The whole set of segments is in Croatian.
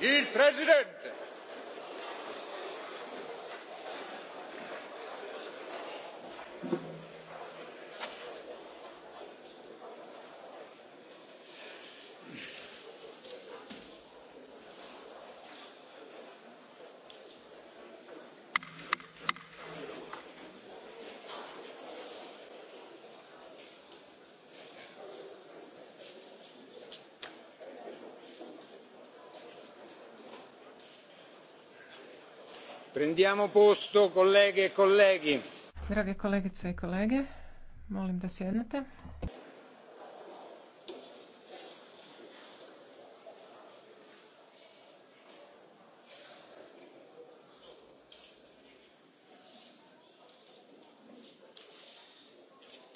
il president Prendiamo posto, kolege e kolegi. Drage kolegice i kolege, molim da sjednete.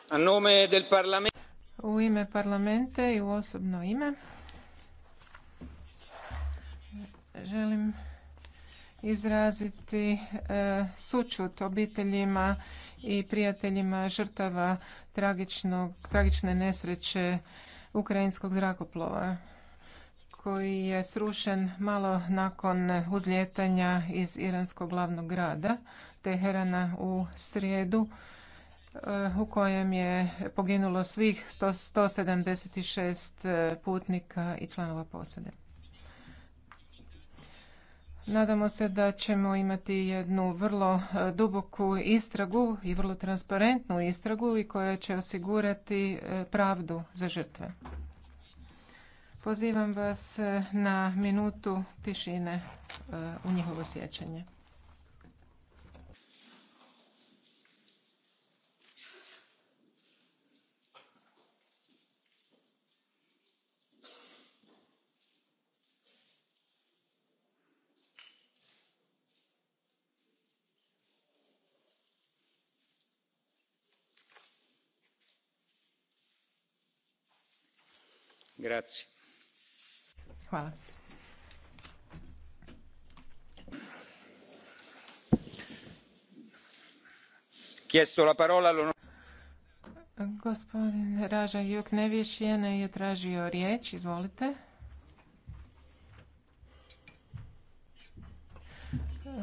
A nome del U ime parlamente i u osobno ime izraziti e, sučut obiteljima i prijateljima žrtava tragičnog, tragične nesreće ukrajinskog zrakoplova koji je srušen malo nakon uzljetanja iz iranskog glavnog grada Teherana u srijedu e, u kojem je poginulo svih 176 e, putnika i članova posade. Nadamo se da ćemo imati jednu vrlo e, duboku istragu i vrlo transparentnu istragu i koja će osigurati e, pravdu za žrtve. Pozivam vas e, na minutu tišine u njihovo sjećanje. Grazie. Hvala. Parola... Gospodin Raža Juknević je tražio riječ. Izvolite.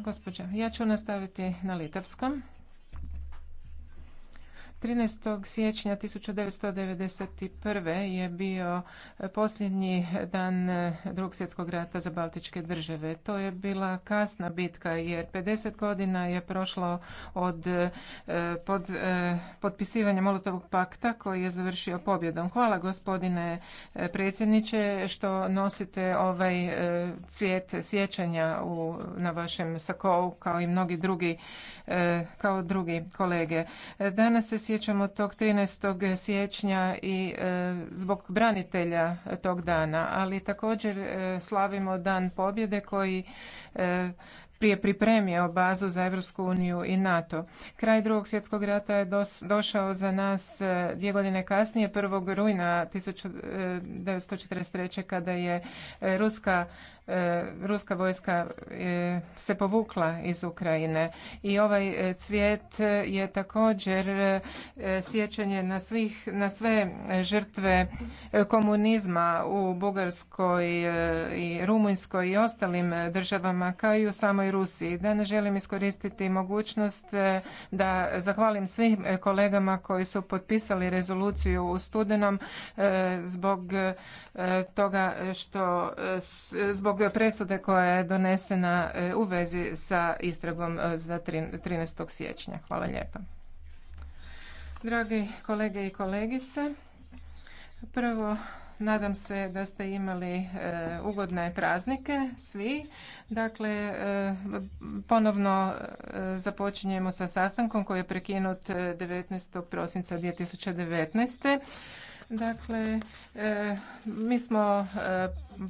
Gospođa, ja ću nastaviti na litavskom. 13. siječnja 1991. je bio posljednji dan e, drugog svjetskog rata za baltičke države. To je bila kasna bitka jer 50 godina je prošlo od e, pod, e, potpisivanja Molotovog pakta koji je završio pobjedom. Hvala gospodine predsjedniče što nosite ovaj cvijet sjećanja u, na vašem sakou kao i mnogi drugi kao drugi kolege. Danas se sjećamo tog 13. siječnja i e, zbog branitelja tog dana, ali također e, slavimo Dan pobjede koji e, prije pripremio bazu za Europsku uniju i NATO. Kraj drugog svjetskog rata je došao za nas dvije godine kasnije, 1. rujna 1943. kada je Ruska E, ruska vojska e, se povukla iz Ukrajine i ovaj e, cvijet je također sjećanje na svih na sve žrtve komunizma u Bugarskoj i Rumunjskoj i ostalim državama kao i u samoj Rusiji. Danas želim iskoristiti mogućnost da zahvalim svim kolegama koji su potpisali rezoluciju u studenom zbog toga što zbog presude koja je donesena e, u vezi sa istragom e, za 13. siječnja. Hvala lijepa. Dragi kolege i kolegice, prvo nadam se da ste imali e, ugodne praznike svi. Dakle, ponovno započinjemo sa sastankom koji je prekinut 19. prosinca 2019. Dakle, e, mi smo e,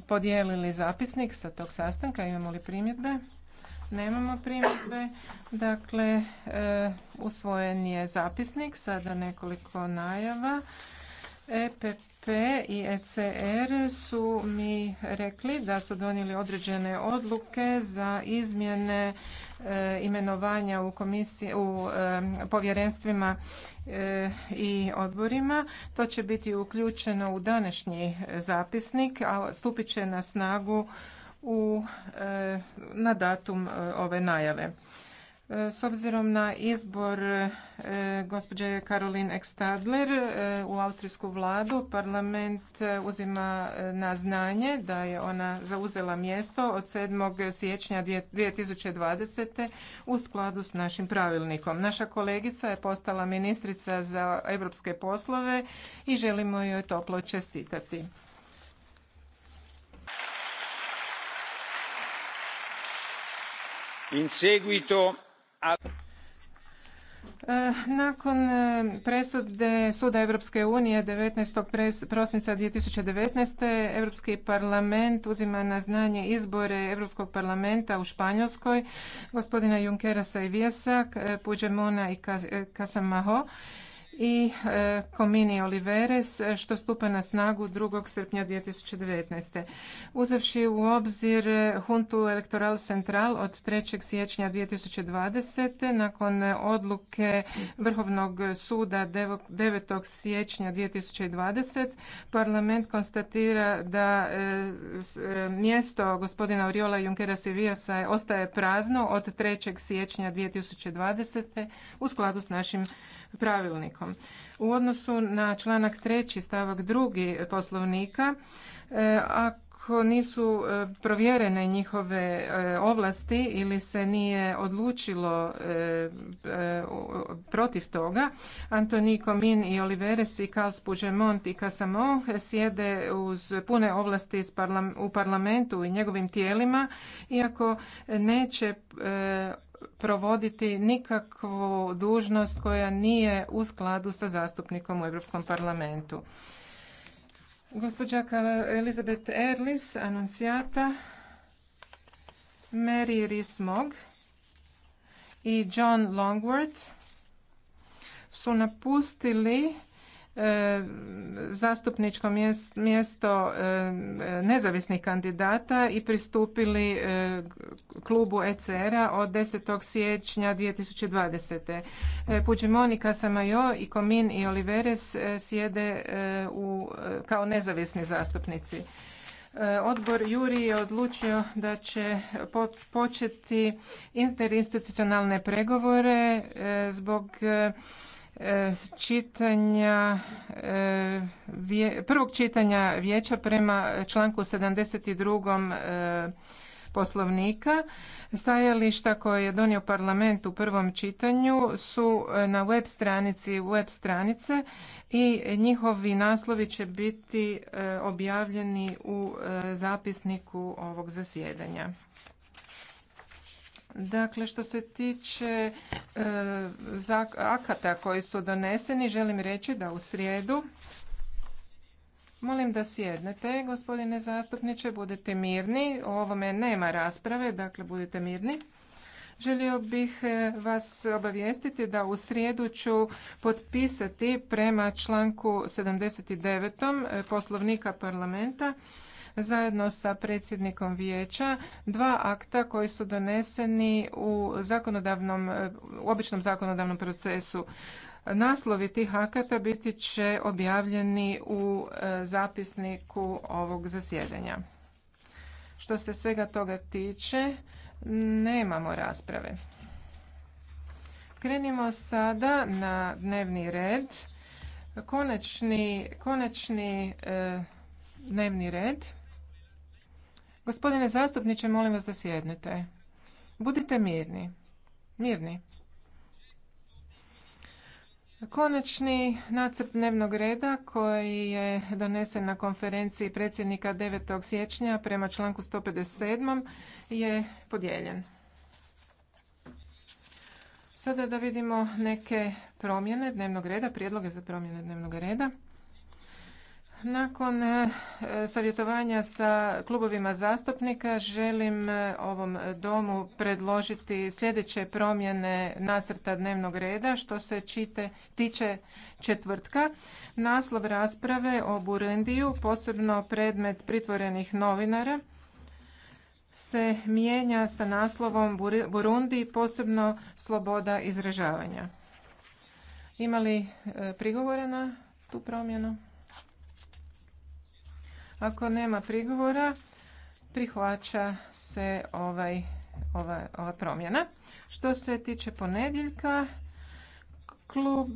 podijelili zapisnik sa tog sastanka. Imamo li primjedbe? Nemamo primjedbe. Dakle, e, usvojen je zapisnik. Sada nekoliko najava. EPP i ECR su mi rekli da su donijeli određene odluke za izmjene E, imenovanja u, komisiji, u e, povjerenstvima e, i odborima. To će biti uključeno u današnji zapisnik, a stupit će na snagu u, na datum ove najave. E, s obzirom na izbor e, gospođe Karolin Ekstadler e, u austrijsku vladu, parlament uzima na znanje da je ona zauzela mjesto od 7. siječnja 2020. u skladu s našim pravilnikom. Naša kolegica je postala ministrica za europske poslove i želimo joj toplo čestitati. In seguito E, nakon e, presude Suda Evropske unije 19. prosinca 2019. Europski parlament uzima na znanje izbore Europskog parlamenta u Španjolskoj, gospodina i Vijesak, Puđemona i Casamaho i e, Comini Oliveres e, što stupa na snagu 2. srpnja 2019. Uzevši u obzir e, Huntu Electoral Central od 3. siječnja 2020. nakon odluke Vrhovnog suda 9. siječnja 2020. parlament konstatira da mjesto gospodina Oriola Junkera Sivijasa ostaje prazno od 3. siječnja 2020. u skladu s našim pravilnikom. U odnosu na članak 3. stavak 2. poslovnika, e, ako nisu e, provjerene njihove e, ovlasti ili se nije odlučilo protiv toga, Antoni Komin i Oliveres i Kals Puigdemont i Casamo sjede uz pune ovlasti u parlamentu i njegovim tijelima, iako neće provoditi nikakvu dužnost koja nije u skladu sa zastupnikom u Europskom parlamentu. Gospođa Elizabeth Erlis, anuncijata, Mary Rismog i John Longworth su napustili E, zastupničko mjesto e, nezavisnih kandidata i pristupili e, klubu ECR-a od 10. siječnja 2020. Puđimoni, Casamajo i Komin i Oliveres sjede u, kao nezavisni zastupnici. Odbor Juri je odlučio da će početi interinstitucionalne pregovore zbog čitanja, eh, prvog čitanja vijeća prema članku 72. Eh, poslovnika. Stajališta koje je donio parlament u prvom čitanju su eh, na web stranici web stranice i njihovi naslovi će biti objavljeni u zapisniku ovog zasjedanja. Dakle, što se tiče e, akata koji su doneseni, želim reći da u srijedu Molim da sjednete, gospodine zastupniče, budete mirni. O ovome nema rasprave, dakle budete mirni. Želio bih e, vas obavijestiti da u srijedu ću potpisati prema članku 79. E, poslovnika parlamenta zajedno sa predsjednikom vijeća dva akta koji su doneseni u zakonodavnom, e, običnom zakonodavnom procesu. Naslovi tih akata biti će objavljeni u e, zapisniku ovog zasjedanja. Što se svega toga tiče, nemamo rasprave. Krenimo sada na dnevni red. Konačni, konačni e, dnevni red. Gospodine zastupniče, molim vas da sjednete. Budite mirni. Mirni. Konačni nacrt dnevnog reda koji je donesen na konferenciji predsjednika 9. siječnja prema članku 157. je podijeljen. Sada da vidimo neke promjene dnevnog reda, prijedloge za promjene dnevnog reda. Nakon e, savjetovanja sa klubovima zastupnika želim e, ovom domu predložiti sljedeće promjene nacrta dnevnog reda što se čite, tiče četvrtka. Naslov rasprave o Burundiju, posebno predmet pritvorenih novinara, se mijenja sa naslovom Burundi, posebno sloboda izražavanja. Ima li e, prigovora na tu promjenu? Ako nema prigovora, prihvaća se ovaj, ova, ova promjena. Što se tiče ponedjeljka, klub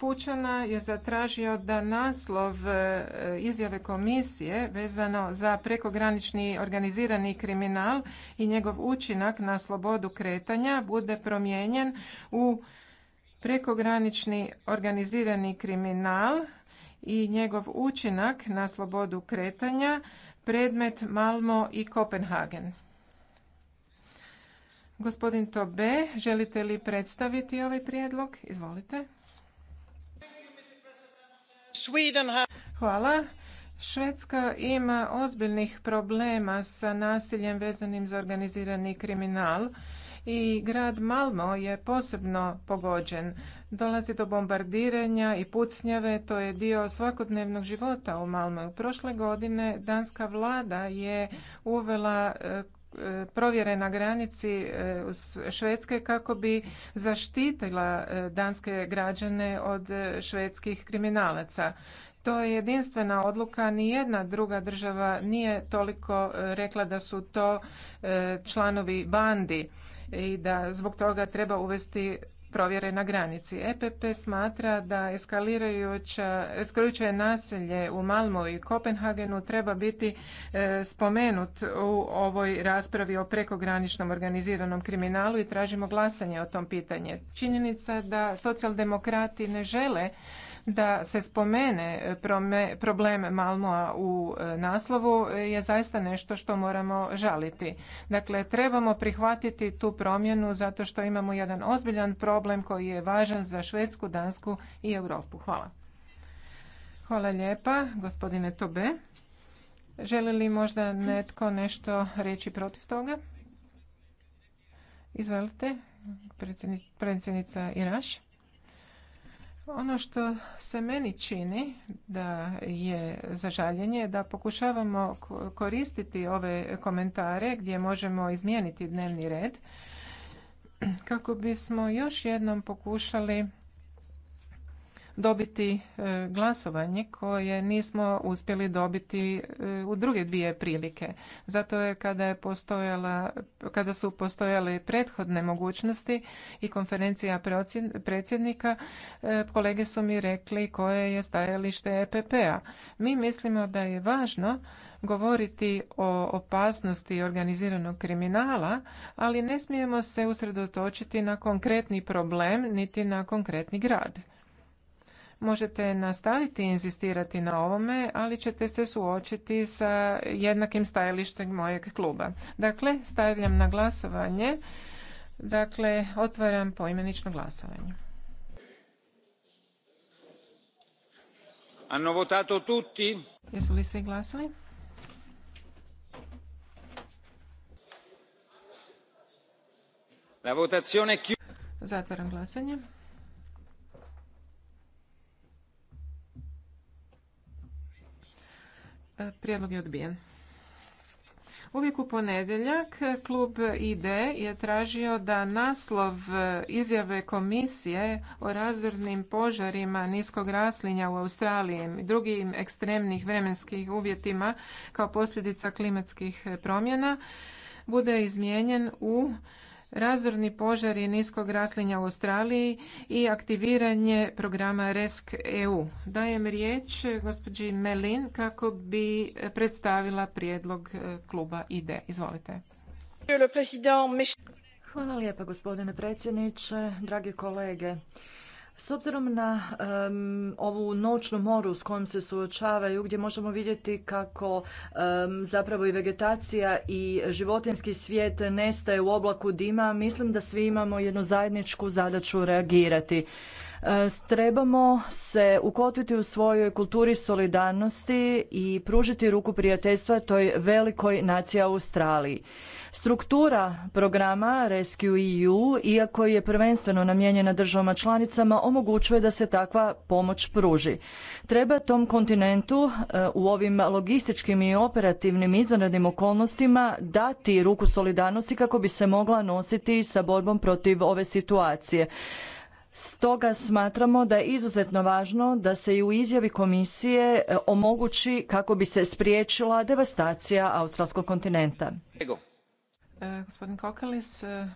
Pučana je zatražio da naslov e, izjave komisije vezano za prekogranični organizirani kriminal i njegov učinak na slobodu kretanja bude promijenjen u prekogranični organizirani kriminal i njegov učinak na slobodu kretanja, predmet Malmo i Kopenhagen. Gospodin Tobe, želite li predstaviti ovaj prijedlog? Izvolite. Hvala. Švedska ima ozbiljnih problema sa nasiljem vezanim za organizirani kriminal i grad Malmo je posebno pogođen. Dolazi do bombardiranja i pucnjave, to je dio svakodnevnog života u Malmo. Prošle godine danska vlada je uvela e, e, provjere na granici e, Švedske kako bi zaštitila danske građane od švedskih kriminalaca. To je jedinstvena odluka, ni jedna druga država nije toliko rekla da su to članovi bandi i da zbog toga treba uvesti provjere na granici. EPP smatra da eskalirajuće nasilje u Malmo i Kopenhagenu treba biti e, spomenut u ovoj raspravi o prekograničnom organiziranom kriminalu i tražimo glasanje o tom pitanje. Činjenica da socijaldemokrati ne žele da se spomene e, problem Malmoa u e, naslovu e, je zaista nešto što moramo žaliti. Dakle, trebamo prihvatiti tu promjenu zato što imamo jedan ozbiljan problem koji je važan za Švedsku, Dansku i Europu. Hvala. Hvala lijepa, gospodine Tobe. Želi li možda netko nešto reći protiv toga? Izvolite, predsjednica Iraš. Ono što se meni čini da je zažaljenje da pokušavamo koristiti ove komentare gdje možemo izmijeniti dnevni red kako bismo još jednom pokušali dobiti e, glasovanje koje nismo uspjeli dobiti e, u druge dvije prilike. Zato je kada, je postojala, kada su postojale prethodne mogućnosti i konferencija predsjednika, e, kolege su mi rekli koje je stajalište EPP-a. Mi mislimo da je važno govoriti o opasnosti organiziranog kriminala, ali ne smijemo se usredotočiti na konkretni problem niti na konkretni grad. Možete nastaviti inzistirati na ovome, ali ćete se suočiti sa jednakim stajalištem mojeg kluba. Dakle, stavljam na glasovanje. Dakle, otvaram poimenično glasovanje. Hanno votato tutti? Jesu li svi glasali? La votazione Zatvaram glasanje. Prijedlog je odbijen. Uvijek u ponedjeljak klub ID je tražio da naslov izjave komisije o razornim požarima niskog raslinja u Australiji i drugim ekstremnih vremenskih uvjetima kao posljedica klimatskih promjena bude izmijenjen u razorni požari niskog raslinja u Australiji i aktiviranje programa RESC EU. Dajem riječ gospođi Melin kako bi predstavila prijedlog e, kluba IDE. Izvolite. Hvala lijepa gospodine predsjedniče, dragi kolege. S obzirom na ovu noćnu moru s kojom se suočavaju, gdje možemo vidjeti kako zapravo i vegetacija i životinski svijet nestaje u oblaku dima, mislim da svi imamo jednu zajedničku zadaću reagirati. E, trebamo se ukotviti u svojoj kulturi solidarnosti i pružiti ruku prijateljstva toj velikoj naciji Australiji. Struktura programa Rescue EU, iako je prvenstveno namijenjena državama članicama, omogućuje da se takva pomoć pruži. Treba tom kontinentu e, u ovim logističkim i operativnim izvanrednim okolnostima dati ruku solidarnosti kako bi se mogla nositi sa borbom protiv ove situacije. Stoga smatramo da je izuzetno važno da se i u izjavi komisije e, omogući kako bi se spriječila devastacija australskog kontinenta. E, gospodin Kokalis, e,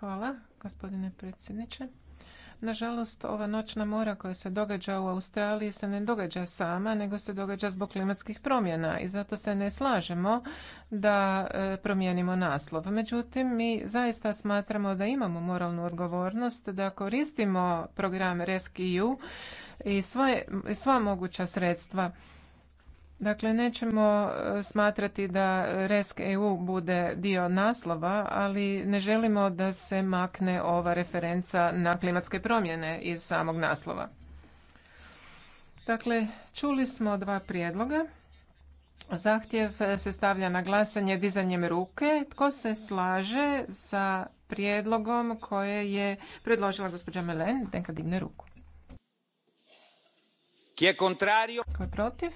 Hvala, gospodine predsjedniče. Nažalost, ova noćna mora koja se događa u Australiji se ne događa sama, nego se događa zbog klimatskih promjena i zato se ne slažemo da e, promijenimo naslov. Međutim, mi zaista smatramo da imamo moralnu odgovornost da koristimo program Rescue i sva moguća sredstva Dakle, nećemo e, smatrati da RESK EU bude dio naslova, ali ne želimo da se makne ova referenca na klimatske promjene iz samog naslova. Dakle, čuli smo dva prijedloga. Zahtjev se stavlja na glasanje dizanjem ruke. Tko se slaže sa prijedlogom koje je predložila gospođa Melen? Neka digne ruku. Tko je protiv?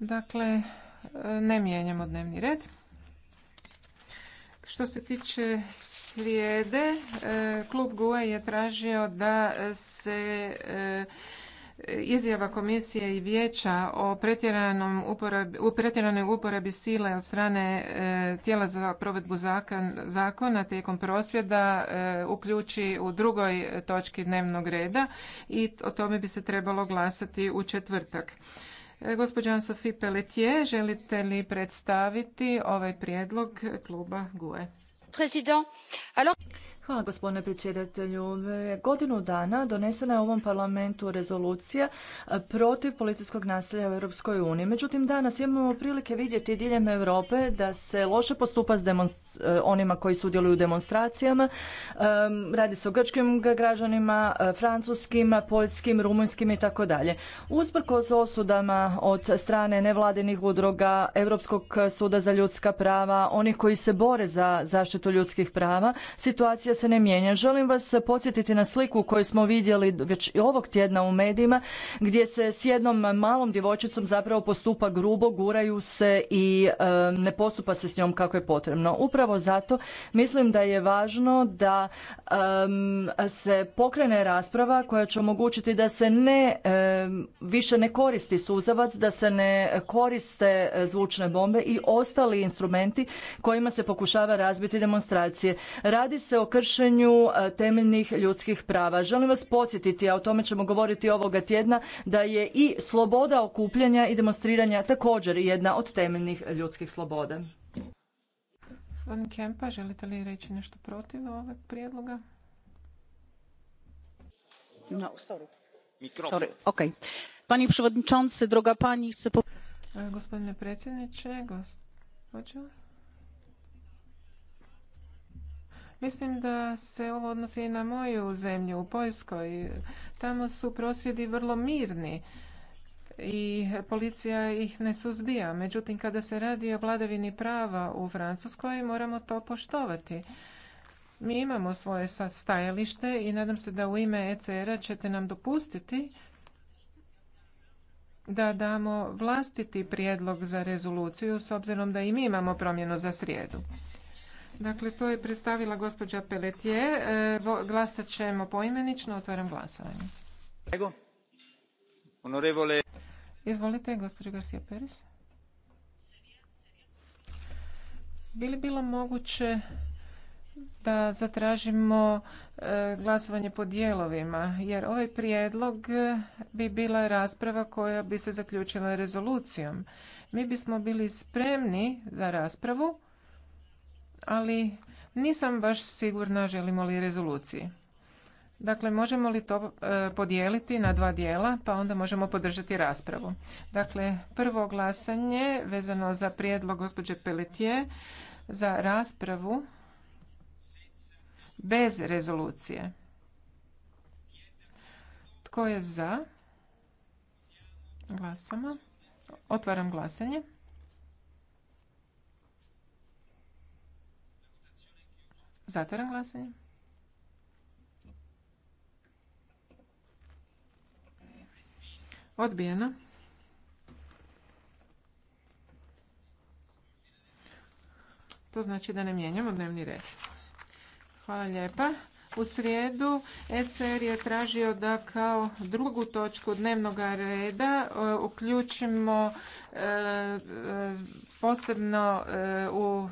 Dakle, e, ne mijenjamo dnevni red. Što se tiče srijede, e, klub GUE je tražio da se e, izjava komisije i vijeća o pretjeranom uporabi, pretjeranoj uporabi sile od strane tijela za provedbu zakona tijekom prosvjeda uključi u drugoj točki dnevnog reda i o tome bi se trebalo glasati u četvrtak. E, gospođa Sophie Pelletier, želite li predstaviti ovaj prijedlog kluba GUE? Hvala gospodine predsjedatelju. Godinu dana donesena je u ovom parlamentu rezolucija eh, protiv policijskog nasilja u Europskoj uniji. Međutim, danas imamo prilike vidjeti diljem Europe da se loše postupa s eh, onima koji sudjeluju u demonstracijama. Radi se o grčkim građanima, eh, francuskim, poljskim, rumunjskim i tako dalje. s osudama od strane nevladinih udruga, Europskog suda za ljudska prava, onih koji se bore za zaštitu ljudskih prava, situacija se ne mijenja. Želim vas podsjetiti na sliku koju smo vidjeli već i ovog tjedna u medijima gdje se s jednom malom djevojčicom zapravo postupa grubo, guraju se i e, ne postupa se s njom kako je potrebno. Upravo zato mislim da je važno da se pokrene rasprava koja će omogućiti da se ne e, više ne koristi suzavac, da se ne koriste e, zvučne bombe i ostali instrumenti kojima se pokušava razbiti demonstracije. Radi se o kršenju kršenju e, temeljnih ljudskih prava. Želim vas podsjetiti, a o tome ćemo govoriti ovoga tjedna, da je i sloboda okupljanja i demonstriranja također jedna od temeljnih ljudskih sloboda. Gospodin Kempa, želite li reći nešto protiv ovog prijedloga? No, sorry. Sorry, okay. Pani przewodniczący, droga pani, chcę... E, gospodine predsjedniče, gospođo, Mislim da se ovo odnosi i na moju zemlju u Poljskoj. Tamo su prosvjedi vrlo mirni i policija ih ne suzbija. Međutim, kada se radi o vladavini prava u Francuskoj, moramo to poštovati. Mi imamo svoje stajalište i nadam se da u ime ECR-a ćete nam dopustiti da damo vlastiti prijedlog za rezoluciju s obzirom da i mi imamo promjenu za srijedu. Dakle, to je predstavila gospođa Pelletier. E, glasat ćemo poimenično. Otvaram glasovanje. Izvolite, gospođo Garcia Perez. Bili bilo moguće da zatražimo e, glasovanje po dijelovima, jer ovaj prijedlog bi bila rasprava koja bi se zaključila rezolucijom. Mi bismo bili spremni za raspravu, ali nisam baš sigurna želimo li rezoluciji. Dakle, možemo li to e, podijeliti na dva dijela, pa onda možemo podržati raspravu. Dakle, prvo glasanje vezano za prijedlog gospođe Pelletier za raspravu bez rezolucije. Tko je za? Glasamo. Otvaram glasanje. Zatvaram glasanje. Odbijeno. To znači da ne mijenjamo dnevni red. Hvala lijepa. U srijedu ECR je tražio da kao drugu točku dnevnog reda e, uključimo e, e, posebno u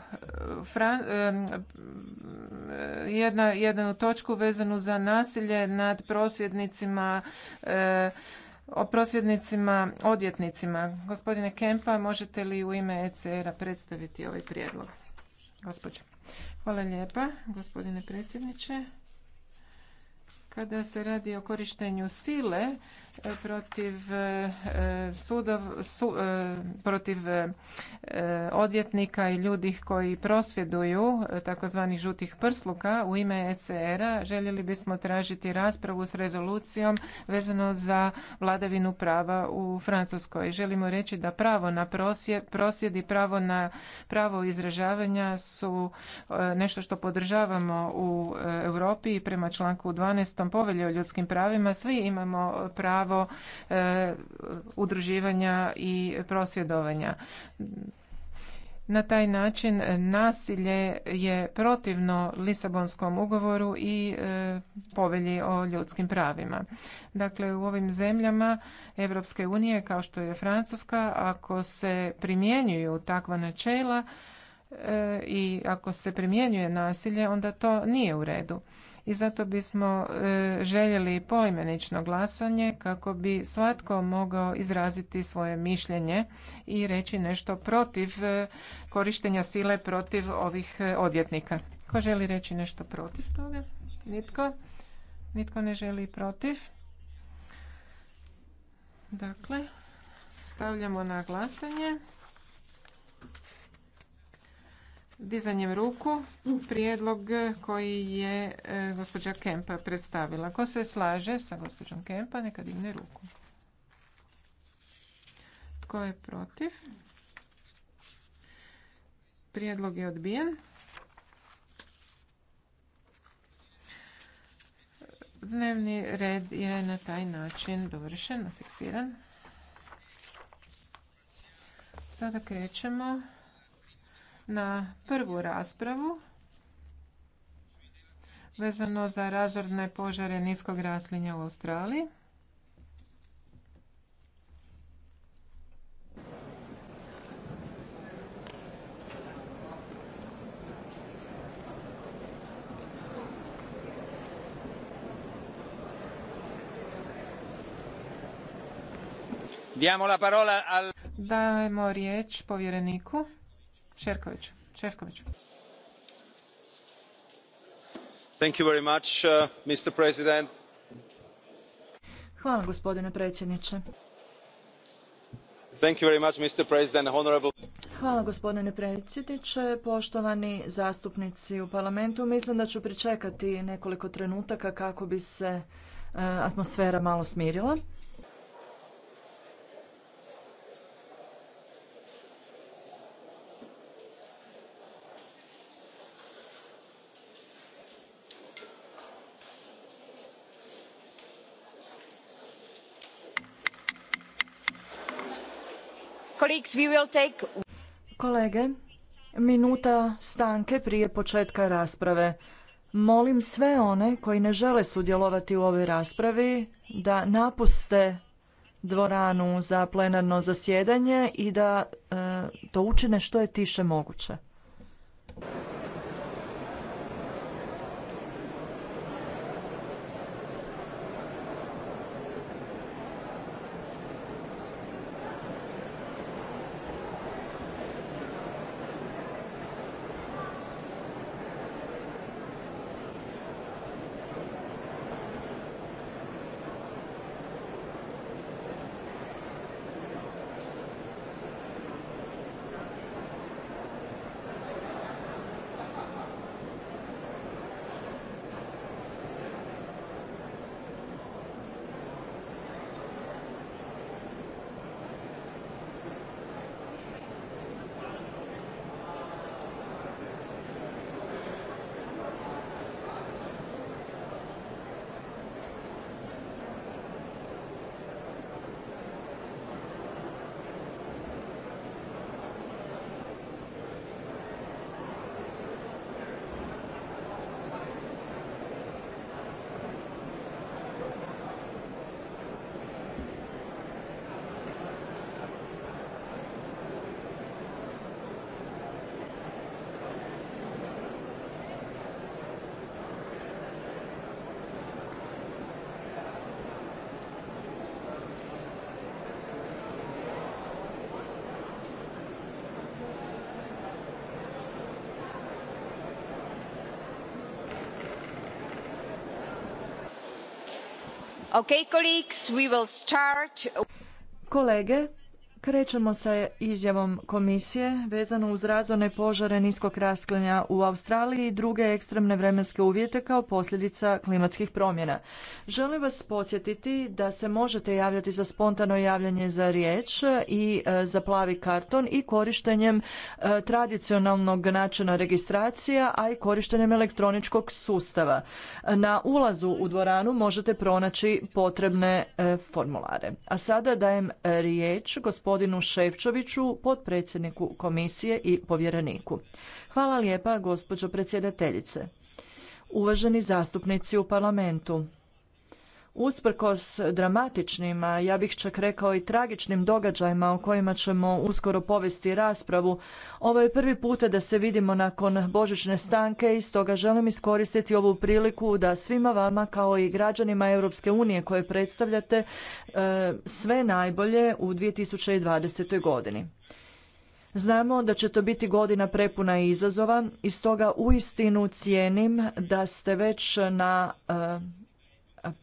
jednu točku vezanu za nasilje nad prosvjednicima o prosvjednicima odvjetnicima. Gospodine Kempa, možete li u ime ECR-a predstaviti ovaj prijedlog? Gospođo. Hvala lijepa, gospodine predsjedniče. Kada se radi o korištenju sile, protiv e, e, protiv e, odvjetnika i ljudi koji prosvjeduju takozvanih žutih prsluka u ime ECR-a željeli bismo tražiti raspravu s rezolucijom vezano za vladavinu prava u Francuskoj. Želimo reći da pravo na prosvjed i pravo na pravo izražavanja su nešto što podržavamo u Europi i prema članku 12. povelje o ljudskim pravima svi imamo pravo pravo e, udruživanja i prosvjedovanja. Na taj način nasilje je protivno Lisabonskom ugovoru i e, povelji o ljudskim pravima. Dakle, u ovim zemljama Europske unije, kao što je Francuska, ako se primjenjuju takva načela e, i ako se primjenjuje nasilje, onda to nije u redu i zato bismo e, željeli poimenično glasanje kako bi svatko mogao izraziti svoje mišljenje i reći nešto protiv e, korištenja sile protiv ovih e, odvjetnika. Ko želi reći nešto protiv toga? Nitko? Nitko ne želi protiv? Dakle, stavljamo na glasanje. dizanjem ruku prijedlog koji je e, gospođa Kempa predstavila. Ko se slaže sa gospođom Kempa, neka digne ruku. Tko je protiv? Prijedlog je odbijen. Dnevni red je na taj način dovršen, fiksiran. Sada krećemo na prvu raspravu vezano za razorne požare niskog raslinja u Australiji. Dajemo riječ povjereniku. Šerković. Uh, Hvala gospodine predsjedniče. Hvala gospodine predsjedniče, poštovani zastupnici u parlamentu. Mislim da ću pričekati nekoliko trenutaka kako bi se e, atmosfera malo smirila. Kolege, minuta stanke prije početka rasprave. Molim sve one koji ne žele sudjelovati u ovoj raspravi da napuste dvoranu za plenarno zasjedanje i da e, to učine što je tiše moguće. Okay, colleagues, we will Kolege, Krećemo sa izjavom komisije vezano uz razone požare niskog rasklenja u Australiji i druge ekstremne vremenske uvjete kao posljedica klimatskih promjena. Želim vas podsjetiti da se možete javljati za spontano javljanje za riječ i e, za plavi karton i korištenjem e, tradicionalnog načina registracija, a i korištenjem elektroničkog sustava. Na ulazu u dvoranu možete pronaći potrebne e, formulare. A sada dajem riječ gospodinu gospodinu Ševčoviću, potpredsjedniku komisije i povjereniku. Hvala lijepa, gospođo predsjedateljice. Uvaženi zastupnici u parlamentu, Usprkos a ja bih čak rekao i tragičnim događajima o kojima ćemo uskoro povesti raspravu, ovo je prvi puta da se vidimo nakon božićne stanke i stoga želim iskoristiti ovu priliku da svima vama kao i građanima Europske unije koje predstavljate e, sve najbolje u 2020. godini. Znamo da će to biti godina prepuna izazova i stoga uistinu cijenim da ste već na e,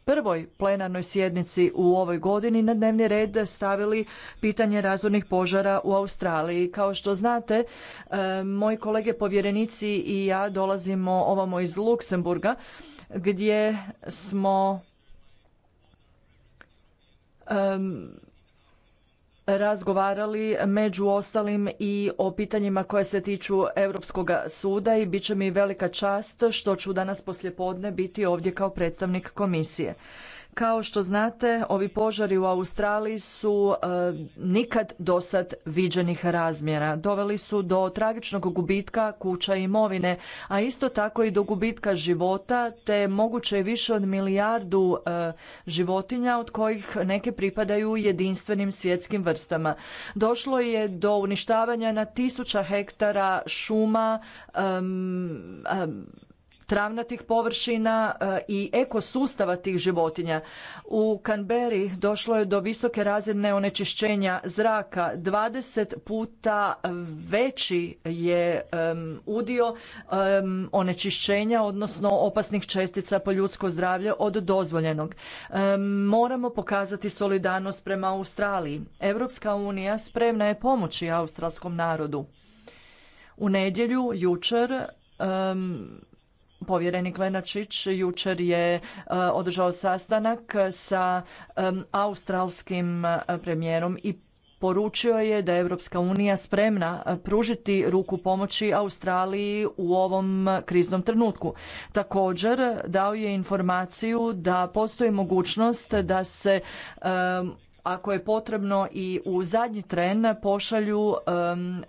prvoj plenarnoj sjednici u ovoj godini na dnevni red stavili pitanje razornih požara u Australiji. Kao što znate, e, moji kolege povjerenici i ja dolazimo ovamo iz Luksemburga gdje smo razgovarali među ostalim i o pitanjima koja se tiču Europskoga suda i bit će mi velika čast što ću danas poslijepodne biti ovdje kao predstavnik komisije. Kao što znate, ovi požari u Australiji su e, nikad dosad viđenih razmjera. Doveli su do tragičnog gubitka kuća i imovine, a isto tako i do gubitka života, te moguće je više od milijardu e, životinja od kojih neke pripadaju jedinstvenim svjetskim vrstama. Došlo je do uništavanja na tisuća hektara šuma, travnatih površina e, i ekosustava tih životinja. U Kanberi došlo je do visoke razine onečišćenja zraka. 20 puta veći je udio onečišćenja, odnosno opasnih čestica po ljudsko zdravlje od dozvoljenog. moramo pokazati solidarnost prema Australiji. Europska unija spremna je pomoći australskom narodu. U nedjelju, jučer, Povjerenik Lenačić jučer je e, održao sastanak sa e, australskim e, premijerom i poručio je da je Europska unija spremna pružiti ruku pomoći Australiji u ovom kriznom trenutku. Također dao je informaciju da postoji mogućnost da se ako je potrebno i u zadnji tren pošalju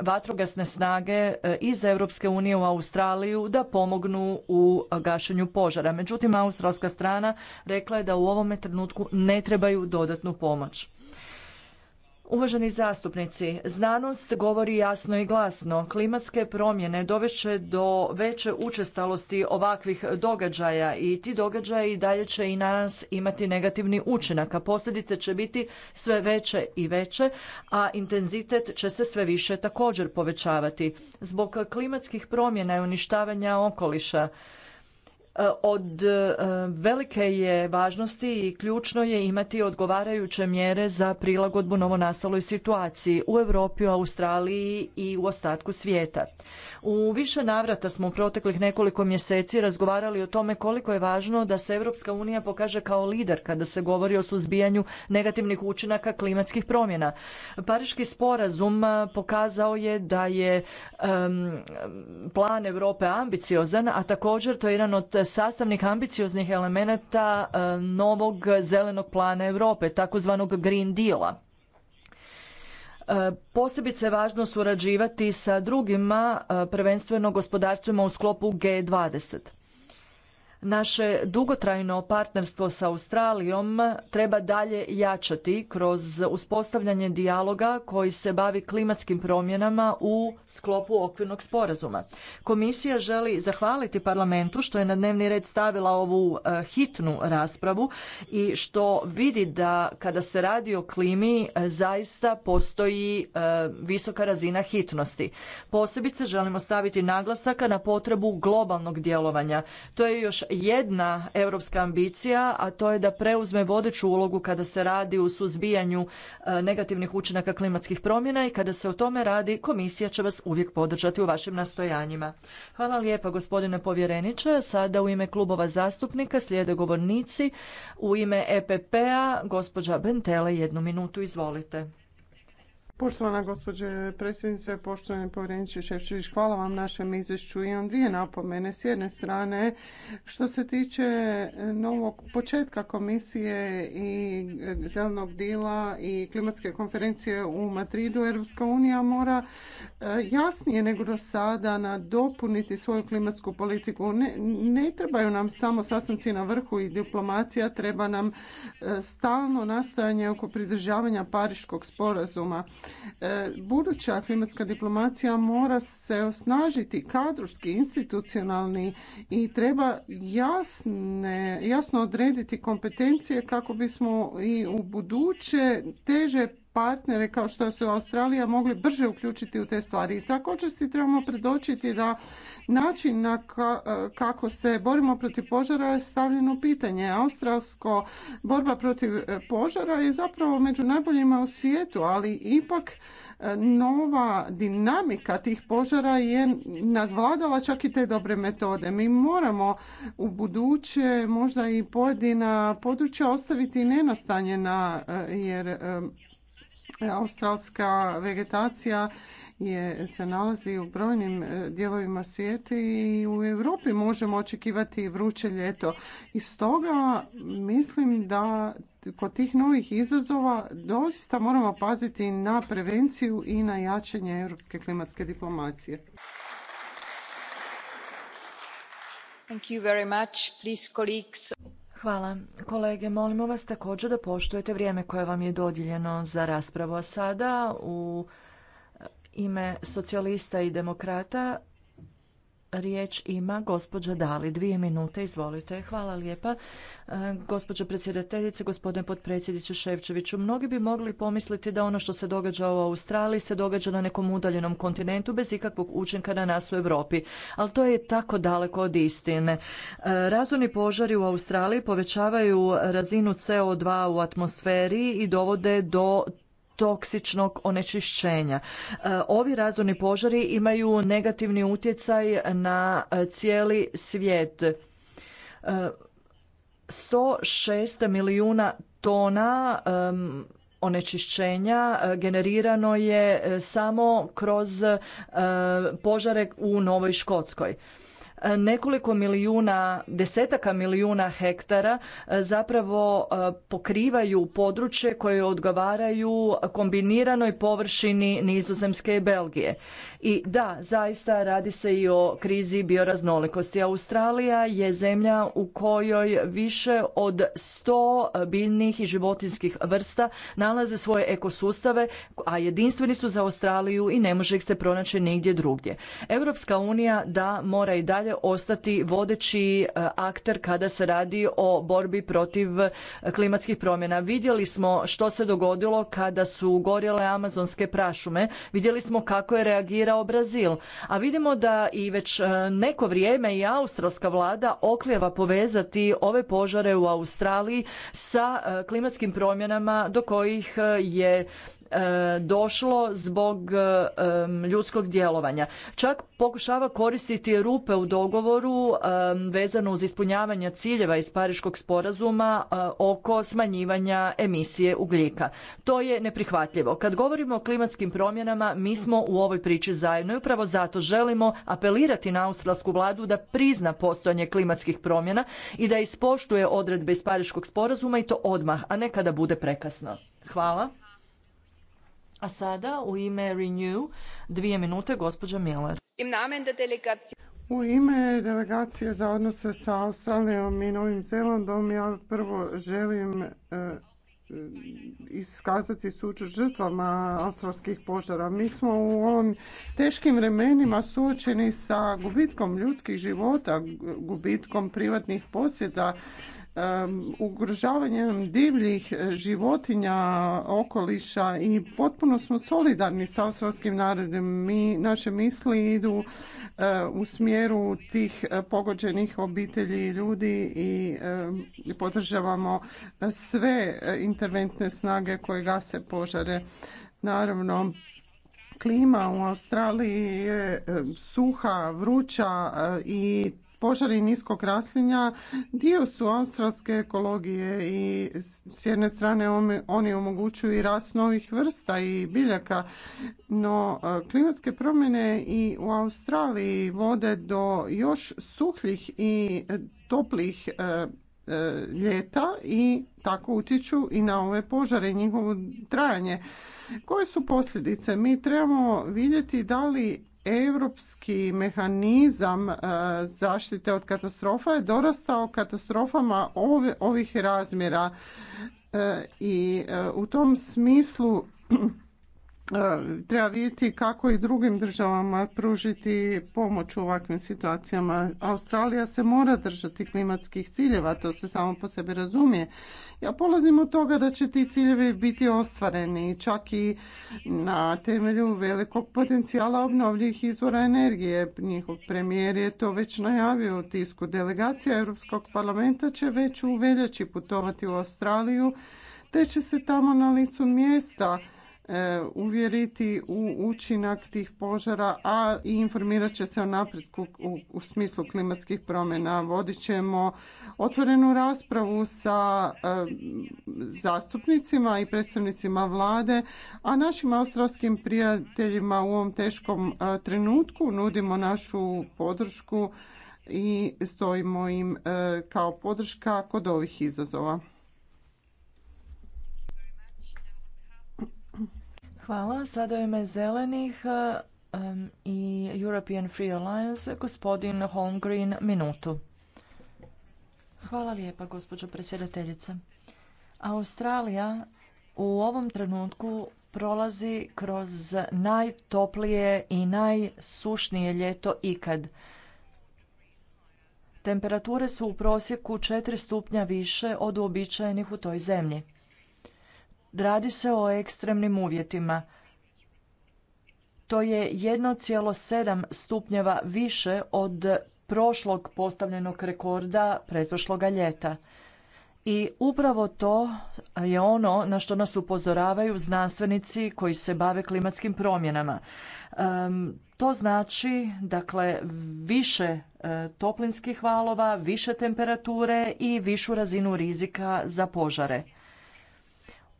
vatrogasne snage eh, iz Europske unije u Australiju da pomognu u gašenju požara. Međutim, australska strana rekla je da u ovome trenutku ne trebaju dodatnu pomoć. Uvaženi zastupnici, znanost govori jasno i glasno. Klimatske promjene doveće do veće učestalosti ovakvih događaja i ti događaji dalje će i nas imati negativni učinak, a posljedice će biti sve veće i veće, a intenzitet će se sve više također povećavati. Zbog klimatskih promjena i uništavanja okoliša, E, od e, velike je važnosti i ključno je imati odgovarajuće mjere za prilagodbu novonastaloj situaciji u Europi, u Australiji i u ostatku svijeta. U više navrata smo u proteklih nekoliko mjeseci razgovarali o tome koliko je važno da se Europska unija pokaže kao lider kada se govori o suzbijanju negativnih učinaka klimatskih promjena. Pariški sporazum pokazao je da je plan Europe ambiciozan, a također to je jedan od sastavnih ambicioznih elemenata novog zelenog plana Europe, takozvanog Green Deala. E, posebice je važno surađivati sa drugima, e, prvenstveno gospodarstvima u sklopu G20. Naše dugotrajno partnerstvo sa Australijom treba dalje jačati kroz uspostavljanje dijaloga koji se bavi klimatskim promjenama u sklopu okvirnog sporazuma. Komisija želi zahvaliti parlamentu što je na dnevni red stavila ovu e, hitnu raspravu i što vidi da kada se radi o klimi e, zaista postoji e, visoka razina hitnosti. Posebice želimo staviti naglasaka na potrebu globalnog djelovanja. To je još jedna europska ambicija, a to je da preuzme vodeću ulogu kada se radi u suzbijanju e, negativnih učinaka klimatskih promjena i kada se o tome radi, komisija će vas uvijek podržati u vašim nastojanjima. Hvala lijepa gospodine povjereniče. Sada u ime klubova zastupnika slijede govornici. U ime EPP-a gospođa Bentele jednu minutu izvolite. Poštovana gospođe predsjednice, poštovani povjereniče šefčević, hvala vam našem izvješću. Imam dvije napomene. S jedne strane, što se tiče novog početka komisije i zelenog dila i klimatske konferencije u Madridu, Europska unija mora e, jasnije nego do sada nadopuniti svoju klimatsku politiku. Ne, ne trebaju nam samo sastanci na vrhu i diplomacija, treba nam e, stalno nastojanje oko pridržavanja Pariškog sporazuma. E, buduća klimatska diplomacija mora se osnažiti kadrovski, institucionalni i treba jasne, jasno odrediti kompetencije kako bismo i u buduće teže partnere kao što su Australija mogli brže uključiti u te stvari. I također si trebamo predočiti da način na kako se borimo protiv požara je stavljeno u pitanje. Australsko borba protiv požara je zapravo među najboljima u svijetu, ali ipak e, nova dinamika tih požara je nadvladala čak i te dobre metode. Mi moramo u buduće možda i pojedina područja ostaviti nenastanjena e, jer e, E, australska vegetacija je, se nalazi u brojnim e, dijelovima svijeta i u Europi možemo očekivati vruće ljeto. I stoga mislim da kod tih novih izazova doista moramo paziti na prevenciju i na jačanje europske klimatske diplomacije. Thank you very much. Please, Hvala. Kolege, molimo vas također da poštujete vrijeme koje vam je dodijeljeno za raspravu. A sada u ime socijalista i demokrata Riječ ima gospođa Dali. Dvije minute, izvolite. Hvala lijepa. E, gospođa predsjedateljice, gospodine potpredsjedniče Ševčeviću, mnogi bi mogli pomisliti da ono što se događa u Australiji se događa na nekom udaljenom kontinentu bez ikakvog učinka na nas u Europi. Ali to je tako daleko od istine. E, Razumni požari u Australiji povećavaju razinu CO2 u atmosferi i dovode do toksičnog onečišćenja. E, ovi razorni požari imaju negativni utjecaj na e, cijeli svijet. 106 e, milijuna tona onečišćenja generirano je samo kroz požare u Novoj Škotskoj nekoliko milijuna, desetaka milijuna hektara e, zapravo e, pokrivaju područje koje odgovaraju kombiniranoj površini Nizozemske i Belgije. I da, zaista radi se i o krizi bioraznolikosti. Australija je zemlja u kojoj više od 100 biljnih i životinskih vrsta nalaze svoje ekosustave, a jedinstveni su za Australiju i ne može ih se pronaći nigdje drugdje. Europska unija da mora i dalje ostati vodeći e, akter kada se radi o borbi protiv e, klimatskih promjena. Vidjeli smo što se dogodilo kada su gorjele amazonske prašume, vidjeli smo kako je reagirao Brazil, a vidimo da i već e, neko vrijeme i australska vlada okljeva povezati ove požare u Australiji sa klimatskim promjenama do kojih je E, došlo zbog e, ljudskog djelovanja. Čak pokušava koristiti rupe u dogovoru vezano uz ispunjavanje ciljeva iz Pariškog sporazuma e, oko smanjivanja emisije ugljika. To je neprihvatljivo. Kad govorimo o klimatskim promjenama, mi smo u ovoj priči zajedno i upravo zato želimo apelirati na australsku vladu da prizna postojanje klimatskih promjena i da ispoštuje odredbe iz Pariškog sporazuma i to odmah, a ne kada bude prekasno. Hvala. A sada u ime Renew dvije minute gospođa Miller. U ime delegacije za odnose sa Australijom i Novim Zelandom ja prvo želim e, iskazati suču žrtvama australskih požara. Mi smo u ovom teškim vremenima suočeni sa gubitkom ljudskih života, gubitkom privatnih posjeta, ugrožavanjem divljih e, životinja, okoliša i potpuno smo solidarni sa australskim narodom. Mi, naše misli idu e, u smjeru tih e, pogođenih obitelji i ljudi i podržavamo sve interventne snage koje gase požare. Naravno, klima u Australiji je suha, vruća i požari niskog raslinja dio su australske ekologije i s jedne strane oni omogućuju i rast novih vrsta i biljaka, no e, klimatske promjene i u Australiji vode do još suhljih i toplih e, e, ljeta i tako utječu i na ove požare i njihovo trajanje. Koje su posljedice? Mi trebamo vidjeti da li europski mehanizam e, zaštite od katastrofa je dorastao katastrofama ovih razmjera e, i e, u tom smislu E, treba vidjeti kako i drugim državama pružiti pomoć u ovakvim situacijama. Australija se mora držati klimatskih ciljeva, to se samo po sebi razumije. Ja polazim od toga da će ti ciljevi biti ostvareni, čak i na temelju velikog potencijala obnovljivih izvora energije. Njihov premijer je to već najavio u tisku. Delegacija Europskog parlamenta će već u veljači putovati u Australiju, te će se tamo na licu mjesta E, uvjeriti u učinak tih požara, a i informirat će se o napretku u smislu klimatskih promjena. Vodit ćemo otvorenu raspravu sa e, zastupnicima i predstavnicima vlade, a našim australskim prijateljima u ovom teškom e, trenutku nudimo našu podršku i stojimo im kao podrška kod ovih izazova. Hvala. Sada ime zelenih e, i European Free Alliance, gospodin Holmgreen, minutu. Hvala lijepa, gospođo predsjedateljice. Australija u ovom trenutku prolazi kroz najtoplije i najsušnije ljeto ikad. Temperature su u prosjeku 4 stupnja više od uobičajenih u toj zemlji. Radi se o ekstremnim uvjetima. To je 1,7 stupnjeva više od prošlog postavljenog rekorda pretprošloga ljeta. I upravo to je ono na što nas upozoravaju znanstvenici koji se bave klimatskim promjenama. to znači dakle više e, toplinskih valova, više temperature i višu razinu rizika za požare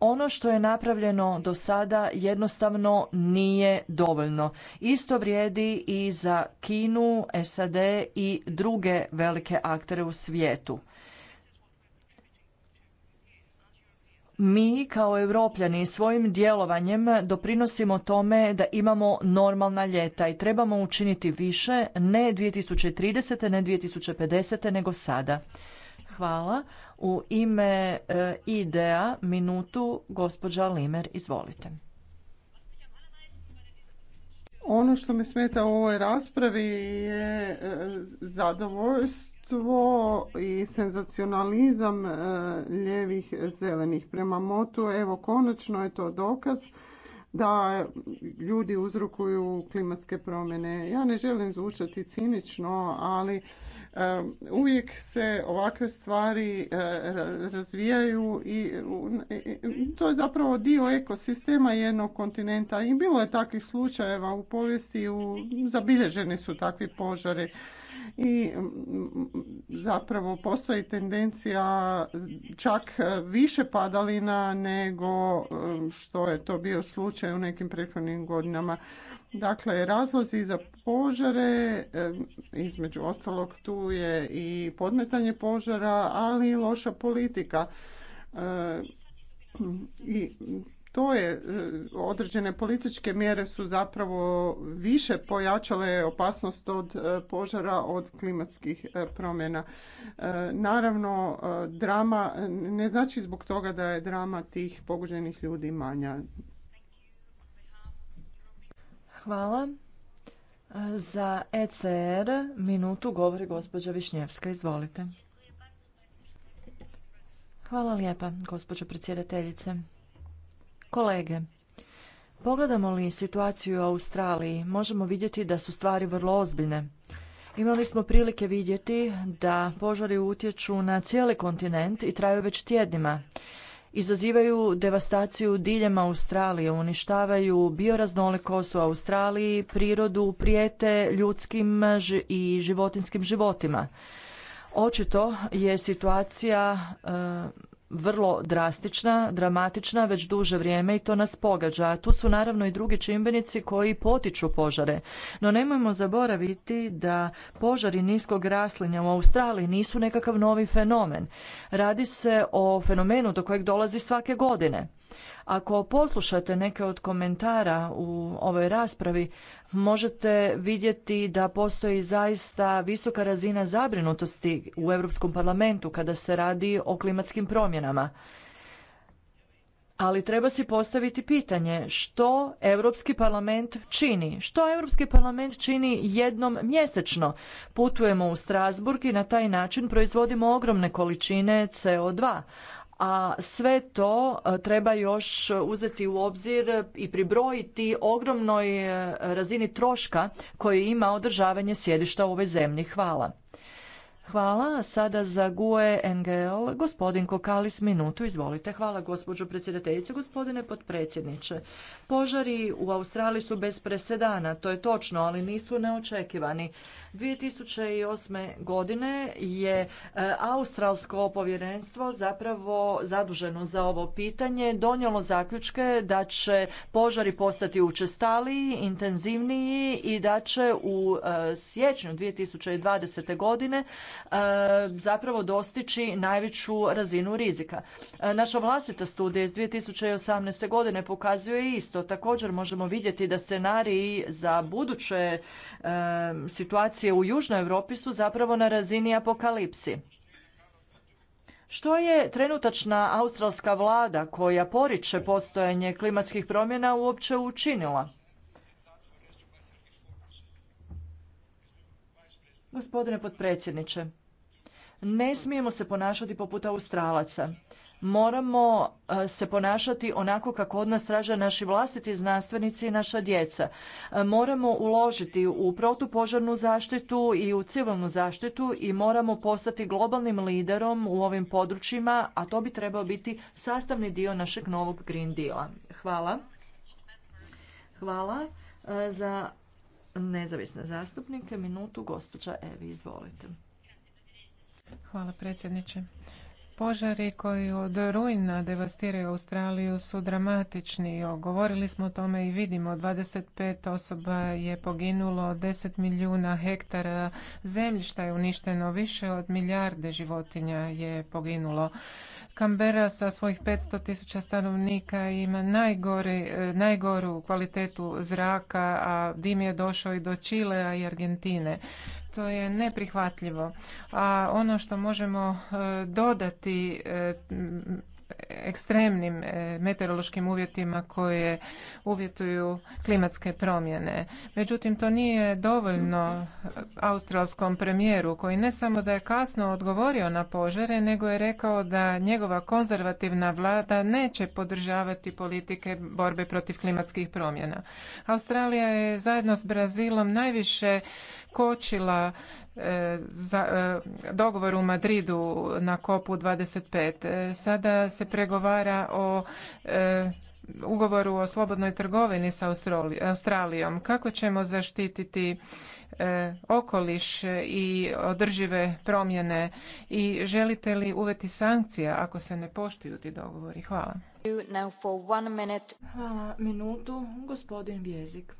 ono što je napravljeno do sada jednostavno nije dovoljno. Isto vrijedi i za Kinu, SAD i druge velike aktere u svijetu. Mi kao europljani svojim djelovanjem doprinosimo tome da imamo normalna ljeta i trebamo učiniti više ne 2030. ne 2050. nego sada. Hvala. U ime e, IDEA minutu gospođa Limer, izvolite. Ono što me smeta u ovoj raspravi je e, zadovoljstvo i senzacionalizam e, ljevih zelenih. Prema motu, evo konačno je to dokaz da ljudi uzrokuju klimatske promjene. Ja ne želim zvučati cinično, ali uvijek se ovakve stvari e, razvijaju i to je zapravo dio ekosistema jednog kontinenta i bilo je takvih slučajeva u povijesti, zabilježeni su takvi požari i mm, mm, zapravo postoji tendencija čak više padalina nego mm, što je to bio slučaj u nekim prethodnim godinama. Dakle, razlozi za požare, između ostalog tu je i podmetanje požara, ali i loša politika. E, I to je, e, određene političke mjere su zapravo više pojačale opasnost od e, požara, od klimatskih e, promjena. Naravno, drama ne znači zbog toga da je drama tih pogođenih ljudi manja. Hvala. Za ECR minutu govori gospođa Višnjevska. Izvolite. Hvala lijepa, gospođo predsjedateljice. Kolege, pogledamo li situaciju u Australiji, možemo vidjeti da su stvari vrlo ozbiljne. Imali smo prilike vidjeti da požari utječu na cijeli kontinent i traju već tjednima. Izazivaju devastaciju diljem Australije, uništavaju bioraznolikost u Australiji, prirodu, prijete ljudskim i životinskim životima. Očito je situacija e, vrlo drastična, dramatična već duže vrijeme i to nas pogađa. tu su naravno i drugi čimbenici koji potiču požare. No nemojmo zaboraviti da požari niskog raslinja u Australiji nisu nekakav novi fenomen. Radi se o fenomenu do kojeg dolazi svake godine. Ako poslušate neke od komentara u ovoj raspravi, možete vidjeti da postoji zaista visoka razina zabrinutosti u Europskom parlamentu kada se radi o klimatskim promjenama. Ali treba si postaviti pitanje što Europski parlament čini. Što Europski parlament čini jednom mjesečno? Putujemo u Strasburg i na taj način proizvodimo ogromne količine CO2 a sve to e, treba još uzeti u obzir i pribrojiti ogromnoj e, razini troška koji ima održavanje sjedišta u ovoj zemlji. Hvala. Hvala. Sada za GUE NGL, gospodin Kokalis, minutu, izvolite. Hvala gospođo predsjedateljice, gospodine potpredsjedniče. Požari u Australiji su bez presedana, to je točno, ali nisu neočekivani. 2008. godine je e, Australsko povjerenstvo zapravo zaduženo za ovo pitanje donijelo zaključke da će požari postati učestaliji, intenzivniji i da će u e, siječnju 2020. godine E, zapravo dostići najveću razinu rizika. E, naša vlastita studija iz 2018. godine pokazuje isto. Također možemo vidjeti da scenariji za buduće e, situacije u Južnoj Europi su zapravo na razini apokalipsi. Što je trenutačna australska vlada koja poriče postojanje klimatskih promjena uopće učinila? Gospodine potpredsjedniče, ne smijemo se ponašati poput Australaca. Moramo e, se ponašati onako kako od nas traže naši vlastiti znanstvenici i naša djeca. E, moramo uložiti u protupožarnu zaštitu i u civilnu zaštitu i moramo postati globalnim liderom u ovim područjima, a to bi trebao biti sastavni dio našeg novog Green Deala. Hvala. Hvala e, za nezavisne zastupnike. Minutu, gospođa Evi, izvolite. Hvala predsjedniče. Požari koji od rujna devastiraju Australiju su dramatični. Govorili smo o tome i vidimo. 25 osoba je poginulo, 10 milijuna hektara zemljišta je uništeno, više od milijarde životinja je poginulo. Kambera sa svojih 500 tisuća stanovnika ima e, najgoru kvalitetu zraka, a dim je došao i do Čilea i Argentine. To je neprihvatljivo. A ono što možemo e, dodati e, ekstremnim e, meteorološkim uvjetima koje uvjetuju klimatske promjene. Međutim, to nije dovoljno australskom premijeru koji ne samo da je kasno odgovorio na požare, nego je rekao da njegova konzervativna vlada neće podržavati politike borbe protiv klimatskih promjena. Australija je zajedno s Brazilom najviše kočila e, za e, dogovor u Madridu na kopu 25. E, sada se pregovara o ugovoru o slobodnoj trgovini sa Australijom. Kako ćemo zaštititi okoliš i održive promjene i želite li uveti sankcija ako se ne poštuju ti dogovori? Hvala. Hvala. Minutu, gospodin Vjezik.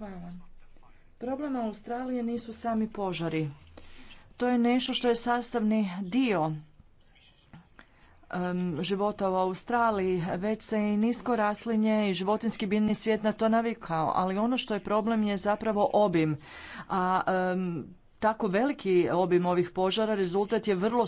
Hvala. Problem Australije nisu sami požari. To je nešto što je sastavni dio života u Australiji, već se i nisko raslinje i životinski biljni svijet na to navikao, ali ono što je problem je zapravo obim. A um, tako veliki obim ovih požara rezultat je vrlo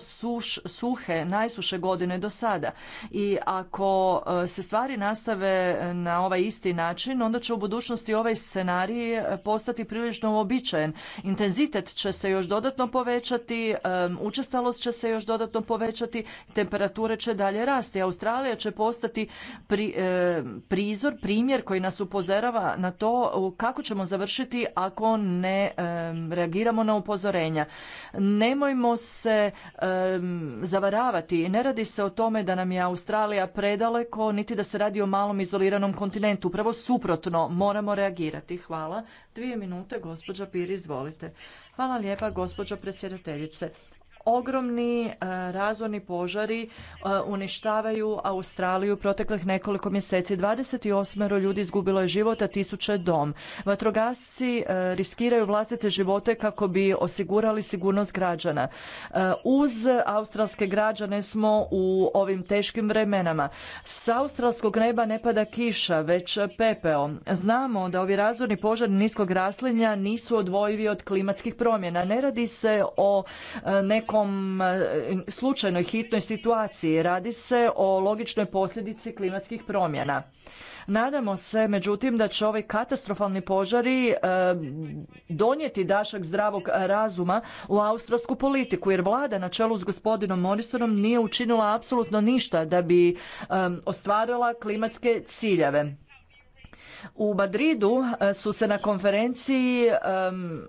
suhe, najsuše godine do sada. I ako e, se stvari nastave na ovaj isti način, onda će u budućnosti ovaj scenarij e, postati prilično uobičajen. Intenzitet će se još dodatno povećati, e, učestalost će se još dodatno povećati, temperature će dalje rasti. Australija će postati prizor, primjer koji nas upozorava na to kako ćemo završiti ako ne reagiramo na upozorenja. Nemojmo se zavaravati. Ne radi se o tome da nam je Australija predaleko, niti da se radi o malom izoliranom kontinentu. Upravo suprotno, moramo reagirati. Hvala. Dvije minute, gospođa Pir, izvolite. Hvala lijepa, gospođo predsjedateljice ogromni e, razorni požari e, uništavaju Australiju proteklih nekoliko mjeseci. 28 ljudi izgubilo je život, a tisuće dom. Vatrogasci e, riskiraju vlastite živote kako bi osigurali sigurnost građana. Uz australske građane smo u ovim teškim vremenama. S australskog neba ne pada kiša, već pepeo. Znamo da ovi razorni požari niskog raslinja nisu odvojivi od klimatskih promjena. Ne radi se o nekom nekom e, slučajnoj hitnoj situaciji. Radi se o logičnoj posljedici klimatskih promjena. Nadamo se, međutim, da će ovaj katastrofalni požari e, donijeti dašak zdravog razuma u australsku politiku, jer vlada na čelu s gospodinom Morrisonom nije učinila apsolutno ništa da bi e, ostvarila klimatske ciljeve. U Madridu e, su se na konferenciji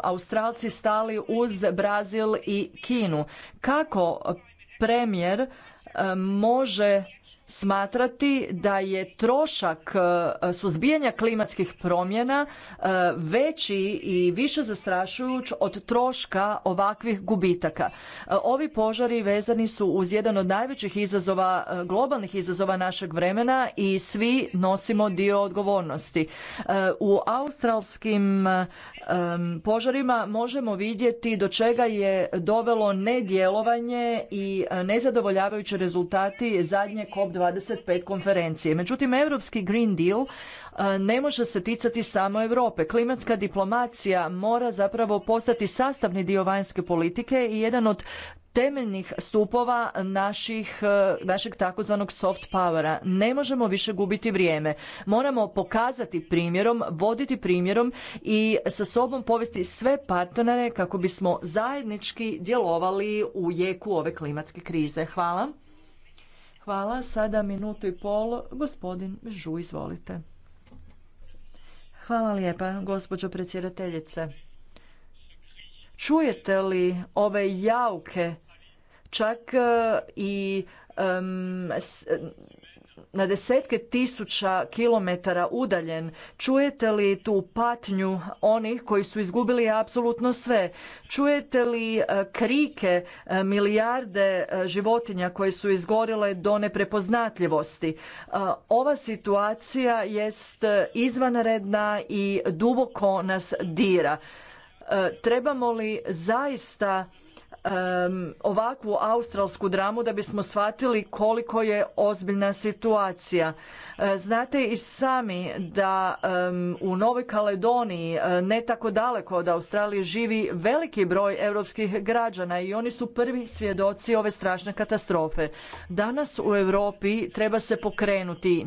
Australci stali uz Brazil i Kinu. Kako premijer može smatrati da je trošak e, suzbijanja klimatskih promjena e, veći i više zastrašujuć od troška ovakvih gubitaka. E, ovi požari vezani su uz jedan od najvećih izazova, globalnih izazova našeg vremena i svi nosimo dio odgovornosti. U australskim požarima možemo vidjeti do čega je dovelo nedjelovanje i nezadovoljavajući rezultati zadnje COP25 konferencije. Međutim, Europski Green Deal ne može se ticati samo Europe. Klimatska diplomacija mora zapravo postati sastavni dio vanjske politike i jedan od temeljnih stupova naših, e, našeg takozvanog soft powera. Ne možemo više gubiti vrijeme. Moramo pokazati primjerom, voditi primjerom i sa sobom povesti sve partnere kako bismo zajednički djelovali u jeku ove klimatske krize. Hvala. Hvala. Sada minutu i pol. Gospodin Žu, izvolite. Hvala lijepa, gospođo predsjedateljice. Čujete li ove jauke čak e, i na desetke tisuća kilometara udaljen. Čujete li tu patnju onih koji su izgubili apsolutno sve? Čujete li e, krike e, milijarde životinja koje su izgorile do neprepoznatljivosti? Ova situacija jest izvanredna i duboko nas dira. Trebamo li zaista um, ovakvu australsku dramu da bismo shvatili koliko je ozbiljna situacija. E, znate i sami da u Novoj Kaledoniji, e, ne tako daleko od Australije, živi veliki broj europskih građana i oni su prvi svjedoci ove strašne katastrofe. Danas u Europi treba se pokrenuti,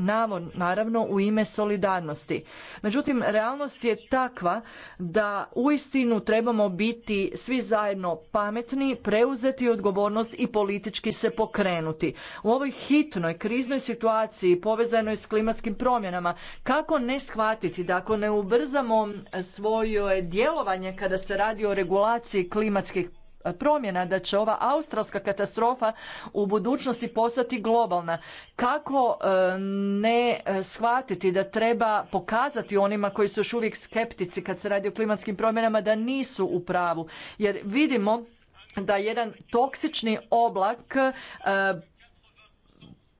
naravno u ime solidarnosti. Međutim, realnost je takva da uistinu trebamo biti svi zajedno pametni preuzeti odgovornost i politički se pokrenuti. U ovoj hitnoj, kriznoj situaciji povezanoj s klimatskim promjenama, kako ne shvatiti da ako ne ubrzamo svoje djelovanje kada se radi o regulaciji klimatskih e, promjena da će ova australska katastrofa u budućnosti postati globalna. Kako e, ne e, shvatiti da treba pokazati onima koji su još uvijek skeptici kad se radi o klimatskim promjenama da nisu u pravu. Jer vidimo da jedan toksični oblak e,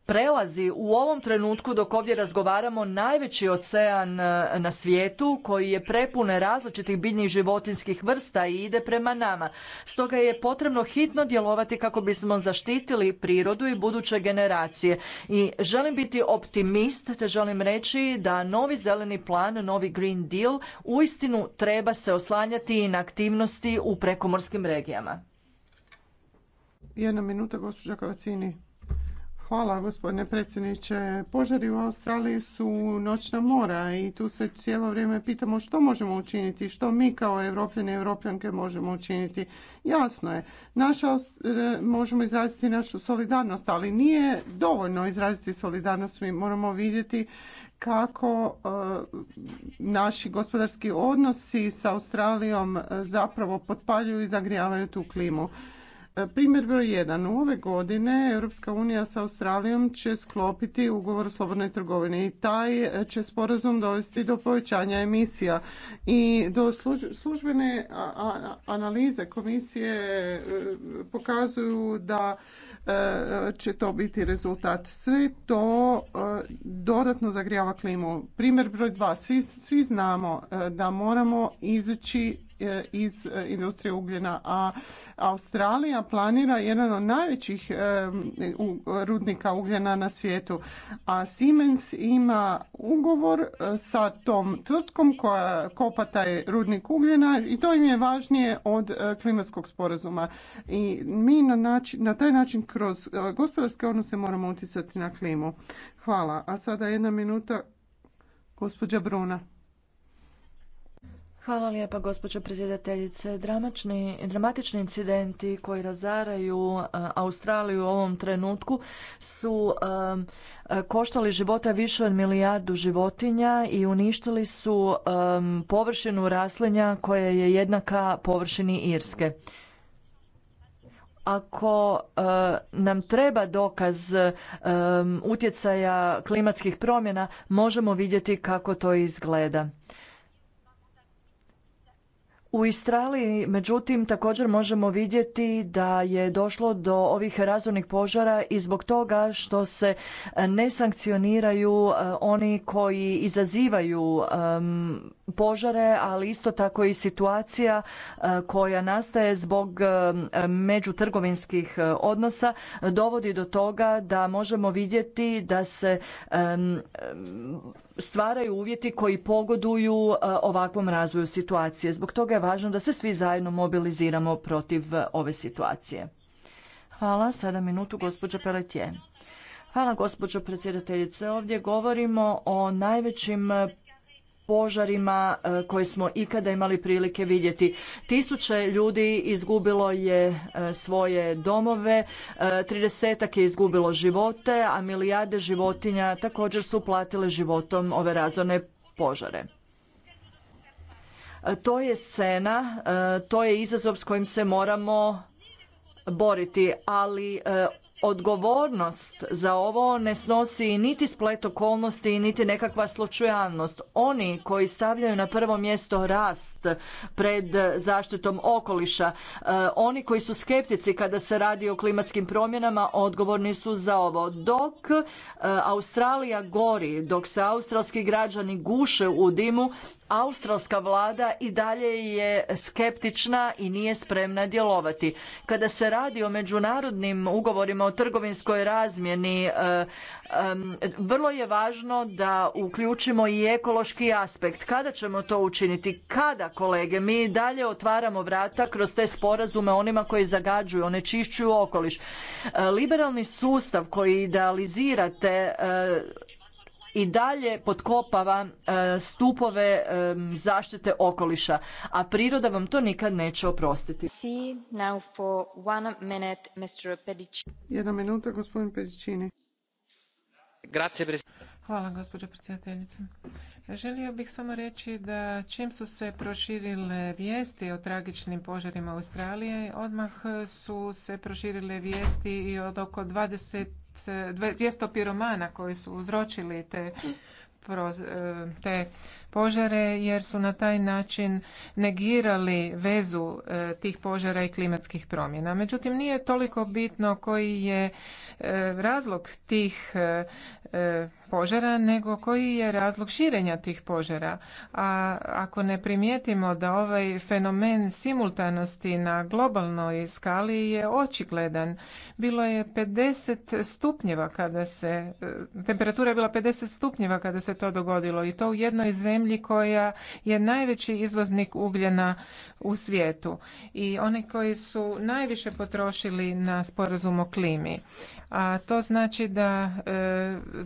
prelazi u ovom trenutku dok ovdje razgovaramo najveći ocean e, na svijetu koji je prepune različitih biljnih životinskih vrsta i ide prema nama. Stoga je potrebno hitno djelovati kako bismo zaštitili prirodu i buduće generacije. I želim biti optimist te želim reći da novi zeleni plan, novi Green Deal uistinu treba se oslanjati i na aktivnosti u prekomorskim regijama. Jedna minuta, gospođa Kavacini. Hvala gospodine predsjedniče. Požari u Australiji su noćna mora i tu se cijelo vrijeme pitamo što možemo učiniti, što mi kao europljane i europljanke možemo učiniti. Jasno je, naša, e, možemo izraziti našu solidarnost, ali nije dovoljno izraziti solidarnost. Mi moramo vidjeti kako e, naši gospodarski odnosi sa Australijom e, zapravo potpaljuju i zagrijavaju tu klimu. Primjer broj jedan. U ove godine Europska unija sa Australijom će sklopiti ugovor o slobodnoj trgovini i taj će sporazum dovesti do povećanja emisija i do službene analize komisije e, pokazuju da e, će to biti rezultat. Sve to e, dodatno zagrijava klimu. Primjer broj dva. Svi, svi znamo da moramo izaći E, iz e, industrije ugljena, a Australija planira jedan od najvećih e, rudnika ugljena na svijetu. A Siemens ima ugovor sa tom tvrtkom koja kopa taj rudnik ugljena i to im je važnije od klimatskog sporazuma. I mi na, način, na taj način kroz gospodarske odnose moramo utjecati na klimu. Hvala. A sada jedna minuta gospođa Bruna. Hvala lijepa gospođo predsjedateljice. dramatični incidenti koji razaraju e, Australiju u ovom trenutku su e, e, koštali života više od milijardu životinja i uništili su površinu raslinja koja je jednaka površini Irske ako nam treba dokaz utjecaja klimatskih promjena možemo vidjeti kako to izgleda u Istraliji, međutim, također možemo vidjeti da je došlo do ovih razornih požara i zbog toga što se e, ne sankcioniraju e, oni koji izazivaju požare, ali isto tako i situacija e, koja nastaje zbog e, međutrgovinskih e, odnosa dovodi do toga da možemo vidjeti da se stvaraju uvjeti koji pogoduju ovakvom razvoju situacije. Zbog toga je važno da se svi zajedno mobiliziramo protiv ove situacije. Hvala. Sada minutu gospođa Peletje. Hvala gospođo predsjedateljice. Ovdje govorimo o najvećim požarima e, koje smo ikada imali prilike vidjeti. Tisuće ljudi izgubilo je e, svoje domove, e, tridesetak je izgubilo živote, a milijarde životinja također su platile životom ove razorne požare. To je scena, to je izazov s kojim se moramo boriti, ali Odgovornost za ovo ne snosi niti splet okolnosti, niti nekakva slučajnost. Oni koji stavljaju na prvo mjesto rast pred zaštitom okoliša, e, oni koji su skeptici kada se radi o klimatskim promjenama, odgovorni su za ovo. Dok e, Australija gori, dok se australski građani guše u dimu, Australska vlada i dalje je skeptična i nije spremna djelovati. Kada se radi o međunarodnim ugovorima o trgovinskoj razmjeni, e, vrlo je važno da uključimo i ekološki aspekt. Kada ćemo to učiniti? Kada, kolege? Mi dalje otvaramo vrata kroz te sporazume onima koji zagađuju, onečišćuju okoliš. E, liberalni sustav koji idealizirate e, i dalje potkopava e, stupove e, zaštite okoliša, a priroda vam to nikad neće oprostiti. Jedna minuta, gospodin Pedicini. Hvala gospođo predsjedateljice. Želio bih samo reći da čim su se proširile vijesti o tragičnim požarima Australije, odmah su se proširile vijesti i od oko 200 piromana koji su uzročili te e, te požare jer su na taj način negirali vezu e, tih požara i klimatskih promjena. Međutim, nije toliko bitno koji je e, razlog tih požara, nego koji je razlog širenja tih požara. A ako ne primijetimo da ovaj fenomen simultanosti na globalnoj skali je očigledan, bilo je 50 stupnjeva kada se, e, temperatura je bila 50 stupnjeva kada se to dogodilo i to u jednoj zemlji koja je najveći izvoznik ugljena u svijetu. I oni koji su najviše potrošili na sporazum o klimi. A to znači da e,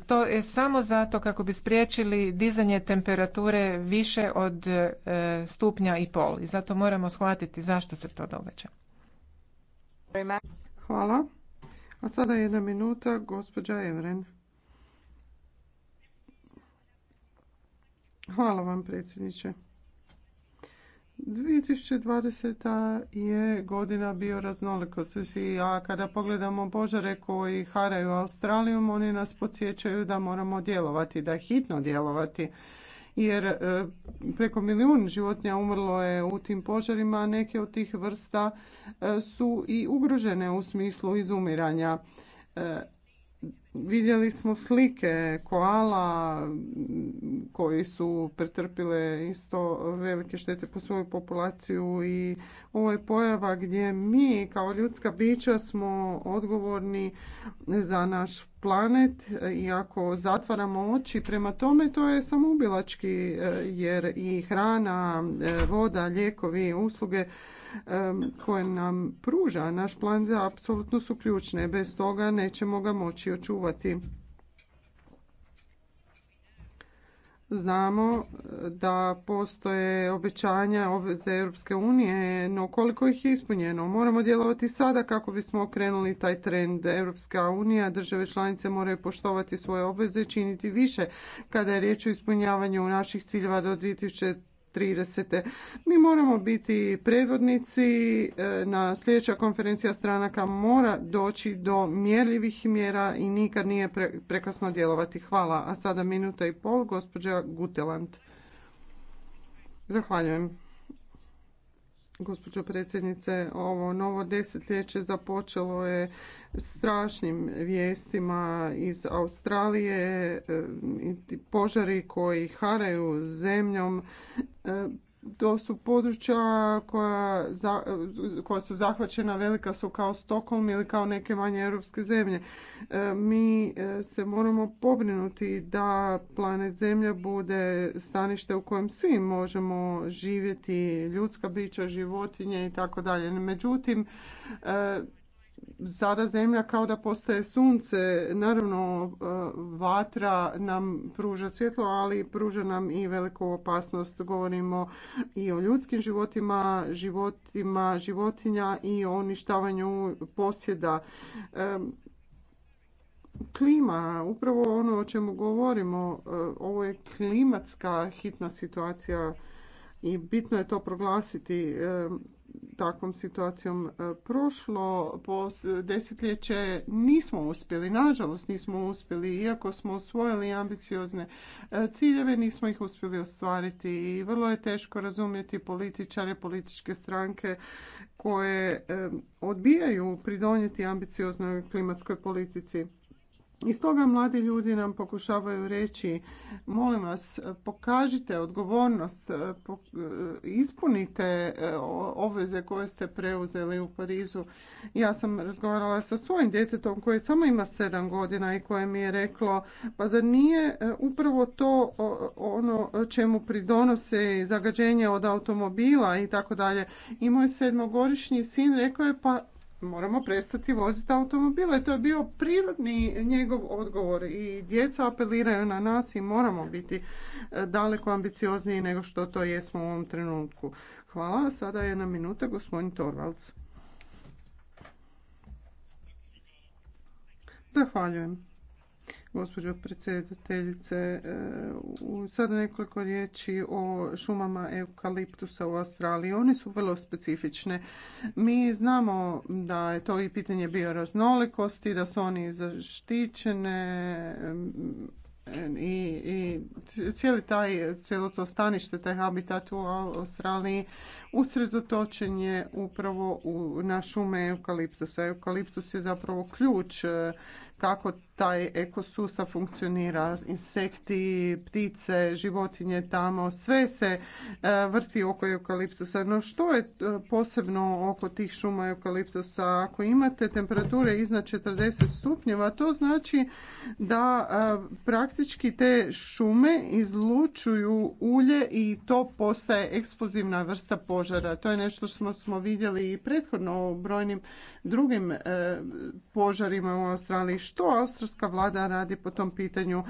to je samo zato kako bi spriječili dizanje temperature više od e, stupnja i pol i zato moramo shvatiti zašto se to događa. Hvala. A sada jedna minuta, gospođa Evren. Hvala vam, predsjedniče. 2020. je godina bioraznolikosti, a kada pogledamo požare koji haraju Australijom, oni nas podsjećaju da moramo djelovati, da hitno djelovati jer e, preko milijun životinja umrlo je u tim požarima, a neke od tih vrsta e, su i ugrožene u smislu izumiranja. E, Vidjeli smo slike koala koji su pretrpile isto velike štete po svoju populaciju i ovo je pojava gdje mi kao ljudska bića smo odgovorni za naš planet e, i ako zatvaramo oči prema tome, to je samoubilački e, jer i hrana, e, voda, lijekovi, usluge koje nam pruža naš planet apsolutno su ključne. Bez toga nećemo ga moći očuvati. Znamo e, da postoje obećanja obveze Europske unije, no koliko ih je ispunjeno? Moramo djelovati sada kako bismo okrenuli taj trend. Europska unija, države članice moraju poštovati svoje obveze i činiti više kada je riječ o ispunjavanju naših ciljeva do 2030 2030. Mi moramo biti predvodnici, e, na sljedeća konferencija stranaka mora doći do mjerljivih mjera i nikad nije prekasno djelovati. Hvala. A sada minuta i pol, gospođa Guteland. Zahvaljujem gospođo predsjednice, ovo novo desetljeće započelo je strašnim vijestima iz Australije, e, požari koji haraju zemljom e, to su područja koja, za, koja su zahvaćena, velika su kao Stockholm ili kao neke manje europske zemlje. E, mi e, se moramo pobrinuti da planet Zemlja bude stanište u kojem svi možemo živjeti, ljudska bića, životinje i tako dalje. Međutim, e, sada zemlja kao da postaje sunce. Naravno, e, vatra nam pruža svjetlo, ali pruža nam i veliku opasnost. Govorimo i o ljudskim životima, životima životinja i o uništavanju posjeda. E, klima, upravo ono o čemu govorimo, e, ovo je klimatska hitna situacija i bitno je to proglasiti takvom situacijom e, prošlo po desetljeće nismo uspjeli, nažalost nismo uspjeli, iako smo osvojili ambiciozne e, ciljeve, nismo ih uspjeli ostvariti i vrlo je teško razumjeti političare, političke stranke koje e, odbijaju pridonijeti ambicioznoj klimatskoj politici. I stoga mladi ljudi nam pokušavaju reći, molim vas, pokažite odgovornost, e, e, ispunite e, obveze koje ste preuzeli u Parizu. Ja sam razgovarala sa svojim djetetom koje samo ima sedam godina i koje mi je reklo, pa zar nije upravo to ono čemu pridonose zagađenje od automobila i tako dalje. I moj sedmogodišnji sin rekao je, pa moramo prestati voziti automobile. To je bio prirodni njegov odgovor i djeca apeliraju na nas i moramo biti e, daleko ambiciozniji nego što to jesmo u ovom trenutku. Hvala. Sada je na minuta gospodin Torvalds. Zahvaljujem gospođo predsjedateljice. E, Sada nekoliko riječi o šumama eukaliptusa u Australiji. One su vrlo specifične. Mi znamo da je to i pitanje bioraznolikosti, da su oni zaštićene e, i, i cijeli taj, cijelo to stanište, taj habitat u Australiji usredotočen je upravo u, na šume eukaliptusa. Eukaliptus je zapravo ključ e, kako taj ekosustav funkcionira, insekti, ptice, životinje tamo, sve se e, vrti oko eukaliptusa. No što je e, posebno oko tih šuma eukaliptusa? Ako imate temperature iznad 40 stupnjeva, to znači da e, praktički te šume izlučuju ulje i to postaje eksplozivna vrsta požara. To je nešto što smo vidjeli i prethodno u brojnim drugim požarima u Australiji što australska vlada radi po tom pitanju?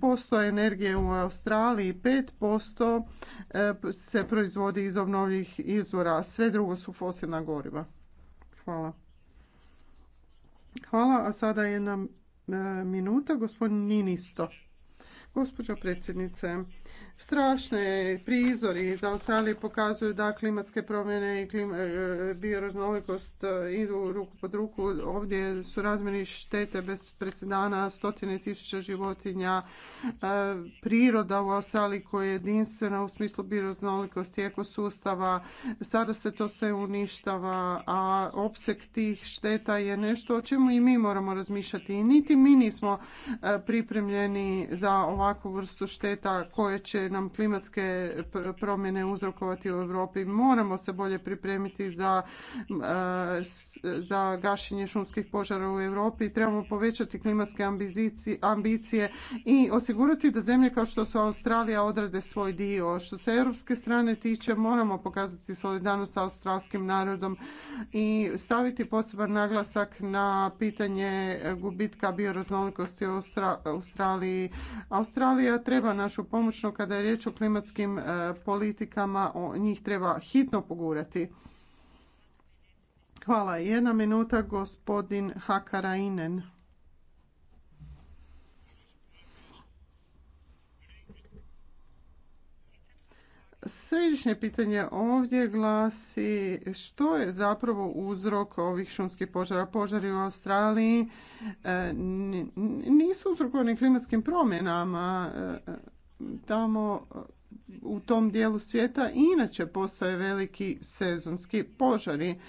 5% energije u Australiji, 5% e, se proizvodi iz obnovljivih izvora, sve drugo su fosilna goriva. Hvala. Hvala, a sada je nam e, minuta, gospodin Ninisto. Gospođo predsjednice, Strašne prizori iz Australije pokazuju da klimatske promjene i e, bioraznolikost e, idu ruku pod ruku. Ovdje su razmjeni štete bez presedana, stotine tisuća životinja, e, priroda u Australiji koja je jedinstvena u smislu bioraznolikosti, ekosustava. Sada se to sve uništava, a opsek tih šteta je nešto o čemu i mi moramo razmišljati. I niti mi nismo pripremljeni za ovakvu vrstu šteta koje će nam klimatske promjene uzrokovati u Europi. Moramo se bolje pripremiti za, e, za gašenje šumskih požara u Europi. Trebamo povećati klimatske ambicije i osigurati da zemlje kao što su Australija odrade svoj dio. Što se europske strane tiče, moramo pokazati solidarnost sa australskim narodom i staviti poseban naglasak na pitanje gubitka bioraznolikosti u Australiji. Australija treba našu pomoćno kada je riječ o klimatskim e, politikama, o njih treba hitno pogurati. Hvala. Jedna minuta, gospodin Hakarainen. Središnje pitanje ovdje glasi što je zapravo uzrok ovih šumskih požara. Požari u Australiji e, nisu uzrokovani klimatskim promjenama, e, tamo u tom dijelu svijeta inače postoje veliki sezonski požari.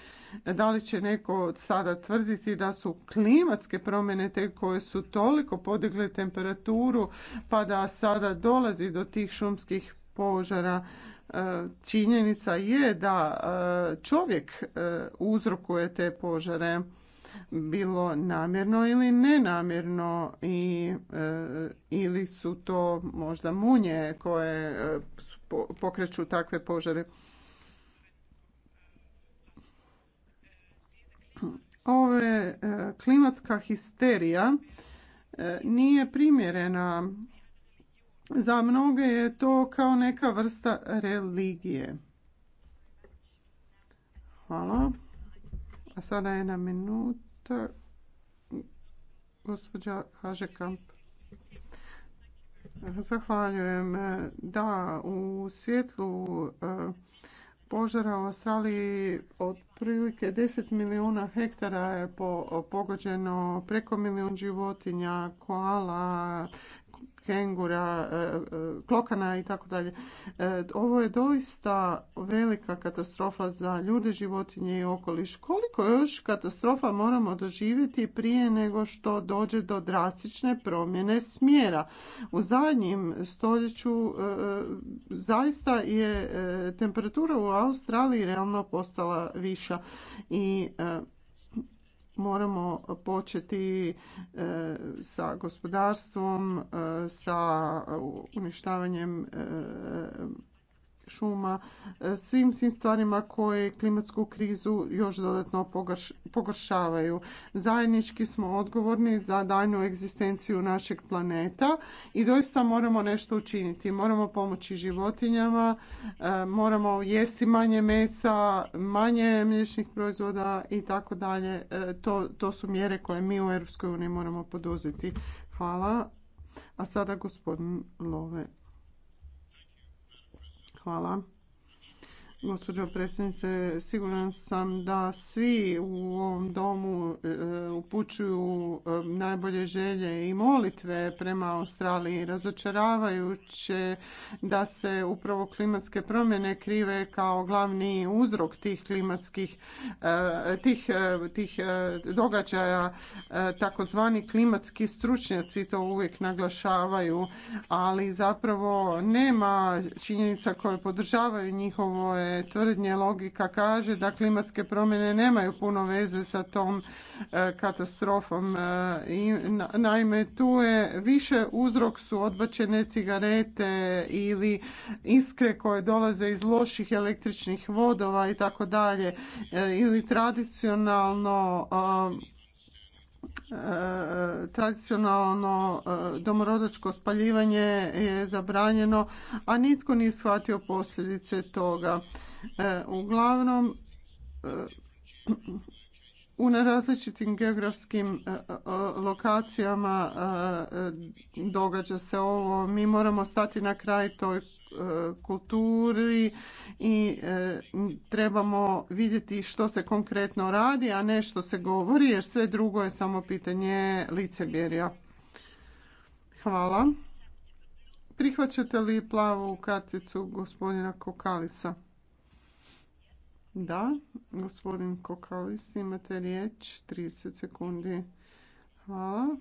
Da li će neko od sada tvrditi da su klimatske promjene te koje su toliko podigle temperaturu pa da sada dolazi do tih šumskih požara? E, činjenica je da e, čovjek e, uzrokuje te požare bilo namjerno ili nenamjerno i, e, ili su to možda munje koje e, pokreću takve požare. Ove e, klimatska histerija nije primjerena. Za mnoge je to kao neka vrsta religije. Hvala. A sada jedna minuta. Gospođa Hažekamp. Zahvaljujem. Da, u svjetlu e, požara u Australiji otprilike 10 milijuna hektara je pogođeno, preko milijun životinja, koala, kengura, e, e, klokana i tako dalje. E, ovo je doista velika katastrofa za ljude, životinje i okoliš. Koliko još katastrofa moramo doživjeti prije nego što dođe do drastične promjene smjera? U zadnjem stoljeću zaista je temperatura u Australiji realno postala viša i moramo početi e, sa gospodarstvom, e, sa uništavanjem e, šuma, e, svim tim stvarima koje klimatsku krizu još dodatno pogoršavaju. Zajednički smo odgovorni za daljnju egzistenciju našeg planeta i doista moramo nešto učiniti. Moramo pomoći životinjama, e, moramo jesti manje mesa, manje mliječnih proizvoda i tako dalje. E, to su mjere koje mi u EU moramo poduzeti. Hvala. A sada gospodin Love Hvala. Gospođo predsjednice, siguran sam da svi u ovom domu e, upućuju e, najbolje želje i molitve prema Australiji. Razočaravajuće da se upravo klimatske promjene krive kao glavni uzrok tih klimatskih e, tih, tih događaja. Takozvani klimatski stručnjaci to uvijek naglašavaju, ali zapravo nema činjenica koje podržavaju njihovo tvrdnje logika kaže da klimatske promjene nemaju puno veze sa tom e, katastrofom. E, naime, tu je više uzrok su odbačene cigarete ili iskre koje dolaze iz loših električnih vodova i tako dalje e, ili tradicionalno tradicionalno e, domorodačko spaljivanje je zabranjeno, a nitko nije shvatio posljedice toga. E, uglavnom, e, u različitim geografskim e, e, lokacijama e, događa se ovo. Mi moramo stati na kraj toj kulturi i trebamo vidjeti što se konkretno radi, a ne što se govori, jer sve drugo je samo pitanje licebjerja. Hvala. Prihvaćate li plavu karticu gospodina Kokalisa? Da, gospodin Kokalis, imate riječ, 30 sekundi. Hvala.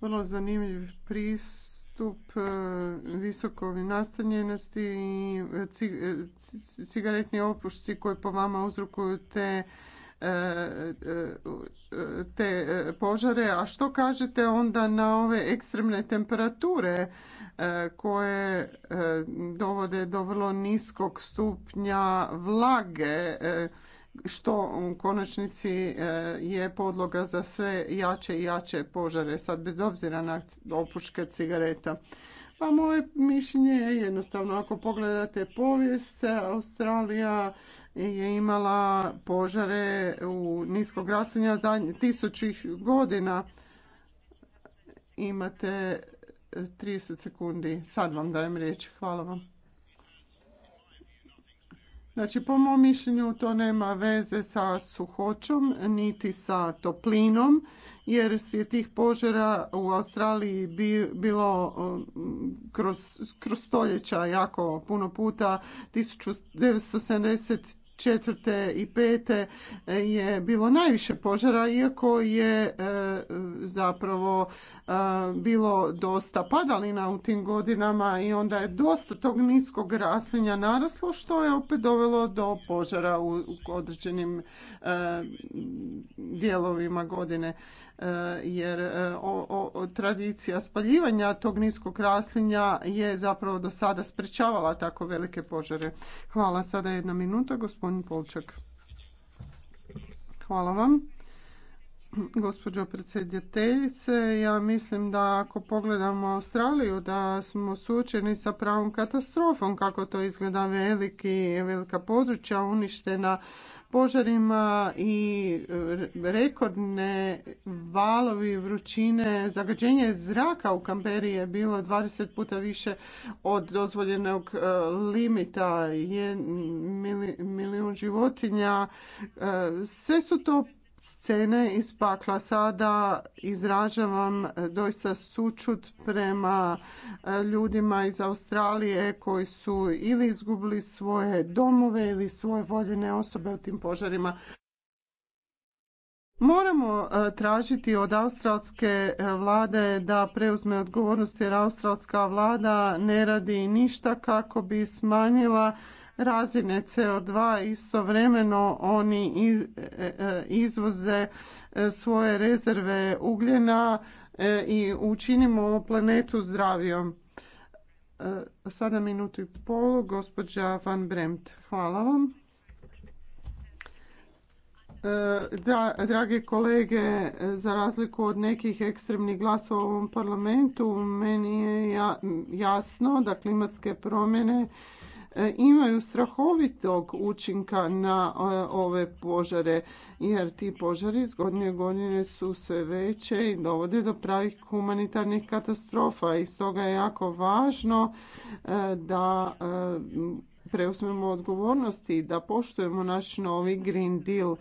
Vrlo zanimljiv pristup e, visokovi nastanjenosti i e, e, cigaretni opušci koji po vama uzrokuju te te požare. A što kažete onda na ove ekstremne temperature e, koje e, dovode do vrlo niskog stupnja vlage e, što u konačnici je podloga za sve jače i jače požare, sad bez obzira na opuške cigareta. Pa moje mišljenje je jednostavno, ako pogledate povijest, Australija je imala požare u niskog rasenja zadnjih tisućih godina. Imate 30 sekundi, sad vam dajem riječ, hvala vam. Znači, po mom mišljenju to nema veze sa suhoćom niti sa toplinom, jer je tih požara u Australiji bilo um, kroz, kroz stoljeća jako puno puta. 1974. 2004. i pete e, je bilo najviše požara, iako je e, zapravo e, bilo dosta padalina u tim godinama i onda je dosta tog niskog raslinja naraslo, što je opet dovelo do požara u određenim dijelovima godine. Eh, jer eh, tradicija spaljivanja tog niskog raslinja je zapravo do sada sprečavala tako velike požare. Hvala. Sada jedna minuta, gospodin Polčak. Hvala vam. Gospođo predsjedateljice, ja mislim da ako pogledamo Australiju da smo suočeni sa pravom katastrofom, kako to izgleda veliki, velika područja uništena požarima i e, rekordne valovi vrućine. Zagađenje zraka u Kamberi je bilo 20 puta više od dozvoljenog e, limita. Je milijun životinja. E, sve su to scene iz pakla. Sada izražavam doista sučut prema e, ljudima iz Australije koji su ili izgubili svoje domove ili svoje voljene osobe u tim požarima. Moramo e, tražiti od australske e, vlade da preuzme odgovornost jer australska vlada ne radi ništa kako bi smanjila razine CO2, istovremeno oni e, e, izvoze e, svoje rezerve ugljena i učinimo planetu zdravijom. Sada minutu i pol, gospođa Van Bremt. Hvala vam. Da, drage kolege, za razliku od nekih ekstremnih glasova u ovom parlamentu, meni je jasno da klimatske promjene E, imaju strahovitog učinka na e, ove požare jer ti požari iz godine godine su sve veće i dovode do pravih humanitarnih katastrofa i stoga je jako važno e, da preuzmemo odgovornosti i da poštujemo naš novi Green Deal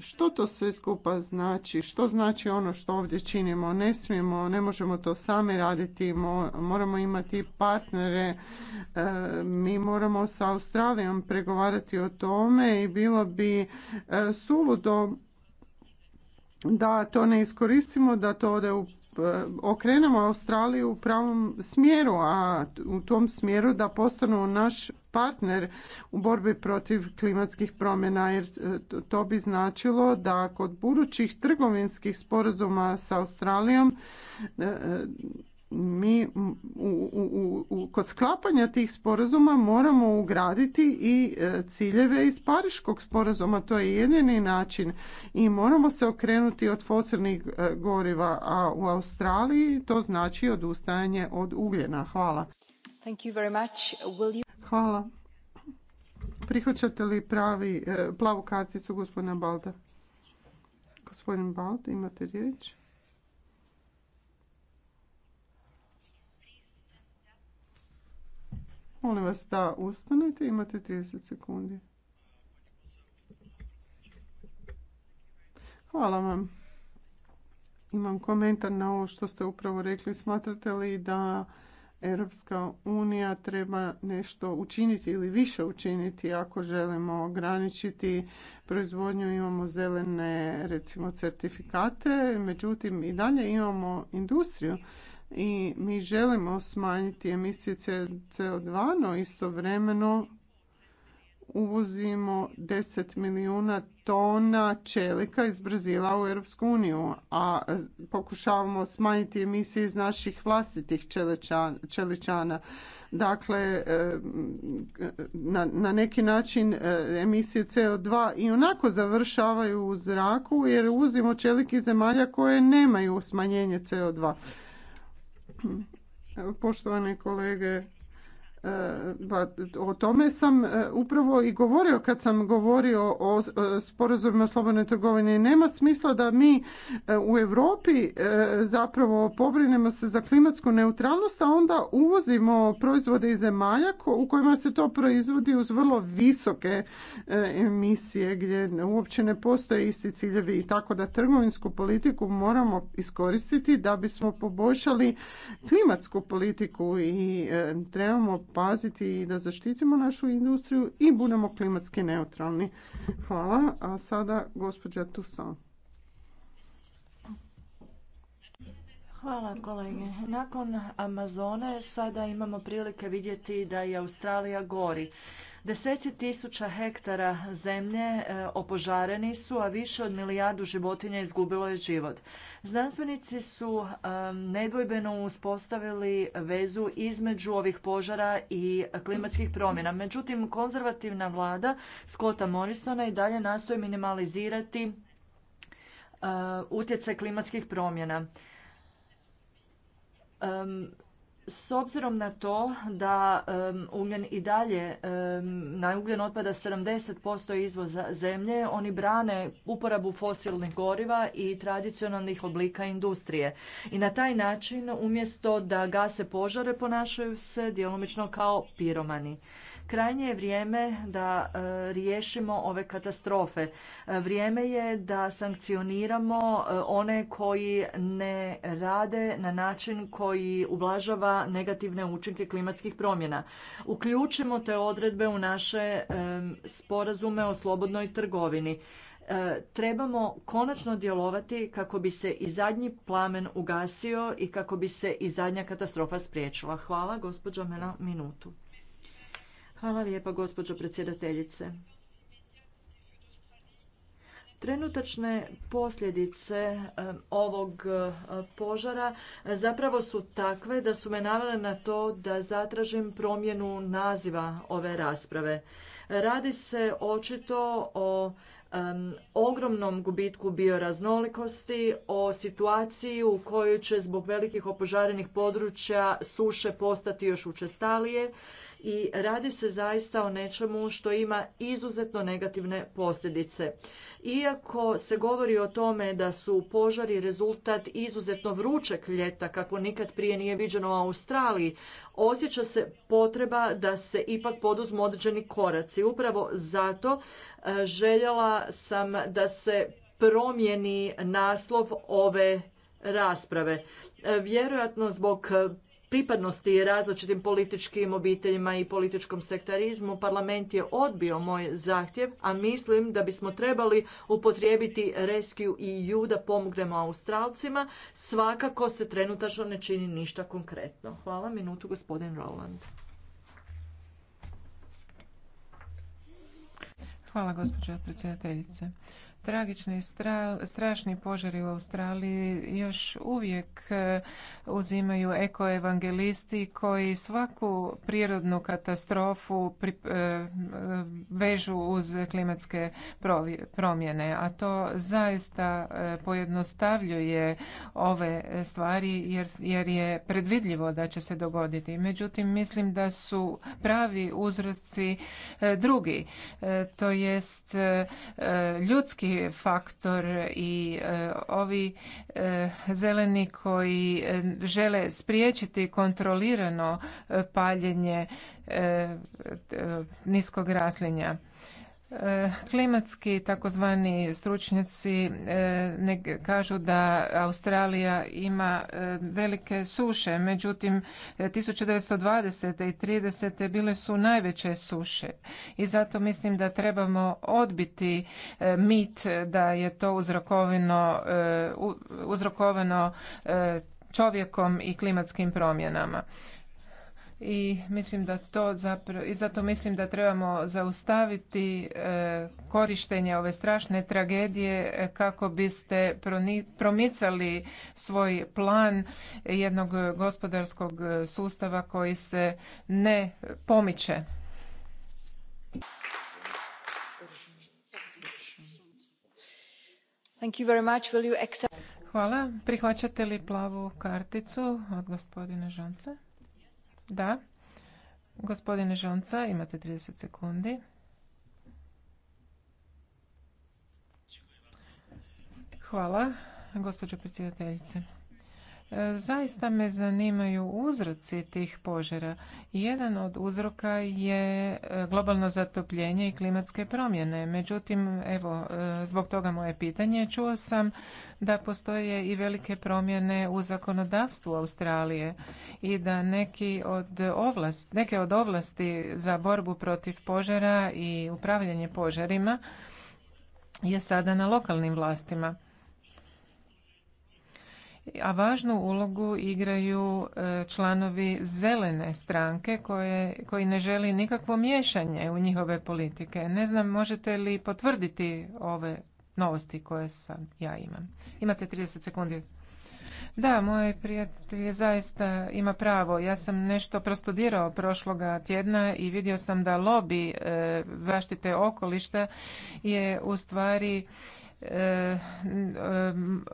što to sve skupa znači, što znači ono što ovdje činimo. Ne smijemo, ne možemo to sami raditi, moramo imati partnere. E, mi moramo sa Australijom pregovarati o tome i bilo bi e, suludo da to ne iskoristimo, da to ode u Eh, okrenemo Australiju u pravom smjeru, a u tom smjeru da postanu naš partner u borbi protiv klimatskih promjena jer eh, to bi značilo da kod budućih trgovinskih sporazuma sa Australijom eh, mi u, u, kod sklapanja tih sporazuma moramo ugraditi i e, ciljeve iz Pariškog sporazuma. To je jedini način i moramo se okrenuti od fosilnih e, goriva, a u Australiji to znači odustajanje od ugljena. Hvala. Thank you very much. Will you... Hvala. Prihvaćate li pravi, e, plavu karticu gospodina Balda? Gospodin Bald, imate riječ. Molim vas da ustanete, imate 30 sekundi. Hvala vam. Imam komentar na ovo što ste upravo rekli. Smatrate li da Europska unija treba nešto učiniti ili više učiniti ako želimo ograničiti proizvodnju, imamo zelene recimo certifikate, međutim i dalje imamo industriju i mi želimo smanjiti emisije CO2, no istovremeno uvozimo 10 milijuna tona čelika iz Brazila u Europsku uniju, a pokušavamo smanjiti emisije iz naših vlastitih čeličana. Dakle, na neki način e, emisije CO2 i onako završavaju u zraku jer uvozimo čelik iz zemalja koje nemaju smanjenje CO2 poštovane kolege, E, o tome sam e, upravo i govorio kad sam govorio o sporazumima o slobodnoj trgovini. Nema smisla da mi e, u Europi zapravo pobrinemo se za klimatsku neutralnost, a onda uvozimo proizvode iz zemalja u kojima se to proizvodi uz vrlo visoke emisije gdje uopće ne postoje isti ciljevi i tako da trgovinsku politiku moramo iskoristiti da bismo poboljšali klimatsku politiku i trebamo paziti i da zaštitimo našu industriju i budemo klimatski neutralni. Hvala. A sada gospođa Tusan. Hvala kolege. Nakon Amazone sada imamo prilike vidjeti da i Australija gori. Deseci tisuća hektara zemlje e, opožareni su, a više od milijardu životinja izgubilo je život. Znanstvenici su e, nedvojbeno uspostavili vezu između ovih požara i klimatskih promjena. Međutim, konzervativna vlada Scotta Morrisona i dalje nastoji minimalizirati e, utjecaj klimatskih promjena. S obzirom na to da um, ugljen i dalje, um, na ugljen otpada 70% izvoza zemlje, oni brane uporabu fosilnih goriva i tradicionalnih oblika industrije. I na taj način, umjesto da gase požare, ponašaju se djelomično kao piromani. Krajnje je vrijeme da e, riješimo ove katastrofe. E, vrijeme je da sankcioniramo e, one koji ne rade na način koji ublažava negativne učinke klimatskih promjena. Uključimo te odredbe u naše sporazume o slobodnoj trgovini. Trebamo konačno djelovati kako bi se i zadnji plamen ugasio i kako bi se i zadnja katastrofa spriječila. Hvala, gospođo na minutu. Hvala lijepa gospođo predsjedateljice. Trenutačne posljedice ovog požara zapravo su takve da su me navele na to da zatražim promjenu naziva ove rasprave. Radi se očito o ogromnom gubitku bioraznolikosti, o situaciji u kojoj će zbog velikih opožarenih područja suše postati još učestalije i radi se zaista o nečemu što ima izuzetno negativne posljedice. Iako se govori o tome da su požari rezultat izuzetno vrućeg ljeta kako nikad prije nije viđeno u Australiji, osjeća se potreba da se ipak poduzmu određeni koraci. Upravo zato e, željela sam da se promijeni naslov ove rasprave. E, vjerojatno zbog pripadnosti različitim političkim obiteljima i političkom sektarizmu, parlament je odbio moj zahtjev, a mislim da bismo trebali upotrijebiti Rescue EU da pomognemo Australcima. Svakako se trenutačno ne čini ništa konkretno. Hvala, minutu gospodin Roland. Hvala gospođo predsjedateljice. Tragični, strašni požari u Australiji još uvijek e, uzimaju ekoevangelisti koji svaku prirodnu katastrofu e, vežu uz klimatske promjene, a to zaista e, pojednostavljuje ove stvari jer, jer je predvidljivo da će se dogoditi. Međutim, mislim da su pravi uzroci drugi, to jest ljudski faktor i e, ovi e, zeleni koji e, žele spriječiti kontrolirano paljenje niskog raslinja. E, klimatski takozvani stručnjaci e, kažu da Australija ima e, velike suše, međutim 1920. i 30. bile su najveće suše i zato mislim da trebamo odbiti mit da je to uzrokovano, uzrokovano čovjekom i klimatskim promjenama i mislim da to zapravo, i zato mislim da trebamo zaustaviti e, korištenje ove strašne tragedije e, kako biste promicali svoj plan jednog gospodarskog sustava koji se ne pomiče. Thank you very much. Will you accept... Hvala. Prihvaćate li plavu karticu od gospodina žanca. Da. Gospodine Žonca, imate 30 sekundi. Hvala, gospođo predsjedateljice. E, zaista me zanimaju uzroci tih požara. Jedan od uzroka je e, globalno zatopljenje i klimatske promjene. Međutim, evo, e, zbog toga moje pitanje. Čuo sam da postoje i velike promjene u zakonodavstvu Australije i da neki od neke od ovlasti za borbu protiv požara i upravljanje požarima je sada na lokalnim vlastima a važnu ulogu igraju e, članovi zelene stranke koji ne želi nikakvo miješanje u njihove politike. Ne znam, možete li potvrditi ove novosti koje sam ja imam. Imate 30 sekundi. Da, moj prijatelj zaista ima pravo. Ja sam nešto prostudirao prošloga tjedna i vidio sam da lobby e, zaštite okolišta je u stvari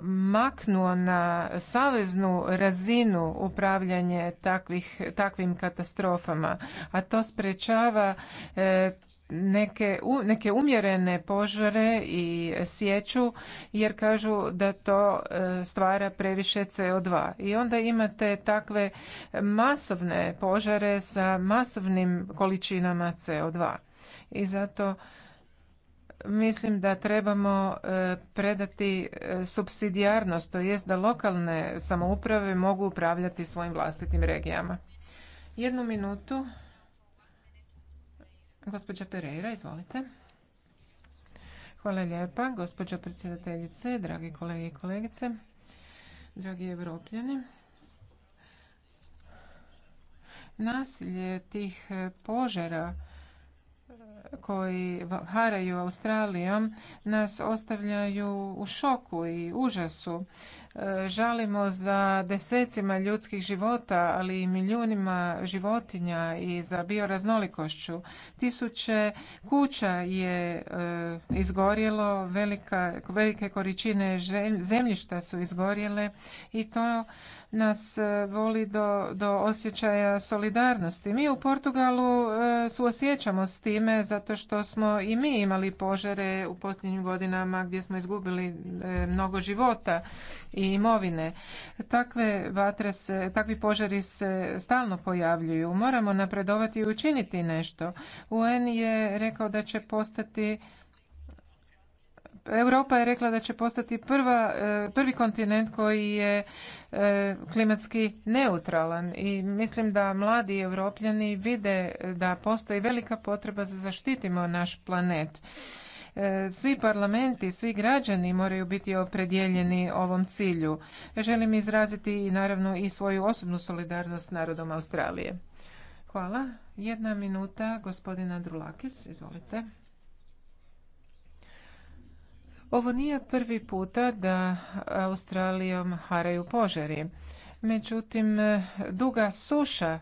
maknuo na saveznu razinu upravljanje takvih, takvim katastrofama, a to sprečava e, neke, neke umjerene požare i sjeću jer kažu da to e, stvara previše CO2. I onda imate takve masovne požare sa masovnim količinama CO2. I zato mislim da trebamo e, predati e, subsidijarnost, to jest da lokalne samouprave mogu upravljati svojim vlastitim regijama. Jednu minutu. Gospođa Pereira, izvolite. Hvala lijepa, gospođo predsjedateljice, dragi kolege i kolegice, dragi evropljani. Nasilje tih e, požara koji haraju Australijom nas ostavljaju u šoku i užasu. E, žalimo za desecima ljudskih života, ali i milijunima životinja i za bioraznolikošću. Tisuće kuća je e, izgorjelo, velike količine zemljišta su izgorjele i to nas e, voli do, do osjećaja solidarnosti. Mi u Portugalu e, suosjećamo s time zato što smo i mi imali požare u posljednjim godinama gdje smo izgubili e, mnogo života i imovine. Takve vatre se, takvi požari se stalno pojavljuju. Moramo napredovati i učiniti nešto. UN je rekao da će postati Europa je rekla da će postati prva, e, prvi kontinent koji je e, klimatski neutralan i mislim da mladi europljani vide da postoji velika potreba za zaštitimo naš planet. E, svi parlamenti, svi građani moraju biti opredjeljeni ovom cilju. Želim izraziti i naravno i svoju osobnu solidarnost s narodom Australije. Hvala. Jedna minuta, gospodina Drulakis, izvolite. Ovo nije prvi puta da Australijom haraju požari. Međutim, duga suša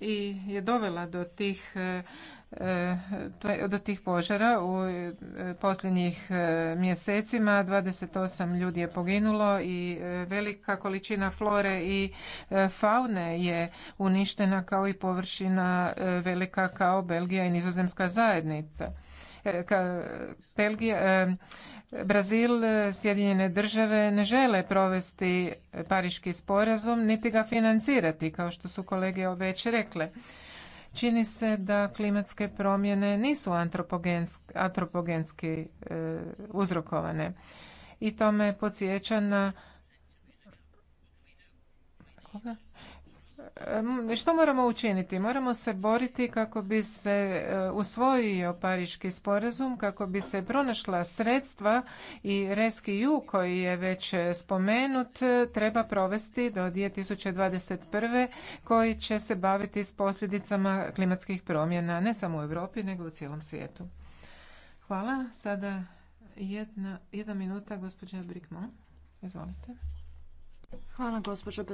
i je dovela do tih e, e, do tih požara u e, posljednjih mjesecima 28 ljudi je poginulo i velika količina flore i faune je uništena kao i površina velika kao Belgija i nizozemska zajednica. E, Belgija, e, Brazil, e, Sjedinjene države ne žele provesti pariški sporazum niti ga financirati, kao što su kolege već rekle. Čini se da klimatske promjene nisu antropogenski, uzrokovane i to me podsjeća na koga? E, što moramo učiniti? Moramo se boriti kako bi se e, usvojio Pariški sporazum, kako bi se pronašla sredstva i Rescue koji je već spomenut e, treba provesti do 2021. koji će se baviti s posljedicama klimatskih promjena ne samo u Europi nego u cijelom svijetu. Hvala. Sada jedna, jedna minuta gospođa Brikmo. Izvolite. Hvala gospođo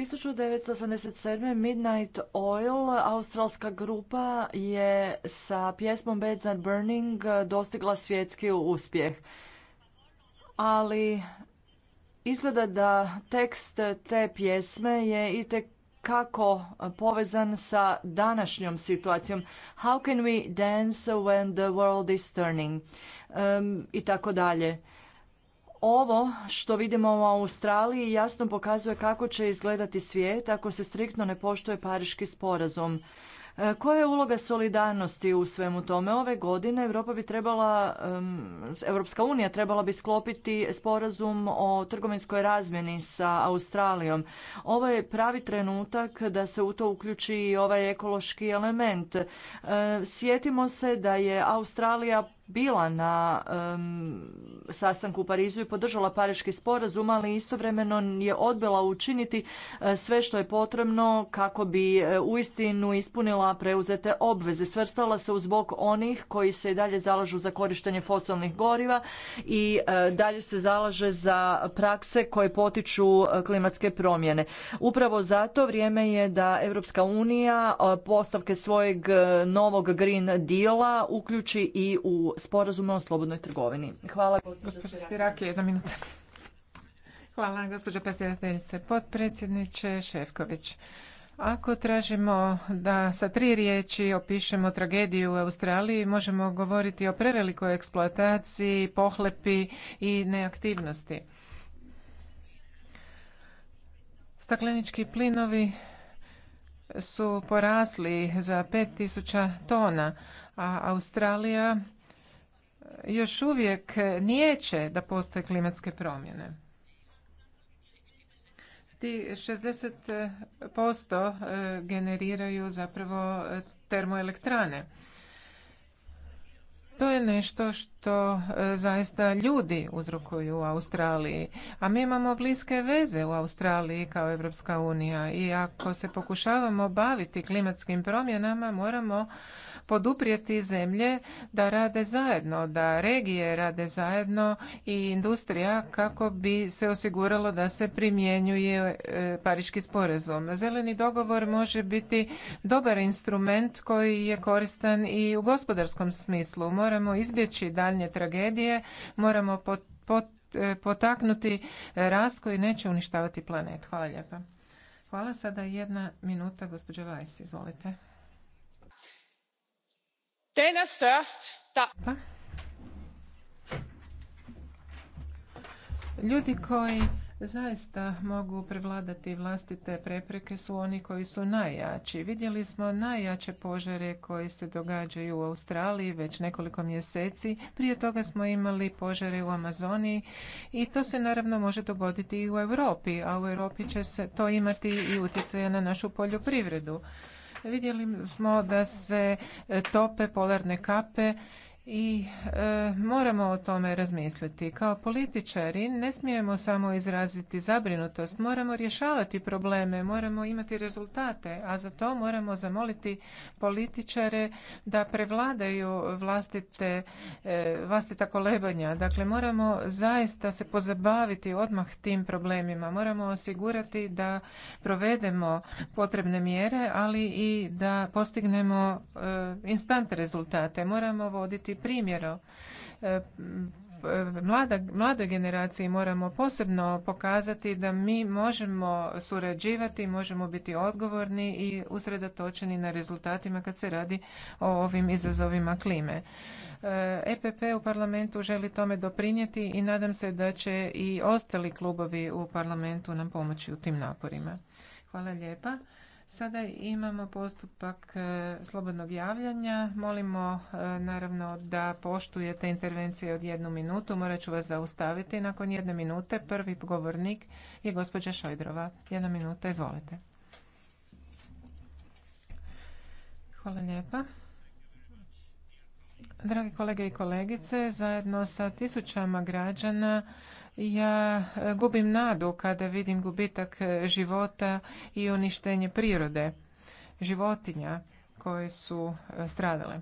1987. Midnight Oil, australska grupa je sa pjesmom Beds and Burning dostigla svjetski uspjeh. Ali izgleda da tekst te pjesme je i kako povezan sa današnjom situacijom. How can we dance when the world is turning? Um, I tako dalje. Ovo što vidimo u Australiji jasno pokazuje kako će izgledati svijet ako se striktno ne poštuje Pariški sporazum. E, koja je uloga solidarnosti u svemu tome? Ove godine Europa bi trebala, Europska unija trebala bi sklopiti sporazum o trgovinskoj razmjeni sa Australijom. Ovo je pravi trenutak da se u to uključi i ovaj ekološki element. E, sjetimo se da je Australija bila na sastanku u Parizu i podržala Pariški sporazum, ali istovremeno je odbila učiniti e, sve što je potrebno kako bi e, uistinu ispunila preuzete obveze. Svrstala se uz bok onih koji se i dalje zalažu za korištenje fosilnih goriva i e, dalje se zalaže za prakse koje potiču klimatske promjene. Upravo zato vrijeme je da Europska unija postavke svojeg novog Green Deala uključi i u sporazuma o slobodnoj trgovini. Hvala gospođo Spiraki, jedna minuta. Hvala gospođa predsjedateljice, potpredsjedniče Šefković. Ako tražimo da sa tri riječi opišemo tragediju u Australiji, možemo govoriti o prevelikoj eksploataciji, pohlepi i neaktivnosti. Staklenički plinovi su porasli za 5000 tona, a Australija još uvijek nijeće da postoje klimatske promjene. Ti 60% e, generiraju zapravo termoelektrane. To je nešto što e, zaista ljudi uzrokuju u Australiji, a mi imamo bliske veze u Australiji kao Evropska unija i ako se pokušavamo baviti klimatskim promjenama moramo poduprijeti zemlje da rade zajedno, da regije rade zajedno i industrija kako bi se osiguralo da se primjenjuje e, Pariški sporazum. Zeleni dogovor može biti dobar instrument koji je koristan i u gospodarskom smislu. Moramo izbjeći daljnje tragedije, moramo e, potaknuti rast koji neće uništavati planet. Hvala lijepa. Hvala sada jedna minuta, gospođa Vajs, izvolite. Den er pa. Ljudi koji zaista mogu prevladati vlastite prepreke su oni koji su najjači. Vidjeli smo najjače požare koji se događaju u Australiji već nekoliko mjeseci. Prije toga smo imali požare u Amazoniji i to se naravno može dogoditi i u Europi, a u Europi će se to imati i utjecaja na našu poljoprivredu. Vidjeli smo da se tope polarne kape i e, moramo o tome razmisliti kao političari ne smijemo samo izraziti zabrinutost moramo rješavati probleme moramo imati rezultate a za to moramo zamoliti političare da prevladaju vlastite e, vlastita kolebanja dakle moramo zaista se pozabaviti odmah tim problemima moramo osigurati da provedemo potrebne mjere ali i da postignemo e, instant rezultate moramo voditi biti e, Mlada, mladoj generaciji moramo posebno pokazati da mi možemo surađivati, možemo biti odgovorni i usredotočeni na rezultatima kad se radi o ovim izazovima klime. EPP e u parlamentu želi tome doprinijeti i nadam se da će i ostali klubovi u parlamentu nam pomoći u tim naporima. Hvala lijepa. Sada imamo postupak e, slobodnog javljanja. Molimo e, naravno da poštujete intervencije od jednu minutu. Morat ću vas zaustaviti. Nakon jedne minute prvi govornik je gospođa Šojdrova. Jedna minuta, izvolite. Hvala lijepa. Dragi kolege i kolegice, zajedno sa tisućama građana ja e, gubim nadu kada vidim gubitak e, života i uništenje prirode, životinja koje su e, stradale.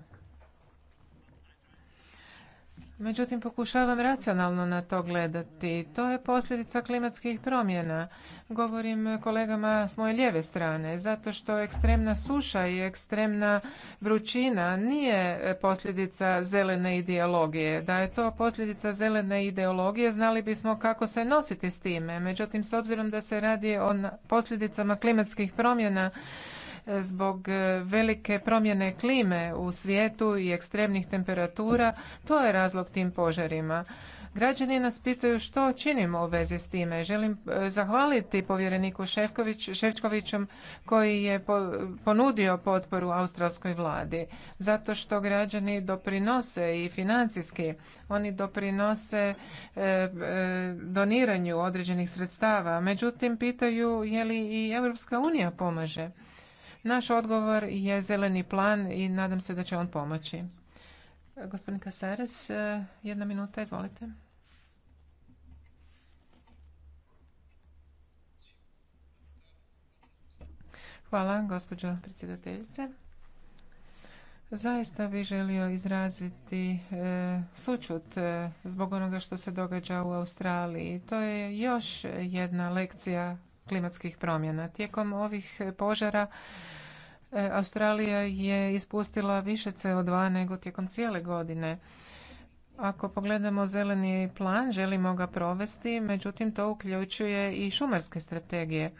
Međutim, pokušavam racionalno na to gledati. To je posljedica klimatskih promjena. Govorim kolegama s moje lijeve strane, zato što ekstremna suša i ekstremna vrućina nije posljedica zelene ideologije. Da je to posljedica zelene ideologije, znali bismo kako se nositi s time. Međutim, s obzirom da se radi o posljedicama klimatskih promjena, zbog e, velike promjene klime u svijetu i ekstremnih temperatura, to je razlog tim požarima. Građani nas pitaju što činimo u vezi s time. Želim e, zahvaliti povjereniku Šefković, koji je ponudio potporu australskoj vladi zato što građani doprinose i financijski. Oni doprinose e, doniranju određenih sredstava. Međutim, pitaju je li i Europska unija pomaže. Naš odgovor je zeleni plan i nadam se da će on pomoći. Gospodin Kasares, e, jedna minuta, izvolite. Hvala, gospođo predsjedateljice. Zaista bih želio izraziti e, sučut e, zbog onoga što se događa u Australiji. To je još jedna lekcija klimatskih promjena. Tijekom ovih požara e, Australija je ispustila više CO2 nego tijekom cijele godine. Ako pogledamo zeleni plan, želimo ga provesti, međutim to uključuje i šumarske strategije.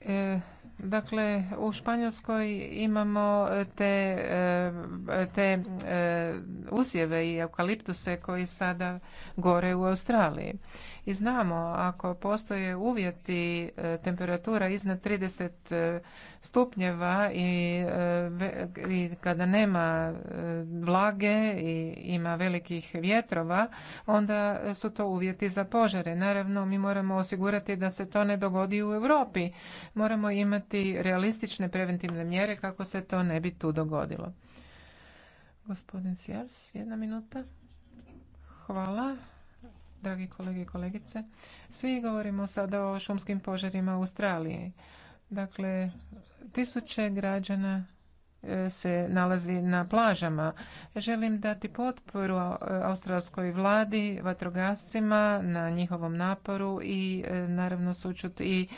E, Dakle, u Španjolskoj imamo e, te, e, te e, usjeve i eukaliptuse koji sada gore u Australiji. I znamo, ako postoje uvjeti temperatura iznad 30 stupnjeva i, i kada nema vlage i ima velikih vjetrova, onda su to uvjeti za požare. Naravno, mi moramo osigurati da se to ne dogodi u Europi. Moramo imati realistične preventivne mjere kako se to ne bi tu dogodilo. Gospodin Sjars, jedna minuta. Hvala dragi kolege i kolegice. Svi govorimo sada o šumskim požarima u Australiji. Dakle, tisuće građana e, se nalazi na plažama. Želim dati potporu australskoj vladi, vatrogascima na njihovom naporu i e, naravno sučut i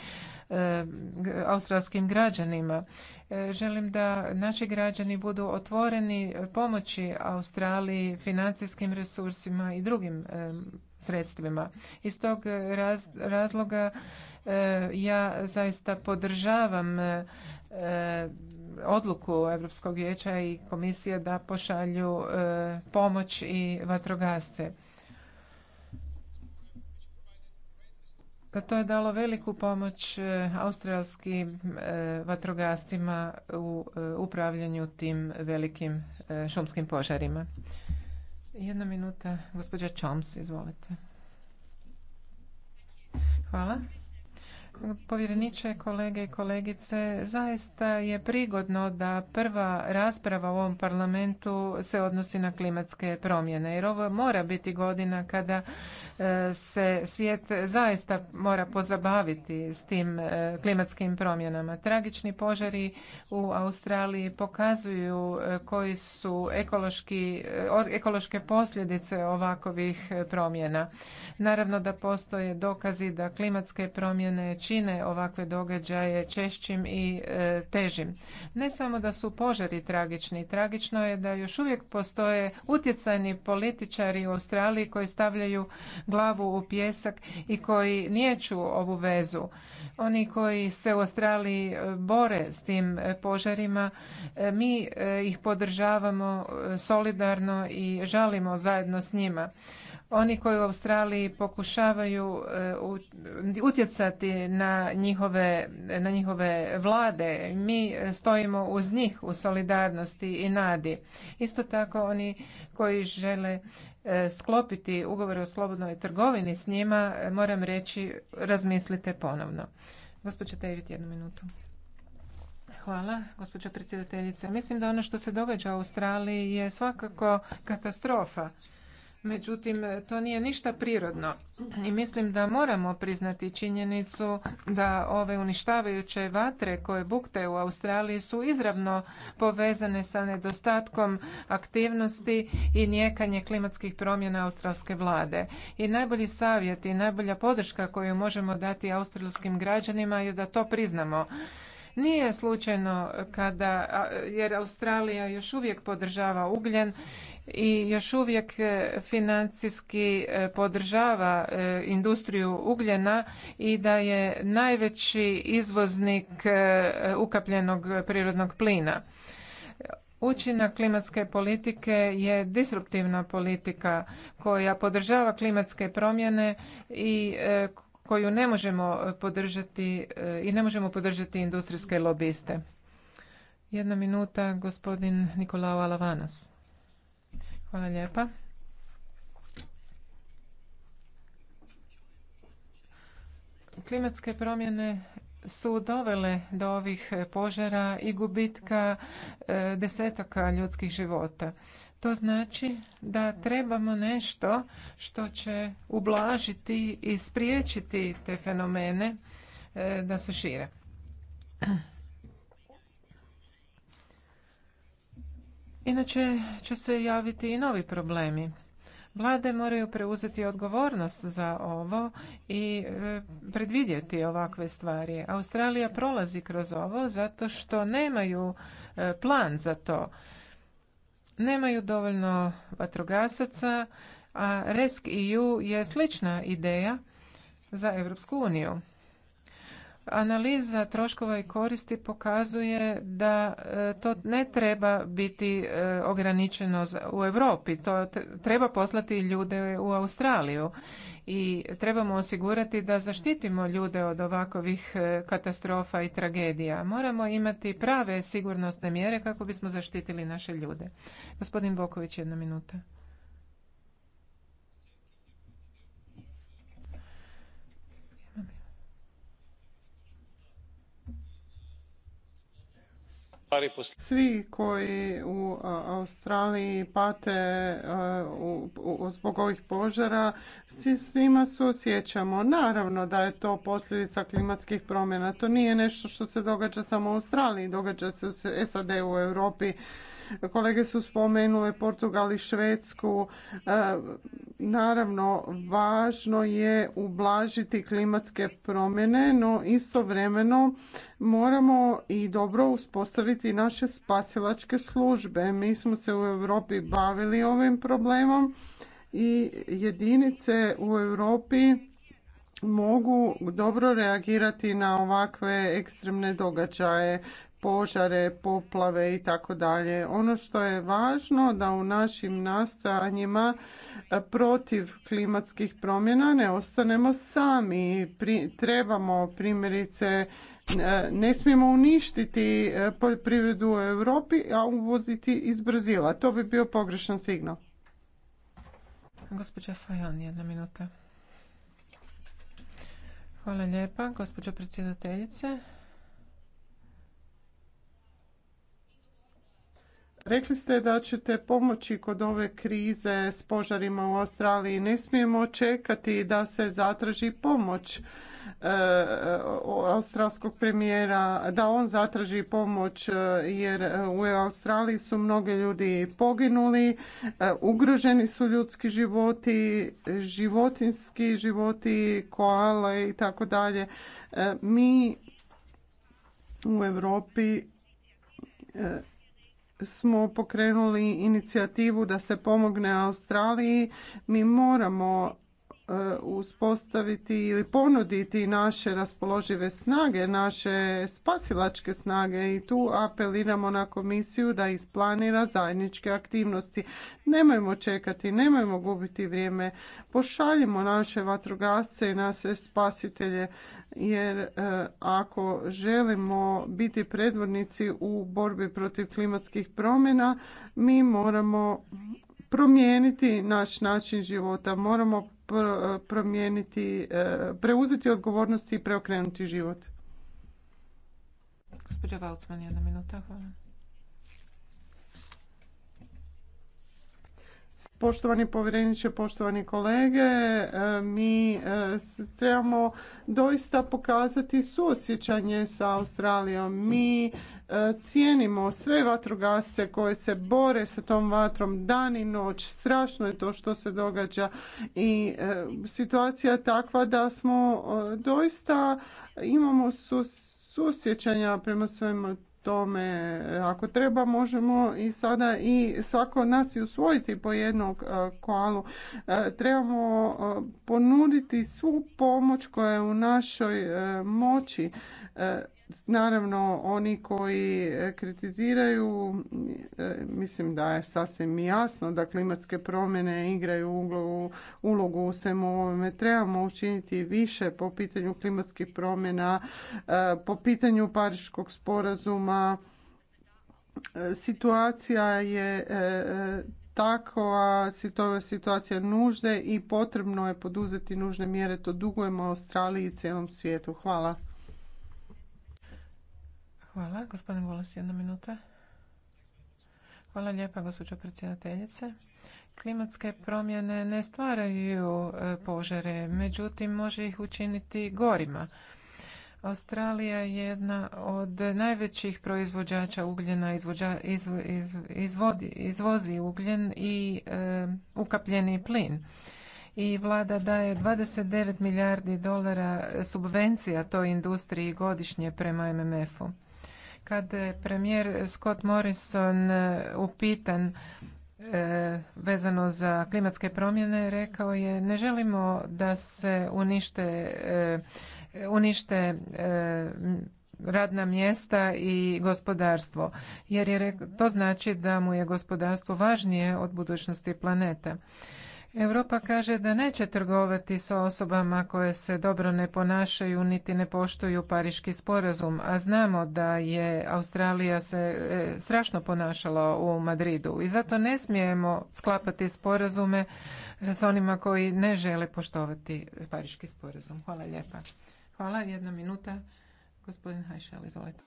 E, australskim građanima. E, želim da naši građani budu otvoreni pomoći Australiji financijskim resursima i drugim e, sredstvima. Iz tog razloga ja zaista podržavam odluku Europskog vijeća i komisije da pošalju pomoć i vatrogasce. Pa to je dalo veliku pomoć e, australskim e, vatrogascima u e, upravljanju tim velikim šumskim požarima. Jedna minuta, gospođa Choms, izvolite. Hvala povjereniče, kolege i kolegice. Zaista je prigodno da prva rasprava u ovom parlamentu se odnosi na klimatske promjene. Jer ovo mora biti godina kada e, se svijet zaista mora pozabaviti s tim e, klimatskim promjenama. Tragični požari u Australiji pokazuju e, koji su ekološki, ekološke posljedice ovakovih promjena. Naravno da postoje dokazi da klimatske promjene čine ovakve događaje češćim i e, težim. Ne samo da su požari tragični, tragično je da još uvijek postoje utjecajni političari u Australiji koji stavljaju glavu u pjesak i koji nijeću ovu vezu. Oni koji se u Australiji e, bore s tim e, požarima, mi ih podržavamo solidarno i žalimo zajedno s njima oni koji u Australiji pokušavaju e, utjecati na njihove, na njihove vlade. Mi stojimo uz njih u solidarnosti i nadi. Isto tako oni koji žele e, sklopiti ugovor o slobodnoj trgovini s njima, e, moram reći, razmislite ponovno. Gospođa David, jednu minutu. Hvala, gospođo predsjedateljice. Mislim da ono što se događa u Australiji je svakako katastrofa. Međutim, to nije ništa prirodno i mislim da moramo priznati činjenicu da ove uništavajuće vatre koje bukte u Australiji su izravno povezane sa nedostatkom aktivnosti i nijekanje klimatskih promjena australske vlade. I najbolji savjet i najbolja podrška koju možemo dati australskim građanima je da to priznamo. Nije slučajno kada, jer Australija još uvijek podržava ugljen i još uvijek e, financijski e, podržava e, industriju ugljena i da je najveći izvoznik ukapljenog prirodnog plina. Učinak klimatske politike je disruptivna politika koja podržava klimatske promjene i koju ne možemo podržati i ne možemo podržati industrijske lobiste. Jedna minuta, gospodin Nikolao Alavanas. Hvala lijepa. Klimatske promjene su dovele do ovih požara i gubitka e, desetaka ljudskih života. To znači da trebamo nešto što će ublažiti i spriječiti te fenomene e, da se šire. Inače će se javiti i novi problemi. Vlade moraju preuzeti odgovornost za ovo i e, predvidjeti ovakve stvari. Australija prolazi kroz ovo zato što nemaju e, plan za to. Nemaju dovoljno vatrogasaca, a RESC EU je slična ideja za Europsku uniju. Analiza troškova i koristi pokazuje da e, to ne treba biti e, ograničeno u Europi, to treba poslati ljude u Australiju i trebamo osigurati da zaštitimo ljude od ovakovih e, katastrofa i tragedija. Moramo imati prave sigurnosne mjere kako bismo zaštitili naše ljude. Gospodin Boković, jedna minuta. Svi koji u Australiji pate zbog ovih požara, svima se osjećamo. Naravno da je to posljedica klimatskih promjena. To nije nešto što se događa samo u Australiji, događa se u SAD u Europi Kolege su spomenule Portugal i Švedsku. E, naravno, važno je ublažiti klimatske promjene, no istovremeno moramo i dobro uspostaviti naše spasilačke službe. Mi smo se u Europi bavili ovim problemom i jedinice u Europi mogu dobro reagirati na ovakve ekstremne događaje požare, poplave i tako dalje. Ono što je važno da u našim nastojanjima e, protiv klimatskih promjena ne ostanemo sami. Pri, trebamo primjerice e, ne smijemo uništiti e, poljoprivredu u Europi, a uvoziti iz Brazila. To bi bio pogrešan signal. Gospođa Hvala lijepa, gospođo predsjedateljice. Rekli ste da ćete pomoći kod ove krize s požarima u Australiji. Ne smijemo čekati da se zatraži pomoć e, australskog premijera, da on zatraži pomoć e, jer u Australiji su mnogi ljudi poginuli, e, ugroženi su ljudski životi, životinski životi, koale i tako dalje. Mi u Europi smo pokrenuli inicijativu da se pomogne Australiji, mi moramo E, uspostaviti ili ponuditi naše raspoložive snage, naše spasilačke snage i tu apeliramo na komisiju da isplanira zajedničke aktivnosti. Nemojmo čekati, nemojmo gubiti vrijeme. Pošaljimo naše vatrogasce i naše spasitelje jer e, ako želimo biti predvodnici u borbi protiv klimatskih promjena, mi moramo promijeniti naš način života, moramo promijeniti, e, preuzeti odgovornosti i preokrenuti život. Gospođa Valcman, jedna minuta, hvala. Poštovani povjereniče, poštovani kolege, e, mi e, trebamo doista pokazati suosjećanje sa Australijom. Mi e, cijenimo sve vatrogasce koje se bore sa tom vatrom dan i noć. Strašno je to što se događa i situacija je takva da smo doista imamo susjećanja prema svojim tome ako treba možemo i sada i svako nas i usvojiti po jednog e, koalu. E, trebamo e, ponuditi svu pomoć koja je u našoj moći Naravno, oni koji e, kritiziraju, e, mislim da je sasvim jasno da klimatske promjene igraju ulogu, ulogu u svemu ovome. Trebamo učiniti više po pitanju klimatskih promjena, e, po pitanju Pariškog sporazuma. Situacija je takva situacija nužde i potrebno je poduzeti nužne mjere. To dugujemo Australiji i cijelom svijetu. Hvala. Hvala. Gospodin Volas, jedna minuta. Hvala lijepa, gospođo predsjedateljice. Klimatske promjene ne stvaraju e, požare, međutim može ih učiniti gorima. Australija je jedna od najvećih proizvođača ugljena, izvozi ugljen i e, ukapljeni plin. I vlada daje 29 milijardi dolara subvencija toj industriji godišnje prema MMF-u. Kad je premijer Scott Morrison e, upitan e, vezano za klimatske promjene rekao je ne želimo da se unište, e, unište radna mjesta i gospodarstvo jer je to znači da mu je gospodarstvo važnije od budućnosti planeta. Europa kaže da neće trgovati sa osobama koje se dobro ne ponašaju niti ne poštuju Pariški sporazum, a znamo da je Australija se e, strašno ponašala u Madridu i zato ne smijemo sklapati sporazume e, s onima koji ne žele poštovati Pariški sporazum. Hvala lijepa. Hvala, jedna minuta. Gospodin Hajšel, izvolite.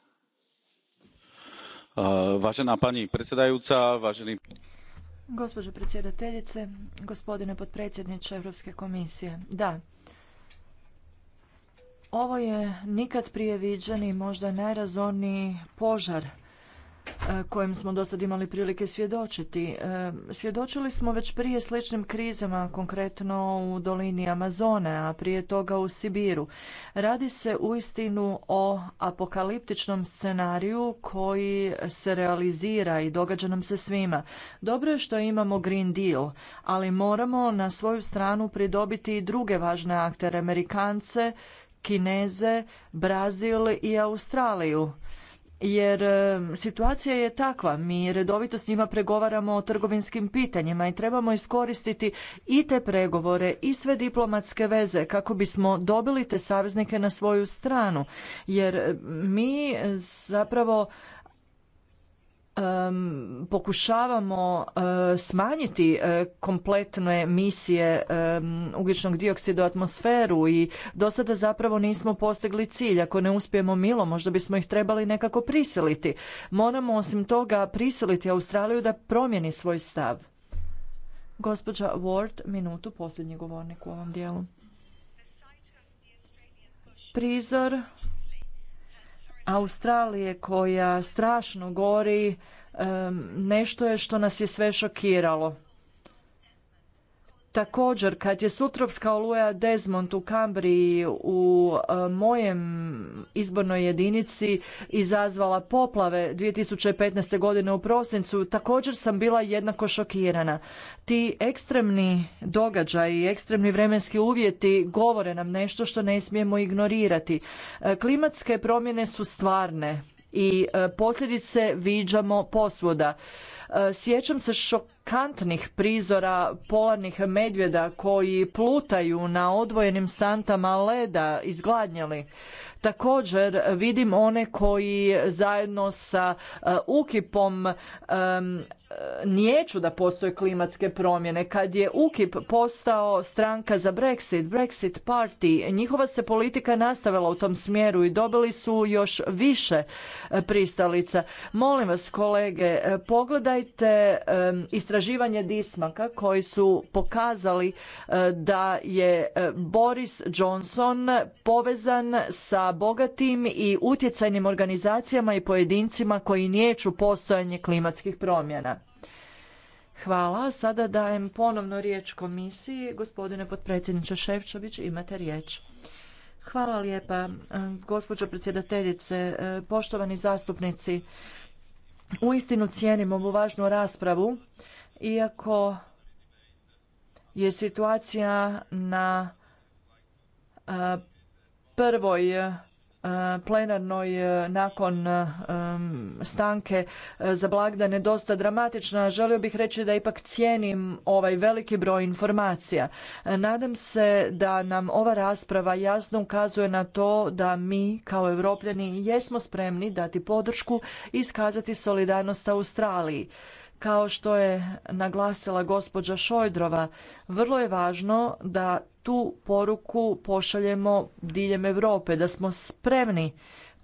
Važena pani predsjedajuca, važeni... Gospođo predsjedateljice, gospodine potpredsjedniče Europske komisije, da, ovo je nikad prije viđeni, možda najrazorniji požar E, kojem smo dosad imali prilike svjedočiti. E, svjedočili smo već prije sličnim krizama, konkretno u dolini Amazone, a prije toga u Sibiru. Radi se uistinu o apokaliptičnom scenariju koji se realizira i događa nam se svima. Dobro je što imamo Green Deal, ali moramo na svoju stranu pridobiti i druge važne aktere, Amerikance, Kineze, Brazil i Australiju jer situacija je takva. Mi redovito s njima pregovaramo o trgovinskim pitanjima i trebamo iskoristiti i te pregovore i sve diplomatske veze kako bismo dobili te saveznike na svoju stranu. Jer mi zapravo pokušavamo e, smanjiti e, kompletne emisije ugljičnog dioksida u atmosferu i do sada zapravo nismo postigli cilj. Ako ne uspijemo milo, možda bismo ih trebali nekako prisiliti. Moramo osim toga prisiliti Australiju da promijeni svoj stav. Gospođa Ward, minutu, posljednji govornik u ovom dijelu. Prizor Australije koja strašno gori, nešto je što nas je sve šokiralo. Također, kad je sutrovska oluja Desmond u Kambriji u e, mojem izbornoj jedinici izazvala poplave 2015. godine u prosincu, također sam bila jednako šokirana. Ti ekstremni događaji, ekstremni vremenski uvjeti govore nam nešto što ne smijemo ignorirati. E, klimatske promjene su stvarne, i e, posljedice viđamo posvuda. E, sjećam se šokantnih prizora polarnih medvjeda koji plutaju na odvojenim santama leda izgladnjali. Također vidim one koji zajedno sa e, ukipom nijeću da postoje klimatske promjene. Kad je UKIP postao stranka za Brexit, Brexit Party, njihova se politika nastavila u tom smjeru i dobili su još više e, pristalica. Molim vas kolege, e, pogledajte e, istraživanje Dismaka koji su pokazali da je Boris Johnson povezan sa bogatim i utjecajnim organizacijama i pojedincima koji nijeću postojanje klimatskih promjena. Hvala. Sada dajem ponovno riječ komisiji. Gospodine potpredsjedniče Ševčović, imate riječ. Hvala lijepa, e, gospođo predsjedateljice, e, poštovani zastupnici. Uistinu cijenim ovu važnu raspravu, iako je situacija na e, prvoj E, plenarnoj e, nakon e, stanke za blagdane dosta dramatična. Želio bih reći da ipak cijenim ovaj veliki broj informacija. Nadam se da nam ova rasprava jasno ukazuje na to da mi kao Evropljani jesmo spremni dati podršku i iskazati solidarnost Australiji. Kao što je naglasila gospođa Šojdrova, vrlo je važno da tu poruku pošaljemo diljem Europe, da smo spremni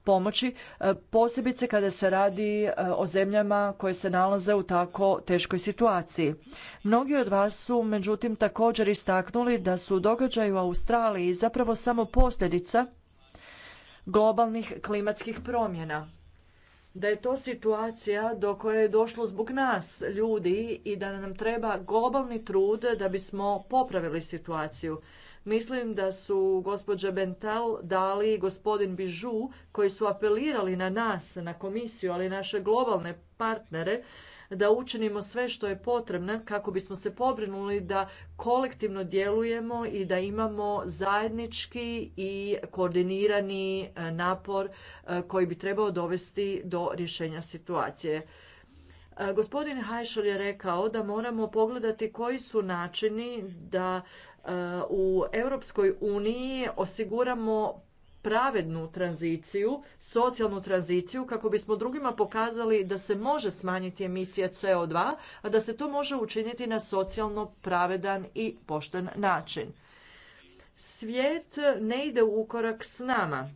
pomoći, e, posebice kada se radi e, o zemljama koje se nalaze u tako teškoj situaciji. Mnogi od vas su međutim također istaknuli da su događaji u Australiji zapravo samo posljedica globalnih klimatskih promjena da je to situacija do koje je došlo zbog nas, ljudi, i da nam treba globalni trud da bismo popravili situaciju. Mislim da su gospođa Bentel dali i gospodin Bižu koji su apelirali na nas, na komisiju, ali i naše globalne partnere da učinimo sve što je potrebno kako bismo se pobrinuli da kolektivno djelujemo i da imamo zajednički i koordinirani e, napor e, koji bi trebao dovesti do rješenja situacije. E, gospodin Hajšel je rekao da moramo pogledati koji su načini da u Europskoj uniji osiguramo pravednu tranziciju, socijalnu tranziciju kako bismo drugima pokazali da se može smanjiti emisija CO2, a da se to može učiniti na socijalno pravedan i pošten način. Svijet ne ide u ukorak s nama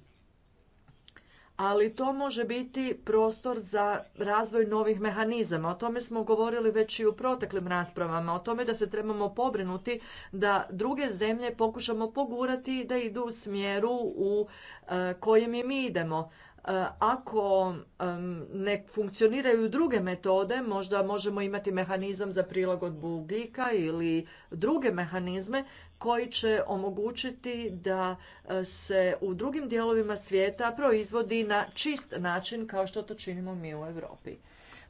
ali to može biti prostor za razvoj novih mehanizama. O tome smo govorili već i u proteklim raspravama, o tome da se trebamo pobrinuti da druge zemlje pokušamo pogurati da idu u smjeru u e, kojem i mi idemo. E, ako ne funkcioniraju druge metode, možda možemo imati mehanizam za prilagodbu ugljika ili druge mehanizme koji će omogućiti da e, se u drugim dijelovima svijeta proizvodi na čist način kao što to činimo mi u Europi.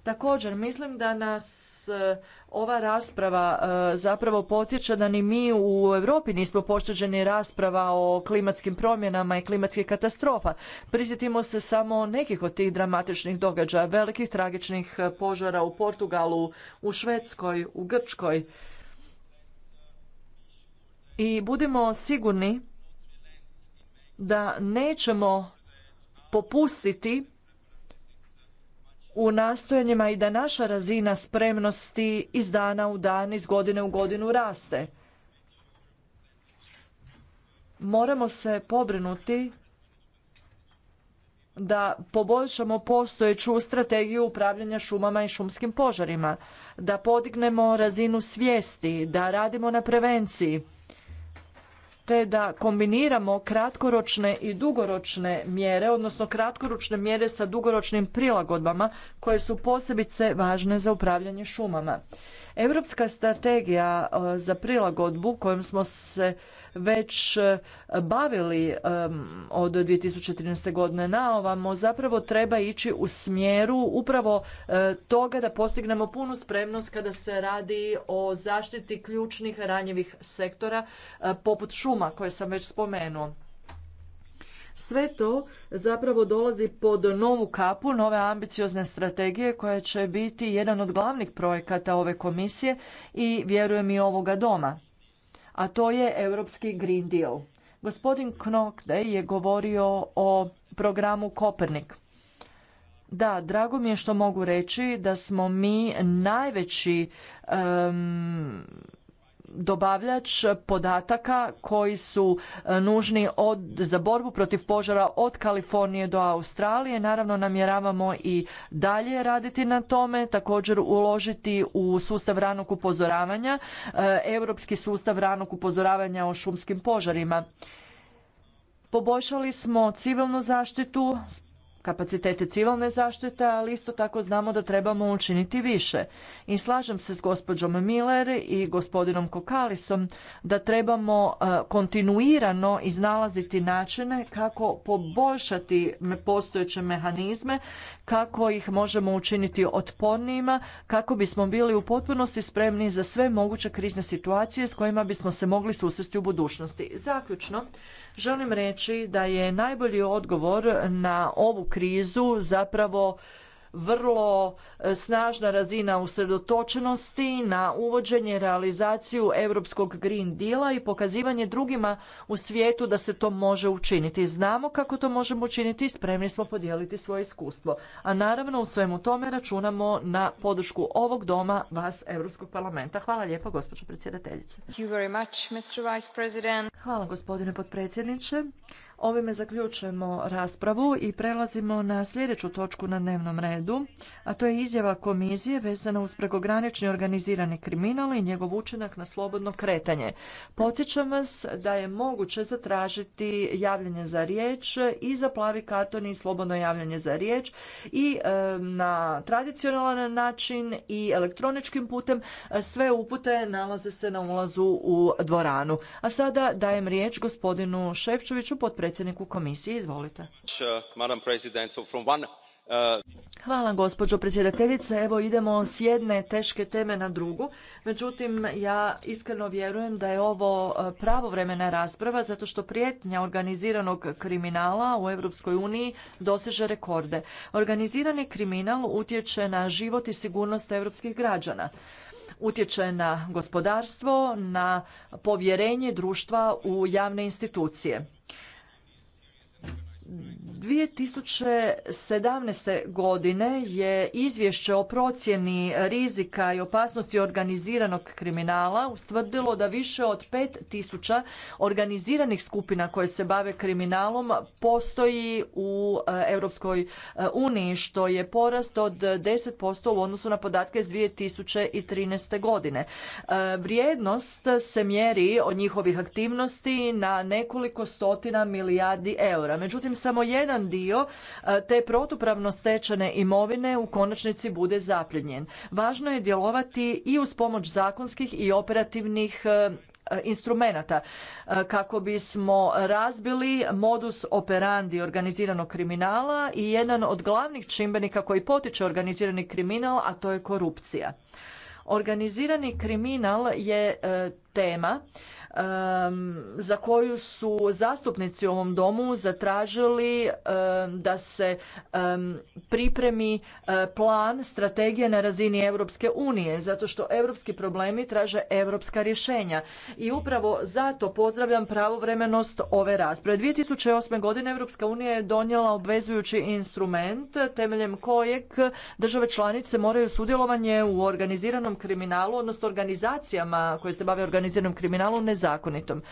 Također mislim da nas E, ova rasprava e, zapravo podsjeća da ni mi u Europi nismo pošteđeni rasprava o klimatskim promjenama i klimatskih katastrofa. Prisjetimo se samo nekih od tih dramatičnih događaja, velikih tragičnih požara u Portugalu, u Švedskoj, u Grčkoj. I budimo sigurni da nećemo popustiti u nastojanjima i da naša razina spremnosti iz dana u dan, iz godine u godinu raste. Moramo se pobrinuti da poboljšamo postojeću strategiju upravljanja šumama i šumskim požarima, da podignemo razinu svijesti, da radimo na prevenciji te da kombiniramo kratkoročne i dugoročne mjere, odnosno kratkoročne mjere sa dugoročnim prilagodbama koje su posebice važne za upravljanje šumama. Europska strategija e, za prilagodbu kojom smo se već e, bavili e, od 2013. godine na ovamo zapravo treba ići u smjeru upravo e, toga da postignemo punu spremnost kada se radi o zaštiti ključnih ranjivih sektora poput šuma koje sam već spomenuo. Sve to zapravo dolazi pod novu kapu, nove ambiciozne strategije koja će biti jedan od glavnih projekata ove komisije i vjerujem i ovoga doma a to je Europski Green Deal. Gospodin Knokde je govorio o programu Kopernik. Da, drago mi je što mogu reći da smo mi najveći um, dobavljač podataka koji su e, nužni od, za borbu protiv požara od Kalifornije do Australije. Naravno namjeravamo i dalje raditi na tome, također uložiti u sustav ranog upozoravanja, e, europski sustav ranog upozoravanja o šumskim požarima. Poboljšali smo civilnu zaštitu, kapacitete civilne zaštite, ali isto tako znamo da trebamo učiniti više. I slažem se s gospođom Miller i gospodinom Kokalisom da trebamo e, kontinuirano iznalaziti načine kako poboljšati postojeće mehanizme, kako ih možemo učiniti otpornijima, kako bismo bili u potpunosti spremni za sve moguće krizne situacije s kojima bismo se mogli susresti u budućnosti. Zaključno, Želim reći da je najbolji odgovor na ovu krizu zapravo vrlo e, snažna razina usredotočenosti na uvođenje, realizaciju europskog Green Deala i pokazivanje drugima u svijetu da se to može učiniti. Znamo kako to možemo učiniti i spremni smo podijeliti svoje iskustvo. A naravno u svemu tome računamo na podršku ovog doma, vas, Europskog parlamenta. Hvala lijepo, gospođo predsjedateljice. Hvala, gospodine potpredsjedniče. Ovime zaključujemo raspravu i prelazimo na sljedeću točku na dnevnom redu, a to je izjava komisije vezana uz prekogranični organizirani kriminal i njegov učinak na slobodno kretanje. Podsjećam vas da je moguće zatražiti javljanje za riječ i za plavi karton i slobodno javljanje za riječ i e, na tradicionalan način i elektroničkim putem. E, sve upute nalaze se na ulazu u dvoranu. A sada dajem riječ gospodinu Ševčoviću, potpredsjedniku predsjedniku komisije. Izvolite. Uh, Hvala gospođo predsjedateljice. Evo idemo s jedne teške teme na drugu. Međutim, ja iskreno vjerujem da je ovo uh, pravovremena rasprava zato što prijetnja organiziranog kriminala u Europskoj uniji doseže rekorde. Organizirani kriminal utječe na život i sigurnost europskih građana utječe na gospodarstvo, na povjerenje društva u javne institucije. 2017. godine je izvješće o procjeni rizika i opasnosti organiziranog kriminala ustvrdilo da više od 5000 organiziranih skupina koje se bave kriminalom postoji u eh, Europskoj eh, uniji što je porast od 10% u odnosu na podatke iz 2013. godine. Eh, vrijednost se mjeri od njihovih aktivnosti na nekoliko stotina milijardi eura. Međutim, samo jedan dio e, te protupravno stečene imovine u konačnici bude zapljenjen. Važno je djelovati i uz pomoć zakonskih i operativnih e, instrumenata e, kako bismo razbili modus operandi organiziranog kriminala i jedan od glavnih čimbenika koji potiče organizirani kriminal, a to je korupcija. Organizirani kriminal je tema za koju su zastupnici u ovom domu zatražili da se pripremi e, plan strategije na razini Europske unije, zato što europski problemi traže europska rješenja. I upravo zato pozdravljam pravovremenost ove rasprave. 2008. godine Europska unija je donijela obvezujući instrument temeljem kojeg države članice moraju sudjelovanje u organiziranom kriminalu, odnosno organizacijama koje se bave organiziranim kriminalom, ne nezakonitom.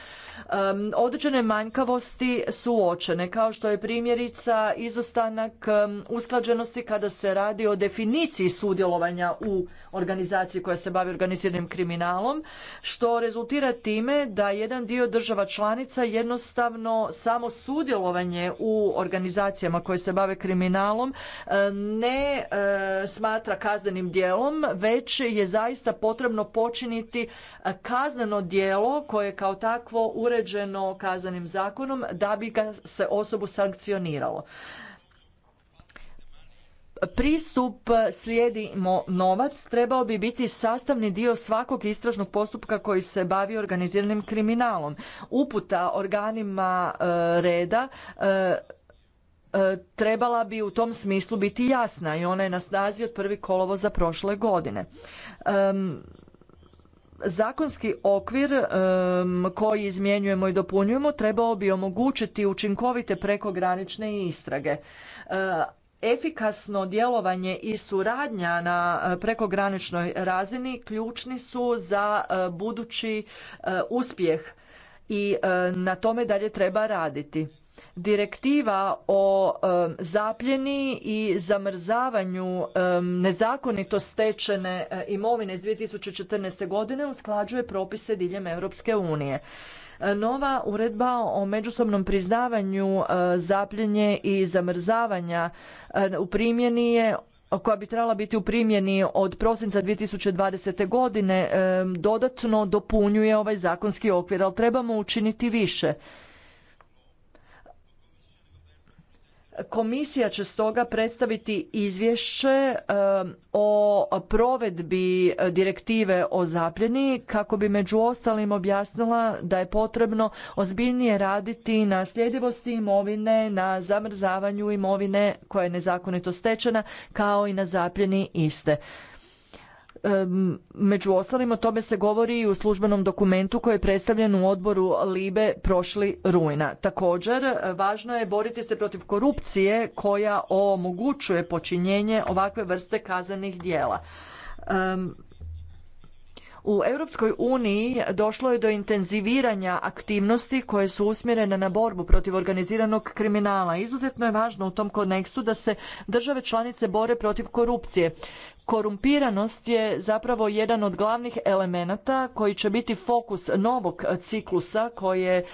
Određene manjkavosti su uočene, kao što je primjerica izostanak usklađenosti kada se radi o definiciji sudjelovanja u organizaciji koja se bavi organiziranim kriminalom, što rezultira time da jedan dio država članica jednostavno samo sudjelovanje u organizacijama koje se bave kriminalom ne smatra kaznenim djelom, već je zaista potrebno počiniti kazneno djelo koje je kao takvo uređeno kazanim zakonom da bi ga se osobu sankcioniralo. Pristup slijedimo novac trebao bi biti sastavni dio svakog istražnog postupka koji se bavi organiziranim kriminalom. Uputa organima e, reda e, e, trebala bi u tom smislu biti jasna i ona je na snazi od kolovo kolovoza prošle godine. Zakonski okvir koji izmjenjujemo i dopunjujemo trebao bi omogućiti učinkovite prekogranične istrage. Eh, efikasno djelovanje i suradnja na eh, prekograničnoj razini ključni su za eh, budući uspjeh i na tome dalje treba raditi direktiva o zapljeni i zamrzavanju nezakonito stečene eh, imovine iz 2014. godine usklađuje propise diljem Europske unije. Eh, nova uredba o međusobnom priznavanju eh, zapljenje i zamrzavanja u primjeni je koja bi trebala biti u primjeni od prosinca 2020. godine dodatno dopunjuje ovaj zakonski okvir, ali trebamo učiniti više Komisija će stoga predstaviti izvješće o provedbi e, direktive o zapljeni kako bi među ostalim objasnila da je potrebno ozbiljnije raditi na sljedivosti imovine, na zamrzavanju imovine koja je nezakonito stečena kao i na zapljeni iste. Među ostalim o tome se govori i u službenom dokumentu koji je predstavljen u odboru Libe prošli rujna. Također, važno je boriti se protiv korupcije koja omogućuje počinjenje ovakve vrste kaznenih dijela. U Europskoj uniji došlo je do intenziviranja aktivnosti koje su usmjerene na borbu protiv organiziranog kriminala. Izuzetno je važno u tom kontekstu da se države članice bore protiv korupcije. Korumpiranost je zapravo jedan od glavnih elemenata koji će biti fokus novog ciklusa koje e,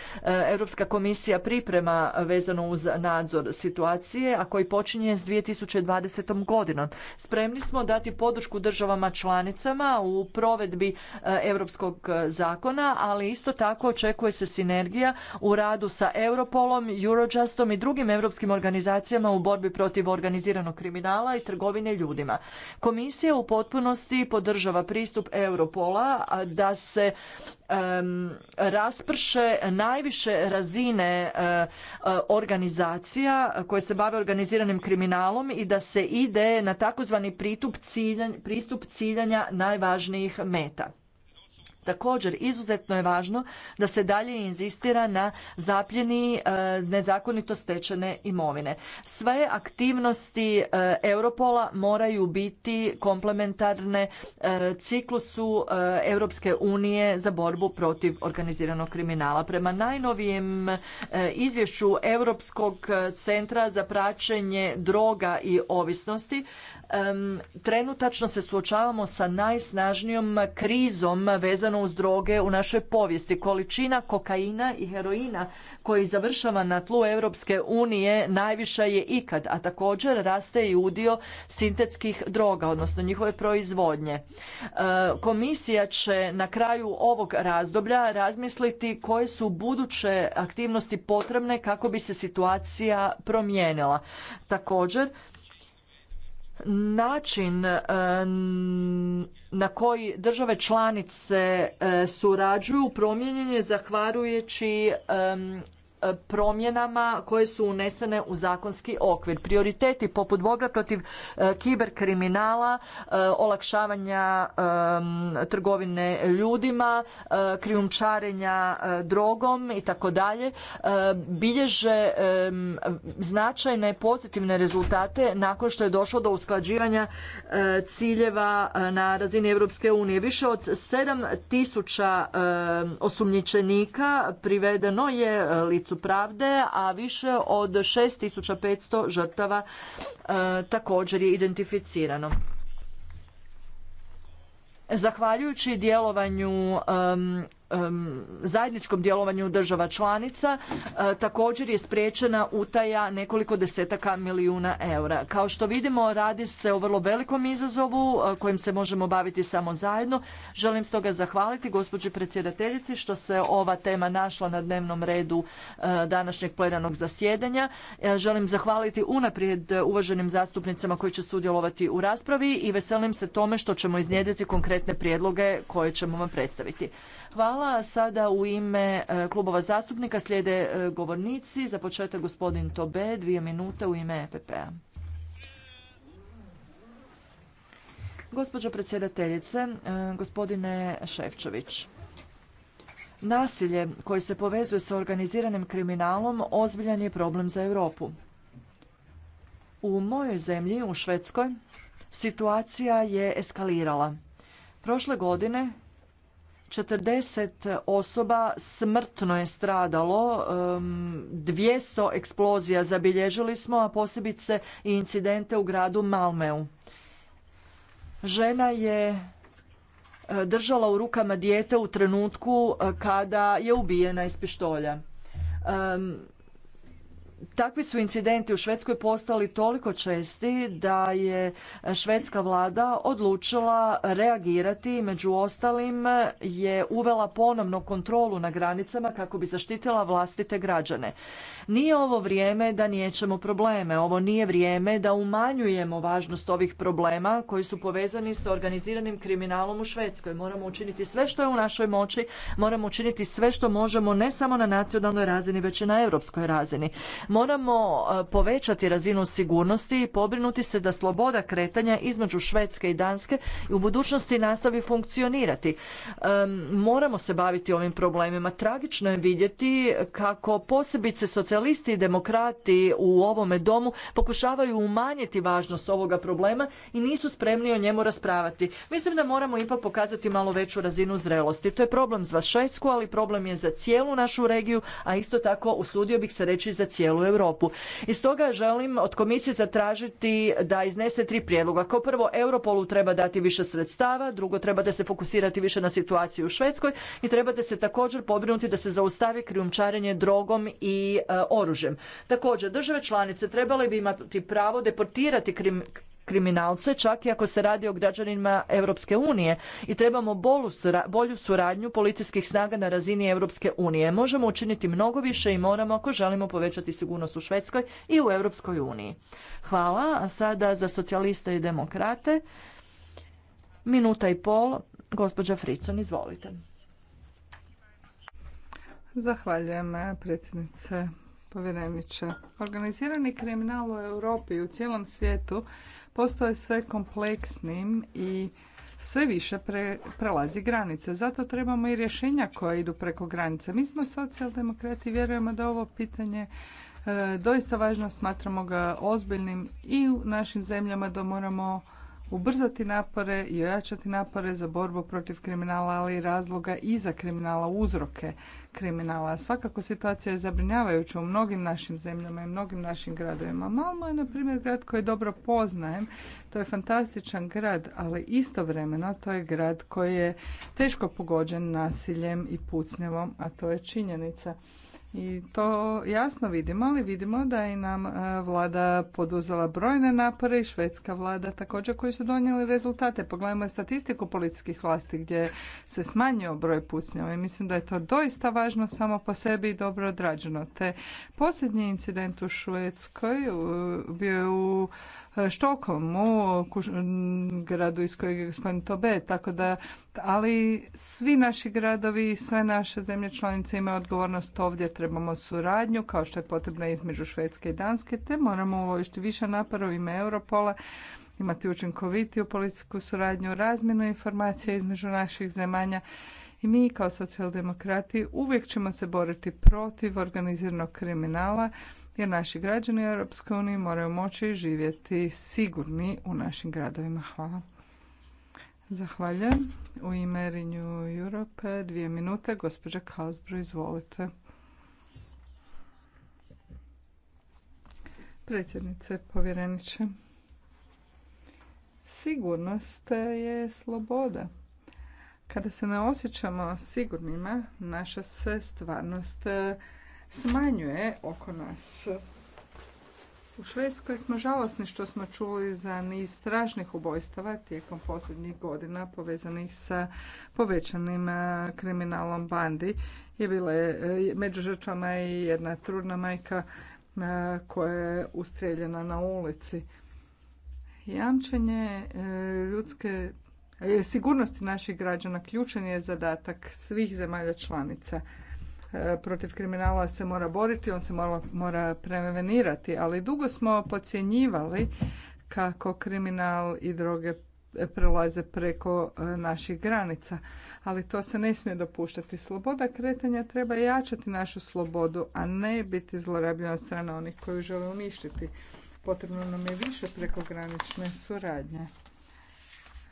Europska komisija priprema vezano uz nadzor situacije, a koji počinje s 2020. godinom. Spremni smo dati podršku državama članicama u provedbi e, europskog zakona, ali isto tako očekuje se sinergija u radu sa Europolom, Eurojustom i drugim europskim organizacijama u borbi protiv organiziranog kriminala i trgovine ljudima. Komisija u potpunosti podržava pristup Europola da se rasprše najviše razine e, e, organizacija koje se bave organiziranim kriminalom i da se ide na takozvani pristup ciljanja najvažnijih meta. Također, izuzetno je važno da se dalje inzistira na zapljeni e, nezakonito stečene imovine. Sve aktivnosti e, Europola moraju biti komplementarne e, ciklusu Europske unije za borbu protiv organiziranog kriminala. Prema najnovijem izvješću Europskog centra za praćenje droga i ovisnosti, trenutačno se suočavamo sa najsnažnijom krizom vezano uz droge u našoj povijesti. Količina kokaina i heroina koji završava na tlu Europske unije najviša je ikad, a također raste i udio sintetskih droga, odnosno njihove proizvodnje. Komisija će na kraju ovog razdoblja razmisliti koje su buduće aktivnosti potrebne kako bi se situacija promijenila. Također, način e, na koji države članice e, surađuju promijenjen je zahvaljujući E, promjenama koje su unesene u zakonski okvir. Prioriteti poput borbe protiv e, kiberkriminala, e, olakšavanja trgovine ljudima, krijumčarenja drogom i tako dalje, bilježe značajne pozitivne rezultate nakon što je došlo do usklađivanja ciljeva na razini Europske unije. Više od 7000 osumnjičenika privedeno je licu pravde, a više od 6500 žrtava e, također je identificirano. Zahvaljujući djelovanju zajedničkom djelovanju država članica e, također je spriječena utaja nekoliko desetaka milijuna eura. Kao što vidimo radi se o vrlo velikom izazovu e, kojim se možemo baviti samo zajedno. Želim stoga zahvaliti gospođi predsjedateljici što se ova tema našla na dnevnom redu e, današnjeg plenarnog zasjedanja. Želim zahvaliti unaprijed uvaženim zastupnicama koji će sudjelovati u raspravi i veselim se tome što ćemo iznjedriti konkretne prijedloge koje ćemo vam predstaviti. Hvala. Sada u ime e, klubova zastupnika slijede e, govornici. Za početak gospodin Tobe, dvije minute u ime EPP-a. Gospođo predsjedateljice, e, gospodine Ševčević, nasilje koje se povezuje sa organiziranim kriminalom ozbiljan je problem za Europu. U mojoj zemlji, u Švedskoj, situacija je eskalirala. Prošle godine 40 osoba smrtno je stradalo, 200 eksplozija zabilježili smo, a posebice i incidente u gradu Malmeu. Žena je eh, držala u rukama dijete u trenutku eh, kada je ubijena iz pištolja. Takvi su incidenti u Švedskoj postali toliko česti da je švedska vlada odlučila reagirati i među ostalim je uvela ponovno kontrolu na granicama kako bi zaštitila vlastite građane. Nije ovo vrijeme da niječemo probleme, ovo nije vrijeme da umanjujemo važnost ovih problema koji su povezani sa organiziranim kriminalom u Švedskoj. Moramo učiniti sve što je u našoj moći, moramo učiniti sve što možemo ne samo na nacionalnoj razini već i na europskoj razini Moramo e, povećati razinu sigurnosti i pobrinuti se da sloboda kretanja između Švedske i Danske u budućnosti nastavi funkcionirati. Moramo se baviti ovim problemima. Tragično je vidjeti kako posebice socijalisti i demokrati u ovome domu pokušavaju umanjiti važnost ovoga problema i nisu spremni o njemu raspravati. Mislim da moramo ipak pokazati malo veću razinu zrelosti. To je problem za Švedsku, ali problem je za cijelu našu regiju, a isto tako usudio bih se reći za cijelu Europu. I stoga želim od komisije zatražiti da iznese tri prijedloga. Kao prvo, Europolu treba dati više sredstava, drugo, trebate se fokusirati više na situaciju u Švedskoj i trebate se također pobrinuti da se zaustavi krijumčarenje drogom i e, oružjem. Također, države članice trebale bi imati pravo deportirati krim kriminalce, čak i ako se radi o građanima Europske unije i trebamo bolju suradnju policijskih snaga na razini Europske unije. Možemo učiniti mnogo više i moramo ako želimo povećati sigurnost u Švedskoj i u Europskoj uniji. Hvala, a sada za socijaliste i demokrate. Minuta i pol, gospođa Fricon, izvolite. Zahvaljujem predsjednice povjereniče. Organizirani kriminal u Europi i u cijelom svijetu postaje sve kompleksnim i sve više pre, prelazi granice. Zato trebamo i rješenja koja idu preko granice. Mi smo socijaldemokrati, vjerujemo da ovo pitanje e, doista važno, smatramo ga ozbiljnim i u našim zemljama da moramo ubrzati napore i ojačati napore za borbu protiv kriminala, ali i razloga i za kriminala, uzroke kriminala. Svakako situacija je zabrinjavajuća u mnogim našim zemljama i mnogim našim gradovima. Malmo je, na primjer, grad koji dobro poznajem. To je fantastičan grad, ali istovremeno to je grad koji je teško pogođen nasiljem i pucnjevom, a to je činjenica. I to jasno vidimo, ali vidimo da i nam e, vlada poduzela brojne napore i švedska vlada također koji su donijeli rezultate. Pogledajmo statistiku policijskih vlasti gdje se smanjio broj pucnjava i mislim da je to doista važno samo po sebi i dobro odrađeno. Te posljednji incident u Švedskoj bio je u E, Štokholmu, gradu iz kojeg je gospodin Tobe, tako da, ali svi naši gradovi i sve naše zemlje članice imaju odgovornost ovdje, trebamo suradnju kao što je potrebna između Švedske i Danske, te moramo uložiti više napora u ime Europola, imati učinkovitiju policijsku suradnju, razmjenu informacija između naših zemalja i mi kao socijaldemokrati uvijek ćemo se boriti protiv organiziranog kriminala jer naši građani u Europskoj moraju moći živjeti sigurni u našim gradovima. Hvala. Zahvaljujem. U ime Renew Europe dvije minute. Gospođa Kalsbro, izvolite. Predsjednice, povjereniče. Sigurnost je sloboda. Kada se ne osjećamo sigurnima, naša se stvarnost smanjuje oko nas. U Švedskoj smo žalosni što smo čuli za niz strašnih ubojstava tijekom posljednjih godina povezanih sa povećanim kriminalom bandi. Je bila je, e, među žrtvama je jedna trudna majka koja je ustreljena na ulici. Jamčenje e, ljudske e, sigurnosti naših građana ključan je zadatak svih zemalja članica. E, protiv kriminala se mora boriti, on se mora, mora prevenirati, ali dugo smo podcjenjivali kako kriminal i droge prelaze preko e, naših granica. Ali to se ne smije dopuštati. Sloboda kretanja treba jačati našu slobodu, a ne biti zlorabljena od onih koji žele uništiti. Potrebno nam je više prekogranične suradnje.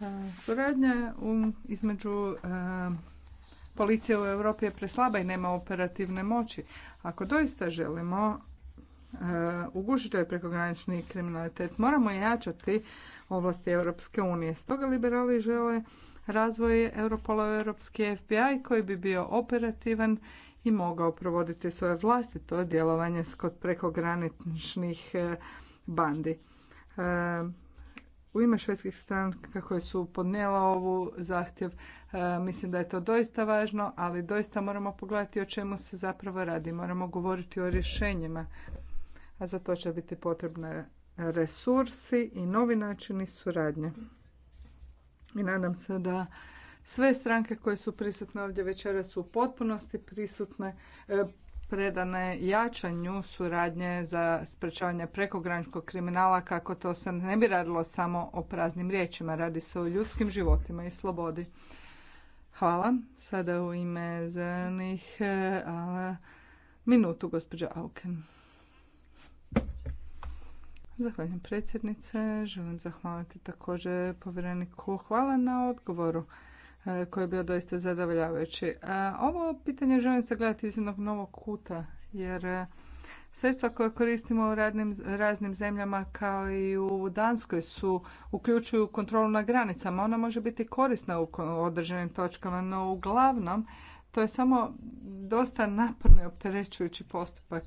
E, suradnja između policija u Europi je preslaba i nema operativne moći. Ako doista želimo uh, ugušiti ovaj prekogranični kriminalitet, moramo jačati ovlasti Europske unije. Stoga liberali žele razvoj Europola Europski FBI koji bi bio operativan i mogao provoditi svoje vlastito djelovanje kod prekograničnih e, bandi. E, u ime švedskih stranka koje su podnijela ovu zahtjev. E, mislim da je to doista važno, ali doista moramo pogledati o čemu se zapravo radi. Moramo govoriti o rješenjima, a za to će biti potrebne resursi i novi načini suradnje. I nadam se da sve stranke koje su prisutne ovdje večeras su u potpunosti prisutne, e, predane jačanju suradnje za sprečavanje prekograničkog kriminala kako to se ne bi radilo samo o praznim riječima, radi se o ljudskim životima i slobodi. Hvala. Sada u ime zelenih e, minutu gospođa Auken. Zahvaljujem predsjednice. Želim zahvaliti također povjereniku. Hvala na odgovoru. E, koji je bio doista zadovoljavajući. E, ovo pitanje želim sagledati iz jednog novog kuta, jer e, sredstva koje koristimo u radnim, raznim zemljama kao i u Danskoj su uključuju kontrolu na granicama. Ona može biti korisna u određenim točkama, no uglavnom to je samo dosta naporni opterećujući postupak.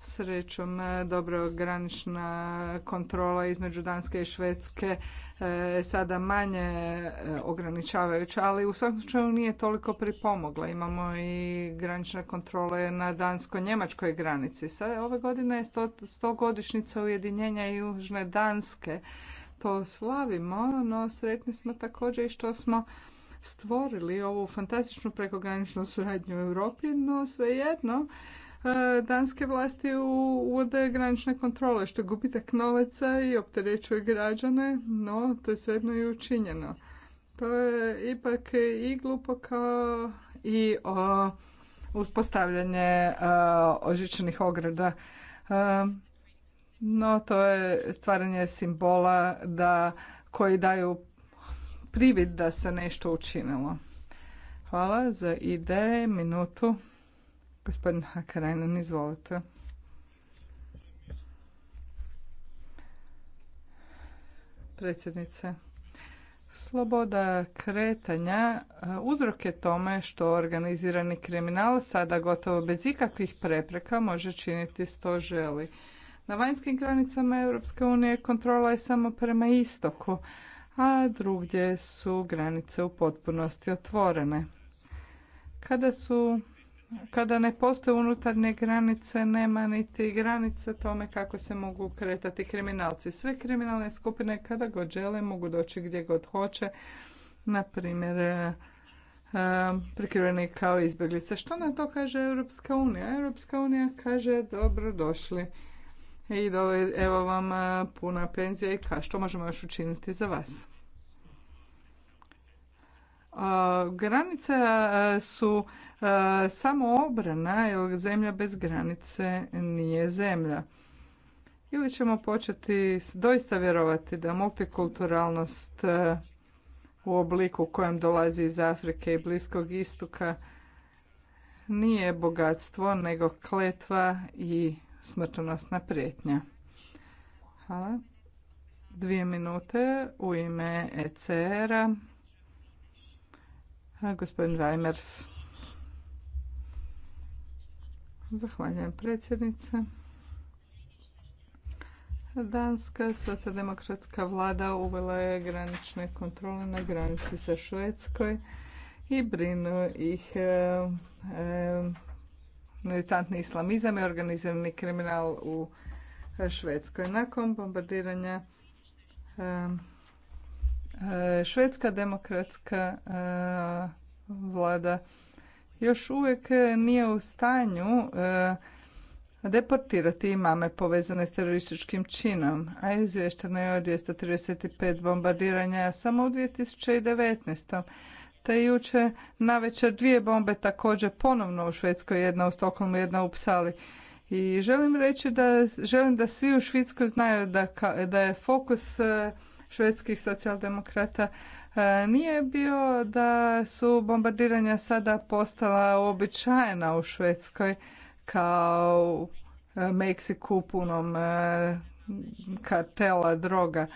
Srećom, dobro granična kontrola između Danske i Švedske E, sada manje e, ograničavajuća, ali u svakom slučaju nije toliko pripomogla. Imamo i granične kontrole na dansko-njemačkoj granici. Sada ove godine je 100 godišnjica ujedinjenja Južne Danske. To slavimo, no sretni smo također i što smo stvorili ovu fantastičnu prekograničnu suradnju u Europi, no svejedno E, danske vlasti uvode granične kontrole, što je gubitak novaca i opterećuje građane, no to je svejedno i učinjeno. To je ipak i glupo kao i o, uspostavljanje e, ožičanih ograda. E, no, to je stvaranje simbola da, koji daju privid da se nešto učinilo. Hvala za ideje, minutu. Gospodin Hakarajnan, izvolite. Predsjednice, sloboda kretanja e, uzrok je tome što organizirani kriminal sada gotovo bez ikakvih prepreka može činiti što želi. Na vanjskim granicama Europske unije kontrola je samo prema istoku, a drugdje su granice u potpunosti otvorene. Kada su kada ne postoje unutarnje granice, nema niti granice tome kako se mogu kretati kriminalci. Sve kriminalne skupine kada god žele mogu doći gdje god hoće, na primjer e, e, prikriveni kao izbjeglice. Što na to kaže Europska unija? Europska unija kaže dobro došli i evo vam e, puna penzija i ka što možemo još učiniti za vas? Granice su samo obrana, jer zemlja bez granice nije zemlja. Ili ćemo početi doista vjerovati da multikulturalnost u obliku u kojem dolazi iz Afrike i Bliskog istoka nije bogatstvo, nego kletva i smrtonosna prijetnja. Hvala. Dvije minute u ime ECR-a. Gospodin Weimers. Zahvaljujem predsjednice. Danska socijaldemokratska vlada uvela je granične kontrole na granici sa Švedskoj i brinu ih e, e, militantni islamizam i organizirani kriminal u Švedskoj. Nakon bombardiranja e, E, švedska demokratska e, vlada još uvijek e, nije u stanju deportirati imame povezane s terorističkim činom, a izvješteno je o 235 bombardiranja samo u 2019. Te jučer večer dvije bombe također ponovno u Švedskoj, jedna u Stokholmu, jedna u Psali. I želim reći da želim da svi u Švedskoj znaju da je fokus švedskih socijaldemokrata e, nije bio da su bombardiranja sada postala uobičajena u Švedskoj kao e, Meksiku punom e, kartela droga.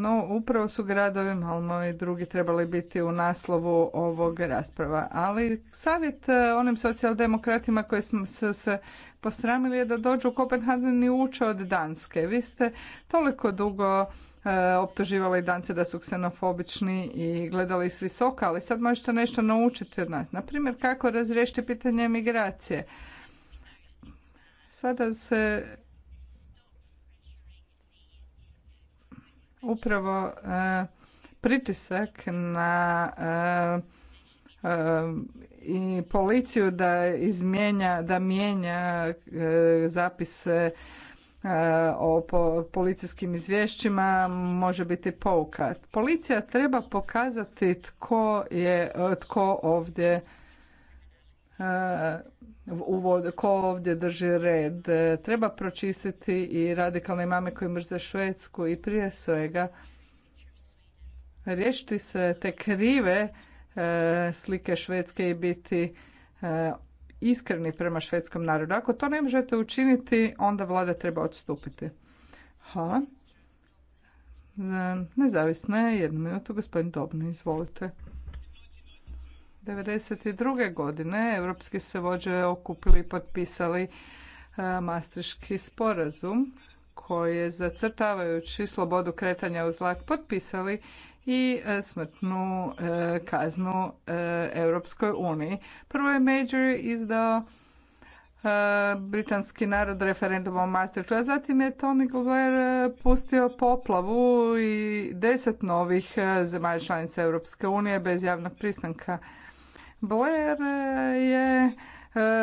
No, upravo su gradovi Malmo i drugi trebali biti u naslovu ovog rasprava. Ali savjet e, onim socijaldemokratima koji smo se, se posramili je da dođu u Kopenhagen i uče od Danske. Vi ste toliko dugo e, optuživali Dance da su ksenofobični i gledali s visoka, ali sad možete nešto naučiti od nas. Naprimjer, kako razriješiti pitanje migracije. Sada se upravo e, pritisak na e, e, i policiju da izmjenja, da mijenja zapise o policijskim izvješćima može biti pouka. Policija treba pokazati tko je, tko ovdje ko ovdje drži red. E, treba pročistiti i radikalne mame koje mrze Švedsku i prije svega riješiti se te krive e, slike Švedske i biti e, iskreni prema švedskom narodu. Ako to ne možete učiniti, onda vlada treba odstupiti. Hvala. Nezavisna je jednu minutu, gospodin Dobno, izvolite. 1992. godine europski se vođe okupili i potpisali e, Mastriški sporazum koji je zacrtavajući slobodu kretanja u zlak potpisali i e, smrtnu e, kaznu Europskoj uniji. Prvo je Major izdao britanski narod referendumom o Maastrichtu, a zatim je Tony Blair pustio poplavu i deset novih zemalja članica Europske unije bez javnog pristanka Blair e, je e,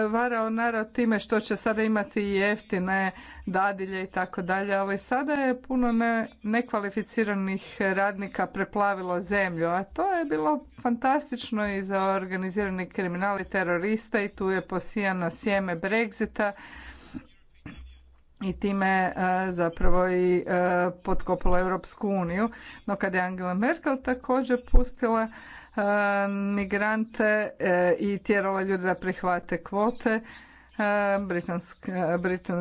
varao narod time što će sada imati jeftine dadilje i tako dalje, ali sada je puno ne, nekvalificiranih radnika preplavilo zemlju, a to je bilo fantastično i za organizirani kriminal i terorista i tu je posijano sjeme Brexita i time e, zapravo i potkopalo Europsku uniju. No kad je Angela Merkel također pustila E, migrante e, i tjerala ljude da prihvate kvote. E,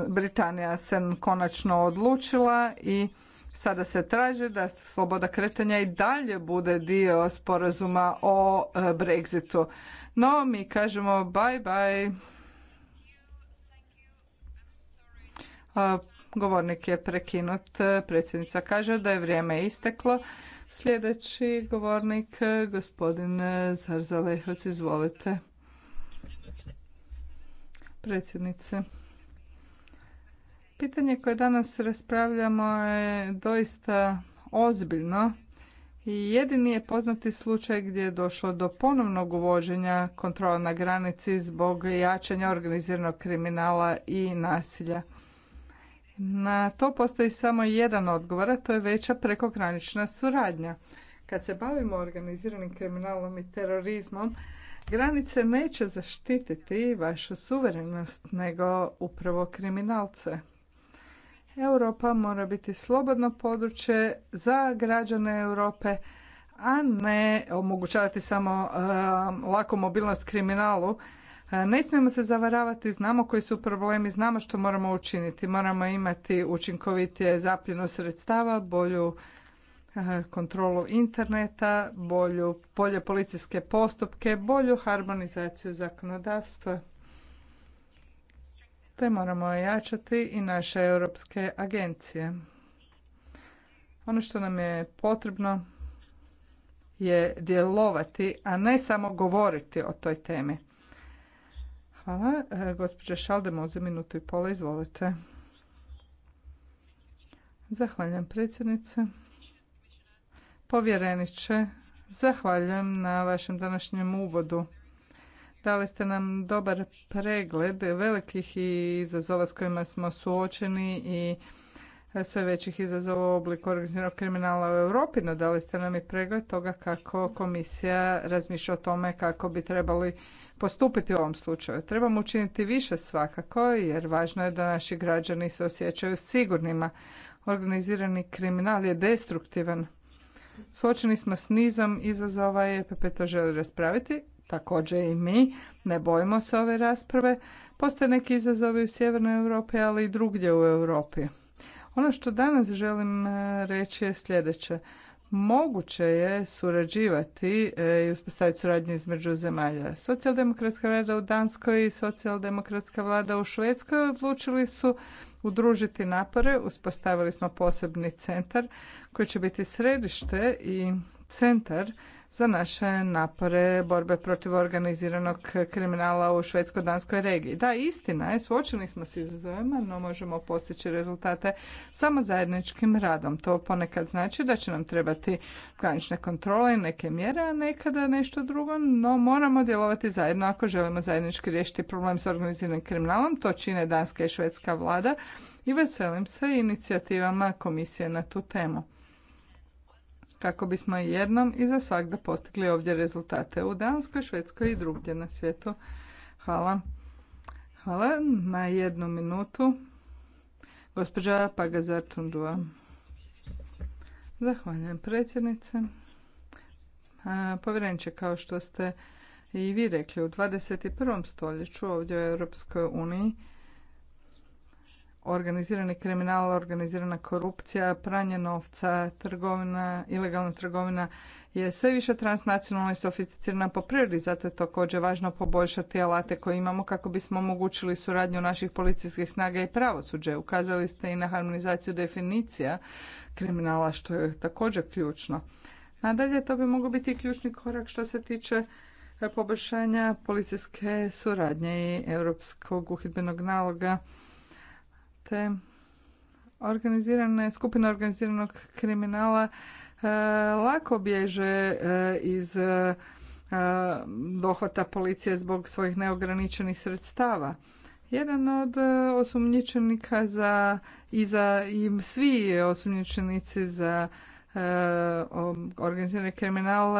Britanija se konačno odlučila i sada se traži da sloboda kretanja i dalje bude dio sporazuma o Brexitu. No, mi kažemo bye bye. Govornik je prekinut. Predsjednica kaže da je vrijeme isteklo. Sljedeći govornik, e, gospodin e, Zarzalehos, izvolite. Predsjednice. Pitanje koje danas raspravljamo je doista ozbiljno i jedini je poznati slučaj gdje je došlo do ponovnog uvođenja kontrola na granici zbog jačanja organiziranog kriminala i nasilja. Na to postoji samo jedan odgovor, a to je veća prekogranična suradnja. Kad se bavimo organiziranim kriminalom i terorizmom, granice neće zaštititi vašu suverenost, nego upravo kriminalce. Europa mora biti slobodno područje za građane Europe, a ne omogućavati samo eh, laku mobilnost kriminalu E, ne smijemo se zavaravati, znamo koji su problemi, znamo što moramo učiniti. Moramo imati učinkovitije zapljenu sredstava, bolju e, kontrolu interneta, bolju, bolje policijske postupke, bolju harmonizaciju zakonodavstva. Te moramo ojačati i naše europske agencije. Ono što nam je potrebno je djelovati, a ne samo govoriti o toj temi. Hvala. E, gospođa Šaldemo za minutu i pola, izvolite. Zahvaljam predsjednice. Povjereniče, zahvaljujem na vašem današnjem uvodu. Dali ste nam dobar pregled velikih izazova s kojima smo suočeni i sve većih izazova u obliku organiziranog kriminala u Europi, no dali ste nam i pregled toga kako komisija razmišlja o tome kako bi trebali postupiti u ovom slučaju. Trebamo učiniti više svakako jer važno je da naši građani se osjećaju sigurnima. Organizirani kriminal je destruktivan. Suočeni smo s nizom izazova i EPP to želi raspraviti. Također i mi ne bojimo se ove rasprave. Postoje neki izazovi u Sjevernoj Europi, ali i drugdje u Europi. Ono što danas želim e, reći je sljedeće moguće je surađivati e, i uspostaviti suradnju između zemalja. Socijaldemokratska vlada u Danskoj i socijaldemokratska vlada u Švedskoj odlučili su udružiti napore. Uspostavili smo posebni centar koji će biti središte i centar za naše napore borbe protiv organiziranog kriminala u Švedsko-Danskoj regiji. Da, istina je, suočeni smo s izazovima, no možemo postići rezultate samo zajedničkim radom. To ponekad znači da će nam trebati granične kontrole i neke mjere, a nekada nešto drugo, no moramo djelovati zajedno ako želimo zajednički riješiti problem s organiziranim kriminalom. To čine danska i švedska vlada i veselim se inicijativama komisije na tu temu kako bismo jednom i za svakda postigli ovdje rezultate u Danskoj, Švedskoj i drugdje na svijetu. Hvala. Hvala na jednu minutu. Gospođa Pagazar Tundua. Zahvaljujem predsjednice. Povjerenče, kao što ste i vi rekli, u 21. stoljeću ovdje u Europskoj uniji organizirani kriminal, organizirana korupcija, pranje novca, trgovina, ilegalna trgovina je sve više transnacionalna i sofisticirana po prirodi, zato je također važno poboljšati alate koje imamo kako bismo omogućili suradnju naših policijskih snaga i pravosuđe. Ukazali ste i na harmonizaciju definicija kriminala, što je također ključno. Nadalje, to bi mogao biti ključni korak što se tiče e, poboljšanja policijske suradnje i europskog uhidbenog naloga te organizirane, skupine organiziranog kriminala e, lako bježe e, iz e, dohvata policije zbog svojih neograničenih sredstava. Jedan od e, osumnjičenika za i za im svi osumnjičenici za organizirani kriminal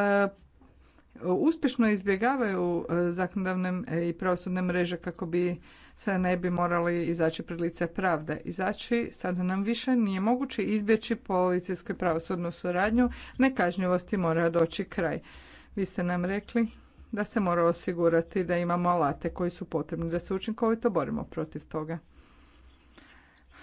uspješno izbjegavaju zakonodavne i pravosudne mreže kako bi se ne bi morali izaći pred lice pravde. Izaći sada nam više nije moguće izbjeći policijsku i pravosudnu suradnju, nekažnjivosti mora doći kraj. Vi ste nam rekli da se mora osigurati da imamo alate koji su potrebni da se učinkovito borimo protiv toga.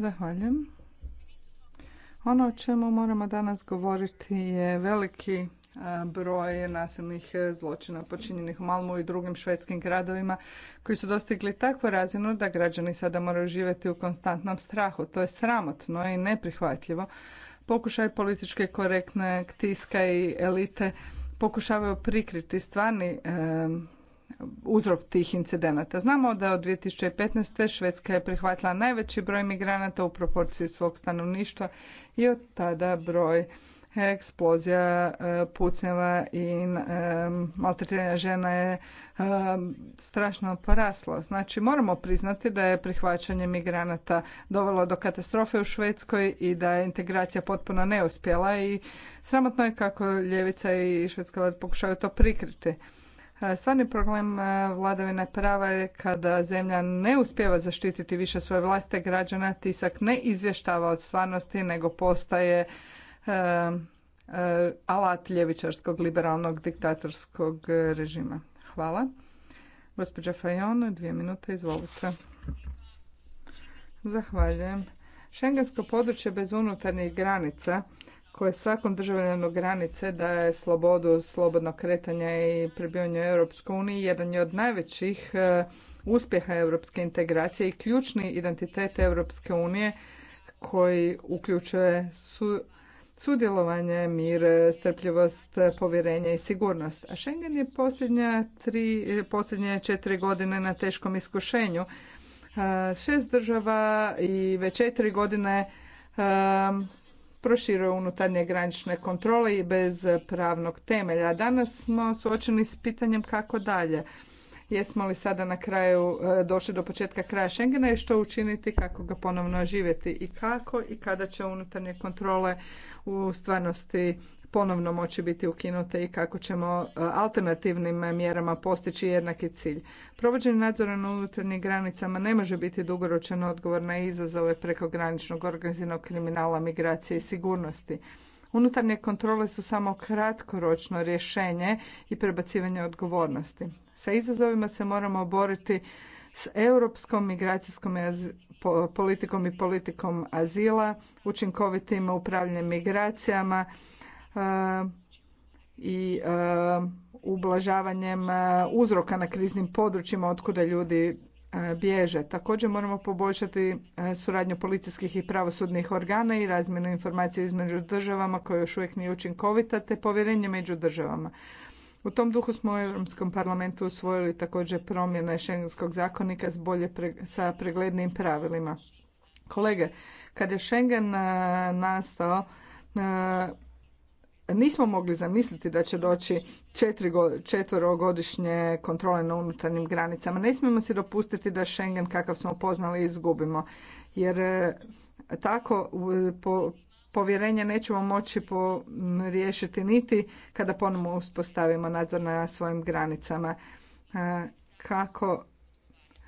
Zahvaljujem. Ono o čemu moramo danas govoriti je veliki e, broj nasilnih e, zločina počinjenih u Malmu i drugim švedskim gradovima koji su dostigli takvu razinu da građani sada moraju živjeti u konstantnom strahu. To je sramotno i neprihvatljivo. Pokušaj političke korektne tiska i elite pokušavaju prikriti stvarni e, uzrok tih incidenata. Znamo da od 2015. Švedska je prihvatila najveći broj migranata u proporciji svog stanovništva i od tada broj eksplozija e, pucnjeva i e, maltretiranja žena je e, strašno poraslo. Znači moramo priznati da je prihvaćanje migranata dovelo do katastrofe u Švedskoj i da je integracija potpuno neuspjela i sramotno je kako ljevica i Švedska pokušaju to prikriti. E, stvarni problem e, vladavine prava je kada zemlja ne uspjeva zaštititi više svoje vlastite građana, tisak ne izvještava od stvarnosti nego postaje e, alat ljevičarskog liberalnog diktatorskog režima. Hvala. Gospođa Fajon, dvije minute, izvolite. Zahvaljujem. Šengensko područje bez unutarnjih granica koje svakom državljanu granice daje slobodu slobodnog kretanja i prebivanja u Europskoj uniji jedan je od najvećih e, uspjeha europske integracije i ključni identitet Europske unije koji uključuje sudjelovanje, mir, strpljivost, povjerenje i sigurnost. A Schengen je posljednja tri, posljednje četiri godine na teškom iskušenju. E, šest država i već četiri godine e, proširuje unutarnje granične kontrole i bez pravnog temelja. Danas smo suočeni s pitanjem kako dalje. Jesmo li sada na kraju e, došli do početka kraja Schengena i što učiniti, kako ga ponovno živjeti i kako i kada će unutarnje kontrole u stvarnosti ponovno moći biti ukinute i kako ćemo e, alternativnim mjerama postići jednaki cilj. Provođenje nadzora na unutarnjim granicama ne može biti dugoročan odgovor na izazove prekograničnog organiziranog kriminala, migracije i sigurnosti. Unutarnje kontrole su samo kratkoročno rješenje i prebacivanje odgovornosti. Sa izazovima se moramo boriti s europskom migracijskom politikom i politikom azila, učinkovitim upravljanjem migracijama, E, i e, ublažavanjem e, uzroka na kriznim područjima otkuda ljudi bježe. Također moramo poboljšati suradnju policijskih i pravosudnih organa i razmjenu informacija između državama koja još uvijek nije učinkovita te povjerenje među državama. U tom duhu smo u Europskom parlamentu usvojili također promjene šengenskog zakonika s bolje sa preglednim pravilima. Kolege, kad je Schengen nastao, Nismo mogli zamisliti da će doći četvorogodišnje kontrole na unutarnjim granicama. Ne smijemo se dopustiti da Schengen kakav smo poznali izgubimo. Jer e, tako povjerenje nećemo moći po, riješiti niti kada ponovno uspostavimo nadzor na svojim granicama. E, kako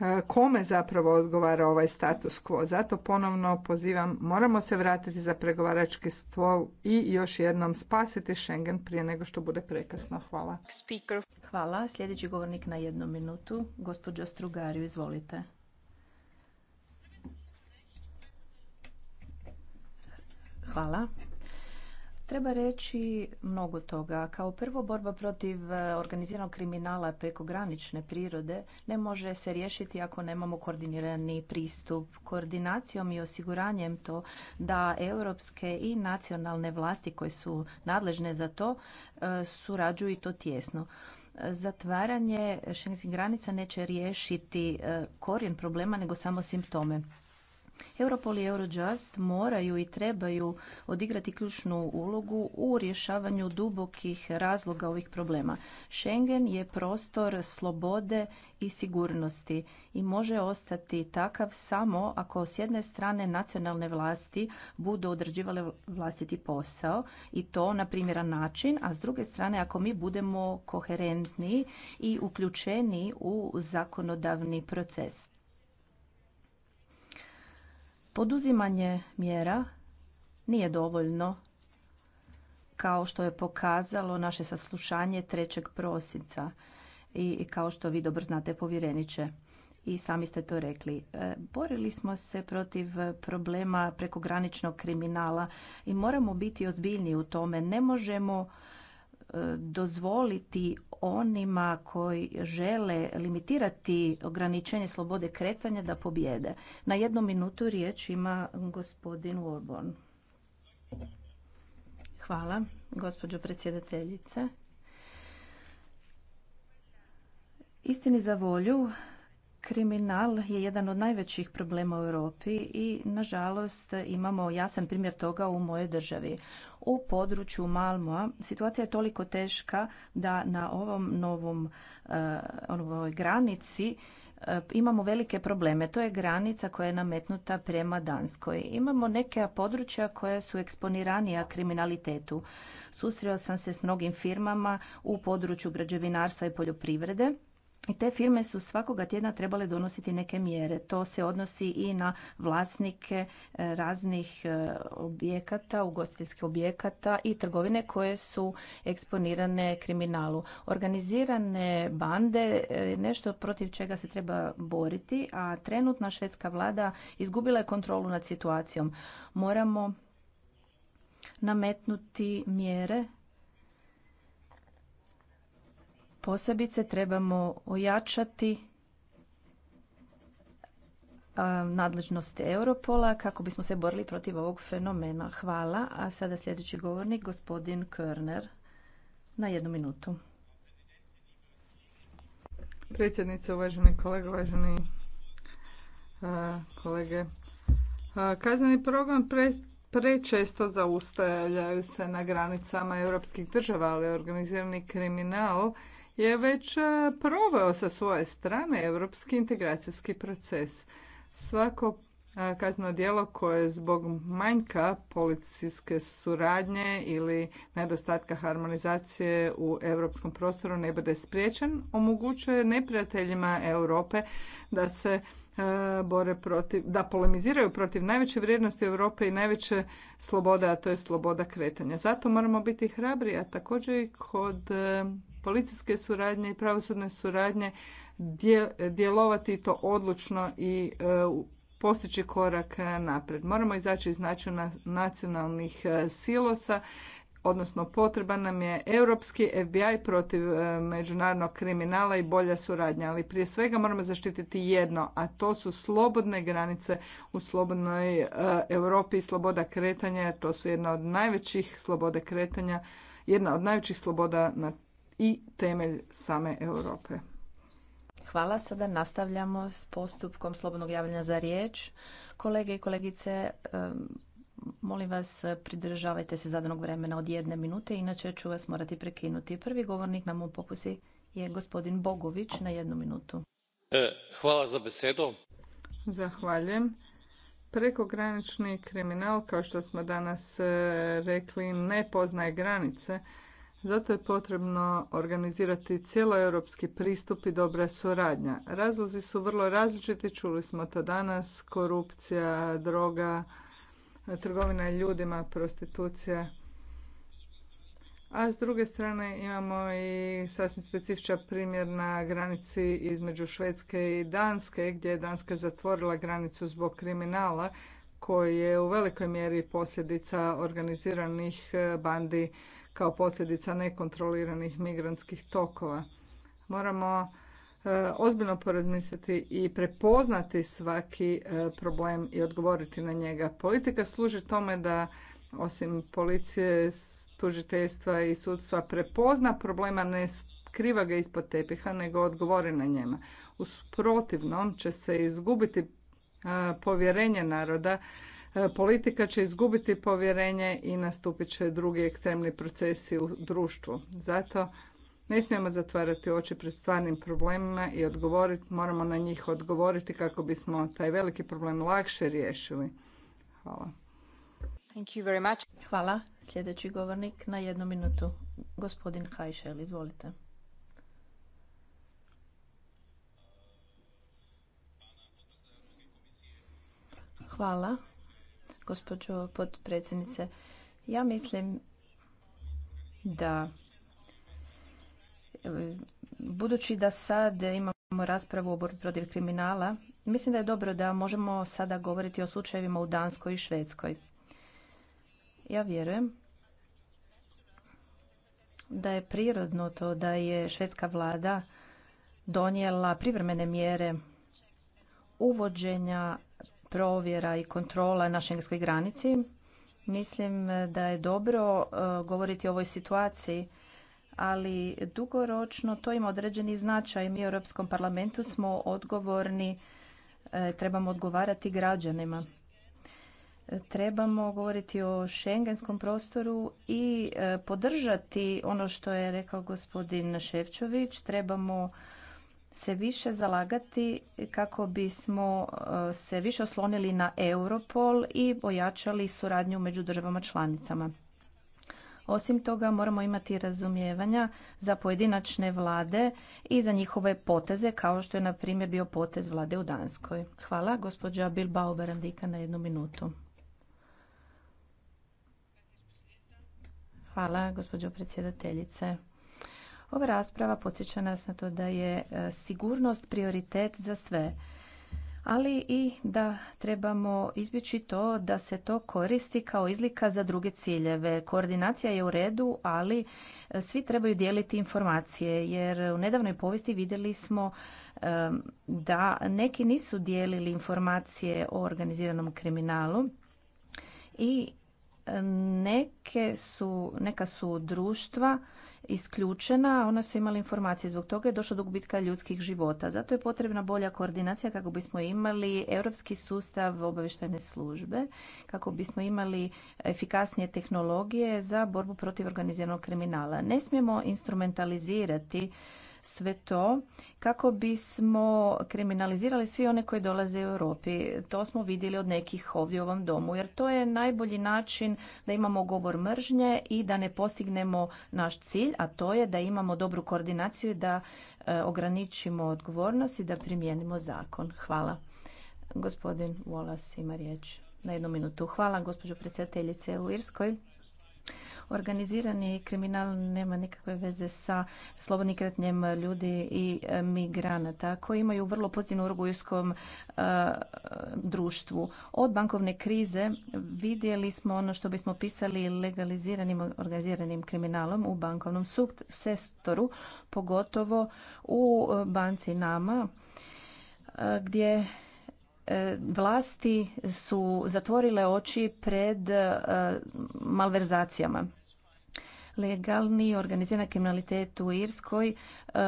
E, kome zapravo odgovara ovaj status quo. Zato ponovno pozivam, moramo se vratiti za pregovarački stol i još jednom spasiti Schengen prije nego što bude prekasno. Hvala. Hvala. Sljedeći govornik na jednu minutu. Gospođo Strugariju, izvolite. Hvala. Treba reći mnogo toga. Kao prvo, borba protiv e, organiziranog kriminala preko granične prirode ne može se riješiti ako nemamo koordinirani pristup. Koordinacijom i osiguranjem to da europske i nacionalne vlasti koje su nadležne za to e, surađuju i to tjesno zatvaranje šengenskih granica neće riješiti e, korijen problema nego samo simptome. Europol i Eurojust moraju i trebaju odigrati ključnu ulogu u rješavanju dubokih razloga ovih problema. Schengen je prostor slobode i sigurnosti i može ostati takav samo ako s jedne strane nacionalne vlasti budu određivale vlastiti posao i to na primjeran način, a s druge strane ako mi budemo koherentni i uključeni u zakonodavni proces. Poduzimanje mjera nije dovoljno kao što je pokazalo naše saslušanje 3. prosinca i kao što vi dobro znate povjereniče i sami ste to rekli. E, borili smo se protiv problema prekograničnog kriminala i moramo biti ozbiljni u tome. Ne možemo dozvoliti onima koji žele limitirati ograničenje slobode kretanja da pobjede. Na jednu minutu riječ ima gospodin Orbon. Hvala, gospođo predsjedateljice. Istini za volju, Kriminal je jedan od najvećih problema u Europi i nažalost imamo sam primjer toga u mojoj državi. U području Malmoa situacija je toliko teška da na ovom novom eh, ovoj granici eh, imamo velike probleme. To je granica koja je nametnuta prema Danskoj. Imamo neka područja koja su eksponiranija kriminalitetu. Susreo sam se s mnogim firmama u području građevinarstva i poljoprivrede i te firme su svakoga tjedna trebale donositi neke mjere. To se odnosi i na vlasnike e, raznih e, objekata, ugostiteljskih objekata i trgovine koje su eksponirane kriminalu. Organizirane bande e, nešto protiv čega se treba boriti, a trenutna švedska vlada izgubila je kontrolu nad situacijom. Moramo nametnuti mjere Posebice trebamo ojačati nadležnost Europola kako bismo se borili protiv ovog fenomena. Hvala. A sada sljedeći govornik, gospodin Körner, na jednu minutu. Predsjednice, uvaženi kolege, uvaženi kolege. kazneni program prečesto zaustavljaju se na granicama europskih država, ali organizirani kriminal je već e, proveo sa svoje strane europski integracijski proces. Svako e, kazneno djelo koje zbog manjka policijske suradnje ili nedostatka harmonizacije u europskom prostoru ne bude spriječen, omogućuje neprijateljima Europe da se e, bore protiv, da polemiziraju protiv najveće vrijednosti Europe i najveće slobode, a to je sloboda kretanja. Zato moramo biti hrabri, a također i kod policijske suradnje i pravosudne suradnje djelovati to odlučno i e, postići korak e, napred. Moramo izaći iz načina nacionalnih e, silosa, odnosno potreban nam je europski FBI protiv međunarodnog kriminala i bolja suradnja, ali prije svega moramo zaštititi jedno, a to su slobodne granice u slobodnoj Europi i sloboda kretanja, to su jedna od najvećih slobode kretanja, jedna od najvećih sloboda na i temelj same Europe. Hvala. Sada nastavljamo s postupkom slobodnog javljanja za riječ. Kolege i kolegice, molim vas pridržavajte se zadanog vremena od jedne minute, inače ću vas morati prekinuti. Prvi govornik na u pokusi je gospodin Bogović na jednu minutu. E, hvala za besedo. Zahvaljujem. Prekogranični kriminal, kao što smo danas e, rekli, ne poznaje granice zato je potrebno organizirati europski pristup i dobra suradnja. Razlozi su vrlo različiti, čuli smo to danas, korupcija, droga, trgovina ljudima, prostitucija. A s druge strane imamo i sasvim specifičan primjer na granici između Švedske i Danske, gdje je Danska zatvorila granicu zbog kriminala koji je u velikoj mjeri posljedica organiziranih bandi kao posljedica nekontroliranih migrantskih tokova. Moramo e, ozbiljno porazmisliti i prepoznati svaki e, problem i odgovoriti na njega. Politika služi tome da osim policije, tužiteljstva i sudstva prepozna problema, ne skriva ga ispod tepiha, nego odgovori na njema. U protivnom će se izgubiti e, povjerenje naroda E, politika će izgubiti povjerenje i nastupit će drugi ekstremni procesi u društvu. Zato ne smijemo zatvarati oči pred stvarnim problemima i odgovoriti, moramo na njih odgovoriti kako bismo taj veliki problem lakše riješili. Hvala. Thank you very much. Hvala. Sljedeći govornik na jednu minutu. Gospodin Hajšel, izvolite. Hvala gospođo potpredsjednice. Ja mislim da budući da sad imamo raspravu o borbi protiv kriminala, mislim da je dobro da možemo sada govoriti o slučajevima u Danskoj i Švedskoj. Ja vjerujem da je prirodno to da je švedska vlada donijela privremene mjere uvođenja provjera i kontrola na šengenskoj granici. Mislim da je dobro e, govoriti o ovoj situaciji, ali dugoročno to ima određeni značaj. Mi u Europskom parlamentu smo odgovorni, e, trebamo odgovarati građanima trebamo govoriti o šengenskom prostoru i e, podržati ono što je rekao gospodin Ševčović, trebamo se više zalagati kako bismo e, se više oslonili na Europol i ojačali suradnju među državama članicama. Osim toga moramo imati razumijevanja za pojedinačne vlade i za njihove poteze kao što je na primjer bio potez vlade u Danskoj. Hvala gospođa Bilbao na jednu minutu. Hvala gospođo predsjedateljice. Ova rasprava podsjeća nas na to da je e, sigurnost prioritet za sve, ali i da trebamo izbjeći to da se to koristi kao izlika za druge ciljeve. Koordinacija je u redu, ali e, svi trebaju dijeliti informacije jer u nedavnoj povijesti vidjeli smo e, da neki nisu dijelili informacije o organiziranom kriminalu i neke su, neka su društva isključena, ona su imali informacije. Zbog toga je došlo do gubitka ljudskih života. Zato je potrebna bolja koordinacija kako bismo imali europski sustav obavještajne službe, kako bismo imali efikasnije tehnologije za borbu protiv organiziranog kriminala. Ne smijemo instrumentalizirati sve to kako bismo kriminalizirali svi one koji dolaze u Europi. To smo vidjeli od nekih ovdje u ovom domu jer to je najbolji način da imamo govor mržnje i da ne postignemo naš cilj, a to je da imamo dobru koordinaciju i da e, ograničimo odgovornost i da primijenimo zakon. Hvala. Gospodin Wallace ima riječ na jednu minutu. Hvala gospođo predsjedateljice u Irskoj. Organizirani kriminal nema nikakve veze sa slobodnim kretnjem ljudi i e, migranata koji imaju vrlo pozitivnu urogu u e, društvu. Od bankovne krize vidjeli smo ono što bismo pisali legaliziranim organiziranim kriminalom u bankovnom sektoru, pogotovo u e, banci nama gdje vlasti su zatvorile oči pred malverzacijama Legalni organizirani kriminalitet u Irskoj e,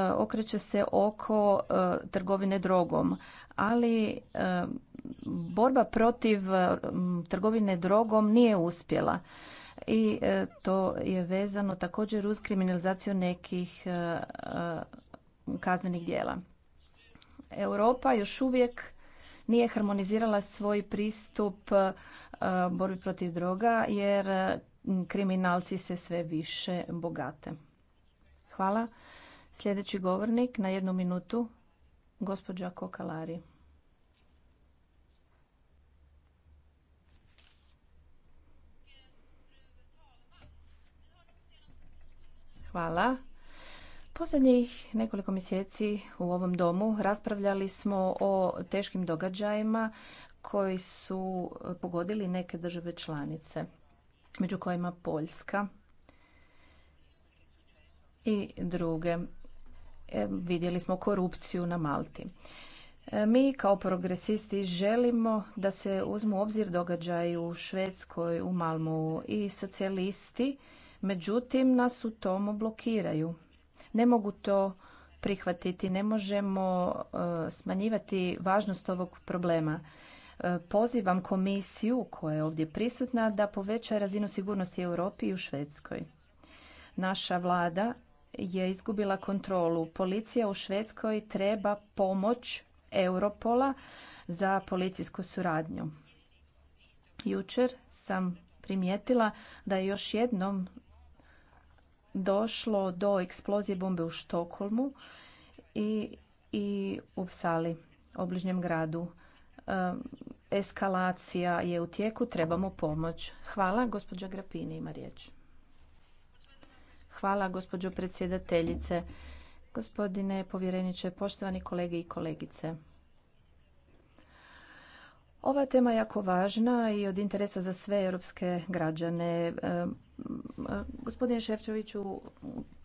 okreće se oko e, trgovine drogom, ali e, borba protiv trgovine drogom nije uspjela i to je vezano također uz kriminalizaciju nekih kaznenih djela. Europa još uvijek nije harmonizirala svoj pristup borbi protiv droga jer kriminalci se sve više bogate. Hvala. Sljedeći govornik na jednu minutu, gospođa Kokalari. Hvala. Posljednjih nekoliko mjeseci u ovom domu raspravljali smo o teškim događajima koji su pogodili neke države članice među kojima Poljska i druge. E, vidjeli smo korupciju na Malti. E, mi kao progresisti želimo da se uzmu obzir događaj u Švedskoj, u Malmu i socijalisti, međutim nas u tomu blokiraju. Ne mogu to prihvatiti, ne možemo e, smanjivati važnost ovog problema. E, pozivam komisiju koja je ovdje prisutna da poveća razinu sigurnosti u Europi i u Švedskoj. Naša vlada je izgubila kontrolu. Policija u Švedskoj treba pomoć Europola za policijsku suradnju. Jučer sam primijetila da je još jednom došlo do eksplozije bombe u Štokolmu i, i u Psali, obližnjem gradu. E, eskalacija je u tijeku, trebamo pomoć. Hvala, gospođa Grapini ima riječ. Hvala, gospođo predsjedateljice. Gospodine povjereniče, poštovani kolege i kolegice. Ova tema je jako važna i od interesa za sve europske građane. E, e, gospodine Ševčoviću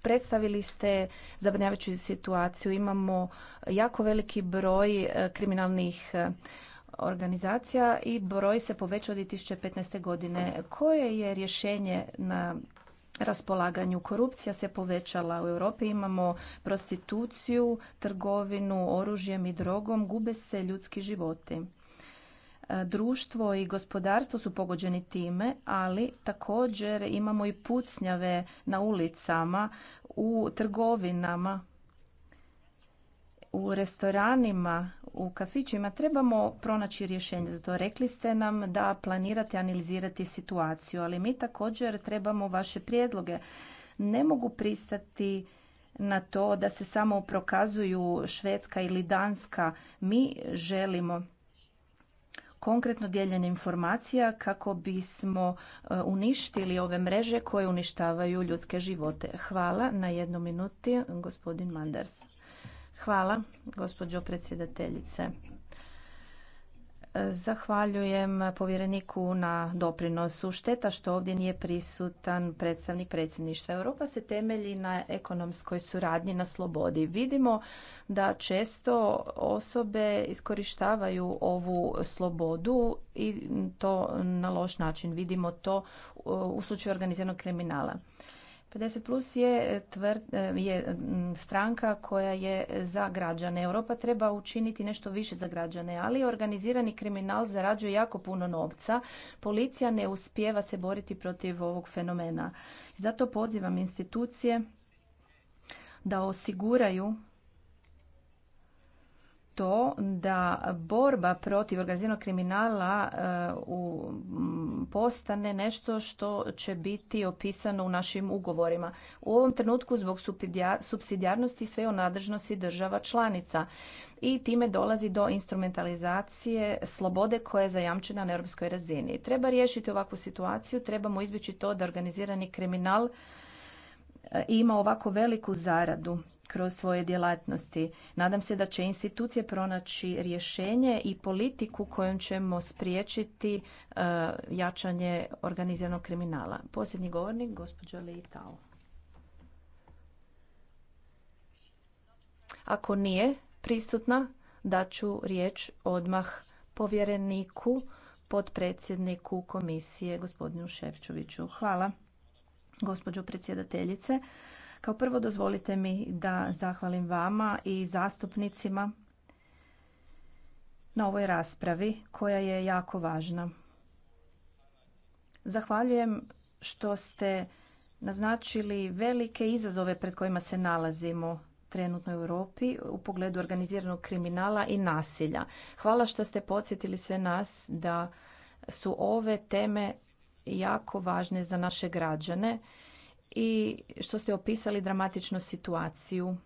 predstavili ste zabrinjavajuću situaciju. Imamo jako veliki broj e, kriminalnih organizacija i broj se povećao od 2015. godine. Koje je rješenje na raspolaganju. Korupcija se povećala u Europi, imamo prostituciju, trgovinu, oružjem i drogom, gube se ljudski životi društvo i gospodarstvo su pogođeni time, ali također imamo i pucnjave na ulicama, u trgovinama, u restoranima, u kafićima. Trebamo pronaći rješenje za to. Rekli ste nam da planirate analizirati situaciju, ali mi također trebamo vaše prijedloge. Ne mogu pristati na to da se samo prokazuju Švedska ili Danska. Mi želimo konkretno dijeljenje informacija kako bismo e, uništili ove mreže koje uništavaju ljudske živote. Hvala na jednu minuti, gospodin Manders. Hvala, gospođo predsjedateljice. Zahvaljujem povjereniku na doprinosu. Šteta što ovdje nije prisutan predstavnik predsjedništva. Europa se temelji na ekonomskoj suradnji, na slobodi. Vidimo da često osobe iskorištavaju ovu slobodu i to na loš način. Vidimo to uh, u slučaju organiziranog kriminala. 50 plus je, e, e, je stranka koja je za građane. Europa treba učiniti nešto više za građane, ali organizirani kriminal zarađuje jako puno novca. Policija ne uspijeva se boriti protiv ovog fenomena. Zato pozivam institucije da osiguraju to da borba protiv organiziranog kriminala e, u postane nešto što će biti opisano u našim ugovorima. U ovom trenutku zbog subsidijarnosti sve o nadležnosti država članica i time dolazi do instrumentalizacije slobode koja je zajamčena na europskoj razini. Treba riješiti ovakvu situaciju, trebamo izbjeći to da organizirani kriminal ima ovako veliku zaradu kroz svoje djelatnosti. Nadam se da će institucije pronaći rješenje i politiku kojom ćemo spriječiti e, jačanje organiziranog kriminala. Posljednji govornik, gospođa Leitao. Ako nije prisutna, daću riječ odmah povjereniku, potpredsjedniku komisije, gospodinu Ševčoviću. Hvala gospođo predsjedateljice. Kao prvo dozvolite mi da zahvalim vama i zastupnicima na ovoj raspravi koja je jako važna. Zahvaljujem što ste naznačili velike izazove pred kojima se nalazimo trenutno u Europi u pogledu organiziranog kriminala i nasilja. Hvala što ste podsjetili sve nas da su ove teme jako važne za naše građane i što ste opisali dramatičnu situaciju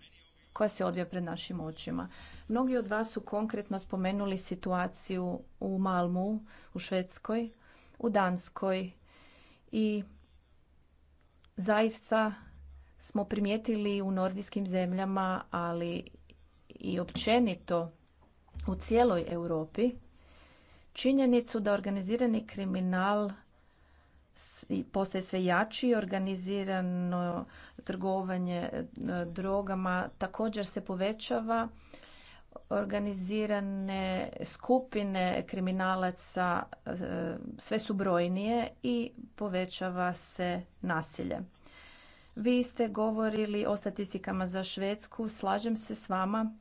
koja se odvija pred našim očima. Mnogi od vas su konkretno spomenuli situaciju u Malmu, u Švedskoj, u Danskoj i zaista smo primijetili u nordijskim zemljama, ali i općenito u cijeloj Europi činjenicu da organizirani kriminal postaje sve jači, organizirano trgovanje e, drogama također se povećava, organizirane skupine kriminalaca e, sve su brojnije i povećava se nasilje. Vi ste govorili o statistikama za Švedsku, slažem se s vama.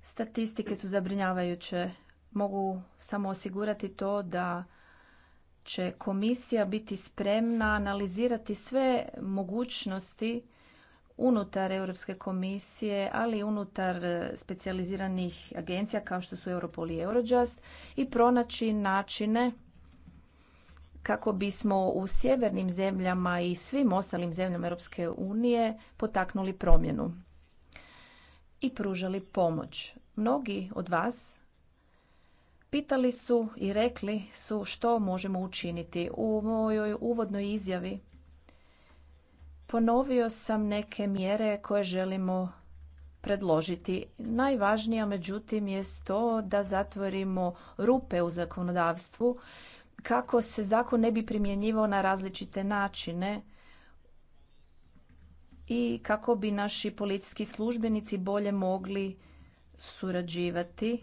Statistike su zabrinjavajuće. Mogu samo osigurati to da će komisija biti spremna analizirati sve mogućnosti unutar Europske komisije, ali i unutar e, specijaliziranih agencija kao što su Europol i Eurojust i pronaći načine kako bismo u sjevernim zemljama i svim ostalim zemljama Europske unije potaknuli promjenu i pružali pomoć. Mnogi od vas Pitali su i rekli su što možemo učiniti. U mojoj uvodnoj izjavi ponovio sam neke mjere koje želimo predložiti. Najvažnija međutim je to da zatvorimo rupe u zakonodavstvu kako se zakon ne bi primjenjivao na različite načine i kako bi naši policijski službenici bolje mogli surađivati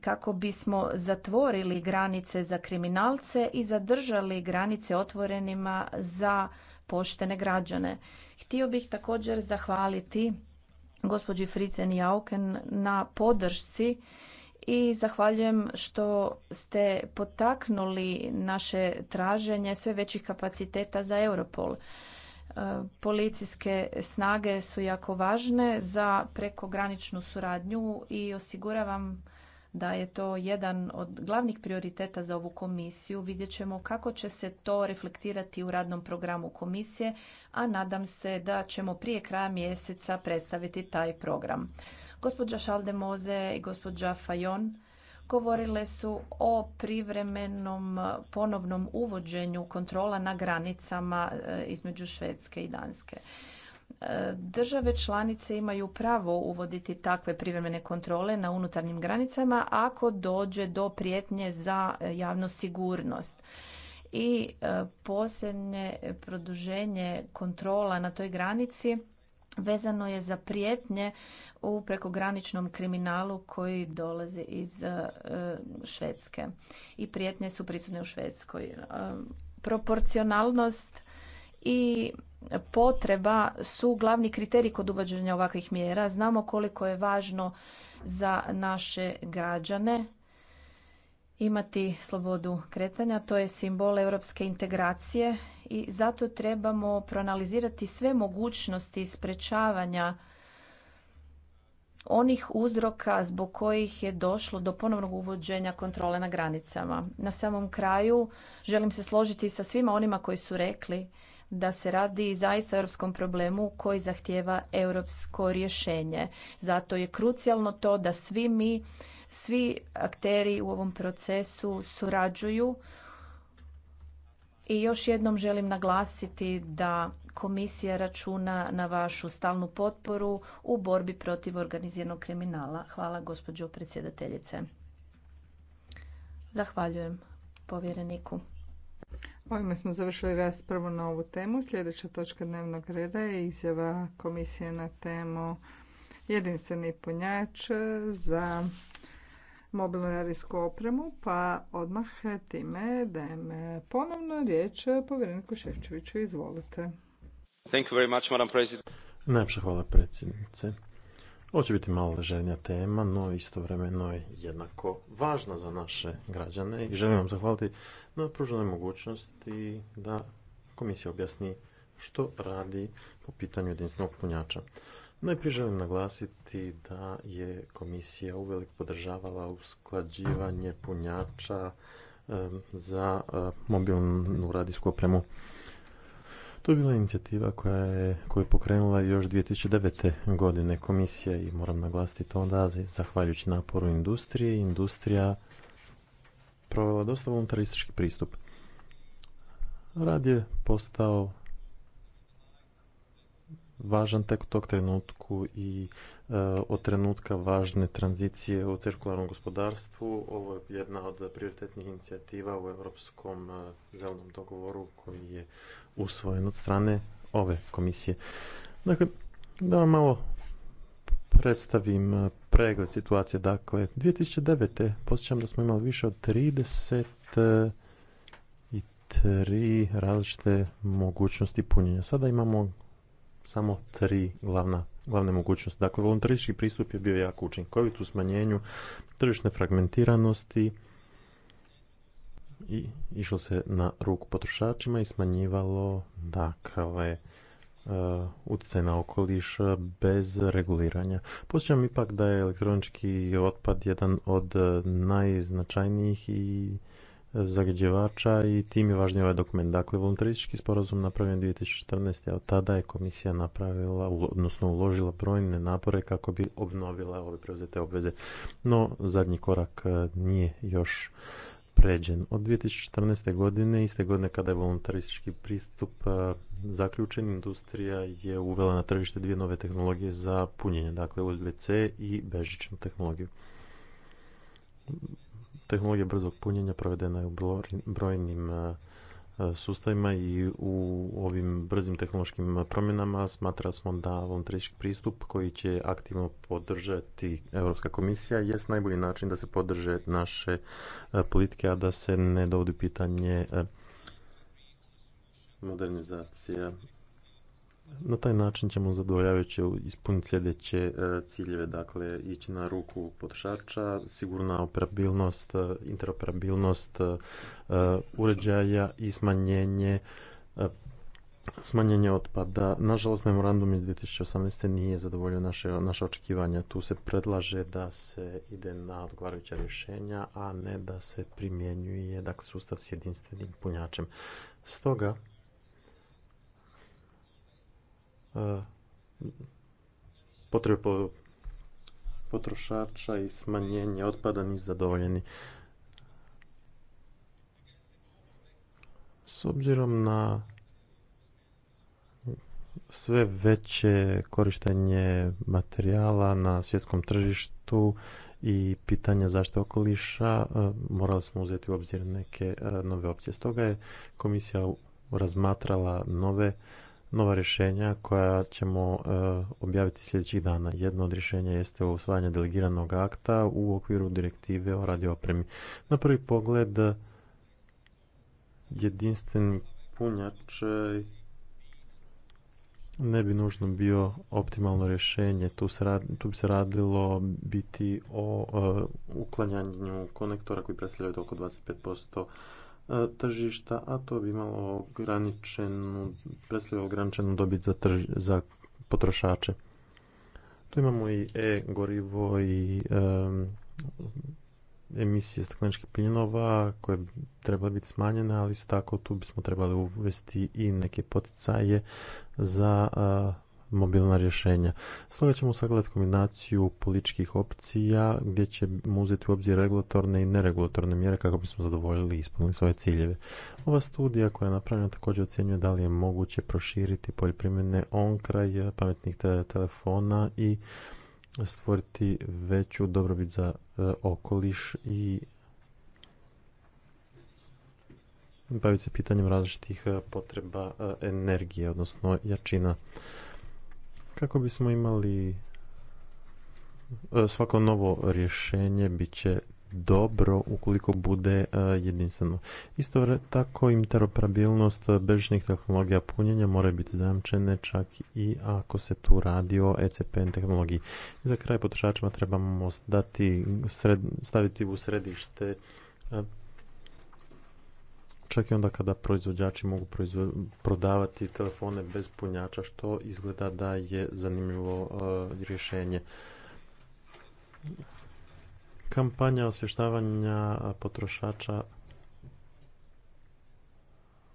kako bismo zatvorili granice za kriminalce i zadržali granice otvorenima za poštene građane. Htio bih također zahvaliti gospođi i Jauken na podršci i zahvaljujem što ste potaknuli naše traženje sve većih kapaciteta za Europol. E, policijske snage su jako važne za prekograničnu suradnju i osiguravam da je to jedan od glavnih prioriteta za ovu komisiju. Vidjet ćemo kako će se to reflektirati u radnom programu komisije, a nadam se da ćemo prije kraja mjeseca predstaviti taj program. Gospođa Šaldemoze i gospođa Fajon govorile su o privremenom ponovnom uvođenju kontrola na granicama e, između Švedske i Danske. E, države članice imaju pravo uvoditi takve privremene kontrole na unutarnjim granicama ako dođe do prijetnje za e, javnu sigurnost i posljednje produženje kontrola na toj granici vezano je za prijetnje u prekograničnom kriminalu koji dolazi iz e, Švedske i prijetnje su prisutne u Švedskoj. E, proporcionalnost i potreba su glavni kriterij kod uvođenja ovakvih mjera. Znamo koliko je važno za naše građane imati slobodu kretanja, to je simbol europske integracije i zato trebamo proanalizirati sve mogućnosti sprečavanja onih uzroka zbog kojih je došlo do ponovnog uvođenja kontrole na granicama. Na samom kraju želim se složiti sa svima onima koji su rekli da se radi zaista o europskom problemu koji zahtjeva europsko rješenje. Zato je krucijalno to da svi mi, svi akteri u ovom procesu surađuju i još jednom želim naglasiti da komisija računa na vašu stalnu potporu u borbi protiv organiziranog kriminala. Hvala gospođo predsjedateljice. Zahvaljujem povjereniku. Ovime smo završili raspravu na ovu temu. Sljedeća točka dnevnog reda je izjava komisije na temu jedinstveni punjač za mobilnu radijsku opremu, pa odmah time dajem ponovno riječ povjereniku Ševčeviću. Izvolite. Najpša hvala predsjednice. Ovo će biti malo leženja tema, no istovremeno je jednako važna za naše građane i želim vam zahvaliti na pruženo je mogućnosti da komisija objasni što radi po pitanju jedinstvenog punjača. Najprije želim naglasiti da je komisija uvelik podržavala usklađivanje punjača za e, mobilnu radijsku opremu. To je bila inicijativa koja je, koju je pokrenula još 2009. godine komisija i moram naglasiti to onda zahvaljujući naporu industrije, industrija provela dosta voluntaristički pristup. Rad je postao važan tek u tog trenutku i e, od trenutka važne tranzicije u cirkularnom gospodarstvu. Ovo je jedna od prioritetnih inicijativa u Europskom e, zelenom dogovoru koji je usvojen od strane ove komisije. Dakle, da vam malo predstavim eh, pregled situacije. Dakle, 2009. posjećam da smo imali više od 33 različite mogućnosti punjenja. Sada imamo samo tri glavna, glavne mogućnosti. Dakle, volontaristički pristup je bio jako učinkovit u smanjenju tržišne fragmentiranosti i išlo se na ruku potrošačima i smanjivalo dakle Uh, utjecaj na okoliš bez reguliranja. Posjećam ipak da je elektronički otpad jedan od uh, najznačajnijih i uh, zagađivača i tim je važniji ovaj dokument. Dakle, voluntaristički sporazum napravljen 2014. a od tada je komisija napravila, odnosno uložila brojne napore kako bi obnovila ove preuzete obveze. No, zadnji korak nije još unapređen. Od 2014. godine, iste godine kada je voluntaristički pristup zaključen, industrija je uvela na tržište dvije nove tehnologije za punjenje, dakle USB-C i bežičnu tehnologiju. Tehnologija brzog punjenja provedena je u brojnim E, sustavima i u ovim brzim tehnološkim promjenama smatra smo da voluntaristički pristup koji će aktivno podržati Europska komisija jest najbolji način da se podrže naše e, politike, a da se ne dovodi pitanje e, modernizacija na taj način ćemo zadovoljavajuće ispuniti sljedeće e, ciljeve, dakle ići na ruku potrošača, sigurna operabilnost, e, interoperabilnost e, uređaja i smanjenje smanjenje otpada. Nažalost, memorandum iz 2018. nije zadovoljio naše, očekivanja. Tu se predlaže da se ide na odgovarajuća rješenja, a ne da se primjenjuje dakle, sustav s jedinstvenim punjačem. Stoga, potrebe potrošača i smanjenje otpada nisu zadovoljeni. S obzirom na sve veće korištenje materijala na svjetskom tržištu i pitanja zašto okoliša, e, morali smo uzeti u obzir neke e, nove opcije. Stoga je komisija razmatrala nove nova rješenja koja ćemo eh, objaviti sljedećih dana. Jedno od rješenja jeste usvajanje delegiranog akta u okviru direktive o radioopremi. Na prvi pogled jedinstven punjač ne bi nužno bio optimalno rješenje. Tu, se tu bi se radilo biti o eh, uklanjanju konektora koji predstavljaju oko 25% E, tržišta, a to bi imalo ograničenu, predstavljalo ograničenu dobit za, za potrošače. Tu imamo i e-gorivo i e, emisije stakleničkih plinova koje bi trebale biti smanjene, ali isto tako tu bismo trebali uvesti i neke poticaje za e, mobilna rješenja. Stoga ćemo sagledati kombinaciju političkih opcija gdje ćemo uzeti u obzir regulatorne i neregulatorne mjere kako bismo zadovoljili i ispunili svoje ciljeve. Ova studija koja je napravljena također ocjenjuje da li je moguće proširiti poljoprimjene onkraj pametnih telefona i stvoriti veću dobrobit za e, okoliš i baviti se pitanjem različitih e, potreba e, energije, odnosno jačina. Kako bismo imali e, svako novo rješenje bit će dobro ukoliko bude e, jedinstveno. Isto tako interoperabilnost bežičnih tehnologija punjenja mora biti zajamčene čak i ako se tu radi o ECPN tehnologiji. I za kraj potrošačima trebamo dati, staviti u središte e, čak i onda kada proizvođači mogu prodavati telefone bez punjača, što izgleda da je zanimljivo e, rješenje. Kampanja osvještavanja potrošača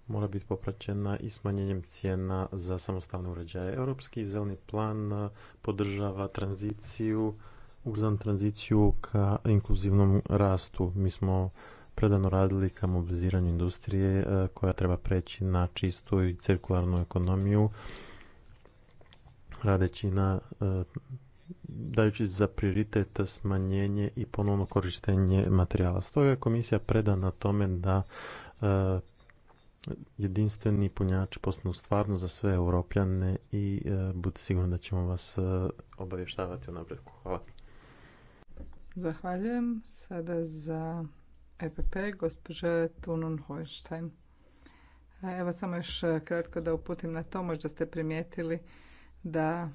mora biti popraćena i smanjenjem cijena za samostalne uređaje. Europski zeleni plan e, podržava tranziciju, ubrzanu tranziciju ka inkluzivnom rastu. Mi smo predano radili ka mobiliziranju industrije e, koja treba preći na čistu i cirkularnu ekonomiju radeći na e, dajući za prioritet smanjenje i ponovno korištenje materijala. Stoga je komisija predana tome da e, jedinstveni punjač postanu stvarno za sve europljane i budite sigurni da ćemo vas obavještavati u napretku. Hvala. Zahvaljujem. Sada za EPP, gospođa Tunun Hojštajn. E, evo samo još e, kratko da uputim na to, možda ste primijetili da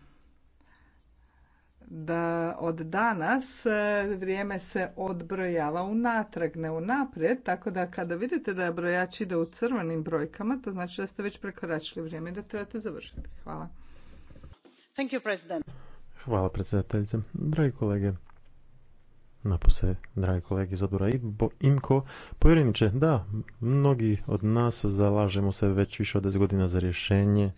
da od danas e, vrijeme se odbrojava unatrag, ne unaprijed, tako da kada vidite da brojač ide u crvenim brojkama, to znači da ste već prekoračili vrijeme i da trebate završiti. Hvala. Thank Hvala predsjedateljice. Dragi kolege, napose, dragi kolege iz odbora IMKO. Povjereniče, da, mnogi od nas zalažemo se već više od 10 godina za rješenje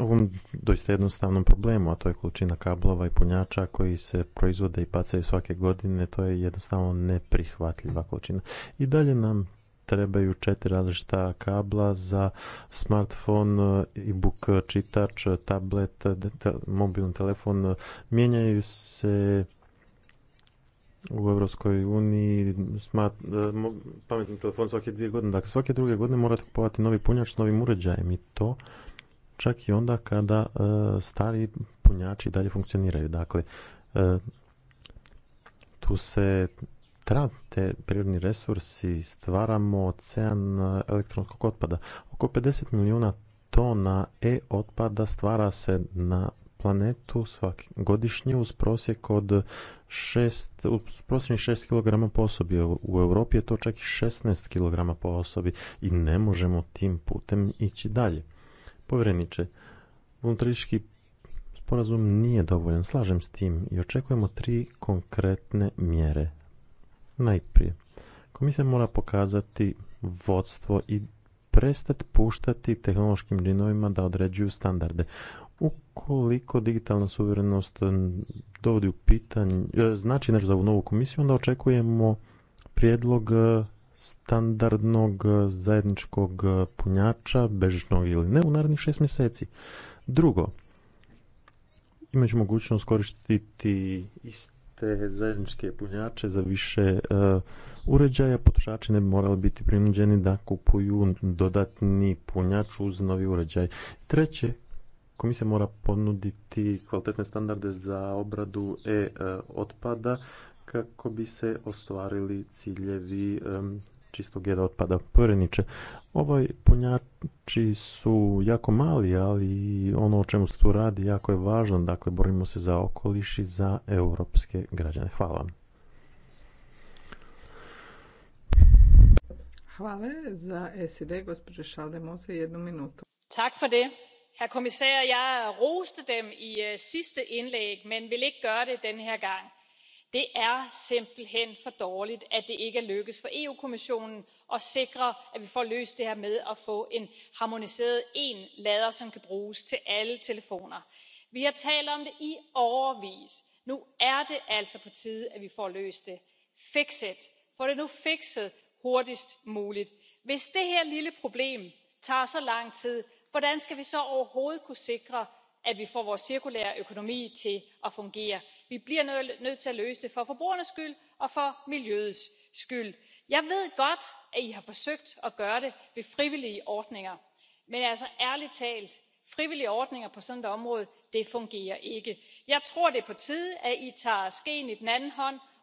ovom doista jednostavnom problemu, a to je količina kablova i punjača koji se proizvode i bacaju svake godine, to je jednostavno neprihvatljiva količina. I dalje nam trebaju četiri različita kabla za smartfon, e-book čitač, tablet, mobilni telefon. Mijenjaju se u Evropskoj uniji smat, e, pametni telefon svake dvije godine. Dakle, svake druge godine morate kupovati novi punjač s novim uređajem i to čak i onda kada e, stari punjači dalje funkcioniraju. Dakle, e, tu se trate prirodni resursi, stvaramo ocean elektronskog otpada. Oko 50 milijuna tona e-otpada stvara se na planetu svaki godišnje uz prosjek od šest, prosječnih 6 kg po osobi, u Europi je to čak i 16 kg po osobi i ne možemo tim putem ići dalje. Povjereniče, unutrički sporazum nije dovoljan, slažem s tim i očekujemo tri konkretne mjere. Najprije, komisija mora pokazati vodstvo i prestati puštati tehnološkim džinovima da određuju standarde. Ukoliko digitalna suverenost e, dovodi u pitanje, e, znači nešto za ovu novu komisiju, onda očekujemo prijedlog e, standardnog zajedničkog punjača, bežičnog ili ne, u narednih šest mjeseci. Drugo, imajući mogućnost koristiti iste zajedničke punjače za više uređaja, potrošači ne bi morali biti prinuđeni da kupuju dodatni punjač uz novi uređaj. Treće, komisija mora ponuditi kvalitetne standarde za obradu e-otpada kako bi se ostvarili ciljevi čistog jeda otpada. Povjereniče, ovaj punjači su jako mali, ali ono o čemu se tu radi jako je važno. Dakle, borimo se za okoliš i za europske građane. Hvala vam. Hvala za SED, gospođe Šalde Mose, jednu minutu. Tak for herr kommissær jeg roste dem i øh, sidste indlæg men vil ikke gøre det den her gang det er simpelthen hen for dårligt at det ikke er lykkedes for eu kommissionen at sikre at vi får løst det her med at få en harmoniseret en lader som kan bruges til alle telefoner. vi har talt om det i årevis nu er det altså på tide at vi får løst det fix it få det nu fikset hurtigst muligt. hvis det her lille problem tager så lang tid hvordan skal vi så overhovedet kunne sikre at vi får vores cirkulære økonomi til at fungere vi bliver nødt til at løse det for forbrugernes skyld og for miljøets skyld jeg ved godt at i har forsøgt at gøre det ved frivillige ordninger men altså ærlig talt frivillige ordninger på sådan et område fungerer ikke jeg tror det er på tide at i tager skeen i den anden hånd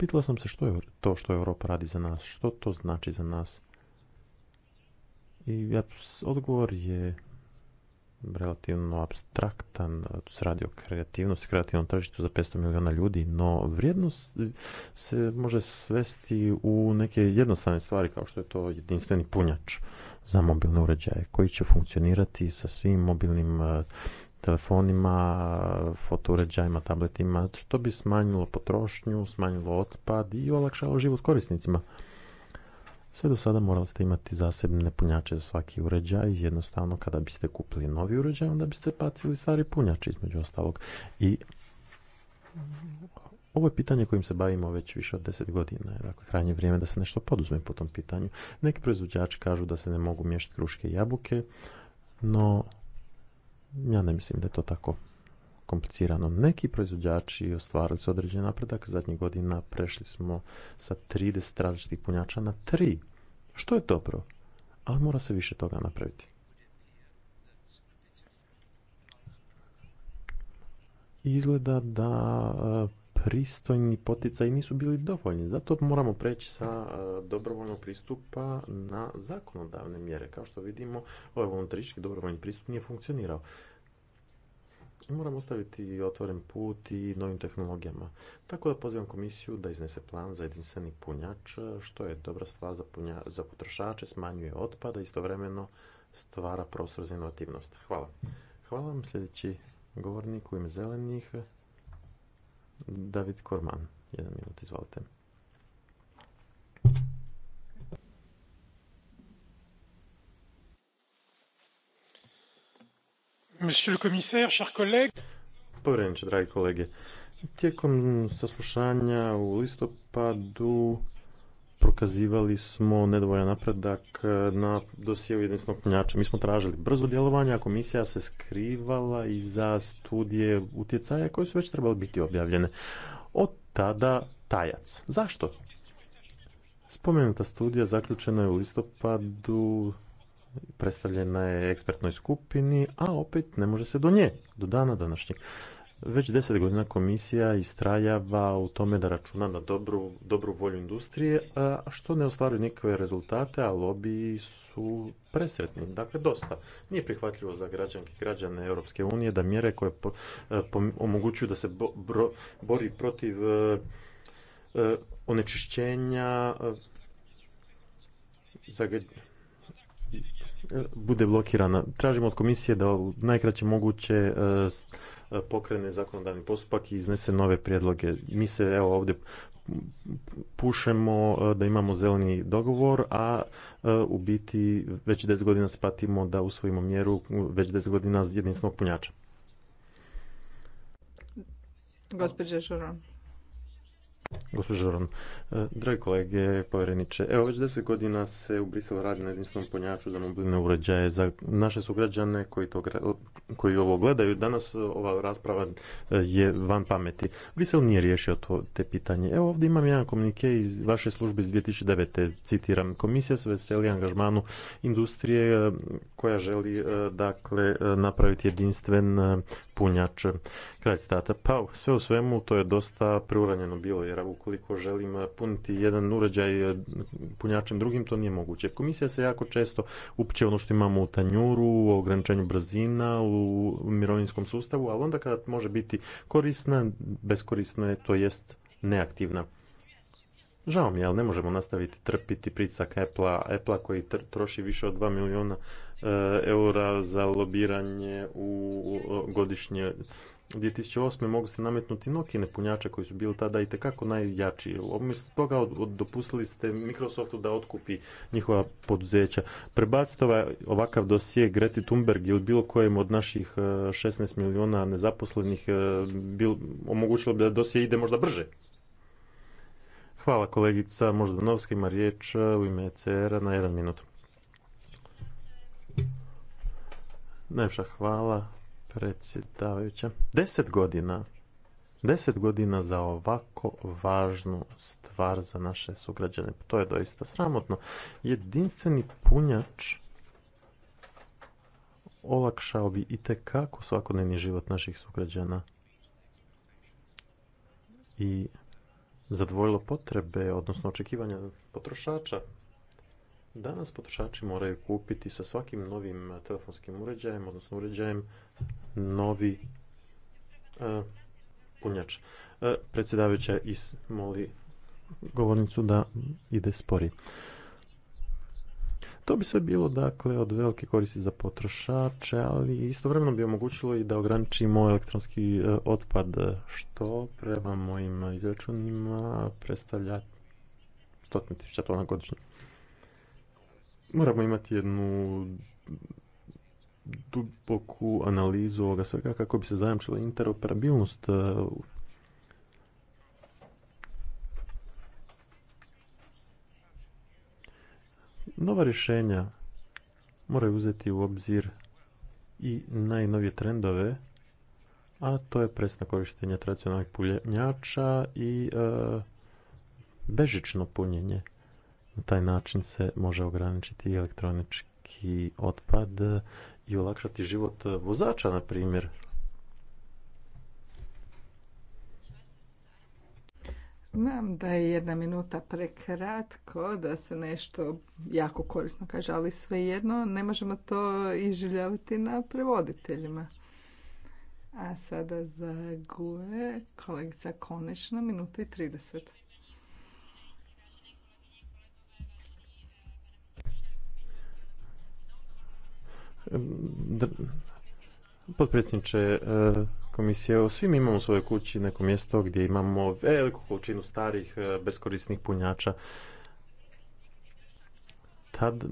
Pitala sam se što je to što Europa radi za nas, što to znači za nas. I odgovor je relativno abstraktan, tu se radi o kreativnosti, kreativnom tržištu za 500 milijuna ljudi, no vrijednost se može svesti u neke jednostavne stvari kao što je to jedinstveni punjač za mobilne uređaje koji će funkcionirati sa svim mobilnim eh, telefonima, fotouređajima, tabletima, što bi smanjilo potrošnju, smanjilo otpad i olakšalo život korisnicima. Sve do sada morali ste imati zasebne punjače za svaki uređaj, jednostavno kada biste kupili novi uređaj, onda biste bacili stari punjač između ostalog. I ovo je pitanje kojim se bavimo već više od deset godina. Dakle, krajnje vrijeme da se nešto poduzme po tom pitanju. Neki proizvođači kažu da se ne mogu miješati kruške i jabuke, no ja ne mislim da je to tako komplicirano. Neki proizvođači ostvarili su određen napredak, zadnjih godina prešli smo sa 30 različitih punjača na 3, što je dobro, ali mora se više toga napraviti. izgleda da pristojni poticaji nisu bili dovoljni. Zato moramo preći sa e, dobrovoljnog pristupa na zakonodavne mjere. Kao što vidimo, ovaj volontarički dobrovoljni pristup nije funkcionirao. i Moramo ostaviti otvoren put i novim tehnologijama. Tako da pozivam komisiju da iznese plan za jedinstveni punjač, što je dobra stvar za, za potrošače, smanjuje otpada i istovremeno stvara prostor za inovativnost. Hvala. Hvala vam sljedeći govornik u ime zelenih. David Korman, jedan minut, izvolite. Monsieur le commissaire, chers collègues. dragi kolege, tijekom saslušanja u listopadu prokazivali smo nedovoljan napredak eh, na dosijevu jedinstvenog punjača. Mi smo tražili brzo djelovanje, a komisija se skrivala iza studije utjecaja koje su već trebale biti objavljene. Od tada tajac. Zašto? Spomenuta studija zaključena je u listopadu, predstavljena je ekspertnoj skupini, a opet ne može se do nje, do dana današnjeg. Već deset godina komisija istrajava u tome da računa na dobru, volju industrije, a što ne ostvaruje nikakve rezultate, a lobiji su presretni. Dakle, dosta. Nije prihvatljivo za građanke i građane Europske unije da mjere koje e, omogućuju da se bori protiv e, e, onečišćenja bude blokirana. Tražimo od komisije da najkraće moguće pokrene zakonodavni postupak i iznese nove prijedloge. Mi se evo ovdje pušemo e, da imamo zeleni dogovor, a e, u biti već 10 godina spatimo da usvojimo mjeru već 10 godina jedinstvenog punjača. Gospodin Gospodin Žoran, e, dragi kolege, povjereniče, evo već deset godina se u Briselu radi na jedinstvenom punjaču za mobilne uređaje. Za naše sugrađane koji, ovo gledaju, danas ova rasprava e, je van pameti. Brisel nije riješio to te pitanje. Evo ovdje imam jedan komunike iz vaše službe iz 2009. Citiram, komisija se veseli angažmanu industrije e, koja želi dakle napraviti jedinstven punjač. Kraj citata. Pa sve u svemu to je dosta preuranjeno bilo jer ukoliko želim puniti jedan uređaj e, punjačem drugim, to nije moguće. Komisija se jako često upće ono što imamo u tanjuru, u ograničenju brzina, u mirovinskom sustavu, ali onda kada može biti korisna, beskorisna je, to jest neaktivna. Žao mi je, ali ne možemo nastaviti trpiti pricak Apple-a, Apple koji troši više od 2 milijuna e, eura za lobiranje u godišnje 2008. mogu se nametnuti Nokine punjača koji su bili tada i tekako najjačiji. Umjesto toga dopustili ste Microsoftu da otkupi njihova poduzeća. Prebacite ovaj, ovakav dosije Greti Thunberg ili bilo kojem od naših 16 e, milijuna nezaposlenih e, bil, omogućilo bi da dosije ide možda brže. Hvala kolegica Moždanovska ima riječ e, u ime cr na jedan minut. Najpša hvala predsjedavajuća. Deset godina. Deset godina za ovako važnu stvar za naše sugrađane. Pa to je doista sramotno. Jedinstveni punjač olakšao bi i tekako svakodnevni život naših sugrađana i zadvojilo potrebe, odnosno očekivanja potrošača Danas potrošači moraju kupiti sa svakim novim e, telefonskim uređajem, odnosno uređajem, novi e, punjač. E, predsjedavajuća moli govornicu da ide spori. To bi sve bilo dakle od velike koristi za potrošače, ali istovremeno bi omogućilo i da ograničimo elektronski otpad, što prema mojim izračunima predstavlja 100.000 tona godišnje moramo imati jednu duboku analizu ovoga svega kako bi se zajamčila interoperabilnost e, Nova rješenja moraju uzeti u obzir i najnovije trendove, a to je presna korištenje tradicionalnih punjača i e, bežično punjenje. Na taj način se može ograničiti elektronički otpad i olakšati život vozača, na primjer. Znam da je jedna minuta prekratko, da se nešto jako korisno kaže, ali svejedno ne možemo to iživljavati na prevoditeljima. A sada za GUE kolegica konečno, minuta i 30. Potpredsjedniče e, komisije, svi mi imamo u svojoj kući neko mjesto gdje imamo veliku količinu starih e, beskorisnih punjača. Tad,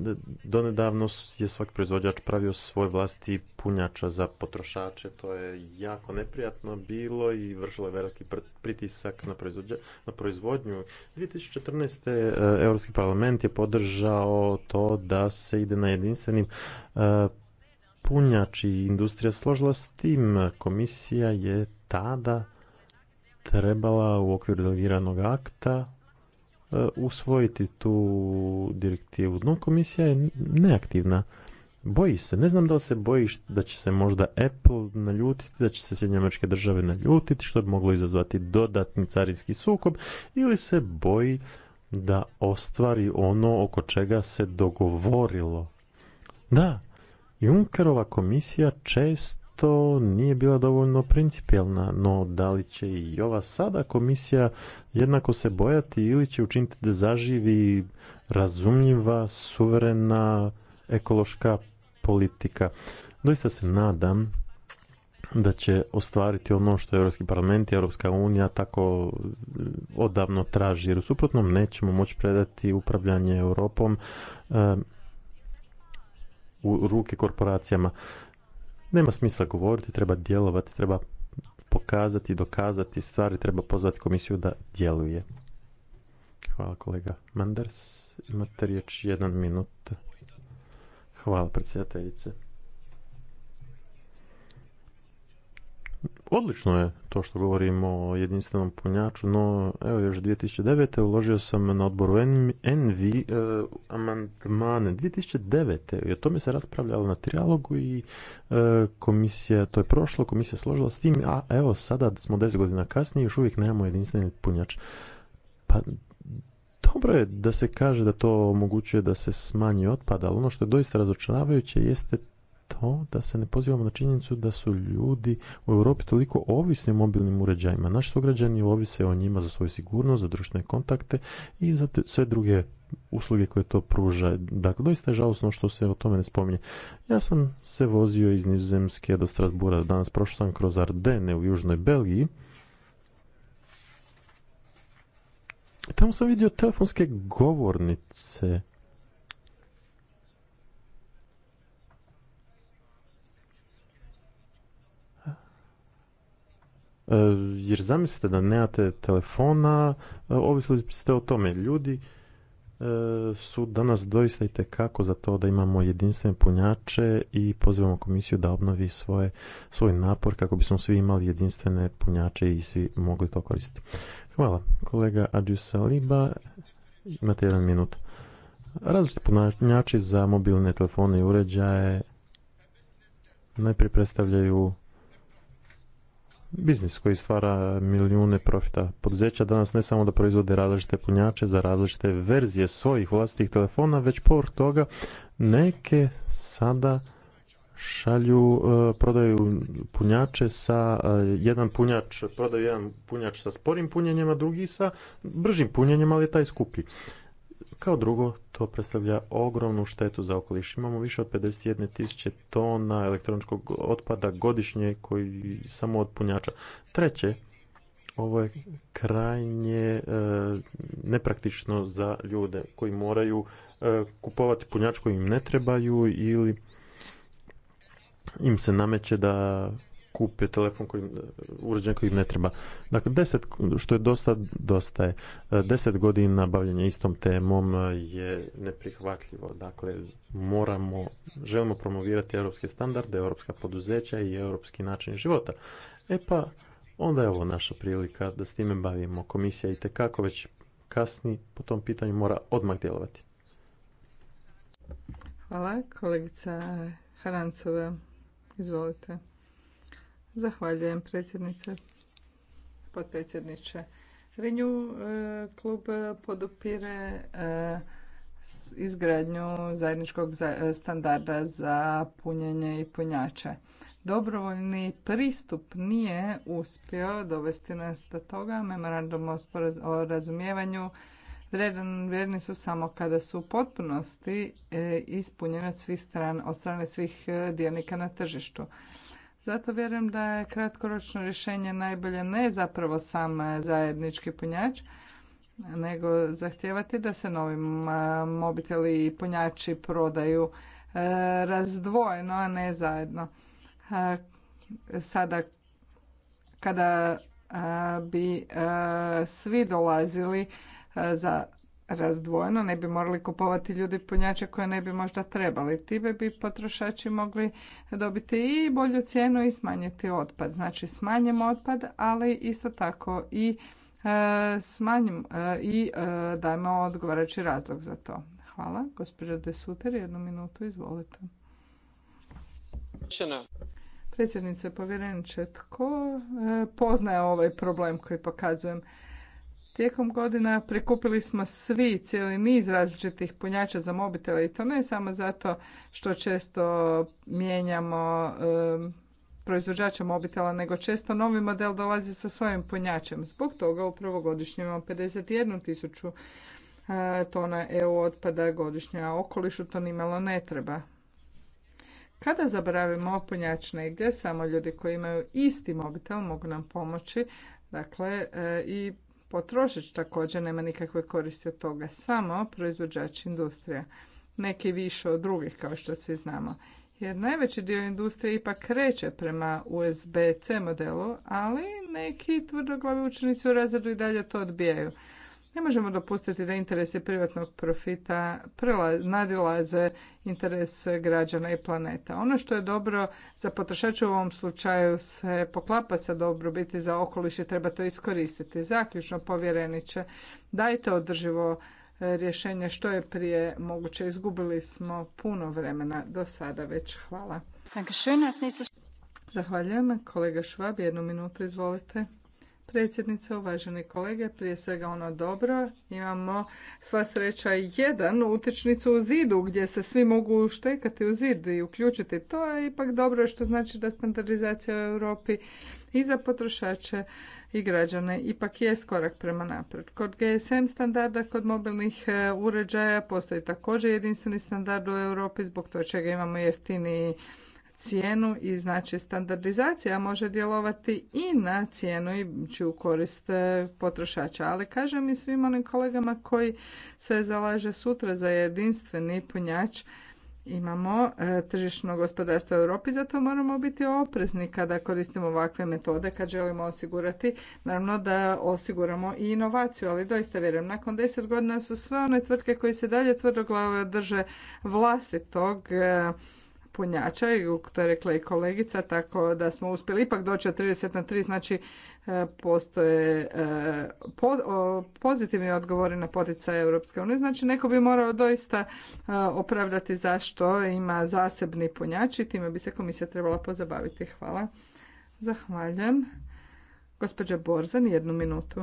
donedavno je svaki proizvođač pravio svoj vlasti punjača za potrošače. To je jako neprijatno bilo i vršilo je veliki pritisak na, na proizvodnju. 2014. E, Europski parlament je podržao to da se ide na jedinstvenim punjači industrija složila s tim. Komisija je tada trebala u okviru delegiranog akta e, usvojiti tu direktivu. No, komisija je neaktivna. Boji se. Ne znam da li se bojiš da će se možda Apple naljutiti, da će se američke države naljutiti, što bi moglo izazvati dodatni carinski sukob, ili se boji da ostvari ono oko čega se dogovorilo. Da, Junkerova komisija često nije bila dovoljno principijelna, no da li će i ova sada komisija jednako se bojati ili će učiniti da zaživi razumljiva, suverena ekološka politika. Doista se nadam da će ostvariti ono što Europski parlament i Europska unija tako eh, odavno traži, jer u suprotnom nećemo moći predati upravljanje Europom eh, u ruke korporacijama. Nema smisla govoriti, treba djelovati, treba pokazati, dokazati stvari, treba pozvati komisiju da djeluje. Hvala kolega Manders. Imate riječ jedan minut. Hvala predsjedateljice. Odlično je to što govorimo o jedinstvenom punjaču, no evo još 2009. uložio sam na odboru Envi uh, amandmane. 2009. i o tome se raspravljalo na trijalogu i e, komisija, to je prošlo, komisija složila s tim, a evo sada smo 10 godina kasnije još uvijek nemamo jedinstveni punjač. Pa dobro je da se kaže da to omogućuje da se smanji otpad, ali ono što je doista razočaravajuće jeste to da se ne pozivamo na činjenicu da su ljudi u Europi toliko ovisni o mobilnim uređajima. Naši sugrađani ovise o njima za svoju sigurnost, za društvene kontakte i za sve druge usluge koje to pruža. Dakle, doista je žalosno što se o tome ne spominje. Ja sam se vozio iz Nizozemske do Strasbura danas, prošao sam kroz Ardene u južnoj Belgiji. Tamo sam vidio telefonske govornice E, jer zamislite da nemate telefona, e, ovisili ste o tome. Ljudi e, su danas doista i tekako za to da imamo jedinstvene punjače i pozivamo komisiju da obnovi svoje, svoj napor kako bismo svi imali jedinstvene punjače i svi mogli to koristiti. Hvala. Kolega Adjusa Saliba, imate jedan minut. Različiti punjači za mobilne telefone i uređaje najprije predstavljaju biznis koji stvara milijune profita. Poduzeća danas ne samo da proizvode različite punjače za različite verzije svojih vlastitih telefona, već povrh toga neke sada šalju, e, prodaju punjače sa e, jedan punjač, prodaju jedan punjač sa sporim punjenjem, a drugi sa bržim punjenjem, ali je taj skuplji. Kao drugo, to predstavlja ogromnu štetu za okoliš. Imamo više od 51.000 tona elektroničkog otpada godišnje koji samo od punjača. Treće, ovo je krajnje e, nepraktično za ljude koji moraju e, kupovati punjač koji im ne trebaju ili im se nameće da kupio telefon koji, uređen koji ne treba. Dakle, deset, što je dosta, dosta je. Deset godina bavljanja istom temom je neprihvatljivo. Dakle, moramo, želimo promovirati europske standarde, europska poduzeća i europski način života. E pa, onda je ovo naša prilika da s time bavimo. Komisija i tekako već kasni po tom pitanju mora odmah djelovati. Hvala, kolegica Harancova. Izvolite. Zahvaljujem predsjednice, potpredsjedniče. Renju eh, klub podupire eh, izgradnju zajedničkog eh, standarda za punjenje i punjače. Dobrovoljni pristup nije uspio dovesti nas do toga. Memorandum o razumijevanju vrijedni su samo kada su u potpunosti ispunjeni od, svih stran, od strane svih dionika na tržištu. Zato vjerujem da je kratkoročno rješenje najbolje ne zapravo sam e, zajednički punjač, nego zahtijevati da se novi e, mobiteli i punjači prodaju e, razdvojeno, a ne zajedno. Sada kada bi svi dolazili za razdvojeno, ne bi morali kupovati ljudi punjače koje ne bi možda trebali. Time bi potrošači mogli dobiti i bolju cijenu i smanjiti otpad. Znači smanjimo otpad, ali isto tako i e, e i e, dajmo odgovarajući razlog za to. Hvala. Gospođa Desuter, jednu minutu, izvolite. Predsjednice povjereniče, tko e, poznaje ovaj problem koji pokazujem? Tijekom godina prikupili smo svi cijeli niz različitih punjača za mobitele i to ne samo zato što često mijenjamo proizvođače proizvođača mobitela, nego često novi model dolazi sa svojim punjačem. Zbog toga u godišnje imamo 51 tisuću e, tona EU otpada godišnje, a okolišu to nimalo ne treba. Kada zaboravimo punjač negdje, samo ljudi koji imaju isti mobitel mogu nam pomoći, dakle, e, i Potrošač također nema nikakve koristi od toga, samo proizvođač industrija. Neki više od drugih, kao što svi znamo. Jer najveći dio industrije ipak kreće prema USB-C modelu, ali neki tvrdoglavi učenici u razredu i dalje to odbijaju. Ne možemo dopustiti da interese privatnog profita nadilaze interes građana i planeta. Ono što je dobro za potrošače u ovom slučaju se poklapa sa dobrobiti za okoliš i treba to iskoristiti. Zaključno povjereniče, dajte održivo e, rješenje što je prije moguće. Izgubili smo puno vremena do sada već. Hvala. Zahvaljujem. Kolega Švab, jednu minutu izvolite predsjednice, uvaženi kolege, prije svega ono dobro. Imamo sva sreća jedan utječnicu u zidu gdje se svi mogu štekati u zid i uključiti. To je ipak dobro što znači da standardizacija u Europi i za potrošače i građane ipak je korak prema naprijed. Kod GSM standarda, kod mobilnih e, uređaja postoji također jedinstveni standard u Europi zbog toga čega imamo jeftiniji cijenu i znači standardizacija može djelovati i na cijenu i će u korist e, potrošača. Ali kažem i svim onim kolegama koji se zalaže sutra za jedinstveni punjač imamo e, tržišno gospodarstvo u Europi, zato moramo biti oprezni kada koristimo ovakve metode, kad želimo osigurati, naravno da osiguramo i inovaciju, ali doista vjerujem, nakon deset godina su sve one tvrtke koje se dalje tvrdoglave drže vlastitog e, punjača to je rekla i kolegica, tako da smo uspjeli ipak doći od 30 na 3, znači e, postoje e, pozitivni odgovori na poticaje Europske unije. Znači neko bi morao doista e, opravdati zašto ima zasebni punjač i time bi se komisija trebala pozabaviti. Hvala. Zahvaljujem. Gospođa Borzan, jednu minutu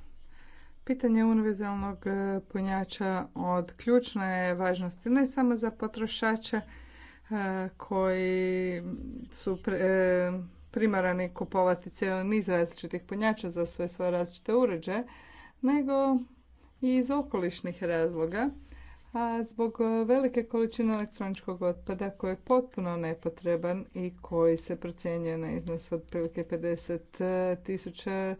Pitanje univerzalnog e, punjača od ključne važnosti ne samo za potrošače e, koji su e, primarani kupovati cijeli niz različitih punjača za sve svoje različite uređaje, nego i iz okolišnih razloga, a zbog velike količine elektroničkog otpada koji je potpuno nepotreban i koji se procjenjuje na iznos od otprilike 50 tisuća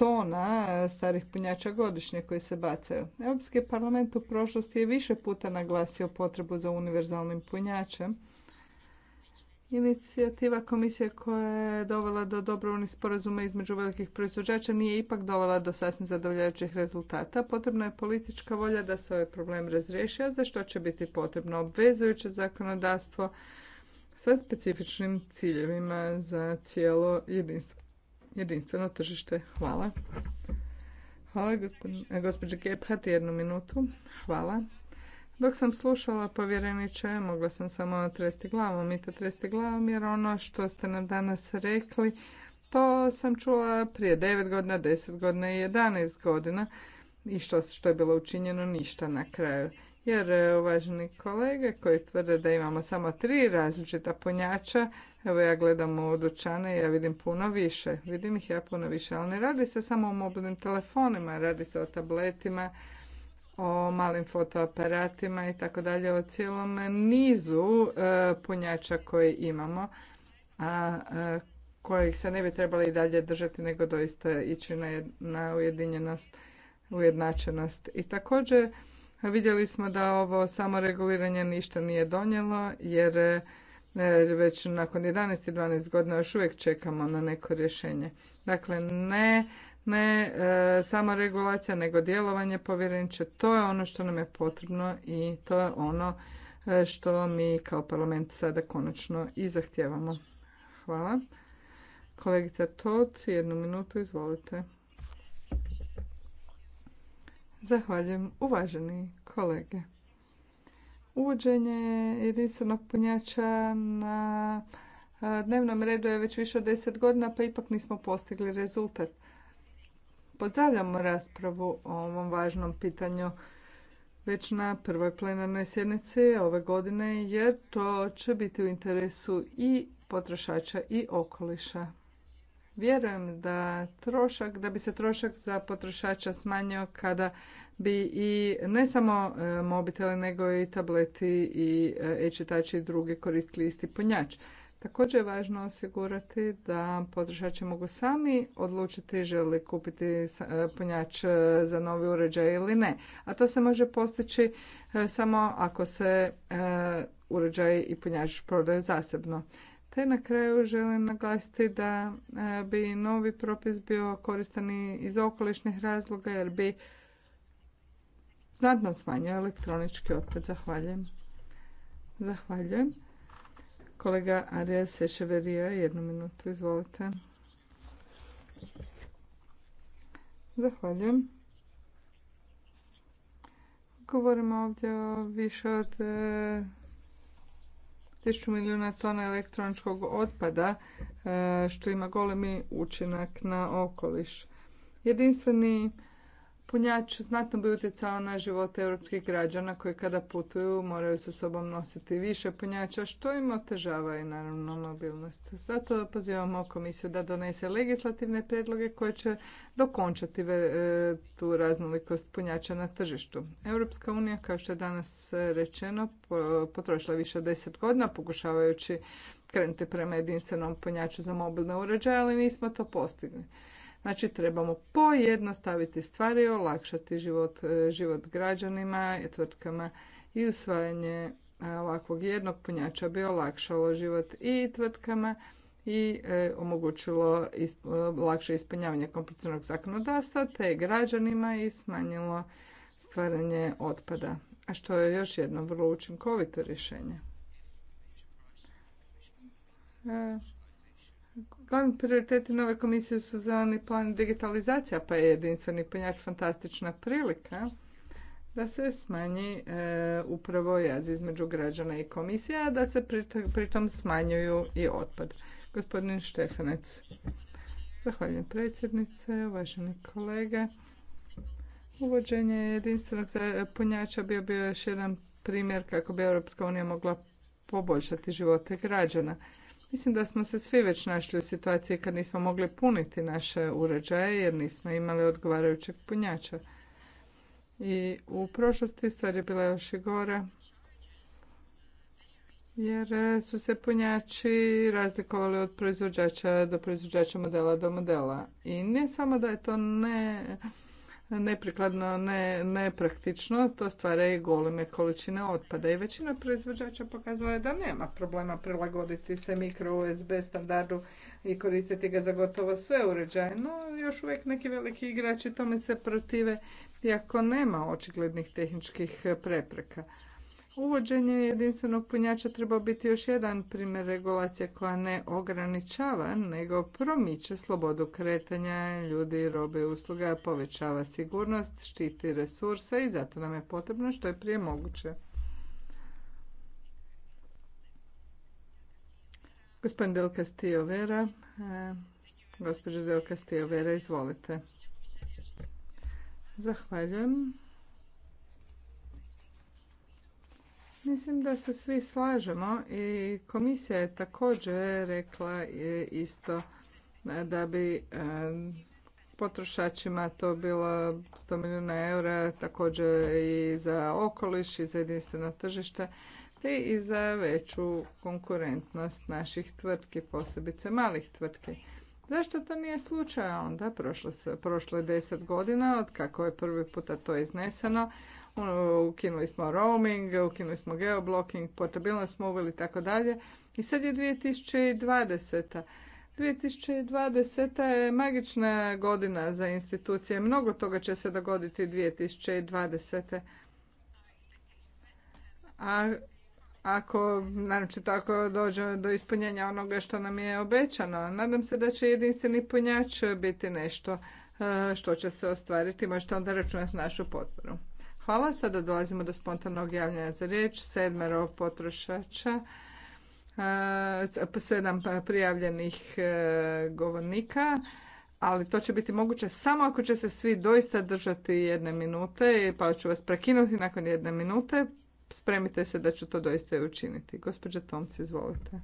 tona e, starih punjača godišnje koji se bacaju. Europski parlament u prošlosti je više puta naglasio potrebu za univerzalnim punjačem. Inicijativa komisije koja je dovela do dobrovoljnih sporazuma između velikih proizvođača nije ipak dovela do sasvim zadovoljavajućih rezultata. Potrebna je politička volja da se ovaj problem razriješi, a za što će biti potrebno obvezujuće zakonodavstvo sa specifičnim ciljevima za cijelo jedinstvo jedinstveno tržište. Hvala. Hvala, e, gospođa Gebhardt, jednu minutu. Hvala. Dok sam slušala povjereniče, mogla sam samo tresti glavom i to tresti glavom jer ono što ste nam danas rekli, to sam čula prije 9 godina, 10 godina i 11 godina i što, što je bilo učinjeno ništa na kraju. Jer e, uvaženi kolege koji tvrde da imamo samo tri različita punjača, Evo ja gledam u dućane i ja vidim puno više. Vidim ih ja puno više, ali ne radi se samo o mobilnim telefonima, radi se o tabletima, o malim fotoaparatima i tako dalje, o cijelom nizu e, punjača koje imamo, a e, kojih se ne bi trebali i dalje držati, nego doista ići na ujedinjenost, ujednačenost. I također vidjeli smo da ovo samoreguliranje ništa nije donijelo, jer E, već nakon 11 i 12 godina još uvijek čekamo na neko rješenje. Dakle, ne, ne e, samo regulacija, nego djelovanje povjereniče. To je ono što nam je potrebno i to je ono e, što mi kao parlament sada konačno i zahtijevamo. Hvala. Kolegica Toc, jednu minutu, izvolite. Zahvaljujem, uvaženi kolege. Uvođenje jedinstvenog punjača na e, dnevnom redu je već više od deset godina, pa ipak nismo postigli rezultat. Pozdravljamo raspravu o ovom važnom pitanju već na prvoj plenarnoj sjednici ove godine, jer to će biti u interesu i potrošača i okoliša. Vjerujem da trošak, da bi se trošak za potrošača smanjio kada bi i ne samo e, mobiteli nego i tableti i e, e-čitači i druge koristili isti punjač. Također je važno osigurati da potrošači mogu sami odlučiti želi kupiti e, punjač za novi uređaj ili ne. A to se može postići samo ako se uređaj i punjač prodaju zasebno. Te na kraju želim naglasiti da bi novi propis bio koristan iz okolišnih razloga jer bi znatno smanjio elektronički otpad. Zahvaljujem. Zahvaljujem. Kolega Arija Seševerija, jednu minutu, izvolite. Zahvaljujem. Govorimo ovdje o više od 1000 e, milijuna tona elektroničkog otpada, e, što ima golemi učinak na okoliš. Jedinstveni punjač znatno bi utjecao na živote europskih građana koji kada putuju moraju sa sobom nositi više punjača što im otežava i naravno mobilnost. Zato pozivamo komisiju da donese legislativne predloge koje će dokončati e, tu raznolikost punjača na tržištu. Europska unija, kao što je danas rečeno, potrošila više od deset godina pokušavajući krenuti prema jedinstvenom punjaču za mobilne uređaje, ali nismo to postigli. Znači trebamo pojednostaviti stvari olakšati život, e, život građanima i tvrtkama i usvajanje e, ovakvog jednog punjača bi olakšalo život i tvrtkama i e, omogućilo lakše ispunjavanje kompliciranog zakonodavstva te građanima i smanjilo stvaranje otpada, a što je još jedno vrlo učinkovito rješenje. Glavni prioriteti nove komisije su zeleni plan digitalizacija, pa je jedinstveni punjač fantastična prilika da se smanji e, upravo jaz između građana i komisija, a da se pritom, tome smanjuju i otpad. Gospodin Štefanec. Zahvaljujem predsjednice, uvaženi kolege. Uvođenje jedinstvenog punjača bio bio još jedan primjer kako bi Europska unija mogla poboljšati živote građana. Mislim da smo se svi već našli u situaciji kad nismo mogli puniti naše uređaje jer nismo imali odgovarajućeg punjača. I u prošlosti stvar je bila još i gora jer su se punjači razlikovali od proizvođača do proizvođača modela do modela. I ne samo da je to ne neprikladno, ne, nepraktično, to stvara i goleme količine otpada. I većina proizvođača pokazala je da nema problema prilagoditi se mikro USB standardu i koristiti ga za gotovo sve uređaje, no još uvijek neki veliki igrači tome se protive iako nema očiglednih tehničkih prepreka. Uvođenje jedinstvenog punjača treba biti još jedan primjer regulacije koja ne ograničava, nego promiče slobodu kretanja ljudi, robe i usluga, povećava sigurnost, štiti resurse i zato nam je potrebno što je prije moguće. Gospodin Del Castillo Vera, eh, gospođa Del Castillo Vera, izvolite. Zahvaljujem. Mislim da se svi slažemo i komisija je također rekla isto da bi eh, potrošačima to bilo 100 milijuna eura, također i za okoliš i za jedinstveno tržište, te i za veću konkurentnost naših tvrtki, posebice malih tvrtki. Zašto to nije slučaj onda? Prošlo, prošlo je deset godina od kako je prvi puta to izneseno, ono, ukinuli smo roaming, ukinuli smo geoblocking, portabilnost smo uveli i tako dalje. I sad je 2020. 2020. je magična godina za institucije. Mnogo toga će se dogoditi 2020. A ako, naravno tako dođe do ispunjenja onoga što nam je obećano. Nadam se da će jedinstveni punjač biti nešto e, što će se ostvariti. Možete onda računati našu potporu. Hvala. Sada dolazimo do spontanog javljanja za riječ. Sedmero potrošača, e, sedam prijavljenih e, govornika, ali to će biti moguće samo ako će se svi doista držati jedne minute, pa ću vas prekinuti nakon jedne minute. Spremite se da ću to doista i učiniti. Gospođa Tomci, izvolite.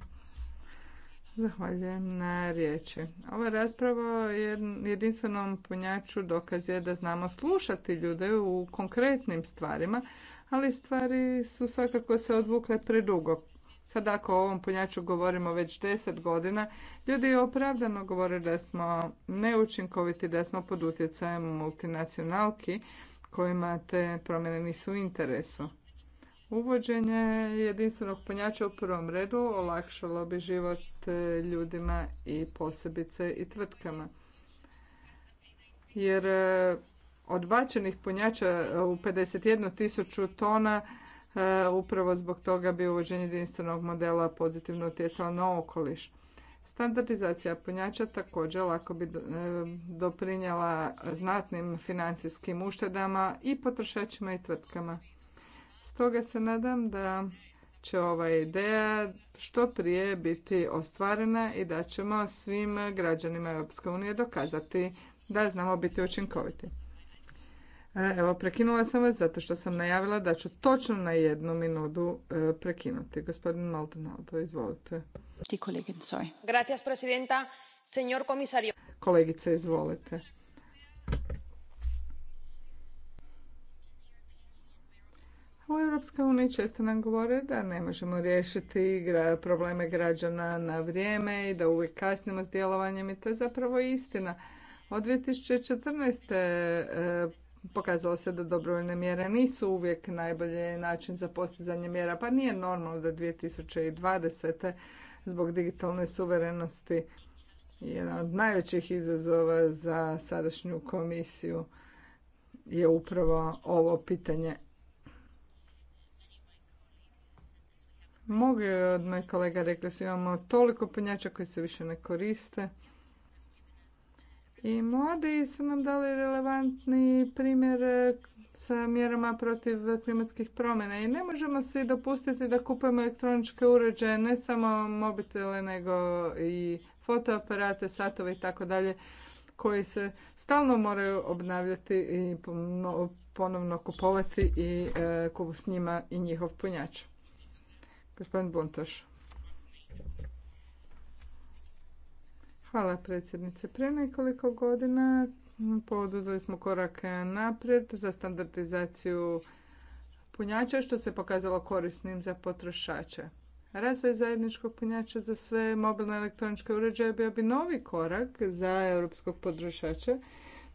Zahvaljujem na riječi. Ova rasprava je jedinstvenom punjaču dokaz je da znamo slušati ljude u konkretnim stvarima, ali stvari su svakako se odvukle predugo. Sad ako o ovom punjaču govorimo već deset godina, ljudi opravdano govore da smo neučinkoviti, da smo pod utjecajem multinacionalki kojima te promjene nisu u interesu. Uvođenje jedinstvenog punjača u prvom redu olakšalo bi život e, ljudima i posebice i tvrtkama. Jer e, odbačenih punjača u 51.000 tona e, upravo zbog toga bi uvođenje jedinstvenog modela pozitivno utjecalo na okoliš. Standardizacija punjača također lako bi doprinjela znatnim financijskim uštedama i potrošačima i tvrtkama. Stoga se nadam da će ova ideja što prije biti ostvarena i da ćemo svim građanima Europske unije dokazati da znamo biti učinkoviti. E, evo, prekinula sam vas zato što sam najavila da ću točno na jednu minutu e, prekinuti. Gospodin Maldonado, izvolite. Ti Gracias, presidenta. Kolegice, izvolite. U Europskoj uniji često nam govore da ne možemo riješiti probleme građana na vrijeme i da uvijek kasnimo s djelovanjem i to je zapravo istina. Od 2014. E, pokazalo se da dobrovoljne mjere nisu uvijek najbolji način za postizanje mjera, pa nije normalno da 2020. zbog digitalne suverenosti jedan od najvećih izazova za sadašnju komisiju je upravo ovo pitanje Mnogi od mojih kolega rekli su imamo toliko punjača koji se više ne koriste. I mladi su nam dali relevantni primjer e, sa mjerama protiv klimatskih promjena i ne možemo si dopustiti da kupujemo elektroničke uređaje, ne samo mobitele, nego i fotoaparate, satove i tako dalje, koji se stalno moraju obnavljati i ponovno kupovati i e, s njima i njihov punjač. Gospodin Buntoš. Hvala predsjednice. Prije nekoliko godina poduzeli smo korak naprijed za standardizaciju punjača što se pokazalo korisnim za potrošače. Razvoj zajedničkog punjača za sve mobilne elektroničke uređaje bio bi novi korak za europskog potrošača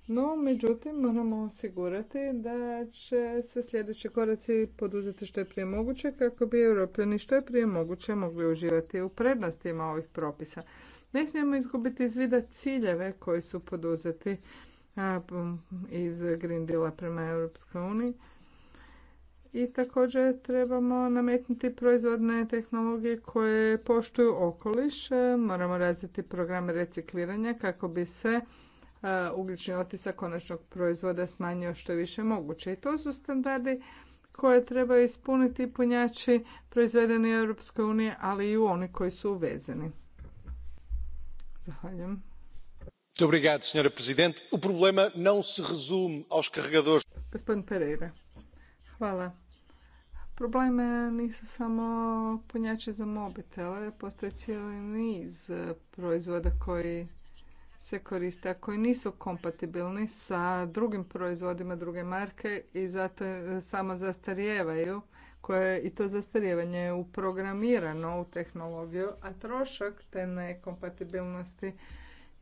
no, međutim, moramo osigurati da će se sljedeći koraci poduzeti što je prije moguće kako bi europljani što je prije moguće mogli uživati u prednostima ovih propisa. Ne smijemo izgubiti izvida vida ciljeve koji su poduzeti iz Green Deala prema Europskoj uniji. I također trebamo nametnuti proizvodne tehnologije koje poštuju okoliš. Moramo razviti programe recikliranja kako bi se E, ugljični otisak konačnog proizvoda smanjio što je više moguće. I to su standardi koje treba ispuniti punjači proizvedeni u Europskoj uniji, ali i u oni koji su uvezeni. Zahvaljujem. Obrigado, senhora Presidente. O problema não se resume aos carregadores. Gospodin Pereira, hvala. Probleme nisu samo punjači za mobitele, Postoje cijeli niz proizvoda koji se koriste, a koji nisu kompatibilni sa drugim proizvodima druge marke i zato samo zastarijevaju koje i to zastarijevanje je uprogramirano u tehnologiju, a trošak te nekompatibilnosti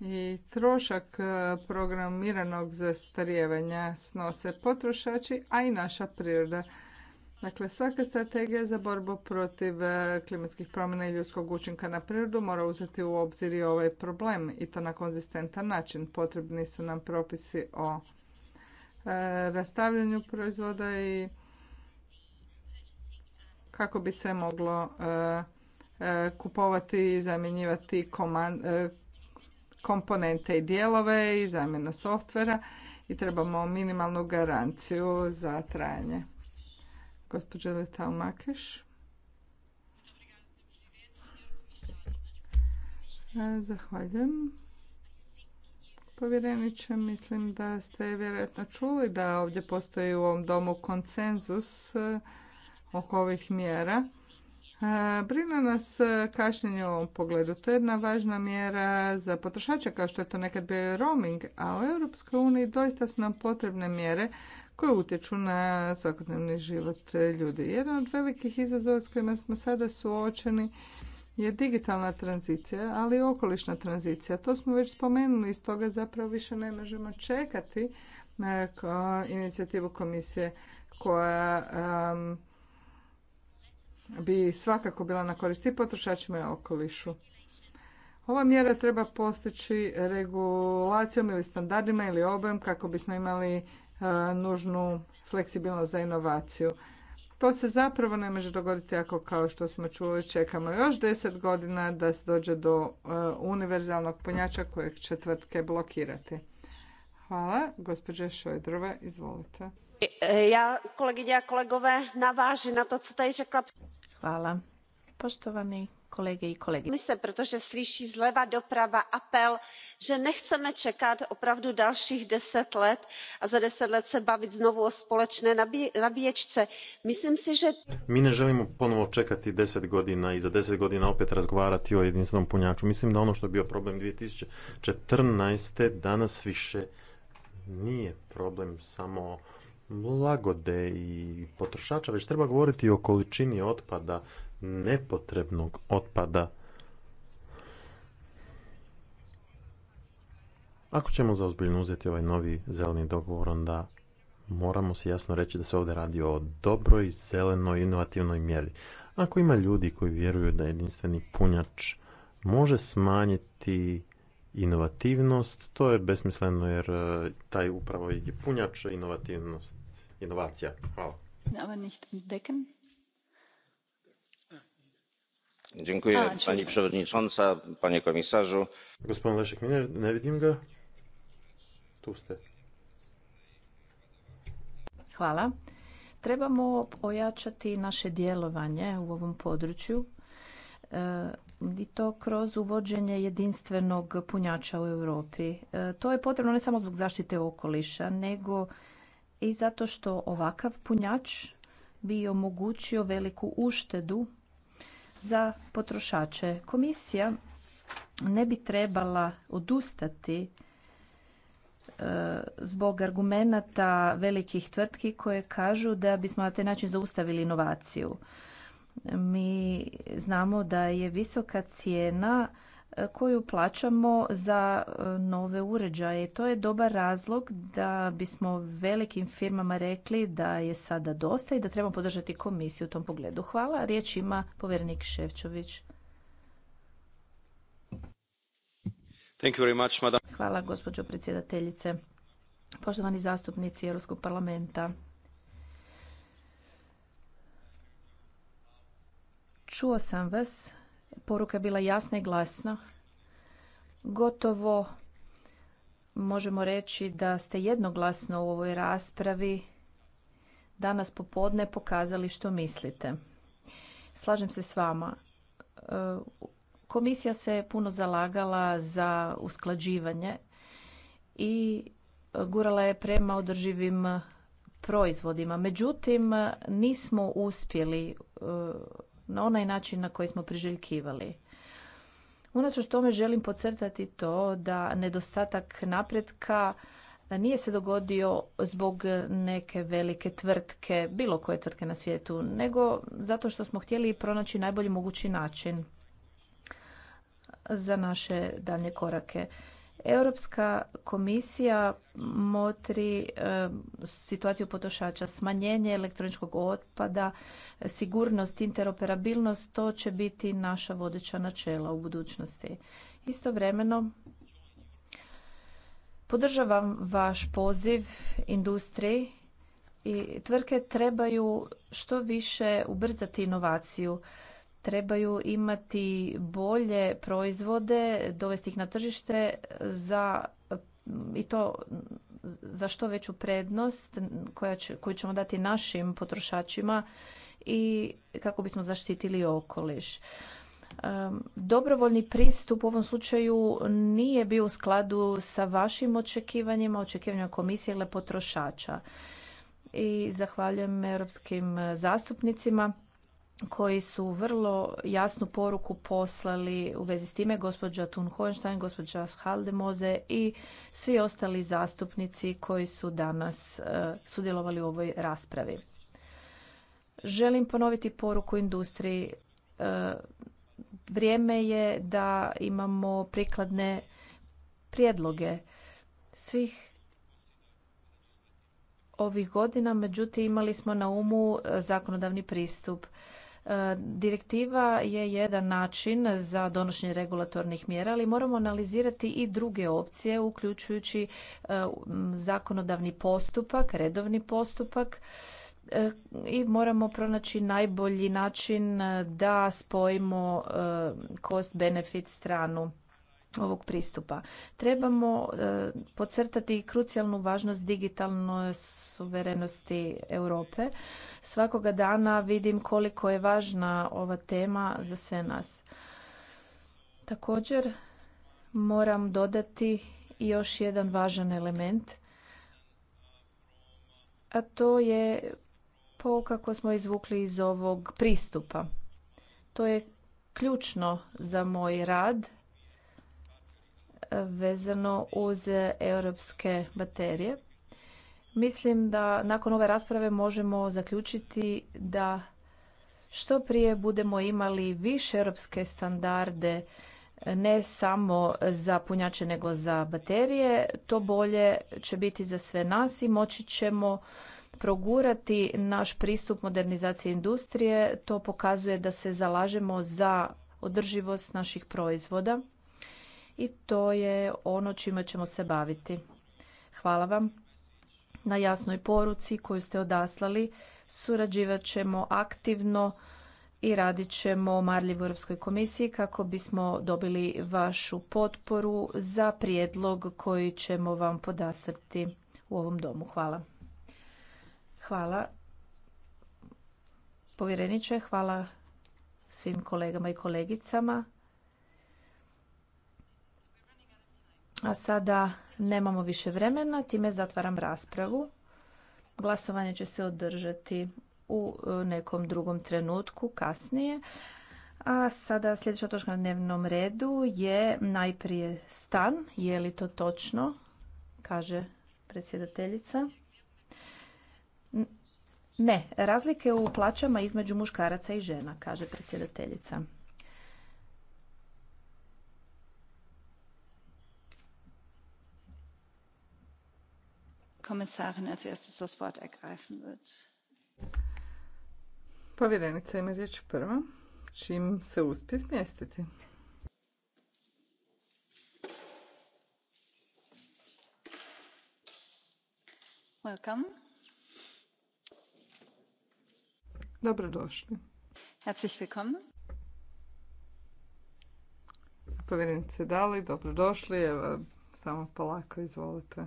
i trošak e, programiranog zastarijevanja snose potrošači, a i naša priroda. Dakle, svaka strategija za borbu protiv e, klimatskih promjena i ljudskog učinka na prirodu mora uzeti u obzir i ovaj problem i to na konzistentan način. Potrebni su nam propisi o e, rastavljanju proizvoda i kako bi se moglo e, kupovati i zamjenjivati komponente i dijelove i zamjenu softvera i trebamo minimalnu garanciju za trajanje. Gospođa Letao Makeš. E, zahvaljujem. Povjereniče, mislim da ste vjerojatno čuli da ovdje postoji u ovom domu konsenzus e, oko ovih mjera. E, brine nas kašnjenje u ovom pogledu. To je jedna važna mjera za potrošače kao što je to nekad bio roaming, a u Europskoj uniji doista su nam potrebne mjere koje utječu na svakodnevni život ljudi. Jedan od velikih izazova s kojima smo sada suočeni je digitalna tranzicija, ali i okolišna tranzicija. To smo već spomenuli i stoga zapravo više ne možemo čekati na e, inicijativu komisije koja bi svakako bila na koristi potrošačima i okolišu. Ova mjera treba postići regulacijom ili standardima ili obojem kako bismo imali nužnu fleksibilnost za inovaciju. To se zapravo ne može dogoditi ako kao što smo čuli čekamo još deset godina da se dođe do univerzalnog punjača kojeg će tvrtke blokirati. Hvala. Gospođe Šojdrova, izvolite. E, ja, ja kolegove, navaži na to co taj řekla. Hvala. Poštovani kolege i kolege. Komise, protože slyší zleva doprava apel, že nechceme čekat opravdu dalších deset let a za deset let se bavit znovu o společné nabíječce. Myslím si, že... Mi ne želimo ponovo čekati deset godina i za deset godina opet razgovarati o jedinstvenom punjaču. Mislim da ono što je bio problem 2014. danas više nije problem samo lagode i potrošača, već treba govoriti o količini otpada, nepotrebnog otpada. Ako ćemo zaozbiljno uzeti ovaj novi zeleni dogovor, onda moramo se jasno reći da se ovdje radi o dobroj, zelenoj, inovativnoj mjeri. Ako ima ljudi koji vjeruju da jedinstveni punjač može smanjiti inovativnost, to je besmisleno jer e, taj upravo je punjač inovativnost, inovacija. Hvala. Dziękuję pani przewodnicząca, panie Gospodin Hvala. Trebamo ojačati naše djelovanje u ovom području e, i to kroz uvođenje jedinstvenog punjača u Europi. E, to je potrebno ne samo zbog zaštite okoliša, nego i zato što ovakav punjač bi omogućio veliku uštedu za potrošače. Komisija ne bi trebala odustati e, zbog argumenata velikih tvrtki koje kažu da bismo na taj način zaustavili inovaciju. Mi znamo da je visoka cijena E, koju plaćamo za e, nove uređaje. To je dobar razlog da bismo velikim firmama rekli da je sada dosta i da trebamo podržati komisiju u tom pogledu. Hvala. Riječ ima povjerenik Ševčović. Hvala gospođo predsjedateljice. Poštovani zastupnici Europskog parlamenta, čuo sam vas Poruka je bila jasna i glasna. Gotovo možemo reći da ste jednoglasno u ovoj raspravi danas popodne pokazali što mislite. Slažem se s vama. E, komisija se puno zalagala za usklađivanje i gurala je prema održivim proizvodima. Međutim, nismo uspjeli e, na onaj način na koji smo priželjkivali. Unatoč tome želim podcrtati to da nedostatak napretka nije se dogodio zbog neke velike tvrtke, bilo koje tvrtke na svijetu, nego zato što smo htjeli pronaći najbolji mogući način za naše daljnje korake. Europska komisija motri situaciju potrošača, smanjenje elektroničkog otpada, sigurnost, interoperabilnost, to će biti naša vodeća načela u budućnosti. Istovremeno podržavam vaš poziv industriji i tvrtke trebaju što više ubrzati inovaciju trebaju imati bolje proizvode, dovesti ih na tržište za i to za što veću prednost koja će, koju ćemo dati našim potrošačima i kako bismo zaštitili okoliš. Dobrovoljni pristup u ovom slučaju nije bio u skladu sa vašim očekivanjima, očekivanjima komisije ili potrošača. I zahvaljujem europskim zastupnicima koji su vrlo jasnu poruku poslali u vezi s time gospođa Thun Hohenstein, gospođa Schaldemoze i svi ostali zastupnici koji su danas e, sudjelovali u ovoj raspravi. Želim ponoviti poruku industriji. E, vrijeme je da imamo prikladne prijedloge svih ovih godina, međutim imali smo na umu e, zakonodavni pristup. E, direktiva je jedan način za donošenje regulatornih mjera, ali moramo analizirati i druge opcije, uključujući e, zakonodavni postupak, redovni postupak e, i moramo pronaći najbolji način da spojimo cost benefit stranu ovog pristupa. Trebamo e, podcrtati krucijalnu važnost digitalnoj suverenosti Europe. Svakoga dana vidim koliko je važna ova tema za sve nas. Također moram dodati još jedan važan element, a to je pouka koju smo izvukli iz ovog pristupa. To je ključno za moj rad vezano uz europske baterije. Mislim da nakon ove rasprave možemo zaključiti da što prije budemo imali više europske standarde ne samo za punjače nego za baterije, to bolje će biti za sve nas i moći ćemo progurati naš pristup modernizacije industrije. To pokazuje da se zalažemo za održivost naših proizvoda i to je ono čime ćemo se baviti. Hvala vam na jasnoj poruci koju ste odaslali. Surađivat ćemo aktivno i radit ćemo marljivo u Europskoj komisiji kako bismo dobili vašu potporu za prijedlog koji ćemo vam podasrti u ovom domu. Hvala. Hvala povjereniče, hvala svim kolegama i kolegicama. A sada nemamo više vremena, time zatvaram raspravu. Glasovanje će se održati u e, nekom drugom trenutku kasnije. A sada sljedeća točka na dnevnom redu je najprije stan. Je li to točno? Kaže predsjedateljica. Ne, razlike u plaćama između muškaraca i žena, kaže predsjedateljica. Kommissarin als erstes das Wort ergreifen wird. Povjerenica ima riječ prva, čim se uspije smjestiti. Welcome. Dobrodošli. Herzlich willkommen. Povjerenice Dali, dobrodošli. Evo, samo polako, izvolite.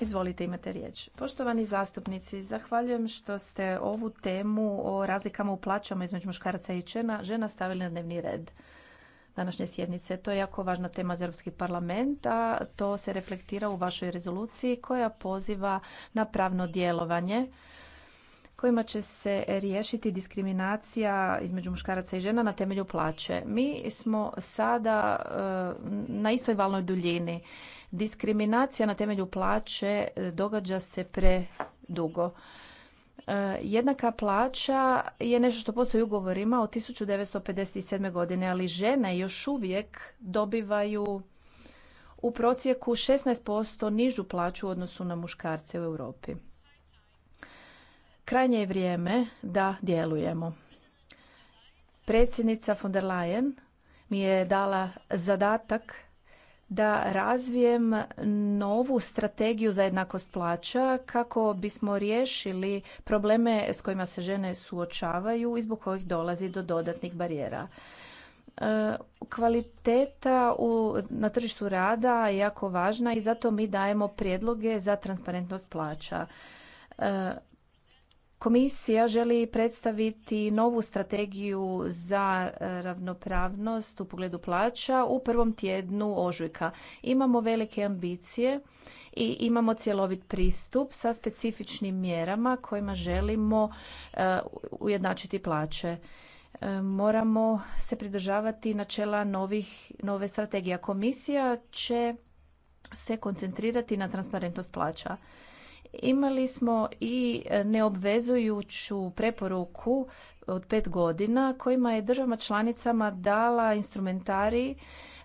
Izvolite, imate riječ. Poštovani zastupnici, zahvaljujem što ste ovu temu o razlikama u plaćama između muškaraca i čena žena stavili na dnevni red današnje sjednice. To je jako važna tema za Europski parlament, a to se reflektira u vašoj rezoluciji koja poziva na pravno djelovanje kojima će se riješiti diskriminacija između muškaraca i žena na temelju plaće. Mi smo sada e, na istoj valnoj duljini. Diskriminacija na temelju plaće e, događa se predugo. E, jednaka plaća je nešto što postoji u ugovorima od 1957. godine, ali žene još uvijek dobivaju u prosjeku 16% nižu plaću u odnosu na muškarce u Europi. Krajnje je vrijeme da djelujemo. Predsjednica von der Leyen mi je dala zadatak da razvijem novu strategiju za jednakost plaća kako bismo riješili probleme s kojima se žene suočavaju i zbog kojih dolazi do dodatnih barijera. E, kvaliteta u, na tržištu rada je jako važna i zato mi dajemo prijedloge za transparentnost plaća e, Komisija želi predstaviti novu strategiju za e, ravnopravnost u pogledu plaća u prvom tjednu ožujka. Imamo velike ambicije i imamo cjelovit pristup sa specifičnim mjerama kojima želimo e, ujednačiti plaće e, moramo se pridržavati načela novih, nove strategije. Komisija će se koncentrirati na transparentnost plaća imali smo i e, neobvezujuću preporuku od pet godina kojima je državama članicama dala instrumentari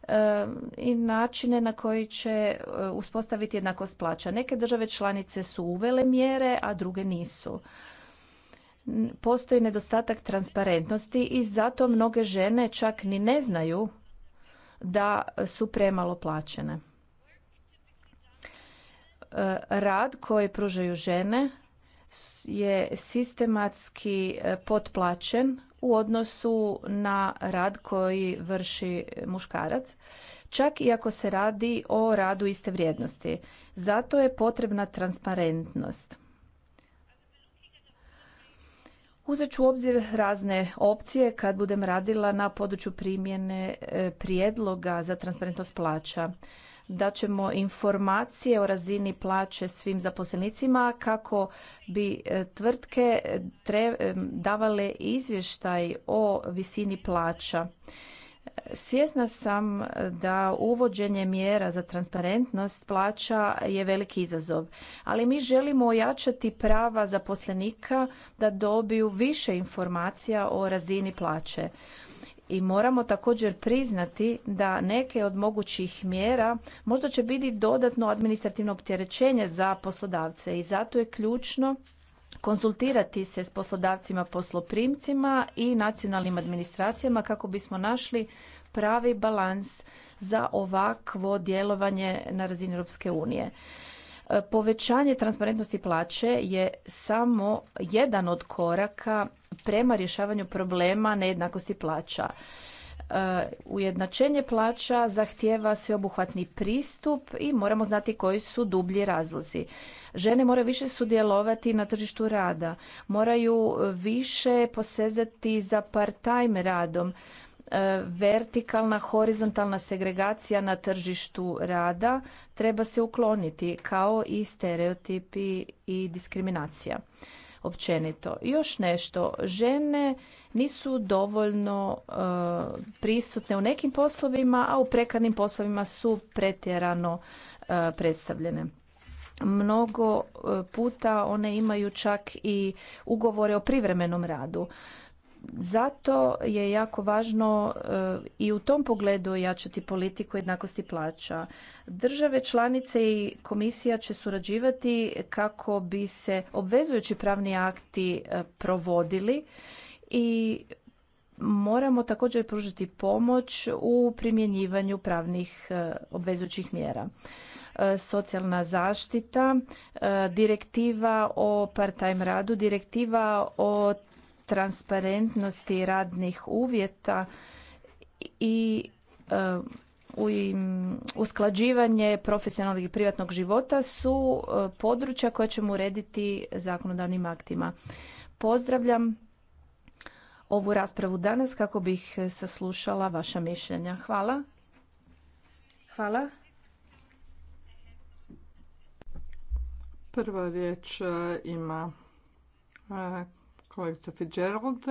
e, i načine na koji će e, uspostaviti jednakost plaća. Neke države članice su uvele mjere, a druge nisu. Postoji nedostatak transparentnosti i zato mnoge žene čak ni ne znaju da su premalo plaćene. E, rad koji pružaju žene je sistematski e, potplaćen u odnosu na rad koji vrši muškarac, čak i ako se radi o radu iste vrijednosti. Zato je potrebna transparentnost. Uzet ću obzir razne opcije kad budem radila na području primjene e, prijedloga za transparentnost plaća da ćemo informacije o razini plaće svim zaposlenicima kako bi e, tvrtke e, e, davale izvještaj o visini plaća. Svjesna sam da uvođenje mjera za transparentnost plaća je veliki izazov, ali mi želimo ojačati prava zaposlenika da dobiju više informacija o razini plaće i moramo također priznati da neke od mogućih mjera možda će biti dodatno administrativno opterećenje za poslodavce i zato je ključno konzultirati se s poslodavcima posloprimcima i nacionalnim administracijama kako bismo našli pravi balans za ovakvo djelovanje na razini Europske unije. E, povećanje transparentnosti plaće je samo jedan od koraka prema rješavanju problema nejednakosti plaća. E, ujednačenje plaća zahtjeva sveobuhvatni pristup i moramo znati koji su dublji razlozi. Žene moraju više sudjelovati na tržištu rada, moraju više posezati za part-time radom, E, vertikalna horizontalna segregacija na tržištu rada treba se ukloniti kao i stereotipi i diskriminacija općenito. Još nešto, žene nisu dovoljno e, prisutne u nekim poslovima, a u prekarnim poslovima su pretjerano e, predstavljene. Mnogo puta one imaju čak i ugovore o privremenom radu. Zato je jako važno e, i u tom pogledu jačati politiku jednakosti plaća. Države članice i komisija će surađivati kako bi se obvezujući pravni akti e, provodili i moramo također pružiti pomoć u primjenjivanju pravnih e, obvezujućih mjera socijalna zaštita, direktiva o part-time radu, direktiva o transparentnosti radnih uvjeta i e, usklađivanje profesionalnog i privatnog života su e, područja koja ćemo urediti zakonodavnim aktima. Pozdravljam ovu raspravu danas kako bih saslušala vaša mišljenja. Hvala. Hvala. Prva riječ e, ima kolegica Fitzgerald.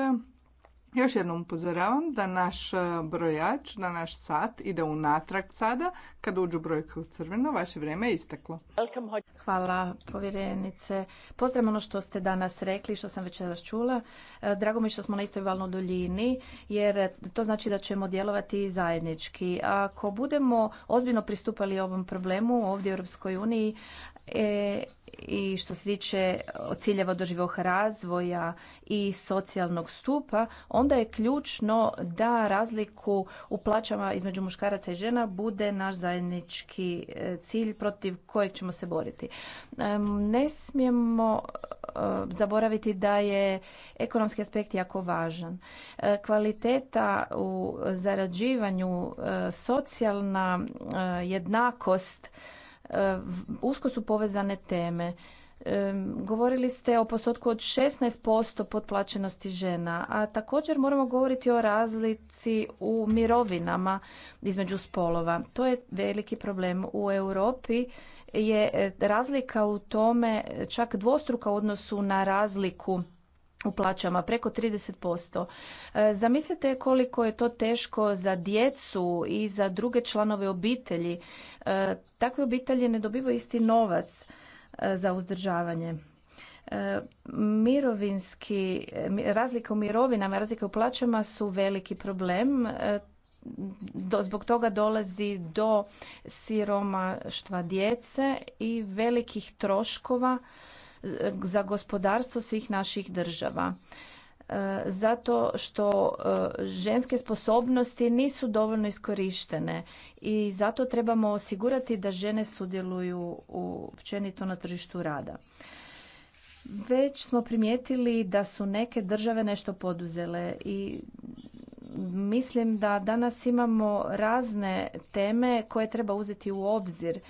Još jednom upozoravam da naš e, brojač, da naš sat ide unatrag sada. Kad uđu brojke u crveno, vaše vrijeme je isteklo. Hvala povjerenice. Pozdravljam ono što ste danas rekli, što sam već čula. E, drago mi je što smo na istoj valnoj duljini, jer e, to znači da ćemo djelovati zajednički. Ako budemo ozbiljno pristupali ovom problemu ovdje u Europskoj uniji, i što se tiče ciljeva održivog razvoja i socijalnog stupa, onda je ključno da razliku u plaćama između muškaraca i žena bude naš zajednički e, cilj protiv kojeg ćemo se boriti. Ne smijemo e, zaboraviti da je ekonomski aspekt jako važan. E, kvaliteta u zarađivanju, socijalna jednakost, E, usko su povezane teme. E, govorili ste o postotku od 16% potplaćenosti žena, a također moramo govoriti o razlici u mirovinama između spolova. To je veliki problem. U Europi je e, razlika u tome čak dvostruka u odnosu na razliku u plaćama preko 30%. E, zamislite koliko je to teško za djecu i za druge članove obitelji. E, takve obitelji ne dobivaju isti novac e, za uzdržavanje. Mirovinski, razlika u mirovinama, razlika u plaćama su veliki problem. Do, zbog toga dolazi do siromaštva djece i velikih troškova za gospodarstvo svih naših država e, zato što e, ženske sposobnosti nisu dovoljno iskorištene i zato trebamo osigurati da žene sudjeluju u općenito na tržištu rada. Već smo primijetili da su neke države nešto poduzele i mislim da danas imamo razne teme koje treba uzeti u obzir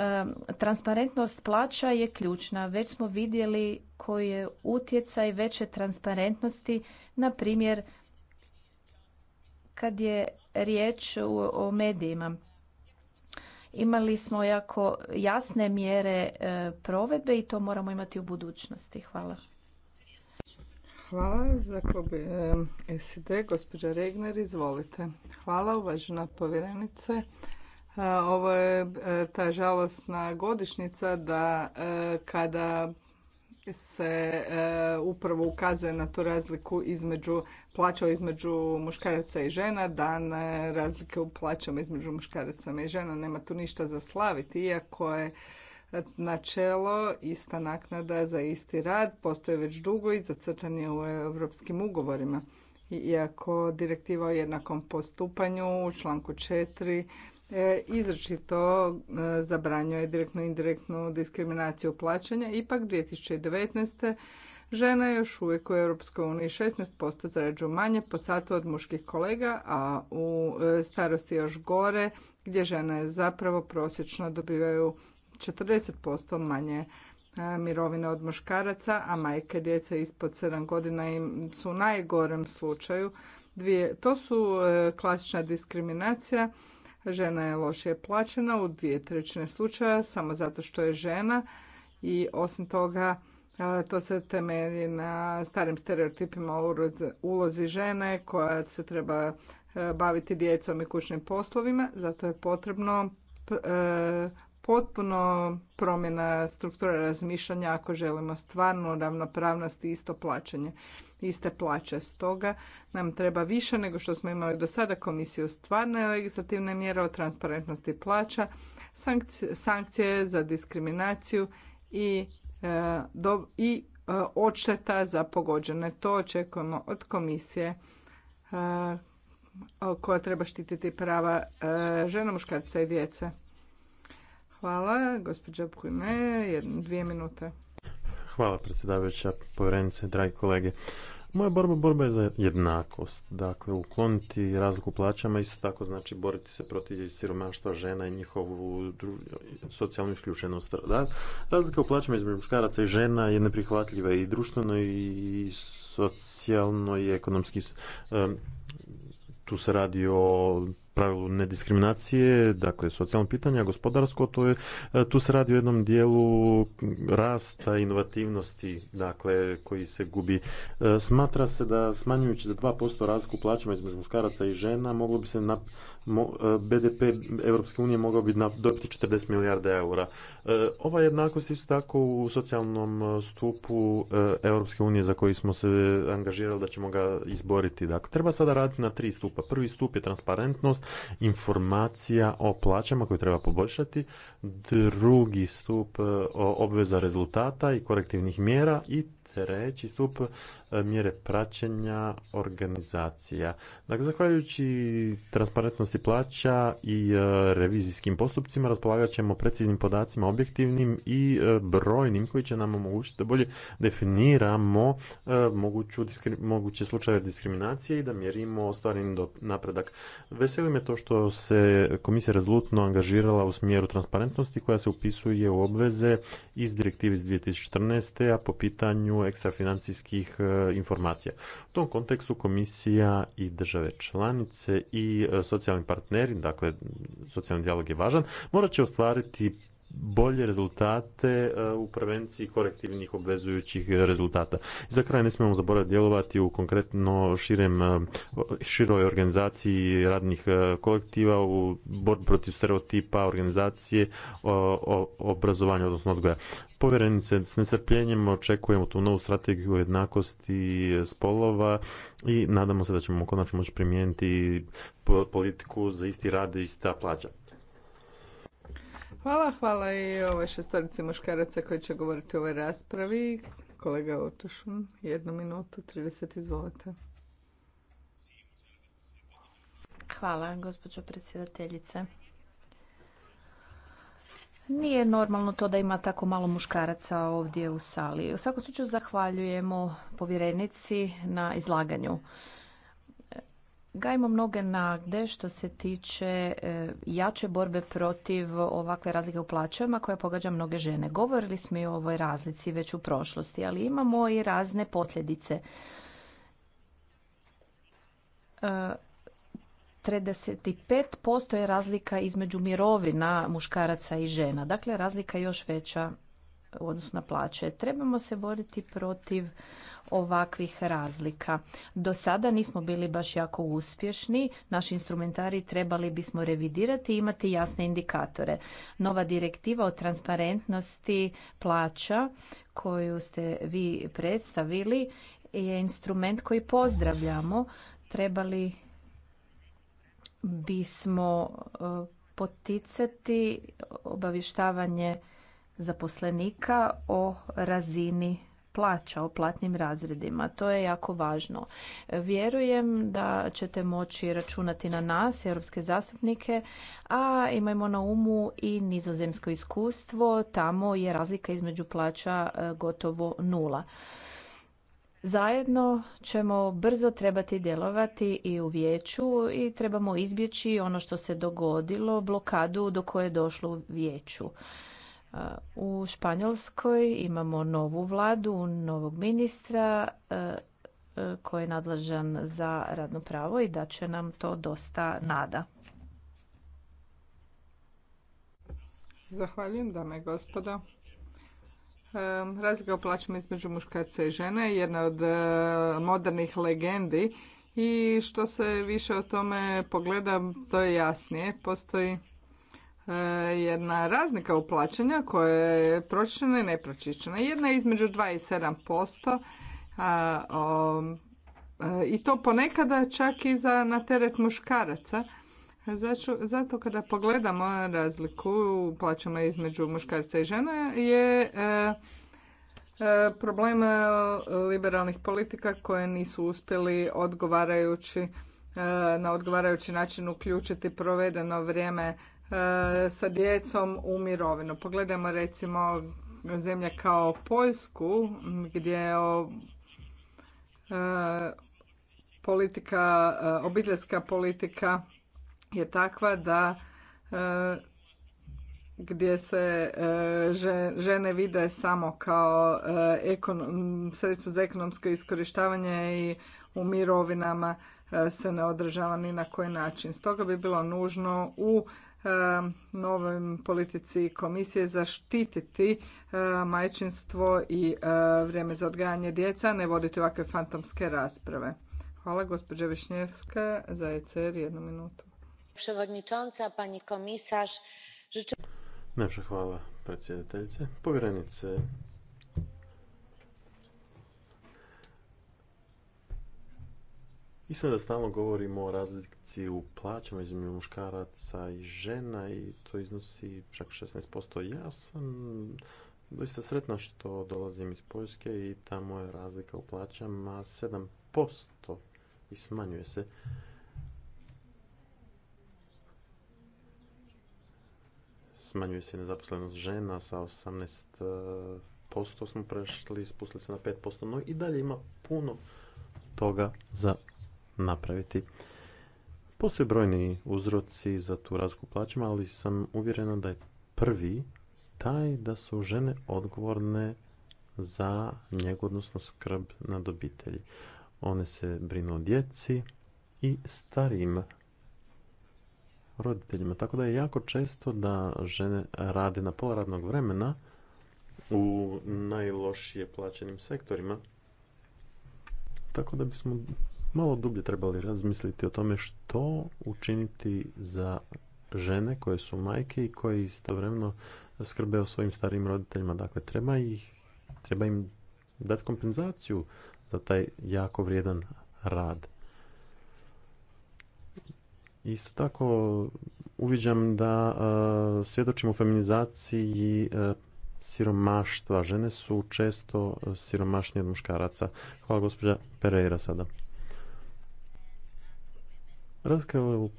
E, transparentnost plaća je ključna. Već smo vidjeli koji je utjecaj veće transparentnosti, na primjer kad je riječ o medijima. Imali smo jako jasne mjere e, provedbe i to moramo imati u budućnosti. Hvala. Hvala za klub e, SID. Gospođa Regner, izvolite. Hvala, uvažena povjerenice. Ovo je e, ta žalosna godišnjica da e, kada se e, upravo ukazuje na tu razliku između plaća između muškaraca i žena, dan razlike u plaćama između muškaraca i žena, nema tu ništa za slaviti, iako je načelo ista naknada za isti rad postoje već dugo i zacrtan je u europskim ugovorima. Iako direktiva o jednakom postupanju u članku četiri E, izračito e, zabranjuje direktnu i indirektnu diskriminaciju plaćanja. Ipak 2019. žena još uvijek u EU 16% zarađuju manje po satu od muških kolega, a u e, starosti još gore gdje žene zapravo prosječno dobivaju 40% manje mirovine od muškaraca, a majke djeca ispod 7 godina im su u najgorem slučaju. to su klasična diskriminacija žena je lošije plaćena u dvije trećine slučaja samo zato što je žena i osim toga to se temelji na starim stereotipima o ulozi žene koja se treba e, baviti djecom i kućnim poslovima. Zato je potrebno e, potpuno promjena struktura razmišljanja ako želimo stvarnu ravnopravnost i isto plaćanje iste plaće. Stoga nam treba više nego što smo imali do sada komisiju stvarne legislativne mjere o transparentnosti plaća, sankcije, za diskriminaciju i, e, i e, odšteta za pogođene. To očekujemo od komisije e, koja treba štititi prava žena, muškarca i djece. Hvala, gospođa Pujme, dvije minute. Hvala predsjedavajuća povjerenice, dragi kolege. Moja borba, borba je za jednakost. Dakle, ukloniti razliku plaćama isto tako znači boriti se protiv siromaštva žena i njihovu socijalnu isključenost. Razlika u plaćama između muškaraca i žena je neprihvatljiva i društveno i socijalno i ekonomski. Tu se radi o pravilu nediskriminacije, dakle socijalno pitanje, gospodarsko, to je, e, tu se radi o jednom dijelu rasta, inovativnosti, dakle, koji se gubi. E, smatra se da smanjujući za 2% razliku plaćama između muškaraca i žena, moglo bi se na, e, BDP Europske unije mogao bi dobiti 40 milijarda eura. E, ova jednakost isto tako u socijalnom e, stupu e, Europske unije za koji smo se angažirali da ćemo ga izboriti. Dakle, treba sada raditi na tri stupa. Prvi stup je transparentnost, informacija o plaćama koje treba poboljšati. Drugi stup obveza rezultata i korektivnih mjera i treći stup e, mjere praćenja organizacija. Dakle, zahvaljujući transparentnosti plaća i e, revizijskim postupcima raspolagat ćemo preciznim podacima, objektivnim i e, brojnim koji će nam omogućiti da bolje definiramo moguće slučajeve diskriminacije i da mjerimo ostvareni napredak. Veseli me to što se komisija rezolutno angažirala u smjeru transparentnosti koja se upisuje u obveze iz direktive iz 2014. a po pitanju ekstra ekstrafinancijskih e, informacija. U tom kontekstu komisija i države članice i e, socijalni partneri, dakle socijalni dijalog je važan, morat će ostvariti bolje rezultate e, u prevenciji korektivnih obvezujućih rezultata. I za kraj ne smijemo zaboraviti djelovati u konkretno širem, e, široj organizaciji radnih e, kolektiva u borbi protiv stereotipa, organizacije, obrazovanja, odnosno odgoja. Povjerenice, s nesrpljenjem očekujemo tu novu strategiju jednakosti spolova i nadamo se da ćemo konačno moći primijeniti politiku za isti rad i ista plaća. Hvala, hvala i ovoj šestorici muškaraca koji će govoriti o ovoj raspravi. Kolega Otošun, jednu minutu, 30, izvolite. Hvala, gospođo predsjedateljice. Nije normalno to da ima tako malo muškaraca ovdje u sali. U svakom slučaju zahvaljujemo povjerenici na izlaganju gajimo mnoge nagde što se tiče e, jače borbe protiv ovakve razlike u plaćama koja pogađa mnoge žene. Govorili smo i o ovoj razlici već u prošlosti, ali imamo i razne posljedice. 35% e, je razlika između mirovina muškaraca i žena. Dakle, razlika je još veća u odnosu na plaće. Trebamo se boriti protiv ovakvih razlika. Do sada nismo bili baš jako uspješni, Naši instrumentari trebali bismo revidirati i imati jasne indikatore. Nova direktiva o transparentnosti plaća koju ste vi predstavili je instrument koji pozdravljamo. Trebali bismo e, poticati obavještavanje zaposlenika o razini plaća o platnim razredima. To je jako važno. Vjerujem da ćete moći računati na nas, europske zastupnike, a imajmo na umu i nizozemsko iskustvo. Tamo je razlika između plaća e, gotovo nula. Zajedno ćemo brzo trebati djelovati i u vijeću i trebamo izbjeći ono što se dogodilo, blokadu do koje je došlo u vijeću. U Španjolskoj imamo novu vladu, novog ministra e, e, koji je nadležan za radno pravo i da će nam to dosta nada. Zahvaljujem, dame i gospodo. E, razlika o plaćama između muškarca i žene je jedna od modernih legendi i što se više o tome pogleda, to je jasnije. Postoji E, jedna razlika u plaćanja koja je pročišćena i nepročišćena. Jedna je između 2 i 7%. posto e, i to ponekada čak i za na teret muškaraca. Zato, kada pogledamo razliku u plaćama između muškarca i žena je e, e problem liberalnih politika koje nisu uspjeli odgovarajući na odgovarajući način uključiti provedeno vrijeme E, sa djecom u mirovinu. Pogledajmo recimo zemlje kao Poljsku gdje e, politika, e, obiteljska politika je takva da gdje se žene vide samo kao sredstvo za ekonomsko iskorištavanje i u mirovinama se ne održava ni na koji način. Stoga bi bilo nužno u Um, novoj politici komisije zaštititi um, majčinstvo i uh, vrijeme za odgajanje djeca, ne voditi ovakve fantomske rasprave. Hvala, gospođa Višnjevska, za ECR, jednu minutu. Przewodnicząca, pani komisarz, życzę... hvala predsjedateljice, povjerenice, I sada stalno govorimo o razlici u plaćama između muškaraca i žena i to iznosi čak 16%. Ja sam doista sretna što dolazim iz Poljske i tamo je razlika u plaćama 7% i smanjuje se. Smanjuje se nezaposlenost žena sa 18% smo prešli, spustili se na 5%, no i dalje ima puno toga za napraviti. Postoje brojni uzroci za tu razliku plaćama, ali sam uvjerena da je prvi taj da su žene odgovorne za njegu, odnosno skrb nad obitelji. One se brinu o djeci i starijim roditeljima. Tako da je jako često da žene rade na pola radnog vremena u najlošije plaćenim sektorima. Tako da bismo malo dublje trebali razmisliti o tome što učiniti za žene koje su majke i koje istovremeno skrbe o svojim starijim roditeljima. Dakle, treba, ih, treba im dati kompenzaciju za taj jako vrijedan rad. Isto tako uviđam da e, svjedočimo feminizaciji e, siromaštva. Žene su često e, siromašnije od muškaraca. Hvala gospođa Pereira sada. Razlika u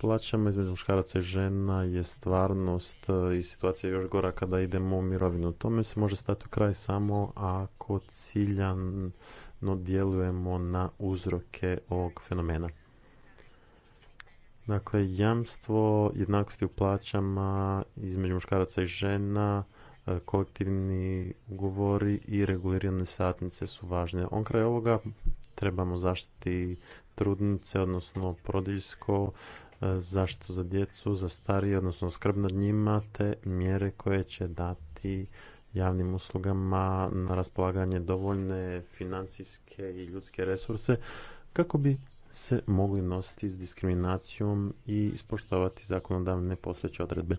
plaćama između muškaraca i žena je stvarnost e, i situacija je još gora kada idemo u mirovinu. Tome se može stati u kraj samo ako ciljano djelujemo na uzroke ovog fenomena. Dakle, jamstvo jednakosti u plaćama između muškaraca i žena, e, kolektivni ugovori i regulirane satnice su važne. On kraj ovoga trebamo zaštiti trudnice, odnosno porodiljsko, e, zaštitu za djecu, za starije, odnosno skrb nad njima, te mjere koje će dati javnim uslugama na raspolaganje dovoljne financijske i ljudske resurse kako bi se mogli nositi s diskriminacijom i ispoštovati zakonodavne postojeće odredbe.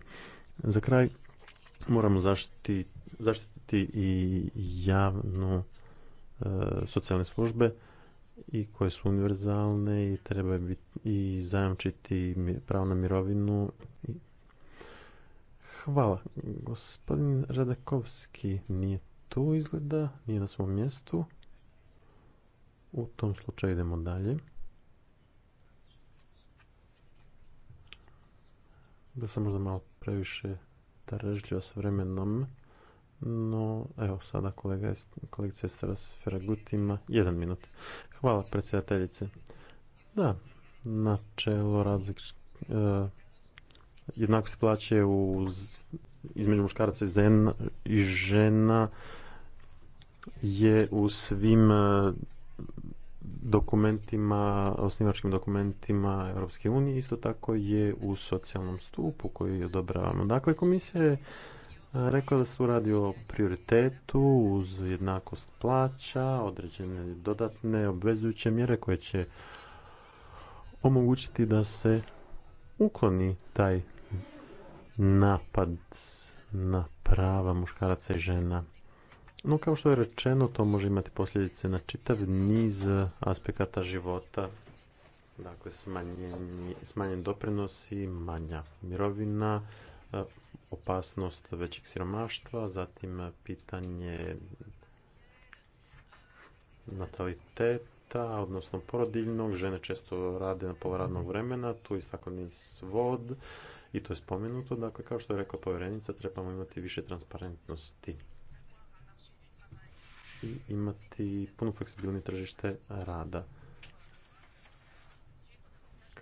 Za kraj moramo zaštiti, zaštititi i javnu e, socijalne službe i koje su univerzalne i treba biti i zajamčiti pravo na mirovinu. Hvala. Gospodin Radakovski nije tu izgleda, nije na svom mjestu. U tom slučaju idemo dalje. Da sam možda malo previše taražljiva s vremenom. No, evo sada kolega, kolegica Feragut jedan minut. Hvala predsjedateljice. Da, načelo različitih e, jednako se plaće u, između muškaraca i žena je u svim e, dokumentima, osnivačkim dokumentima Europske unije, isto tako je u socijalnom stupu koji odobravamo. Dakle, komisija je Rekla da se tu radi o prioritetu uz jednakost plaća, određene dodatne obvezujuće mjere koje će omogućiti da se ukloni taj napad na prava muškaraca i žena. No, kao što je rečeno, to može imati posljedice na čitav niz aspekata života. Dakle, smanjen, smanjen doprinosi, manja mirovina, opasnost većeg siromaštva, zatim pitanje nataliteta, odnosno porodiljnog. Žene često rade na pola radnog vremena, tu istakleni svod i to je spomenuto. Dakle, kao što je rekla povjerenica, trebamo imati više transparentnosti i imati puno fleksibilni tržište rada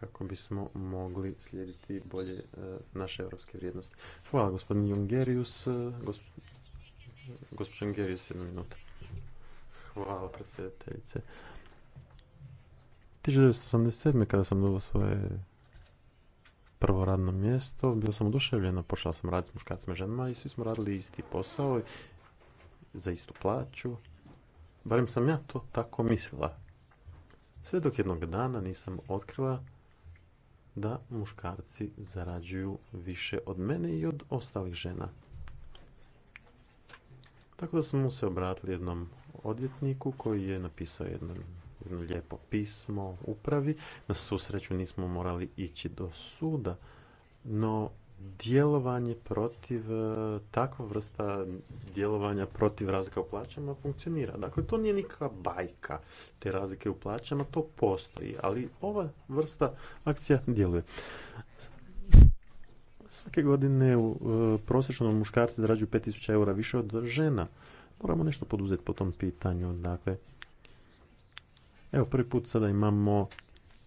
kako bismo mogli slijediti bolje e, naše evropske vrijednosti. Hvala gospodin Jungerius. E, gospodin Jungerius, jedna minuta. Hvala predsjedateljice. 1987. kada sam dobila svoje prvo radno mjesto, bio sam oduševljena, počela sam raditi s muškarcima i ženama i svi smo radili isti posao za istu plaću. Barim sam ja to tako mislila. Sve dok jednog dana nisam otkrila da muškarci zarađuju više od mene i od ostalih žena. Tako da smo mu se obratili jednom odvjetniku koji je napisao jedno, jedno lijepo pismo upravi. Na susreću nismo morali ići do suda, no djelovanje protiv e, takva vrsta djelovanja protiv razlika u plaćama funkcionira. Dakle, to nije nikakva bajka te razlike u plaćama, to postoji, ali ova vrsta akcija djeluje. Svake godine u e, prosječno muškarci zarađuju 5000 eura više od žena. Moramo nešto poduzeti po tom pitanju. Dakle, evo prvi put sada imamo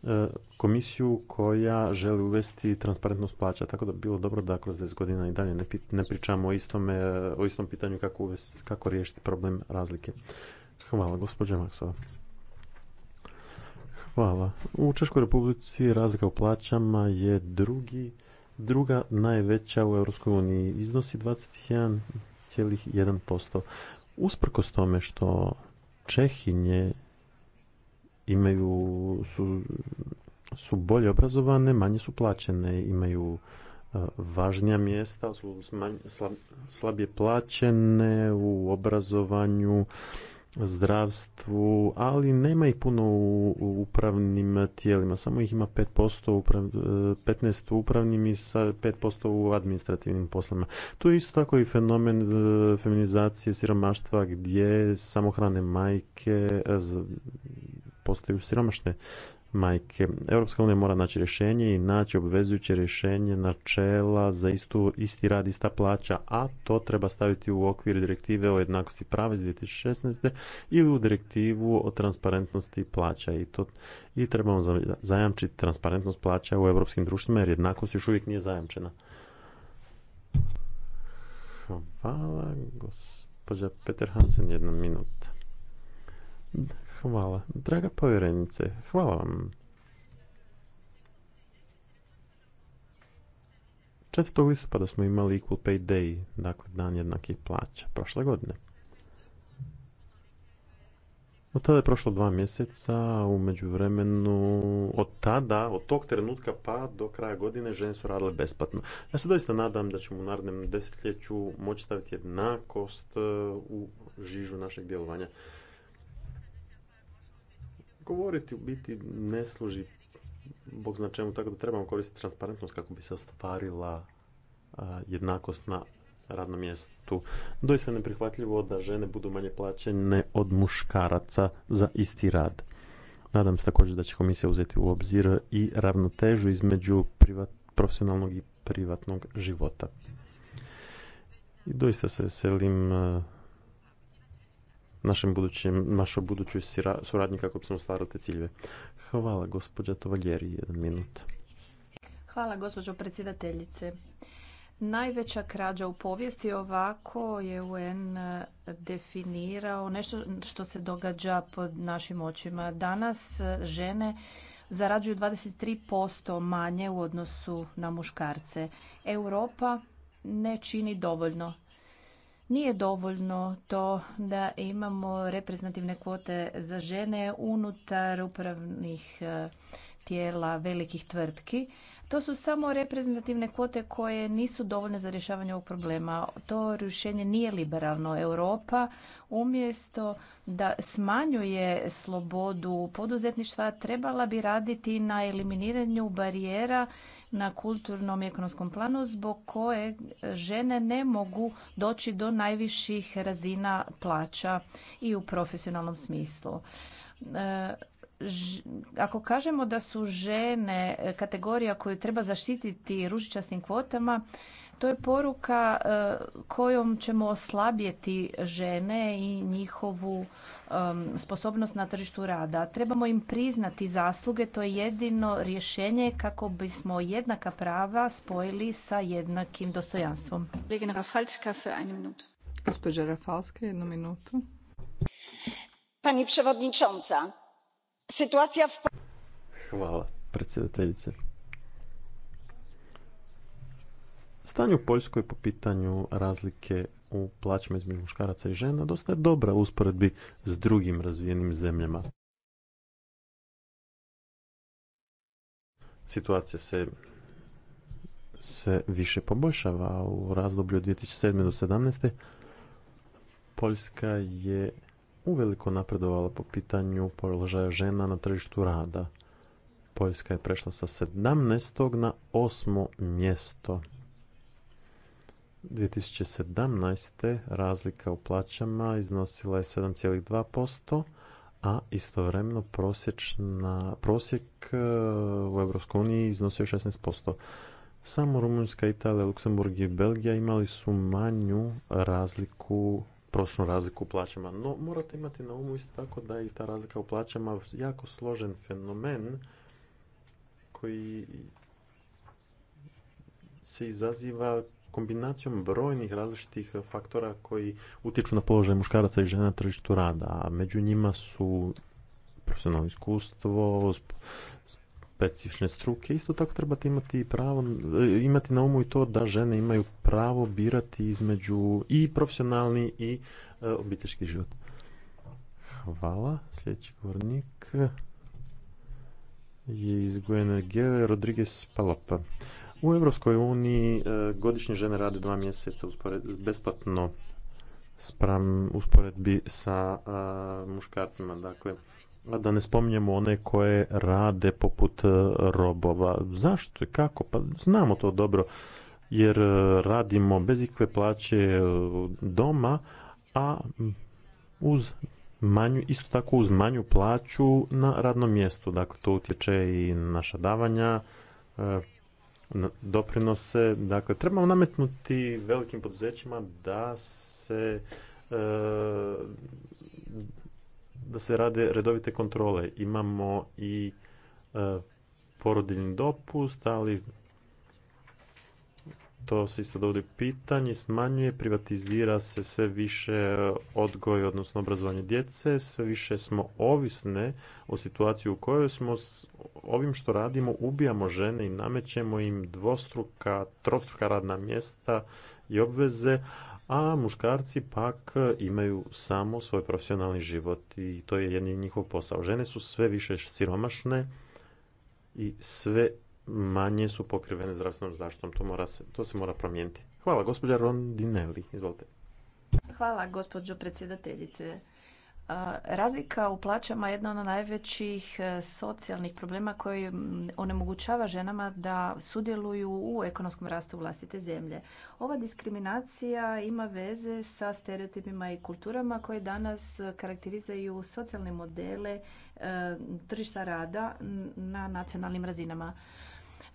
E, komisiju koja želi uvesti transparentnost plaća, tako da bi bilo dobro da kroz 10 godina i dalje ne, pričamo o, istome, o istom pitanju kako, kako riješiti problem razlike. Hvala, gospođa Maksova. Hvala. U Češkoj republici razlika u plaćama je drugi, druga najveća u Europskoj uniji. Iznosi 21,1%. Usprkos tome što Čehinje imaju, su, su bolje obrazovane, manje su plaćene, imaju e, važnija mjesta, su manj, slab, slabije plaćene u obrazovanju, zdravstvu, ali nema ih puno u, upravnim tijelima, samo ih ima 5% uprav, 15 e, u upravnim i sa 5% u administrativnim poslama. Tu je isto tako i fenomen e, feminizacije siromaštva gdje samohrane majke postaju siromašne majke. Europska unija mora naći rješenje i naći obvezujuće rješenje načela za istu, isti rad, ista plaća, a to treba staviti u okvir direktive o jednakosti prava iz 2016. ili u direktivu o transparentnosti plaća. I, to, i trebamo zajamčiti transparentnost plaća u europskim društvima jer jednakost još uvijek nije zajamčena. Hvala, gospođa Peter Hansen, jedna minuta. Hvala. Draga povjerenice, hvala vam. Četvrtog listopada smo imali Equal Pay Day, dakle dan jednakih plaća, prošle godine. Od tada je prošlo dva mjeseca, u vremenu, od tada, od tog trenutka pa do kraja godine žene su radile besplatno. Ja se doista nadam da ćemo u narednom desetljeću moći staviti jednakost e, u žižu našeg djelovanja govoriti u biti ne služi bog zna čemu, tako da trebamo koristiti transparentnost kako bi se ostvarila jednakost na radnom mjestu. Doista je neprihvatljivo da žene budu manje plaćene od muškaraca za isti rad. Nadam se također da će komisija uzeti u obzir i ravnotežu između profesionalnog i privatnog života. I doista se veselim našem budućem, našoj budućoj suradnji kako bismo ostvarili te ciljeve. Hvala gospođa jedan minut. Hvala gospođo predsjedateljice. Najveća krađa u povijesti ovako je UN eh, definirao nešto što se događa pod našim očima. Danas eh, žene zarađuju 23% manje u odnosu na muškarce. Europa ne čini dovoljno. Nije dovoljno to da imamo reprezentativne kvote za žene unutar upravnih e, tijela velikih tvrtki. To su samo reprezentativne kvote koje nisu dovoljne za rješavanje ovog problema. To rješenje nije liberalno. Europa umjesto da smanjuje slobodu poduzetništva trebala bi raditi na eliminiranju barijera na kulturnom i ekonomskom planu zbog koje žene ne mogu doći do najviših razina plaća i u profesionalnom smislu. E, ako kažemo da su žene kategorija koju treba zaštititi ružičastim kvotama, to je poruka e, kojom ćemo oslabjeti žene i njihovu Um, sposobnost na tržištu rada. Trebamo im priznati zasluge, to je jedino rješenje kako bismo jednaka prava spojili sa jednakim dostojanstvom. jednu minutu. Pani przewodnicząca, Hvala, predsjedateljice. Stanje u Poljskoj po pitanju razlike u plaćama između muškaraca i žena dosta je dobra u usporedbi s drugim razvijenim zemljama. Situacija se se više poboljšava u razdoblju od 2007. do 2017. Poljska je uveliko napredovala po pitanju položaja žena na tržištu rada. Poljska je prešla sa 17. na 8. mjesto 2017. razlika u plaćama iznosila je 7,2%, a istovremeno prosjek eh, u EU iznosio 16%. Samo Rumunjska, Italija, Luksemburg i Belgija imali su manju razliku prosječnu razliku u plaćama. No, morate imati na umu isto tako da je ta razlika u plaćama jako složen fenomen koji se izaziva kombinacijom brojnih različitih eh, faktora koji utječu na položaj muškaraca i žena na tržištu rada, a među njima su profesionalno iskustvo, specifične struke. Isto tako trebate imati pravo, eh, imati na umu i to da žene imaju pravo birati između i profesionalni i eh, obiteljski život. Hvala. Sljedeći govornik je iz Geve, Rodriguez Palapa. U Europskoj uniji e, godišnje žene rade dva mjeseca besplatno spram usporedbi sa e, muškarcima. Dakle, a da ne spominjemo one koje rade poput e, robova. Zašto i kako? Pa znamo to dobro jer radimo bez ikakve plaće doma, a uz manju, isto tako uz manju plaću na radnom mjestu. Dakle, to utječe i naša davanja, doprinose. Dakle, trebamo nametnuti velikim poduzećima da se e, da se rade redovite kontrole. Imamo i e, porodiljni dopust, ali to se isto dovodi pitanje, smanjuje, privatizira se sve više e, odgoj, odnosno obrazovanje djece, sve više smo ovisne o situaciji u kojoj smo s ovim što radimo ubijamo žene i namećemo im dvostruka, trostruka radna mjesta i obveze, a muškarci pak e, imaju samo svoj profesionalni život i to je jedini njihov posao. Žene su sve više siromašne i sve manje su pokrivene zdravstvenom zaštitom. To, mora se, to se mora promijeniti. Hvala, gospođa Rondinelli. Izvolite. Hvala, gospođo predsjedateljice. Razlika u plaćama je jedna od najvećih e, socijalnih problema koji onemogućava ženama da sudjeluju u ekonomskom rastu vlastite zemlje. Ova diskriminacija ima veze sa stereotipima i kulturama koje danas karakterizaju socijalne modele e, tržišta rada na nacionalnim razinama.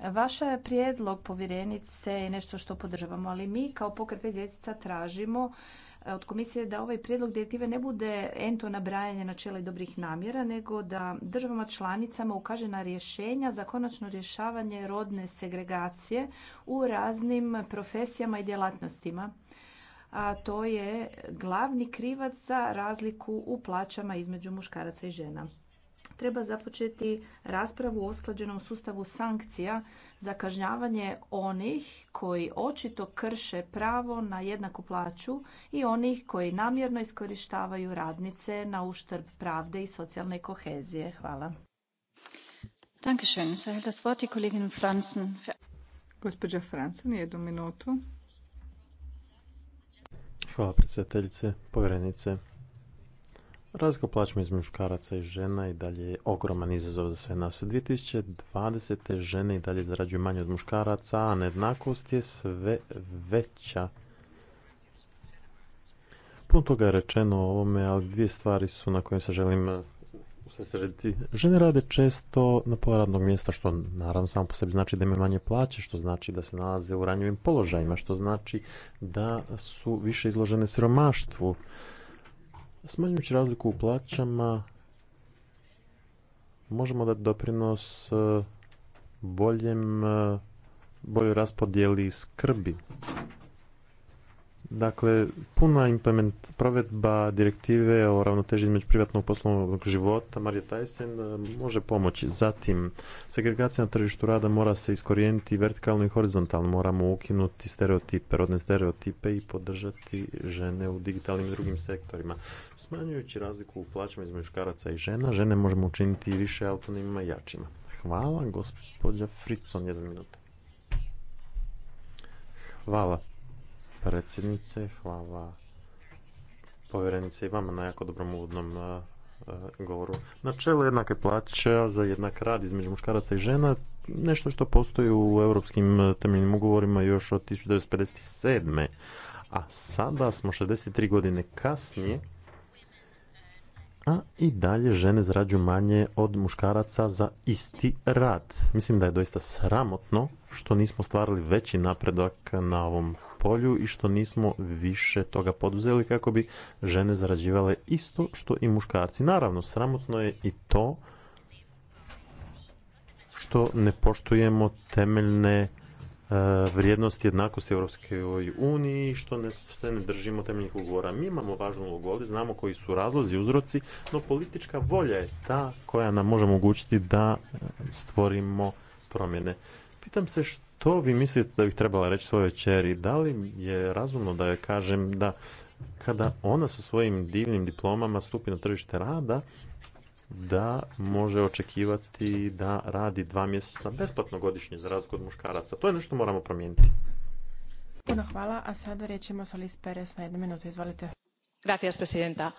Vaš prijedlog povjerenice je nešto što podržavamo, ali mi kao pokret zvijezdica tražimo eh, od komisije da ovaj prijedlog direktive ne bude ento nabrajanje načela i dobrih namjera, nego da državama članicama ukaže na rješenja za konačno rješavanje rodne segregacije u raznim profesijama i djelatnostima. A to je glavni krivac za razliku u plaćama između muškaraca i žena treba započeti raspravu o usklađenom sustavu sankcija za kažnjavanje onih koji očito krše pravo na jednaku plaću i onih koji namjerno iskorištavaju radnice na uštrb pravde i socijalne kohezije. Hvala. Das Wort Hvala predsjedateljice, povjerenice. Razlika plaća između muškaraca i žena i dalje je ogroman izazov za sve nas. 2020. žene i dalje zarađuju manje od muškaraca, a nejednakost je sve veća. Puno toga je rečeno o ovome, ali dvije stvari su na kojim se želim uh, usrediti. Žene rade često na pola radnog mjesta, što naravno samo po sebi znači da imaju manje plaće, što znači da se nalaze u ranjivim položajima, što znači da su više izložene siromaštvu. Smanjujući razliku u plaćama, možemo dati doprinos e, boljem, e, boljoj raspodjeli skrbi Dakle, puna implement, provedba direktive o ravnoteži između privatnog poslovnog života, Marija Tyson, e, može pomoći. Zatim, segregacija na tržištu rada mora se iskorijeniti vertikalno i horizontalno. Moramo ukinuti stereotipe, rodne stereotipe i podržati žene u digitalnim i drugim sektorima. Smanjujući razliku u plaćama između muškaraca i žena, žene možemo učiniti i više autonomima i jačima. Hvala, gospođa Fritson, jedan minut. Hvala predsjednice, hvala povjerenice i vama na jako dobrom uvodnom e, e, govoru. Načelo jednake plaće za jednak rad između muškaraca i žena nešto što postoji u europskim e, temeljnim ugovorima još od 1957. A sada smo 63 godine kasnije a i dalje žene zarađuju manje od muškaraca za isti rad. Mislim da je doista sramotno što nismo stvarali veći napredak na ovom polju i što nismo više toga poduzeli kako bi žene zarađivale isto što i muškarci. Naravno, sramotno je i to što ne poštujemo temeljne e, vrijednosti jednakosti unije i što ne, se ne držimo temeljnih ugovora. Mi imamo važnu ulogu ovdje, znamo koji su razlozi, uzroci, no politička volja je ta koja nam može omogućiti da e, stvorimo promjene. Pitam se što to vi mislite da bih trebala reći svojoj čeri? Da li je razumno da je kažem da kada ona sa svojim divnim diplomama stupi na tržište rada, da može očekivati da radi dva mjeseca besplatno godišnje za razliku od muškaraca. To je nešto moramo promijeniti. hvala, a sada rećemo Solis Perez na jednu minutu. Izvolite. Gracias, presidenta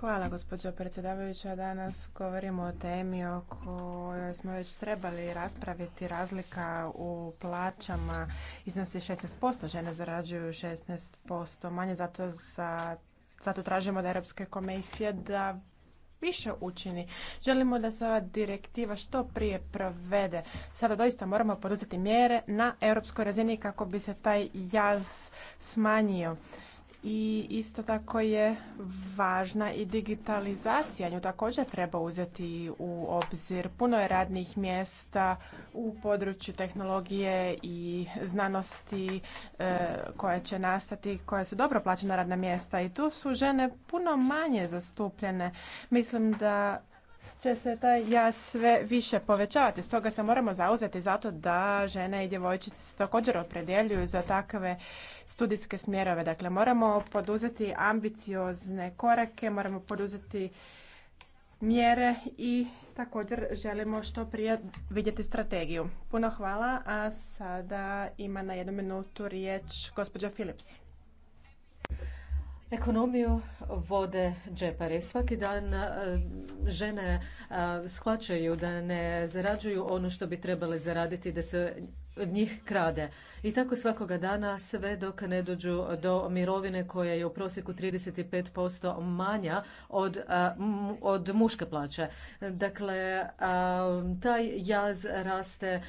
Hvala gospođo predsjedavajuća. Danas govorimo o temi o kojoj smo već trebali raspraviti. Razlika u plaćama iznosi 16%. Žene zarađuju 16% manje. Zato, za, zato tražimo od Europske komisije da više učini. Želimo da se ova direktiva što prije provede. Sada doista moramo poduzeti mjere na europskoj razini kako bi se taj jaz smanjio i isto tako je važna i digitalizacija. Nju također treba uzeti u obzir. Puno je radnih mjesta u području tehnologije i znanosti koja e, koje će nastati, koja su dobro plaćena radna mjesta i tu su žene puno manje zastupljene. Mislim da će se taj ja sve više povećavati. Stoga se moramo zauzeti zato da žene i djevojčice se također opredjeljuju za takve studijske smjerove. Dakle, moramo poduzeti ambiciozne korake, moramo poduzeti mjere i također želimo što prije vidjeti strategiju. Puno hvala, a sada ima na jednu minutu riječ gospođa Philips. Ekonomiju vode džepari. Svaki dan e, žene e, shvaćaju da ne zarađuju ono što bi trebale zaraditi, da se od njih krade. I tako svakoga dana sve dok ne dođu do mirovine koja je u prosjeku 35% manja od, od muške plaće. Dakle, taj jaz raste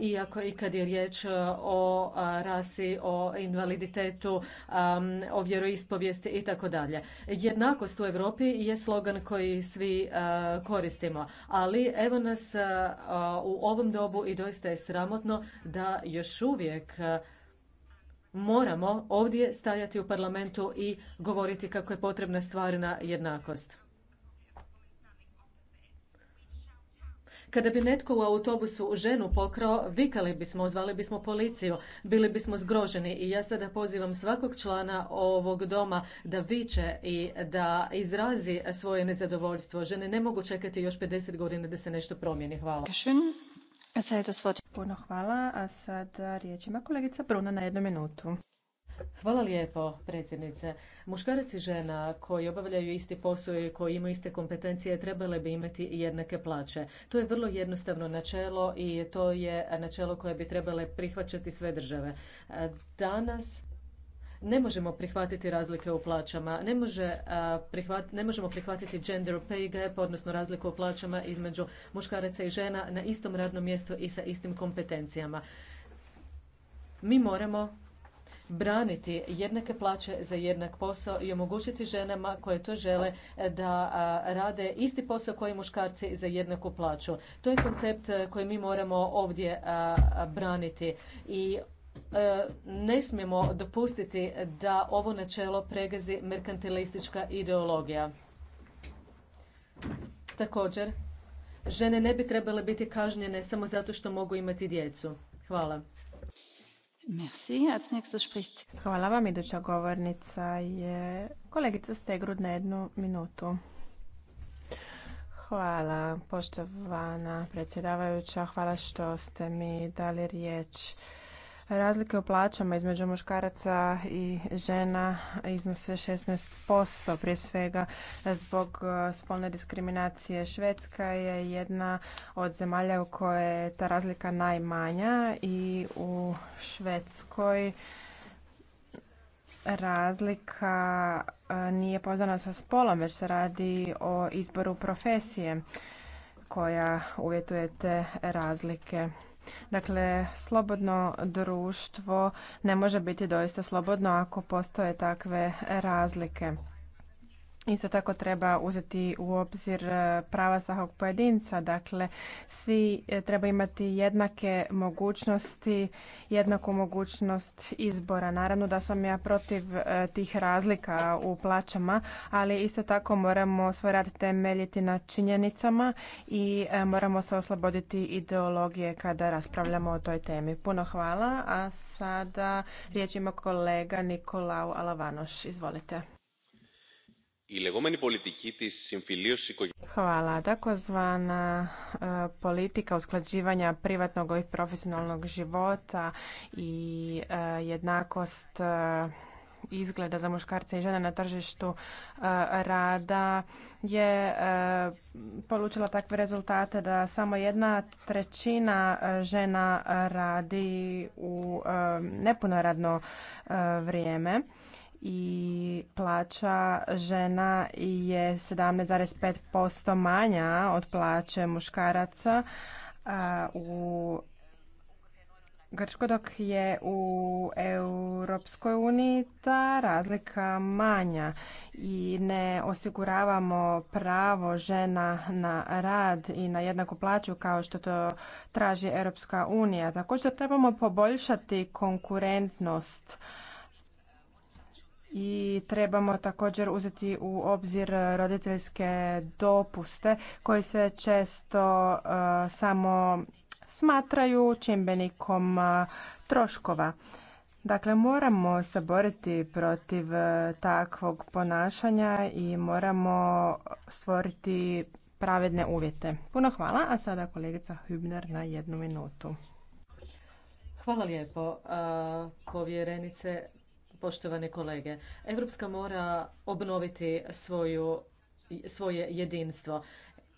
iako i kad je riječ o rasi, o invaliditetu, o vjeroispovijesti i tako dalje. Jednakost u Europi je slogan koji svi koristimo, ali evo nas u ovom dobu i doista je sramotno da još uvijek E, moramo ovdje stajati u parlamentu i govoriti kako je potrebna stvarna jednakost. Kada bi netko u autobusu ženu pokrao, vikali bismo, zvali bismo policiju, bili bismo zgroženi i ja sada pozivam svakog člana ovog doma da viče i da izrazi svoje nezadovoljstvo. Žene ne mogu čekati još 50 godina da se nešto promijeni. Hvala. Puno hvala, sada kolegica Bruna na jednu minutu. Hvala lijepo, predsjednice. Muškarac i žena koji obavljaju isti posao i koji imaju iste kompetencije trebale bi imati jednake plaće. To je vrlo jednostavno načelo i to je načelo koje bi trebale prihvaćati sve države. Danas ne možemo prihvatiti razlike u plaćama, ne, može, ne možemo prihvatiti gender pay gap, odnosno razliku u plaćama između muškaraca i žena na istom radnom mjestu i sa istim kompetencijama. Mi moramo braniti jednake plaće za jednak posao i omogućiti ženama koje to žele e, da rade isti posao koji muškarci za jednaku plaću. To je koncept e, koji mi moramo ovdje braniti i E, ne smijemo dopustiti da ovo načelo pregazi merkantilistička ideologija. Također, žene ne bi trebale biti kažnjene samo zato što mogu imati djecu. Hvala. Merci. Hvala vam. Iduća govornica je kolegica Stegrud na jednu minutu. Hvala, poštovana predsjedavajuća. Hvala što ste mi dali riječ. Razlike u plaćama između muškaraca i žena iznose 16%, prije svega zbog e, spolne diskriminacije. Švedska je jedna od zemalja u kojoj je ta razlika najmanja i u Švedskoj razlika e, nije poznana sa spolom, već se radi o izboru profesije koja uvjetuje te razlike. Dakle, slobodno društvo ne može biti doista slobodno ako postoje takve razlike. Isto tako treba uzeti u obzir e, prava svakog pojedinca, dakle svi e, treba imati jednake mogućnosti, jednaku mogućnost izbora. Naravno da sam ja protiv e, tih razlika u plaćama, ali isto tako moramo svoj rad temeljiti na činjenicama i moramo se osloboditi ideologije kada raspravljamo o toj temi. Puno hvala, a sada riječ ima kolega Nikolao Alavanoš. Izvolite. Hvala. zvana e, politika usklađivanja privatnog i profesionalnog života i e, jednakost e, izgleda za muškarce i žene na tržištu rada je polučila takve rezultate da samo jedna trećina žena radi u nepuno radno vrijeme i plaća žena je 17,5% manja od plaće muškaraca u Grčkoj, dok je u Europskoj uniji ta razlika manja i ne osiguravamo pravo žena na rad i na jednaku plaću kao što to traži Europska unija. Također trebamo poboljšati konkurentnost i trebamo također uzeti u obzir roditeljske dopuste koji se često e, samo smatraju čimbenikom e, troškova. Dakle, moramo se boriti protiv e, takvog ponašanja i moramo stvoriti pravedne uvjete. Puno hvala, a sada kolegica Hübner na jednu minutu. Hvala lijepo. Povjerenice, poštovane kolege. Evropska mora obnoviti svoju, svoje jedinstvo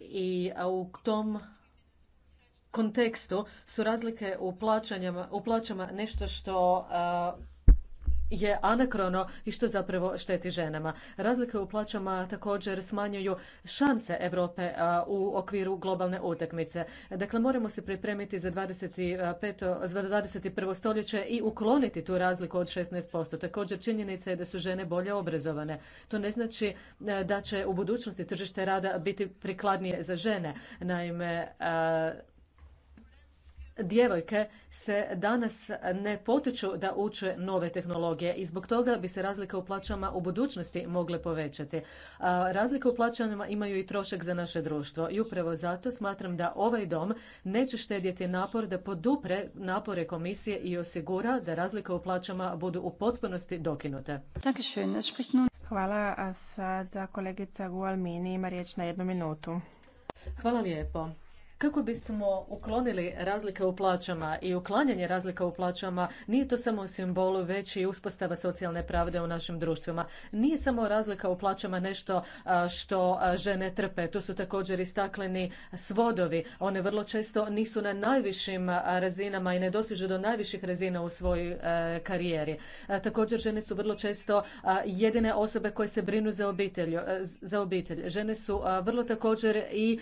i u tom kontekstu su razlike u, u plaćama nešto što je anakrono i što zapravo šteti ženama. Razlike u plaćama također smanjuju šanse Europe u okviru globalne utakmice. Dakle, moramo se pripremiti za 25, za 21. stoljeće i ukloniti tu razliku od 16%. Također, činjenica je da su žene bolje obrazovane. To ne znači e, da će u budućnosti tržište rada biti prikladnije za žene. Naime, djevojke se danas ne potiču da uče nove tehnologije i zbog toga bi se razlika u plaćama u budućnosti mogle povećati. Razlika u plaćama imaju i trošak za naše društvo i upravo zato smatram da ovaj dom neće štedjeti napor da podupre napore komisije i osigura da razlika u plaćama budu u potpunosti dokinute. Hvala, a sada kolegica Gualmini ima riječ na jednu minutu. Hvala lijepo. Kako bismo uklonili razlike u plaćama i uklanjanje razlika u plaćama nije to samo simbolu već i uspostava socijalne pravde u našim društvima. Nije samo razlika u plaćama nešto što žene trpe. To su također i stakleni svodovi. One vrlo često nisu na najvišim razinama i ne dosižu do najviših razina u svojoj e, karijeri. E, također žene su vrlo često jedine osobe koje se brinu za obitelj. E, za obitelj. Žene su vrlo također i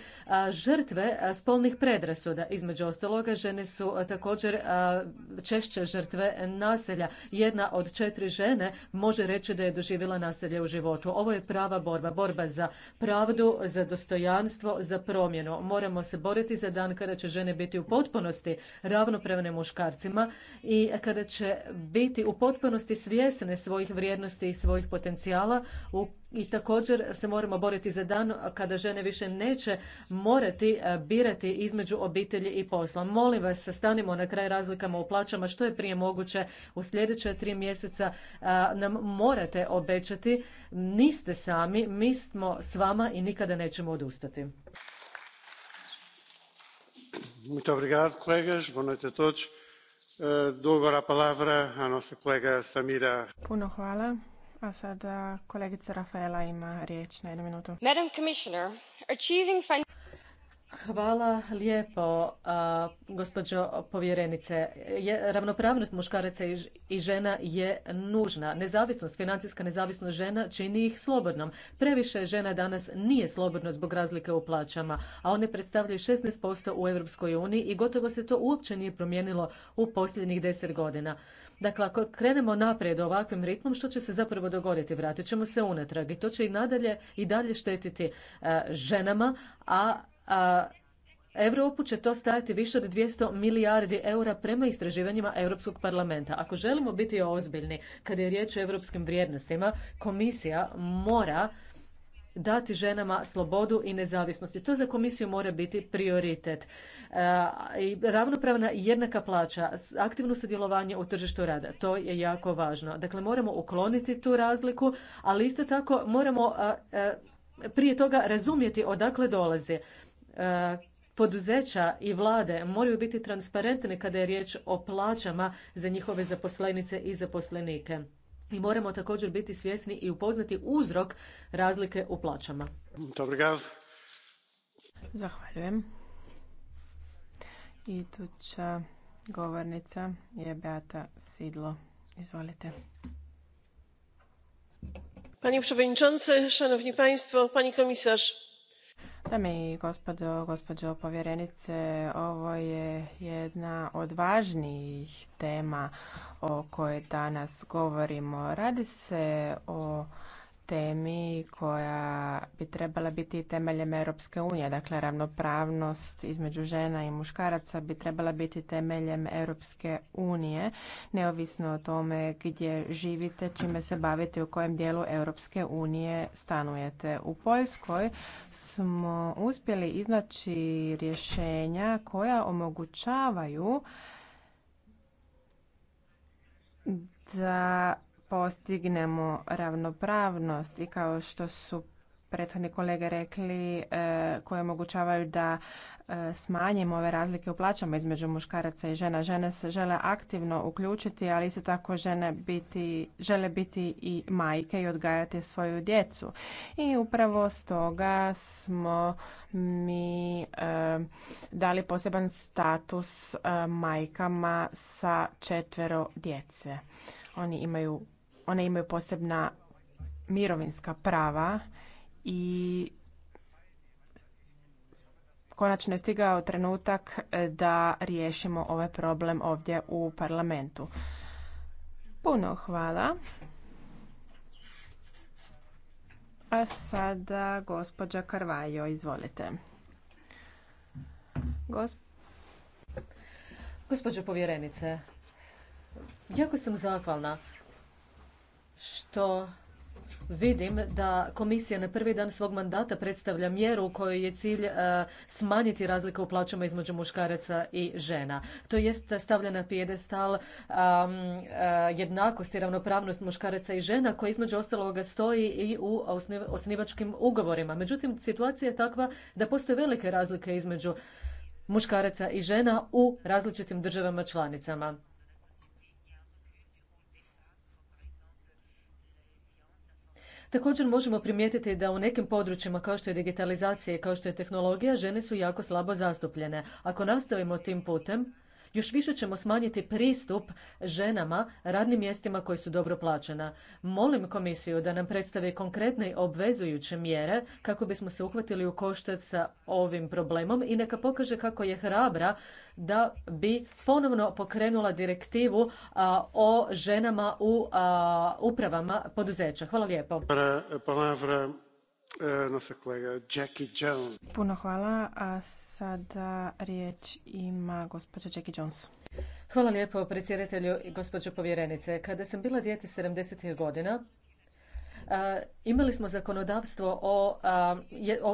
žrtve spolnih predrasuda. Između ostaloga, žene su e, također e, češće žrtve naselja. Jedna od četiri žene može reći da je doživjela naselje u životu. Ovo je prava borba. Borba za pravdu, za dostojanstvo, za promjenu. Moramo se boriti za dan kada će žene biti u potpunosti ravnopravne muškarcima i kada će biti u potpunosti svjesne svojih vrijednosti i svojih potencijala u i također se moramo boriti za dan kada žene više neće morati e, birati između obitelji i posla. Molim vas, stanimo na kraj razlikama u plaćama što je prije moguće. U sljedeće tri mjeseca e, nam morate obećati. Niste sami, mi smo s vama i nikada nećemo odustati. Muito obrigado, colegas. Boa noite a todos. Eh, dou agora a palavra à nossa colega Samira. Puno hvala. A sada kolegica Rafaela ima riječ na jednu minutu. Hvala lijepo, gospođo povjerenice. ravnopravnost muškaraca i, žena je nužna. Nezavisnost, financijska nezavisnost žena čini ih slobodnom. Previše žena danas nije slobodno zbog razlike u plaćama, a one predstavljaju 16% u Europskoj uniji i gotovo se to uopće nije promijenilo u posljednjih deset godina. Dakle, ako krenemo naprijed ovakvim ritmom, što će se zapravo dogoditi? Vratit ćemo se unatrag i to će i nadalje i dalje štetiti e, ženama, a, Europu će to stajati više od 200 milijardi eura prema istraživanjima Europskog parlamenta. Ako želimo biti ozbiljni kada je riječ o europskim vrijednostima, komisija mora dati ženama slobodu i nezavisnost. to za komisiju mora biti prioritet. E, ravnopravna i jednaka plaća, aktivno sudjelovanje u tržištu rada, to je jako važno. Dakle, moramo ukloniti tu razliku, ali isto tako moramo e, e, prije toga razumjeti odakle dolazi. Poduzeća i vlade moraju biti transparentne kada je riječ o plaćama za njihove zaposlenice i zaposlenike. I moramo također biti svjesni i upoznati uzrok razlike u plaćama. Dobrigav. Zahvaljujem. Iduća govornica je Beata Sidlo. Izvolite. Panie przewodniczący, szanowni państwo, pani komisarz. Dame i gospodo, gospođo povjerenice, ovo je jedna od važnijih tema o kojoj danas govorimo. Radi se o temi koja bi trebala biti temeljem Europske unije. Dakle, ravnopravnost između žena i muškaraca bi trebala biti temeljem Europske unije, neovisno o tome gdje živite, čime se bavite, u kojem dijelu Europske unije stanujete. U Poljskoj smo uspjeli iznaći rješenja koja omogućavaju da postignemo ravnopravnost i kao što su prethodni kolege rekli e, koje omogućavaju da e, smanjimo ove razlike u plaćama između muškaraca i žena. Žene se žele aktivno uključiti, ali isto tako žene biti, žele biti i majke i odgajati svoju djecu. I upravo stoga smo mi e, dali poseban status majkama sa četvero djece. Oni imaju one imaju posebna mirovinska prava i konačno je stigao trenutak da riješimo ovaj problem ovdje u parlamentu. Puno hvala. A sada gospođa Karvajo, izvolite. Gospođo povjerenice, jako sam zahvalna što vidim da komisija na prvi dan svog mandata predstavlja mjeru u kojoj je cilj e, smanjiti razlike u plaćama između muškaraca i žena. To jest stavljena na pijedestal e, jednakost i ravnopravnost muškaraca i žena koja između ostaloga stoji i u osnivačkim ugovorima. Međutim, situacija je takva da postoje velike razlike između muškaraca i žena u različitim državama članicama. Također možemo primijetiti da u nekim područjima kao što je digitalizacija i kao što je tehnologija žene su jako slabo zastupljene. Ako nastavimo tim putem, još više ćemo smanjiti pristup ženama radnim mjestima koji su dobro plaćena. Molim komisiju da nam predstavi konkretne i obvezujuće mjere kako bismo se uhvatili u koštac sa ovim problemom i neka pokaže kako je hrabra da bi ponovno pokrenula direktivu o ženama u upravama poduzeća. Hvala lijepo. E, Puno hvala. Sada riječ ima gospođa Jackie Jones. Hvala lijepo predsjedatelju i gospođo povjerenice. Kada sam bila dijete 70. godina, imali smo zakonodavstvo o,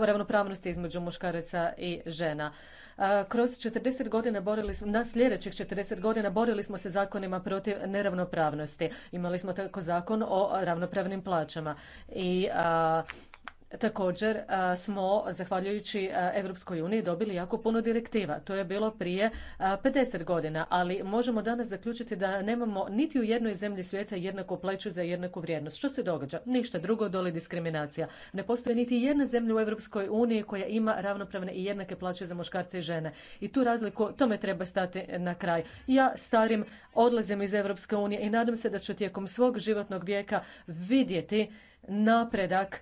ravnopravnosti između muškaraca i žena. kroz 40 godina borili smo, na sljedećih 40 godina borili smo se zakonima protiv neravnopravnosti. Imali smo tako zakon o ravnopravnim plaćama i Također smo, zahvaljujući Europskoj uniji, dobili jako puno direktiva. To je bilo prije 50 godina, ali možemo danas zaključiti da nemamo niti u jednoj zemlji svijeta jednaku plaću za jednaku vrijednost. Što se događa? Ništa drugo doli diskriminacija. Ne postoji niti jedna zemlja u Europskoj uniji koja ima ravnopravne i jednake plaće za muškarce i žene. I tu razliku tome treba stati na kraj. Ja starim odlazim iz Europske unije i nadam se da ću tijekom svog životnog vijeka vidjeti napredak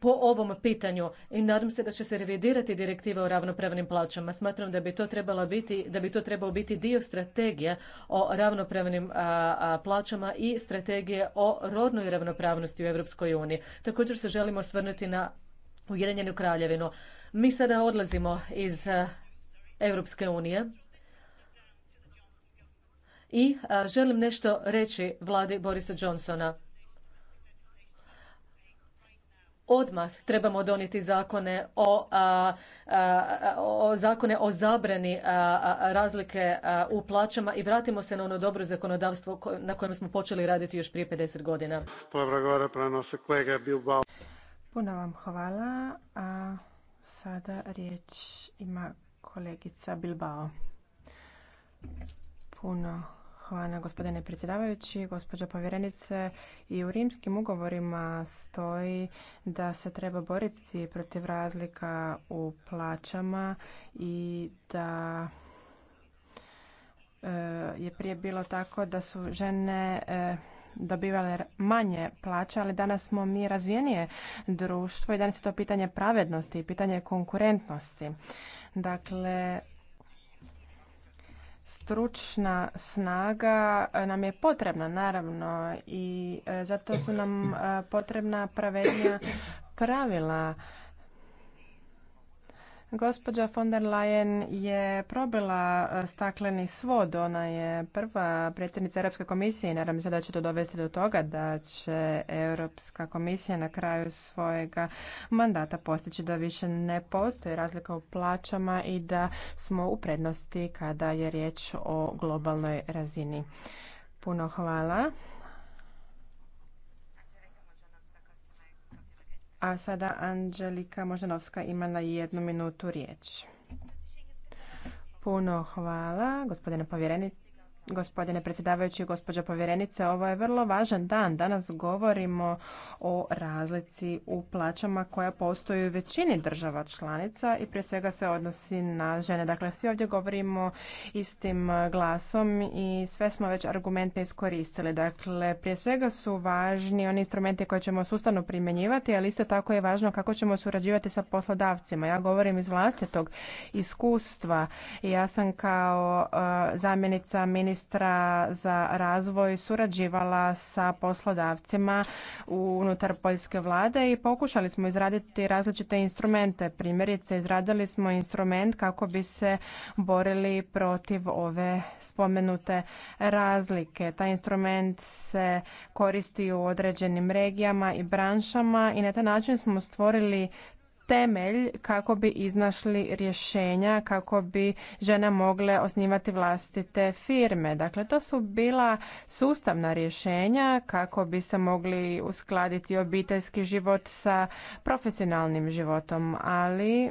po ovom pitanju i nadam se da će se revidirati direktiva o ravnopravnim plaćama. Smatram da bi to trebalo biti, da bi to trebao biti dio strategije o ravnopravnim plaćama i strategije o rodnoj ravnopravnosti u Europskoj uniji. Također se želimo osvrnuti na Ujedinjenu kraljevinu. Mi sada odlazimo iz Europske unije i želim nešto reći vladi Borisa Johnsona odmah trebamo donijeti zakone o, o zakone o zabrani razlike u plaćama i vratimo se na ono dobro zakonodavstvo na kojem smo počeli raditi još prije 50 godina. Puno vam hvala, a sada riječ ima kolegica Bilbao. Puno Hvala gospodine predsjedavajući, gospođo povjerenice. I u rimskim ugovorima stoji da se treba boriti protiv razlika u plaćama i da e, je prije bilo tako da su žene e, dobivale manje plaće, ali danas smo mi razvijenije društvo i danas je to pitanje pravednosti i pitanje konkurentnosti. Dakle, stručna snaga nam je potrebna naravno i e, zato su nam e, potrebna pravednija pravila Gospođa von der Leyen je probila e, stakleni svod. Ona je prva predsjednica Europske komisije i naravno se da će to dovesti do toga da će Europska komisija na kraju svojega mandata postići da više ne postoji razlika u plaćama i da smo u prednosti kada je riječ o globalnoj razini. Puno hvala. A sada Anđelika Moždanovska ima na jednu minutu riječ. Puno hvala, gospodine povjerenik. Gospodine predsjedavajući, gospođa povjerenice, ovo je vrlo važan dan. Danas govorimo o razlici u plaćama koja postoji u većini država članica i prije svega se odnosi na žene. Dakle, svi ovdje govorimo istim glasom i sve smo već argumente iskoristili. Dakle, prije svega su važni oni instrumenti koje ćemo sustavno primjenjivati, ali isto tako je važno kako ćemo surađivati sa poslodavcima. Ja govorim iz vlastitog iskustva. Ja sam kao e, zamjenica ministra ministra za razvoj surađivala sa poslodavcima unutar poljske vlade i pokušali smo izraditi različite instrumente. Primjerice, izradili smo instrument kako bi se borili protiv ove spomenute razlike. Taj instrument se koristi u određenim regijama i branšama i na taj način smo stvorili temelj kako bi iznašli rješenja kako bi žene mogle osnivati vlastite firme. Dakle, to su bila sustavna rješenja kako bi se mogli uskladiti obiteljski život sa profesionalnim životom, ali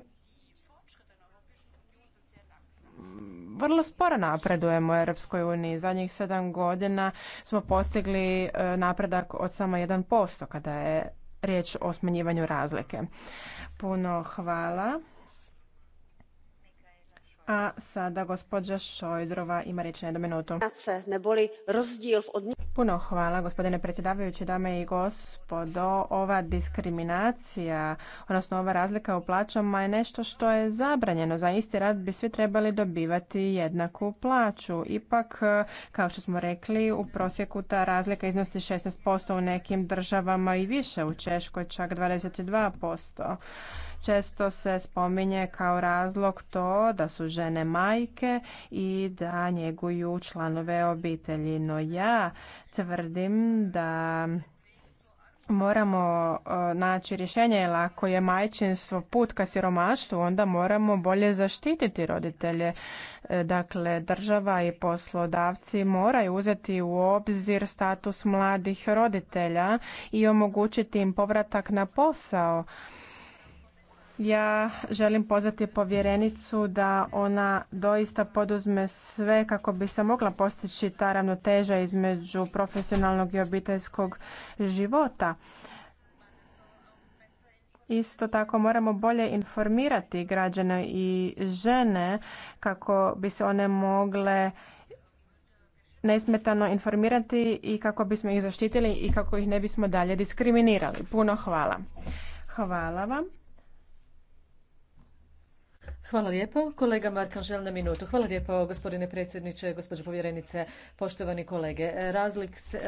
vrlo sporo napredujemo u Europskoj uniji. Zadnjih sedam godina smo postigli e, napredak od samo 1% kada je riječ o smanjivanju razlike. Puno hvala. A sada gospođa Šojdrova ima riječ na jednu minutu. Puno hvala gospodine predsjedavajući, dame i gospodo. Ova diskriminacija, odnosno ova razlika u plaćama je nešto što je zabranjeno. Za isti rad bi svi trebali dobivati jednaku plaću. Ipak, kao što smo rekli, u prosjeku ta razlika iznosi 16% u nekim državama i više, u Češkoj čak 22%. Često se spominje kao razlog to da su žene majke i da njeguju članove obitelji. No ja tvrdim da moramo e, naći rješenje jer ako je majčinstvo put ka siromaštvu onda moramo bolje zaštititi roditelje e, dakle država i poslodavci moraju uzeti u obzir status mladih roditelja i omogućiti im povratak na posao ja želim pozvati povjerenicu da ona doista poduzme sve kako bi se mogla postići ta ravnoteža između profesionalnog i obiteljskog života. Isto tako moramo bolje informirati građane i žene kako bi se one mogle nesmetano informirati i kako bismo ih zaštitili i kako ih ne bismo dalje diskriminirali. Puno hvala. Hvala vam. Hvala lijepo. Kolega Markan, želim na minutu. Hvala lijepo, gospodine predsjedniče, gospođo povjerenice, poštovani kolege.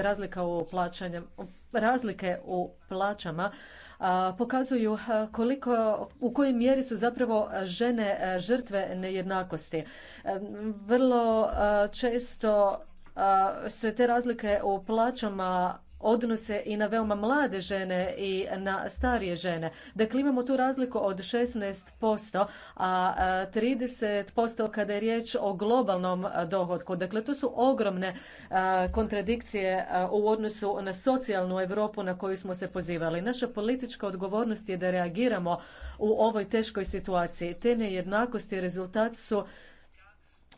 razlika u razlike u plaćama pokazuju koliko, u kojoj mjeri su zapravo žene žrtve nejednakosti. Vrlo često se te razlike u plaćama odnose i na veoma mlade žene i na starije žene. Dakle, imamo tu razliku od 16%, a 30% kada je riječ o globalnom dohodku. Dakle, to su ogromne kontradikcije u odnosu na socijalnu Europu na koju smo se pozivali. Naša politička odgovornost je da reagiramo u ovoj teškoj situaciji. Te nejednakosti rezultat su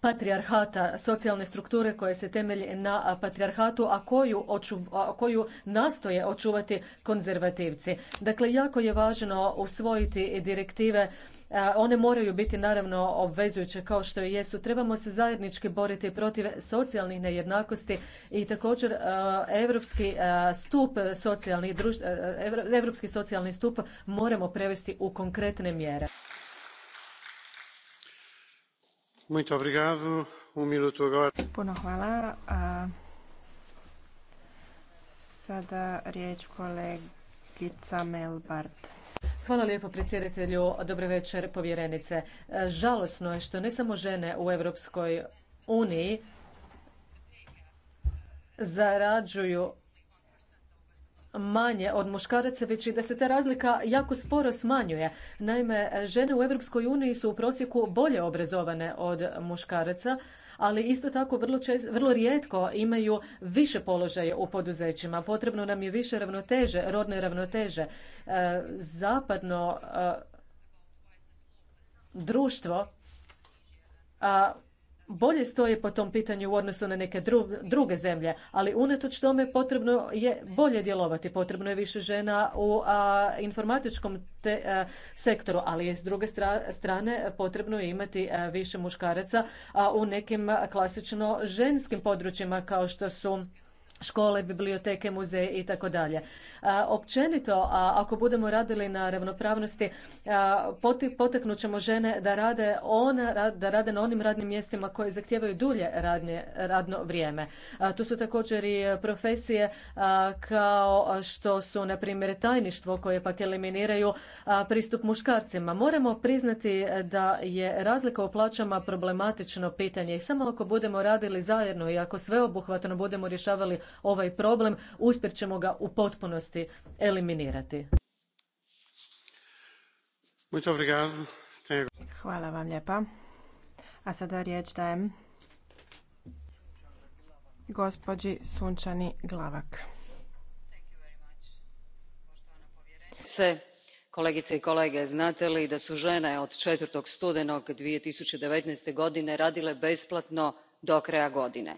patrijarhata, socijalne strukture koje se temelji na patrijarhatu, a koju, nastoje očuvati konzervativci. Dakle, jako je važno usvojiti direktive one moraju biti naravno obvezujuće kao što i jesu. Trebamo se zajednički boriti protiv socijalnih nejednakosti i također europski stup socijalni, evropski socijalni stup moramo prevesti u konkretne mjere. Muito obrigado. Um minuto agora. Puno hvala. A sada riječ kolegica Melbart. Hvala lijepo predsjedatelju. dobre večer, povjerenice. E, žalosno je što ne samo žene u Europskoj uniji zarađuju manje od muškaraca, već i da se ta razlika jako sporo smanjuje. Naime, žene u Europskoj uniji su u prosjeku bolje obrazovane od muškaraca, ali isto tako vrlo, vrlo rijetko imaju više položaje u poduzećima. Potrebno nam je više ravnoteže, rodne ravnoteže. E, zapadno e, društvo bolje stoje po tom pitanju u odnosu na neke druge zemlje, ali unatoč tome potrebno je bolje djelovati, potrebno je više žena u informatičkom te, sektoru, ali je s druge strane potrebno je imati više muškaraca u nekim klasično ženskim područjima kao što su škole, biblioteke, muzeje i tako dalje. Općenito, ako budemo radili na ravnopravnosti, poteknut ćemo žene da rade, ona, da rade na onim radnim mjestima koje zahtijevaju dulje radnje, radno vrijeme. Tu su također i e, profesije kao što su, na primjer, tajništvo koje pak eliminiraju pristup muškarcima. Moramo priznati e, da je razlika u plaćama problematično pitanje i samo ako budemo radili zajedno i ako sveobuhvatno budemo rješavali ovaj problem, uspjet ćemo ga u potpunosti eliminirati. Hvala vam lijepa. A sada riječ dajem gospođi Sunčani Glavak. Kolegice i kolege, znate li da su žene od 4. studenog 2019. godine radile besplatno do kraja godine?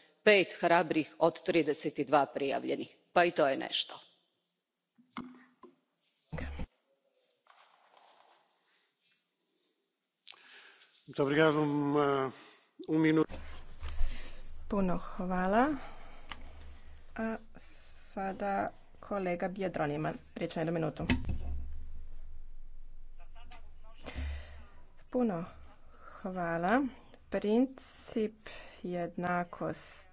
pet hrabrih od trideset dva prijavljenih pa i to je nešto. Um, uh, Puno hvala. A sada kolega Bijedron ima riječ na jednu minutu. Puno hvala. Princip jednakost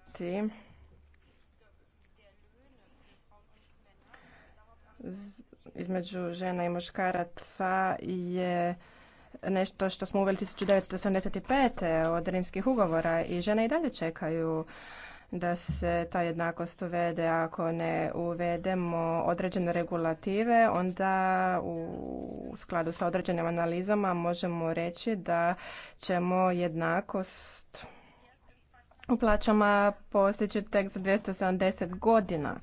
između žena i muškaraca je nešto što smo uveli 1975. od rimskih ugovora i žene i dalje čekaju da se ta jednakost uvede. Ako ne uvedemo određene regulative, onda u skladu sa određenim analizama možemo reći da ćemo jednakost u plaćama postići tek za 270 godina.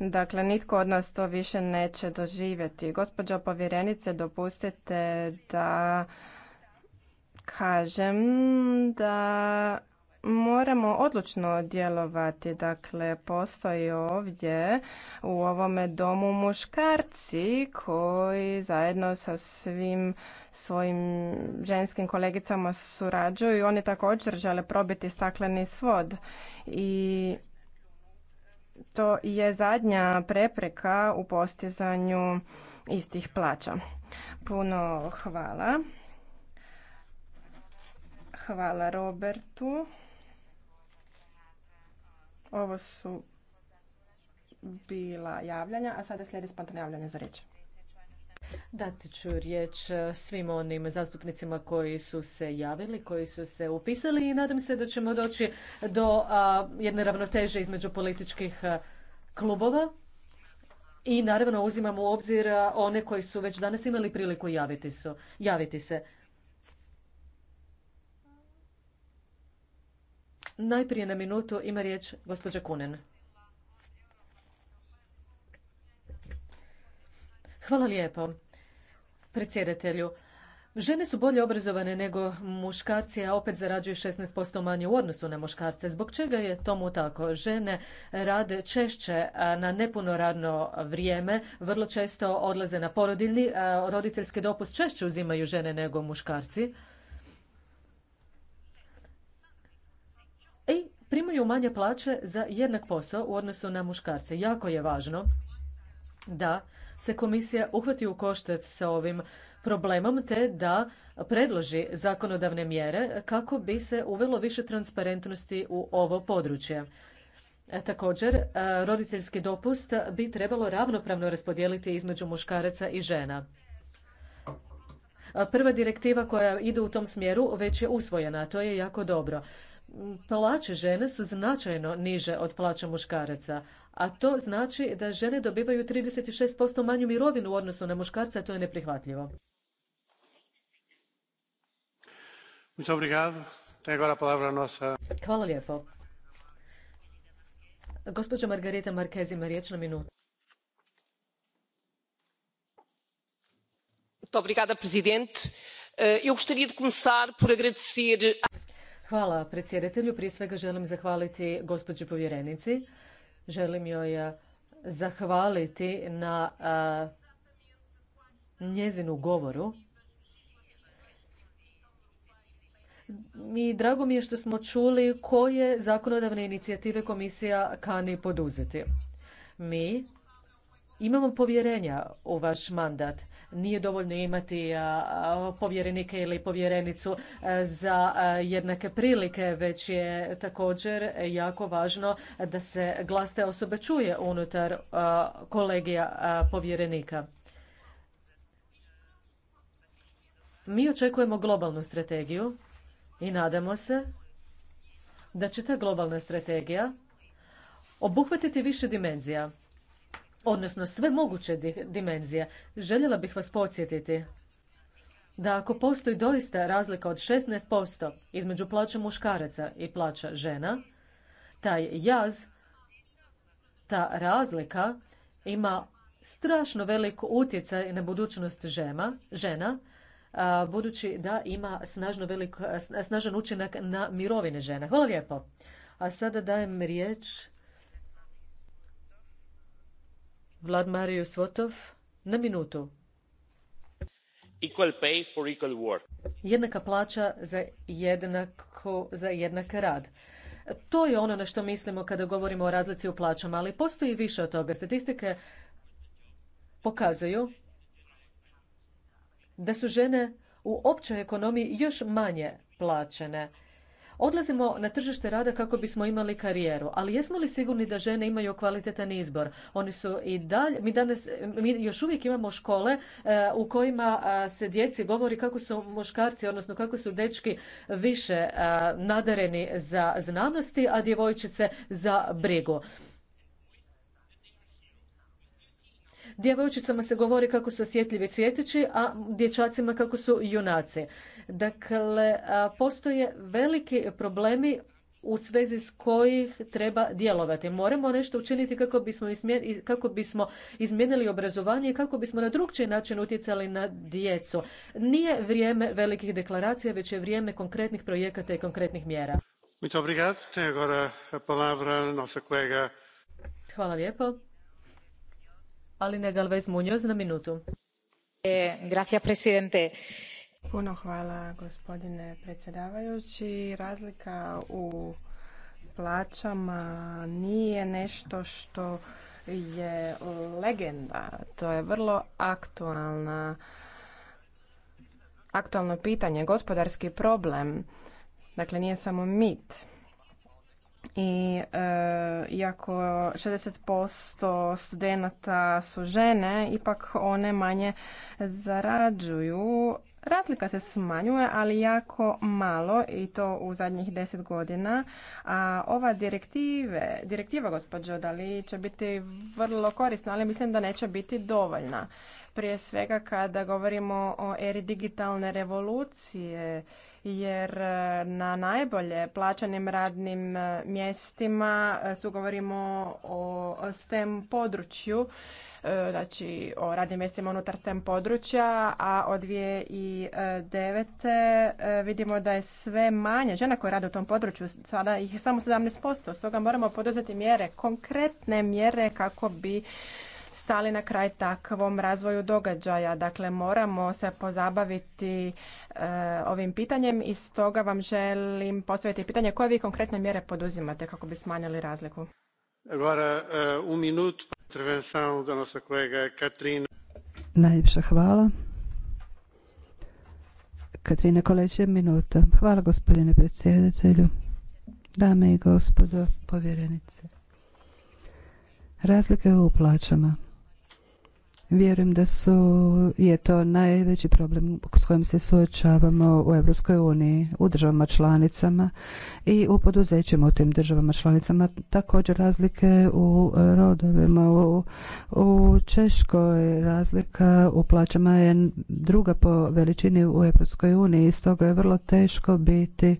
Dakle, nitko od nas to više neće doživjeti. Gospođo povjerenice, dopustite da kažem da moramo odlučno djelovati. Dakle, postoji ovdje u ovome domu muškarci koji zajedno sa svim svojim ženskim kolegicama surađuju. Oni također žele probiti stakleni svod i to je zadnja prepreka u postizanju istih plaća. Puno hvala. Hvala Robertu. Ovo su bila javljanja, a sada slijedi spontane javljanje za riječ. Dati ću riječ e, svim onim zastupnicima koji su se javili, koji su se upisali i nadam se da ćemo doći do jedne ravnoteže između političkih e, klubova. I naravno uzimamo u obzir one koji su već danas imali priliku javiti, su, javiti se. Najprije na minutu ima riječ gospođa Kunen. Hvala lijepo, predsjedatelju. Žene su bolje obrazovane nego muškarci, a opet zarađuju 16% manje u odnosu na muškarce. Zbog čega je tomu tako? Žene rade češće na nepuno radno vrijeme, vrlo često odlaze na porodilni, roditeljski dopust češće uzimaju žene nego muškarci. primaju manje plaće za jednak posao u odnosu na muškarce. Jako je važno da se komisija uhvati u koštac sa ovim problemom te da predloži zakonodavne mjere kako bi se uvelo više transparentnosti u ovo područje. E, također, e, roditeljski dopust bi trebalo ravnopravno raspodijeliti između muškaraca i žena. E, prva direktiva koja ide u tom smjeru već je usvojena, to je jako dobro plaće žene su značajno niže od plaća muškaraca, a to znači da žene dobivaju 36% manju mirovinu u odnosu na muškarca, a to je neprihvatljivo. Hvala lijepo. Gospođa Margarita Marquez ima riječ na minutu. Obrigada, presidente. Eh, eu gostaria de começar por agradecer Hvala predsjedatelju. Prije svega želim zahvaliti gospođi povjerenici. Želim joj eh, zahvaliti na eh, njezinu govoru. I drago mi je što smo čuli koje zakonodavne inicijative komisija kani poduzeti. Mi Imamo povjerenja u vaš mandat. Nije dovoljno imati povjerenike ili povjerenicu za jednake prilike, već je također jako važno da se glas te osobe čuje unutar kolegija povjerenika. Mi očekujemo globalnu strategiju i nadamo se da će ta globalna strategija obuhvatiti više dimenzija odnosno sve moguće dimenzije. Željela bih vas podsjetiti da ako postoji doista razlika od 16% između plaća muškaraca i plaća žena, taj jaz, ta razlika ima strašno velik utjecaj na budućnost žema, žena, budući da ima snažno velik, snažan učinak na mirovine žena. Hvala lijepo. A sada dajem riječ Vlad Mariju Svotov, na minutu. Equal pay for equal work. Jednaka plaća za, jednako, za jednak rad. To je ono na što mislimo kada govorimo o razlici u plaćama, ali postoji više od toga. Statistike pokazuju da su žene u općoj ekonomiji još manje plaćene. Odlazimo na tržište rada kako bismo imali karijeru, ali jesmo li sigurni da žene imaju kvalitetan izbor? Oni su i dalje, mi danas, mi još uvijek imamo škole eh, u kojima eh, se djeci govori kako su muškarci, odnosno kako su dečki više eh, nadareni za znanosti, a djevojčice za brigu. Djevojčicama se govori kako su osjetljivi cvjetići, a dječacima kako su junaci. Dakle, postoje veliki problemi u svezi s kojih treba djelovati. Moramo nešto učiniti kako bismo, kako bismo izmijenili obrazovanje i kako bismo na drugčiji način utjecali na djecu. Nije vrijeme velikih deklaracija, već je vrijeme konkretnih projekata i konkretnih mjera. Hvala lijepo. E, Puno hvala gospodine predsjedavajući. Razlika u plaćama nije nešto što je legenda. To je vrlo aktualna aktualno pitanje, gospodarski problem. Dakle, nije samo mit i e, iako 60% studenata su žene, ipak one manje zarađuju. Razlika se smanjuje, ali jako malo i to u zadnjih deset godina. A ova direktive, direktiva gospođo Dali će biti vrlo korisna, ali mislim da neće biti dovoljna. Prije svega kada govorimo o eri digitalne revolucije jer e, na najbolje plaćanim radnim e, mjestima, e, tu govorimo o STEM području, znači o radnim mjestima unutar STEM područja, a od devet vidimo da je sve manje žena koje rade u tom području, sada ih je samo 17%, stoga moramo poduzeti mjere, konkretne mjere kako bi stali na kraj takvom razvoju događaja. Dakle, moramo se pozabaviti e, ovim pitanjem i stoga vam želim postaviti pitanje koje vi konkretne mjere poduzimate kako bi smanjili razliku. Agora, uh, e, um minuto intervenção da nossa colega Katrina. Najljepša hvala. Katrina Koleće, minuta. Hvala gospodine predsjedatelju. Dame i gospodo povjerenice. Razlike u plaćama Vjerujem da su, je to najveći problem s kojim se suočavamo u Europskoj uniji, u državama članicama i u poduzećima u tim državama članicama. Također razlike u rodovima. U, Češkoj razlika u plaćama je druga po veličini u Europskoj uniji i stoga je vrlo teško biti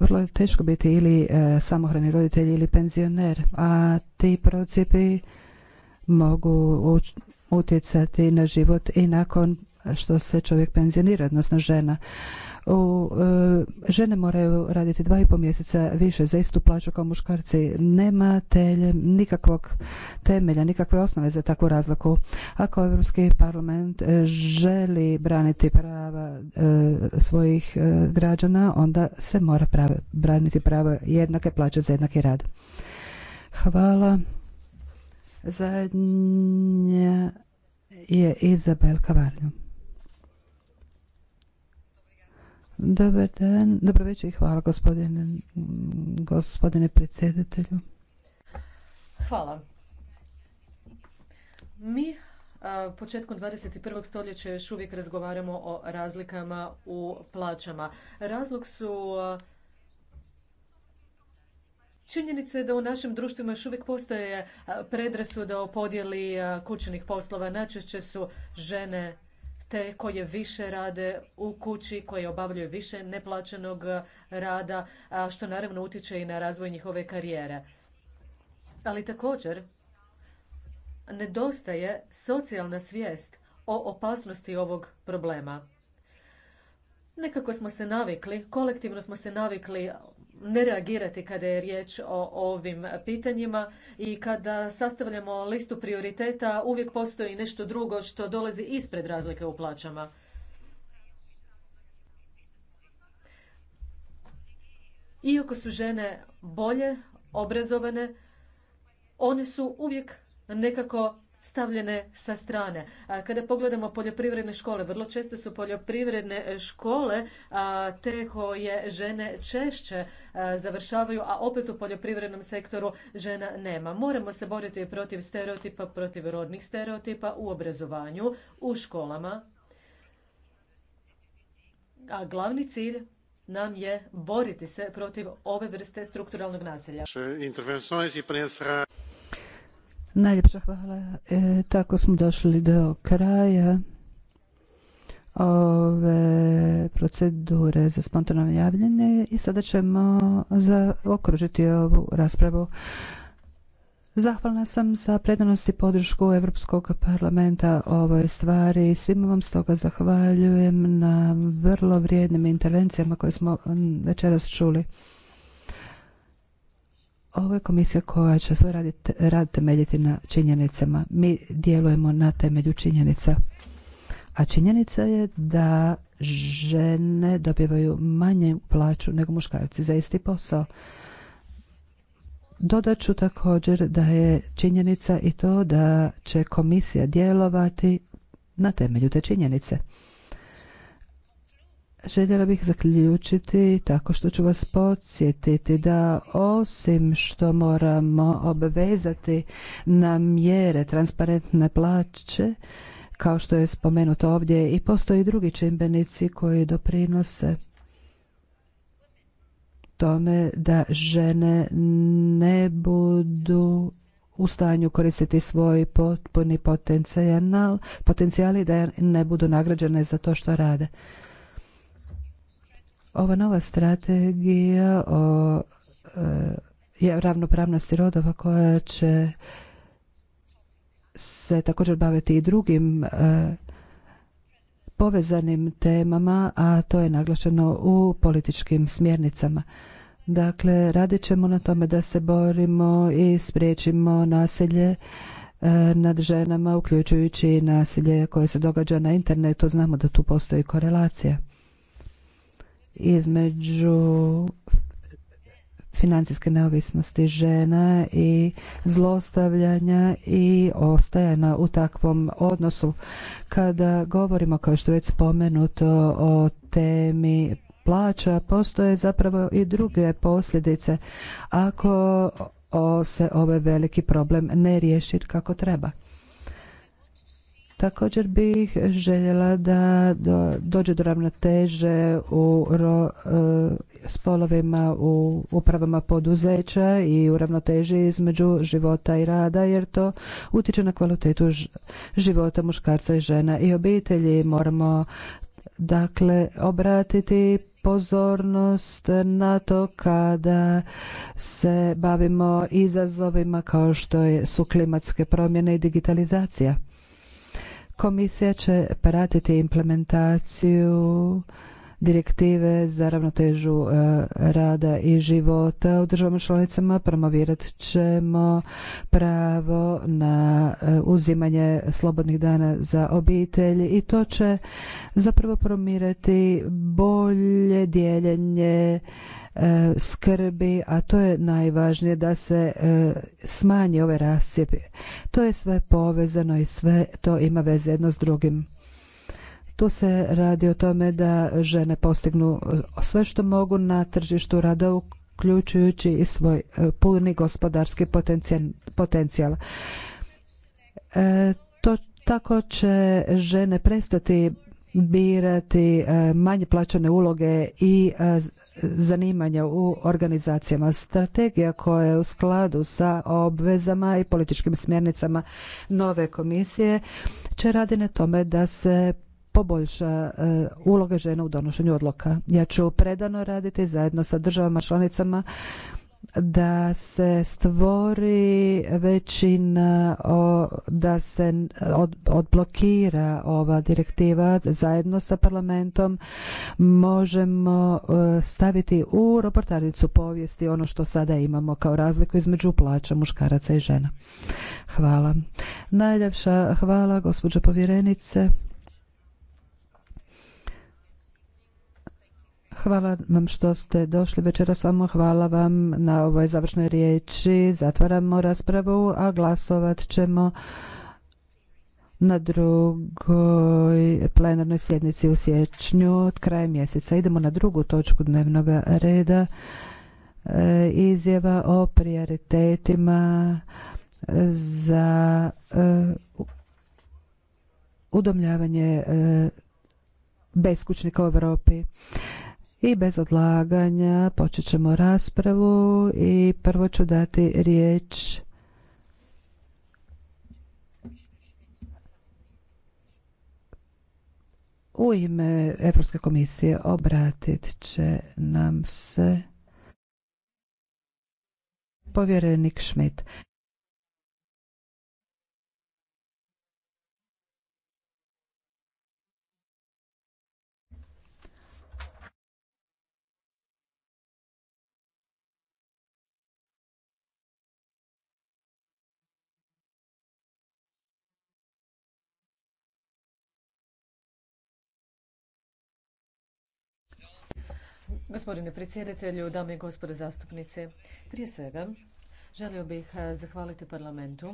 vrlo je teško biti ili e, samohrani roditelj ili penzioner, a ti procipi mogu utjecati na život i nakon što se čovjek penzionira, odnosno žena. U, e, žene moraju raditi dva i po mjeseca više za istu plaću kao muškarci. Nema telje, nikakvog temelja, nikakve osnove za takvu razliku. Ako Europski parlament e, želi braniti prava e, svojih građana, onda se mora braniti pravo jednake plaće za jednaki rad. Hvala. Zadnja je Izabel Kavarnju. Dobar dan, dobro večer i hvala gospodine, gospodine predsjedatelju. Hvala. Mi e, početkom 21. stoljeća još uvijek razgovaramo o razlikama u plaćama. Razlog su e, Činjenica da u našim društvima još uvijek postoje e, predrasuda o podjeli kućnih poslova. Najčešće su žene te koje više rade u kući, koje obavljaju više neplaćenog rada, što naravno utječe i na razvoj njihove karijere. Ali također nedostaje socijalna svijest o opasnosti ovog problema. Nekako smo se navikli, kolektivno smo se navikli ne reagirati kada je riječ o ovim pitanjima i kada sastavljamo listu prioriteta uvijek postoji nešto drugo što dolazi ispred razlike u plaćama. Iako su žene bolje obrazovane, one su uvijek nekako stavljene sa strane. Kada pogledamo poljoprivredne škole, vrlo često su poljoprivredne e, škole te koje žene češće završavaju, a opet u poljoprivrednom sektoru žena nema. Moramo se boriti protiv stereotipa, protiv rodnih stereotipa u obrazovanju, u školama. A glavni cilj nam je boriti se protiv ove vrste strukturalnog nasilja. Najljepša hvala. E, tako smo došli do kraja ove procedure za spontano javljanje i sada ćemo okružiti ovu raspravu. Zahvalna sam za predanost i podršku Europskog parlamenta ovoj stvari. Svima vam stoga zahvaljujem na vrlo vrijednim intervencijama koje smo večeras čuli. Ovo je komisija koja će svoj rad temeljiti na činjenicama. Mi djelujemo na temelju činjenica. A činjenica je da žene dobivaju manje plaću nego muškarci za isti posao. Dodat ću također da je činjenica i to da će komisija djelovati na temelju te činjenice. Željela bih zaključiti tako što ću vas podsjetiti da osim što moramo obvezati na mjere transparentne plaće, kao što je spomenuto ovdje, i postoji drugi čimbenici koji doprinose tome da žene ne budu u stanju koristiti svoj potpuni potencijal, potencijal da ne budu nagrađene za to što rade. Ova nova strategija o e, ravnopravnosti rodova koja će se također baviti i drugim e, povezanim temama, a to je naglašeno u političkim smjernicama. Dakle, radit ćemo na tome da se borimo i spriječimo nasilje e, nad ženama, uključujući nasilje koje se događa na internetu. Znamo da tu postoji korelacija između financijske neovisnosti žena i zlostavljanja i ostajana u takvom odnosu. Kada govorimo, kao što je već spomenuto, o temi plaća, postoje zapravo i druge posljedice ako se ovaj veliki problem ne riješi kako treba. Također bih željela da dođe do ravnoteže u e, spolovima u upravama poduzeća i u ravnoteži između života i rada jer to utiče na kvalitetu života muškarca i žena i obitelji. Moramo dakle obratiti pozornost na to kada se bavimo izazovima kao što su klimatske promjene i digitalizacija. Komisija će pratiti implementaciju direktive za ravnotežu e, rada i života u državama članicama promovirat ćemo pravo na e, uzimanje slobodnih dana za obitelj i to će zapravo promirati bolje dijeljenje E, skrbi, a to je najvažnije da se e, smanji ove rascijepi. To je sve povezano i sve to ima veze jedno s drugim. Tu se radi o tome da žene postignu e, sve što mogu na tržištu rada uključujući i svoj puni gospodarski potencijal. To tako će žene prestati birati manje plaćane uloge i zanimanja u organizacijama. Strategija koja je u skladu sa obvezama i političkim smjernicama nove komisije će radi na tome da se poboljša e, uloga žena u donošenju odluka. Ja ću predano raditi zajedno sa državama članicama da se stvori većina da se odblokira ova direktiva zajedno sa parlamentom možemo e, staviti u reportaricu povijesti ono što sada imamo kao razliku između plaća muškaraca i žena. Hvala. Najljepša hvala gospođo povjerenice. Hvala vam što ste došli večeras samo hvala vam na ovoj završnoj riječi. Zatvaramo raspravu, a glasovat ćemo na drugoj plenarnoj sjednici u siječnju od kraja mjeseca. Idemo na drugu točku dnevnog reda. E, izjava o prioritetima za e, udomljavanje e, beskućnika u Europi i bez odlaganja počet ćemo raspravu i prvo ću dati riječ u ime Evropske komisije obratit će nam se povjerenik Schmidt. Gospodine predsjedatelju, dame i gospode zastupnici, prije svega želio bih eh, zahvaliti parlamentu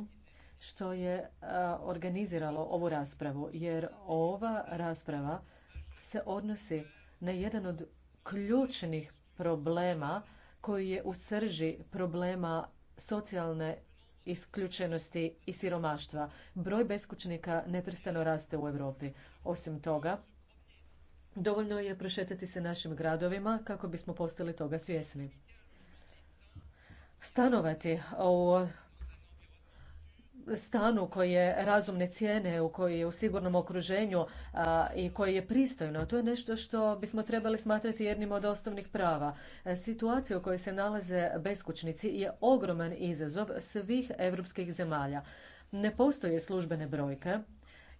što je eh, organiziralo ovu raspravu, jer ova rasprava se odnosi na jedan od ključnih problema koji je u srži problema socijalne isključenosti i siromaštva. Broj beskućnika neprestano raste u Europi. Osim toga, Dovoljno je prošetati se našim gradovima kako bismo postali toga svjesni. Stanovati u stanu koji je razumne cijene, u koji je u sigurnom okruženju i koji je pristojno. To je nešto što bismo trebali smatrati jednim od osnovnih prava. E, situacija u kojoj se nalaze beskućnici je ogroman izazov svih europskih zemalja. Ne postoje službene brojke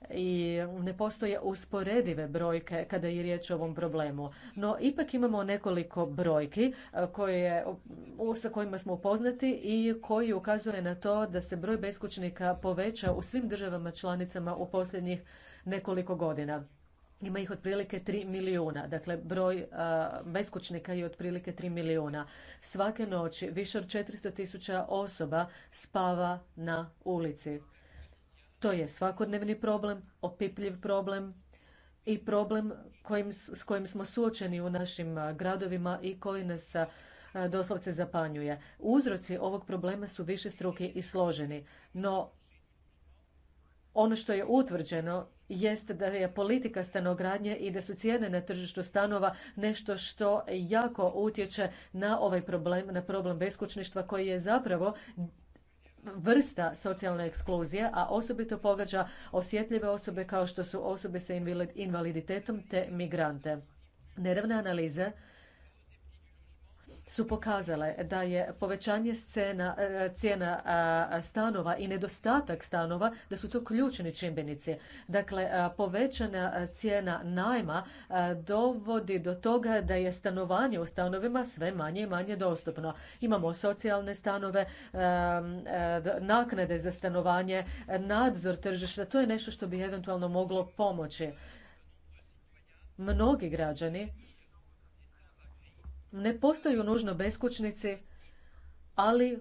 i ne postoje usporedive brojke kada je riječ o ovom problemu. No, ipak imamo nekoliko brojki e, koje, sa kojima smo upoznati i koji ukazuje na to da se broj beskućnika poveća u svim državama članicama u posljednjih nekoliko godina. Ima ih otprilike 3 milijuna, dakle broj e, beskućnika je otprilike 3 milijuna. Svake noći više od 400 tisuća osoba spava na ulici. To je svakodnevni problem, opipljiv problem i problem s kojim smo suočeni u našim gradovima i koji nas doslovce zapanjuje. Uzroci ovog problema su višestruki i složeni, no ono što je utvrđeno jest da je politika stanogradnje i da su cijene na tržištu stanova nešto što jako utječe na ovaj problem, na problem beskućništva koji je zapravo vrsta socijalne ekskluzije, a osobito pogađa osjetljive osobe kao što su osobe sa invaliditetom te migrante. Nedavne analize su pokazale da je povećanje e, cijena stanova i nedostatak stanova, da su to ključni čimbenici. Dakle, povećana cijena najma dovodi do toga da je stanovanje u stanovima sve manje i manje dostupno. Imamo socijalne stanove, naknade za stanovanje, nadzor tržišta, to je nešto što bi eventualno moglo pomoći. Mnogi građani ne postaju nužno beskućnici, ali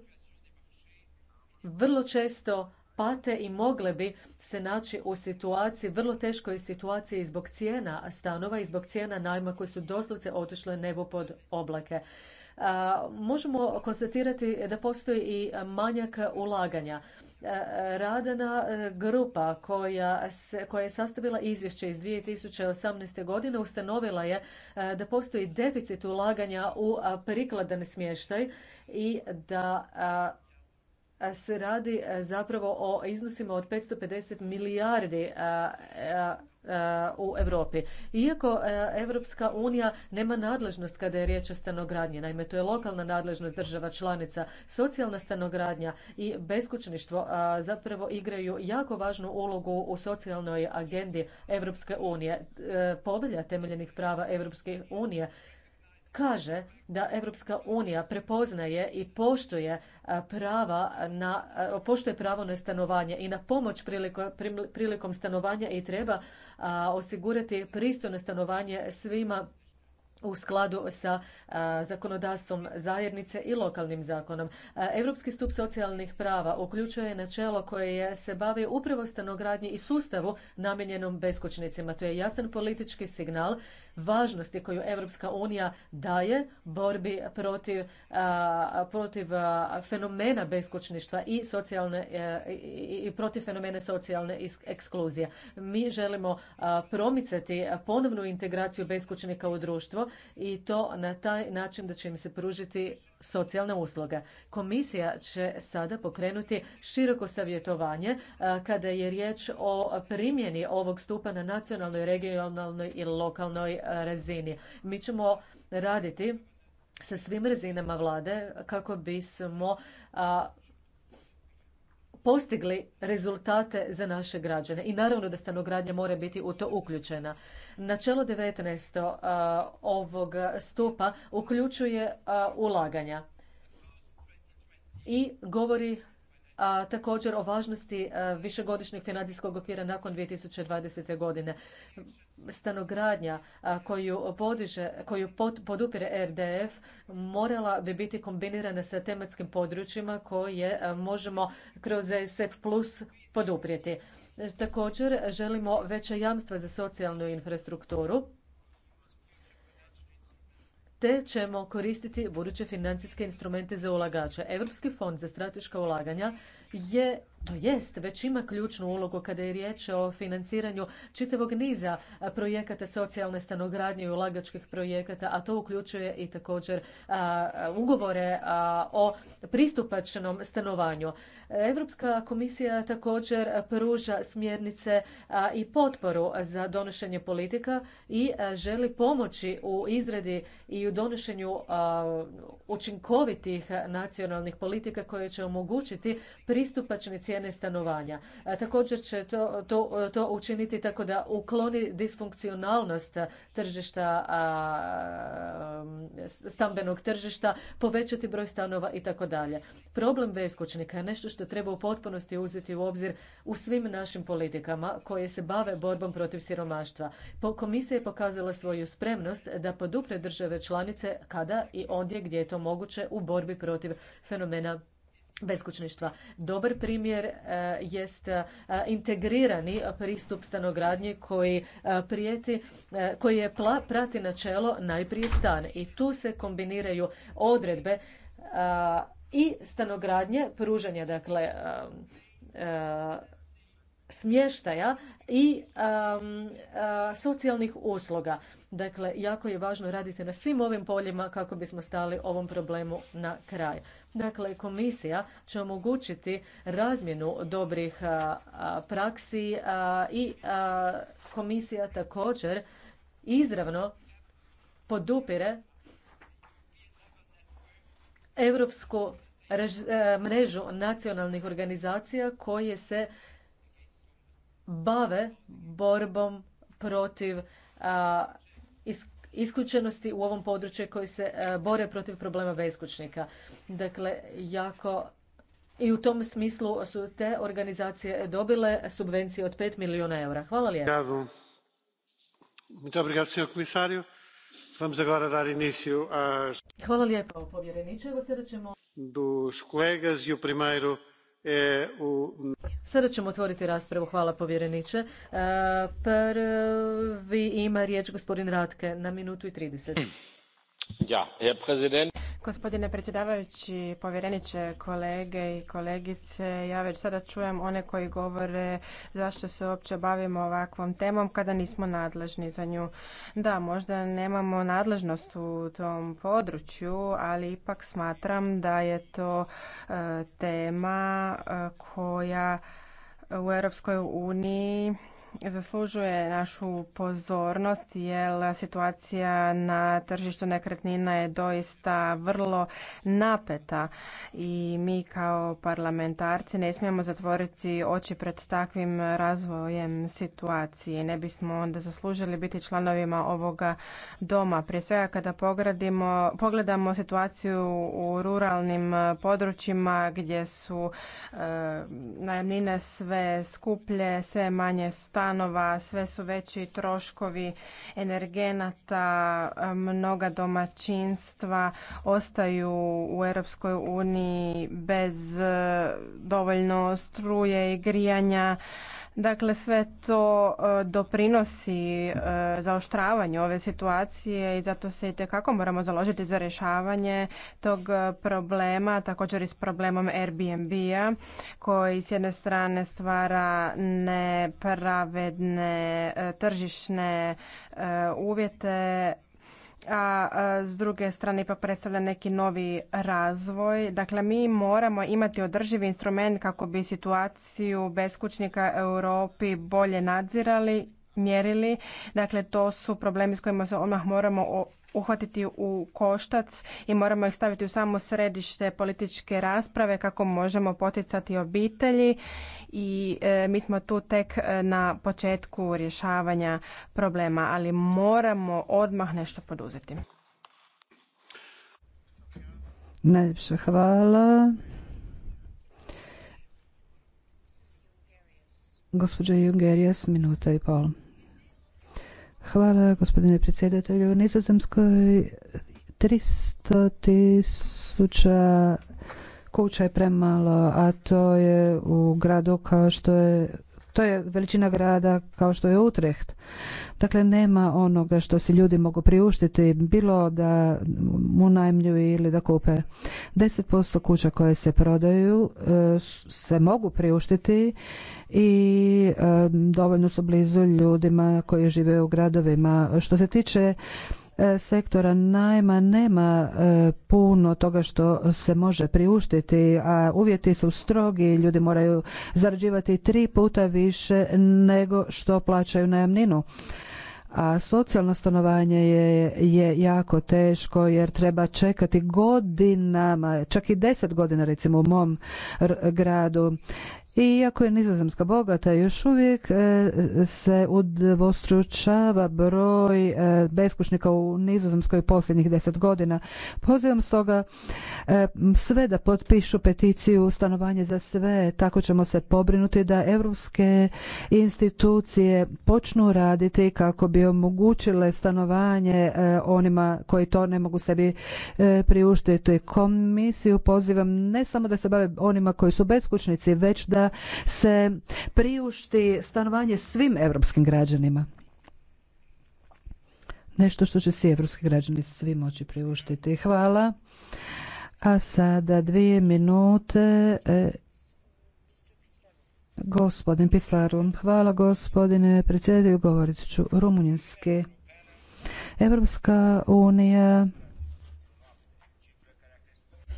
vrlo često pate i mogle bi se naći u situaciji, vrlo teškoj situaciji zbog cijena stanova i zbog cijena najma koje su doslovce otišle nebo pod oblake. Možemo konstatirati da postoji i manjak ulaganja. E, radna e, grupa koja, se, koja je sastavila izvješće iz 2018. godine ustanovila je e, da postoji deficit ulaganja u prikladan smještaj i da se radi zapravo o iznosima od 550 milijardi u Europi. Iako Europska unija nema nadležnost kada je riječ o stanogradnji, naime to je lokalna nadležnost država članica, socijalna stanogradnja i beskućništvo zapravo igraju jako važnu ulogu u socijalnoj agendi Europske unije. E, povelja temeljenih prava Europske unije kaže da Europska unija prepoznaje i poštuje prava na, poštuje pravo na stanovanje i na pomoć prilikom, stanovanja i treba osigurati pristojno stanovanje svima u skladu sa zakonodavstvom zajednice i lokalnim zakonom. Europski stup socijalnih prava uključuje načelo koje se bavi upravo stanogradnji i sustavu namijenjenom beskućnicima. To je jasan politički signal važnosti koju Europska unija daje borbi protiv, protiv fenomena beskućništva i socijalne e, i protiv fenomena socijalne ekskluzije. Mi želimo promicati ponovnu integraciju beskućnika u društvo i to na taj način da će im se pružiti socijalne usluge. Komisija će sada pokrenuti široko savjetovanje e, kada je riječ o primjeni ovog stupa na nacionalnoj, regionalnoj i lokalnoj e, razini. Mi ćemo raditi sa svim razinama vlade kako bismo postigli rezultate za naše građane. I naravno da stanogradnja mora biti u to uključena. Načelo 19. ovog stupa uključuje ulaganja i govori a također o važnosti e, višegodišnjeg financijskog okvira nakon 2020. godine. Stanogradnja koju, podiže, koju podupire RDF morala bi biti kombinirana sa tematskim područjima koje e, možemo kroz SF plus poduprijeti. Također želimo veća jamstva za socijalnu infrastrukturu te ćemo koristiti buduće financijske instrumente za ulagače. Europski fond za strateška ulaganja je to jest, već ima ključnu ulogu kada je riječ o financiranju čitavog niza projekata socijalne stanogradnje i ulagačkih projekata, a to uključuje i također ugovore o pristupačnom stanovanju. Europska komisija također pruža smjernice i potporu za donošenje politika i želi pomoći u izradi i u donošenju učinkovitih nacionalnih politika koje će omogućiti pristupačnici cijene stanovanja. Također će to, to, to učiniti tako da ukloni disfunkcionalnost tržišta, stambenog tržišta, povećati broj stanova i tako dalje. Problem beskućnika je nešto što treba u potpunosti uzeti u obzir u svim našim politikama koje se bave borbom protiv siromaštva. Komisija je pokazala svoju spremnost da podupre države članice kada i ondje gdje je to moguće u borbi protiv fenomena beskućništva. Dobar primjer e, jest e, integrirani pristup stanogradnje koji e, prijeti, koji je prati načelo najprije stan i tu se kombiniraju odredbe i stanogradnje, pružanja dakle smještaja i socijalnih usluga. Dakle, jako je važno raditi na svim ovim poljima kako bismo stali ovom problemu na kraj. Dakle, komisija će omogućiti razmjenu dobrih praksi i komisija također izravno podupire europsku e, mrežu nacionalnih organizacija koje se bave borbom protiv isključenosti u ovom području koji se e, bore protiv problema beskućnika. Dakle, jako i u tom smislu su te organizacije dobile subvencije od 5 milijuna eura. Hvala lijepa. Hvala lijepo povjereniče. Evo sada ćemo... Dos colegas e o E, Sada ćemo otvoriti raspravu. Hvala povjereniče. E, prvi ima riječ gospodin Ratke na minutu i 30. Ja, herr Gospodine predsjedavajući, povjereniče, kolege i kolegice, ja već sada čujem one koji govore zašto se uopće bavimo ovakvom temom kada nismo nadležni za nju. Da, možda nemamo nadležnost u tom području, ali ipak smatram da je to e, tema e, koja u Europskoj uniji zaslužuje našu pozornost jer situacija na tržištu nekretnina je doista vrlo napeta i mi kao parlamentarci ne smijemo zatvoriti oči pred takvim razvojem situacije. Ne bismo onda zaslužili biti članovima ovoga doma. Prije svega kada pogradimo, pogledamo situaciju u ruralnim područjima gdje su e, najamnine sve skuplje, sve manje stavljene, stanova, sve su veći troškovi energenata, mnoga domaćinstva ostaju u Europskoj uniji bez dovoljno struje i grijanja. Dakle, sve to e, doprinosi e, zaoštravanju ove situacije i zato se i tekako moramo založiti za rješavanje tog e, problema, također i s problemom Airbnb-a koji s jedne strane stvara nepravedne tržišne uvjete a s druge strane ipak predstavlja neki novi razvoj. Dakle, mi moramo imati održivi instrument kako bi situaciju beskućnika Europi bolje nadzirali mjerili. Dakle, to su problemi s kojima se odmah moramo uhvatiti u koštac i moramo ih staviti u samo središte političke rasprave kako možemo poticati obitelji i e, mi smo tu tek e, na početku rješavanja problema, ali moramo odmah nešto poduzeti. Najljepša hvala. Gospođa Jungerijas, minuta i pol. Hvala gospodine predsjedatelju. U Nizozemskoj 300 tisuća kuća je premalo, a to je u gradu kao što je to je veličina grada kao što je Utrecht. Dakle, nema onoga što si ljudi mogu priuštiti, bilo da mu unajmljuju ili da kupe. 10% kuća koje se prodaju e, se mogu priuštiti i e, dovoljno su blizu ljudima koji žive u gradovima. Što se tiče E, sektora najma nema e, puno toga što se može priuštiti, a uvjeti su strogi, ljudi moraju zarađivati tri puta više nego što plaćaju najamninu a socijalno stanovanje je, je jako teško jer treba čekati godinama, čak i deset godina recimo u mom gradu iako je nizozemska bogata, još uvijek e, se udvostručava broj e, beskućnika u nizozemskoj posljednjih deset godina. Pozivam stoga e, sve da potpišu peticiju stanovanje za sve. Tako ćemo se pobrinuti da europske institucije počnu raditi kako bi omogućile stanovanje onima koji to ne mogu sebi priuštiti. Komisiju pozivam ne samo da se bave onima koji su beskućnici, već da se priušti stanovanje svim europskim građanima. Nešto što će svi evropski građani svi moći priuštiti. Hvala. A sada dvije minute e, Gospodin Pislaru, hvala gospodine predsjedaju, govorit ću rumunjski. Evropska unija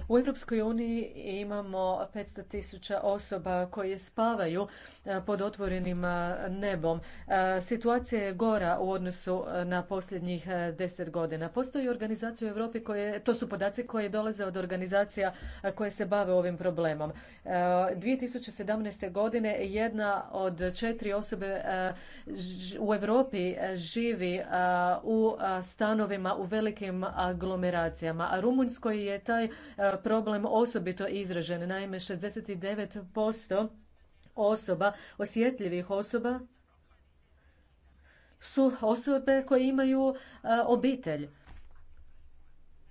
u Europskoj uniji imamo 500 tisuća osoba koje spavaju e, pod otvorenim e, nebom. E, situacija je gora u odnosu na posljednjih deset godina. Postoji organizacija u Europi koje, to su podaci koji dolaze od organizacija koje se bave ovim problemom. 2017. godine jedna od četiri osobe u Europi živi u stanovima u velikim aglomeracijama, a Rumunjskoj je taj problem osobito izražen. Naime, 69% osoba, osjetljivih osoba, su osobe koje imaju obitelj